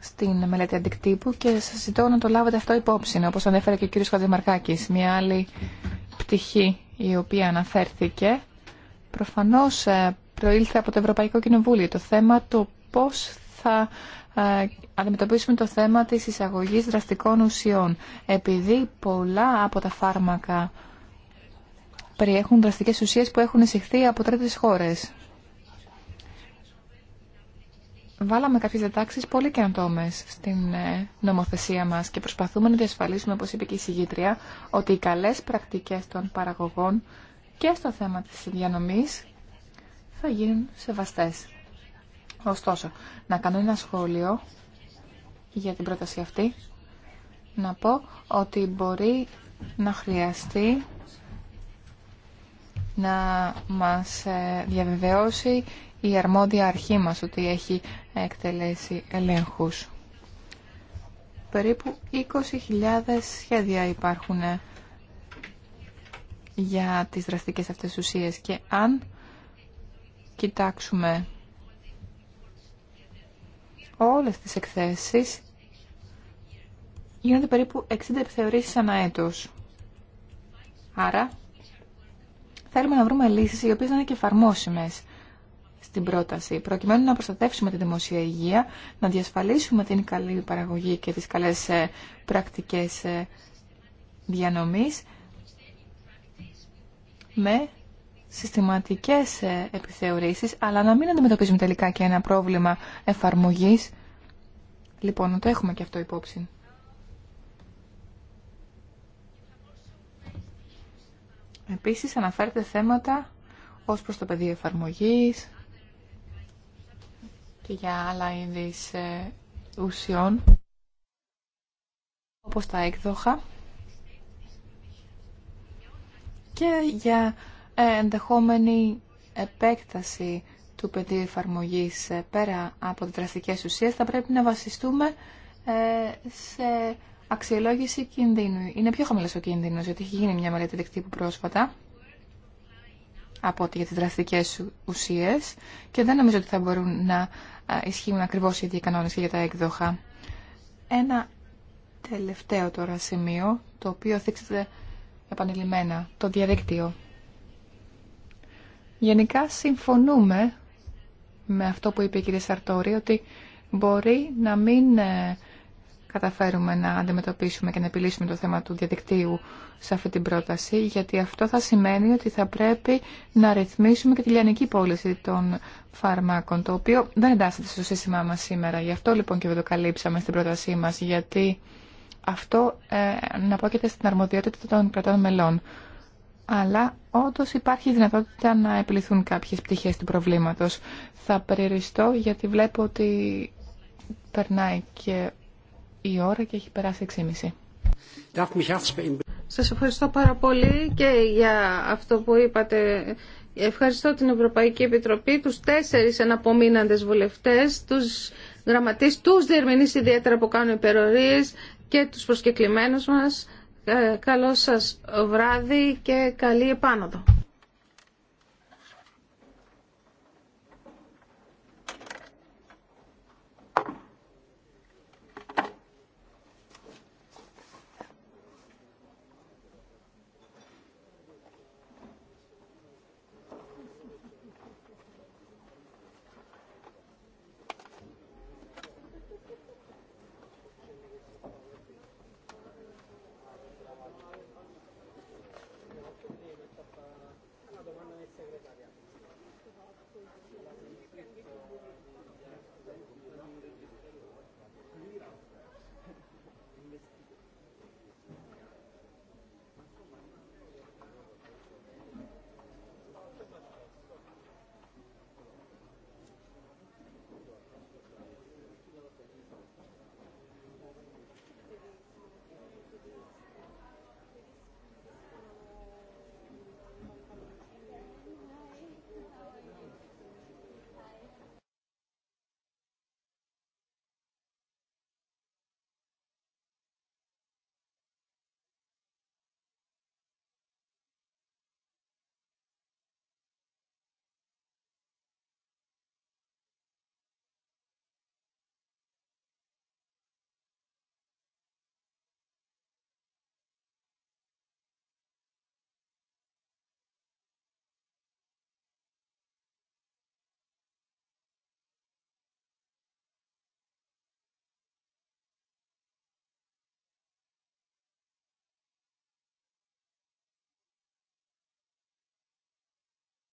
στην μελέτη αντικτύπου και σας ζητώ να το λάβετε αυτό υπόψη, όπως ανέφερε και ο κύριος Χατζημαρκάκης. Μια άλλη πτυχή η οποία αναφέρθηκε προφανώς ε, προήλθε από το Ευρωπαϊκό Κοινοβούλιο το θέμα το πώς θα ε, αντιμετωπίσουμε το θέμα της εισαγωγής δραστικών ουσιών. Επειδή πολλά από τα φάρμακα περιέχουν δραστικές ουσίες που έχουν εισηχθεί από τρίτες χώρες βάλαμε κάποιες διατάξεις πολύ καινοτόμες στην ε, νομοθεσία μας και προσπαθούμε να διασφαλίσουμε, όπως είπε και η συγγήτρια, ότι οι καλές πρακτικές των παραγωγών και στο θέμα της διανομής θα γίνουν σεβαστές. Ωστόσο, να κάνω ένα σχόλιο για την πρόταση αυτή. Να πω ότι μπορεί να χρειαστεί να μας ε, διαβεβαιώσει η αρμόδια αρχή μας ότι έχει εκτελέσει ελέγχους. Περίπου 20.000 σχέδια υπάρχουν ε, για τις δραστικές αυτές ουσίες και αν κοιτάξουμε όλες τις εκθέσεις γίνονται περίπου 60 επιθεωρήσεις ανά έτος. Άρα θέλουμε να βρούμε λύσεις οι οποίες να είναι και εφαρμόσιμες στην πρόταση, προκειμένου να προστατεύσουμε τη δημόσια υγεία, να διασφαλίσουμε την καλή παραγωγή και τις καλές ε, πρακτικές ε, διανομής με συστηματικές ε, επιθεωρήσεις, αλλά να μην αντιμετωπίζουμε τελικά και ένα πρόβλημα εφαρμογής. Λοιπόν, να το έχουμε και αυτό υπόψη. Επίσης αναφέρεται θέματα ως προς το πεδίο εφαρμογής, και για άλλα είδη ουσιών, όπως τα έκδοχα και για ε, ενδεχόμενη επέκταση του πεδίου εφαρμογή ε, πέρα από τις δραστικές ουσίες θα πρέπει να βασιστούμε ε, σε αξιολόγηση κινδύνου. Είναι πιο χαμηλός ο κίνδυνος, γιατί έχει γίνει μια μελέτη δεκτή που πρόσφατα από ότι για τις δραστικές ουσίες και δεν νομίζω ότι θα μπορούν να ισχύουν ακριβώς οι ίδιοι κανόνες και για τα έκδοχα. Ένα τελευταίο τώρα σημείο, το οποίο θίξετε επανειλημμένα, το διαδίκτυο. Γενικά συμφωνούμε με αυτό που είπε η κυρία Σαρτόρη, ότι μπορεί να μην ε, καταφέρουμε να αντιμετωπίσουμε και να επιλύσουμε το θέμα του διαδικτύου σε αυτή την πρόταση, γιατί αυτό θα σημαίνει ότι θα πρέπει να ρυθμίσουμε και τη λιανική πώληση των φαρμάκων, το οποίο δεν εντάσσεται στο σύστημά μας σήμερα. Γι' αυτό λοιπόν και δεν το καλύψαμε στην πρότασή μας, γιατί αυτό ε, να πόκεται στην αρμοδιότητα των κρατών μελών. Αλλά όντω υπάρχει δυνατότητα να επιληθούν κάποιες πτυχές του προβλήματος. Θα περιοριστώ γιατί βλέπω ότι περνάει και η ώρα και έχει περάσει 6.30. Σας ευχαριστώ πάρα πολύ και για αυτό που είπατε. Ευχαριστώ την Ευρωπαϊκή Επιτροπή, τους τέσσερις αναπομείναντες βουλευτές, τους γραμματείς, τους διερμηνείς ιδιαίτερα που κάνουν υπερορίες και τους προσκεκλημένους μας. Ε, καλό σας βράδυ και καλή επάνωδο.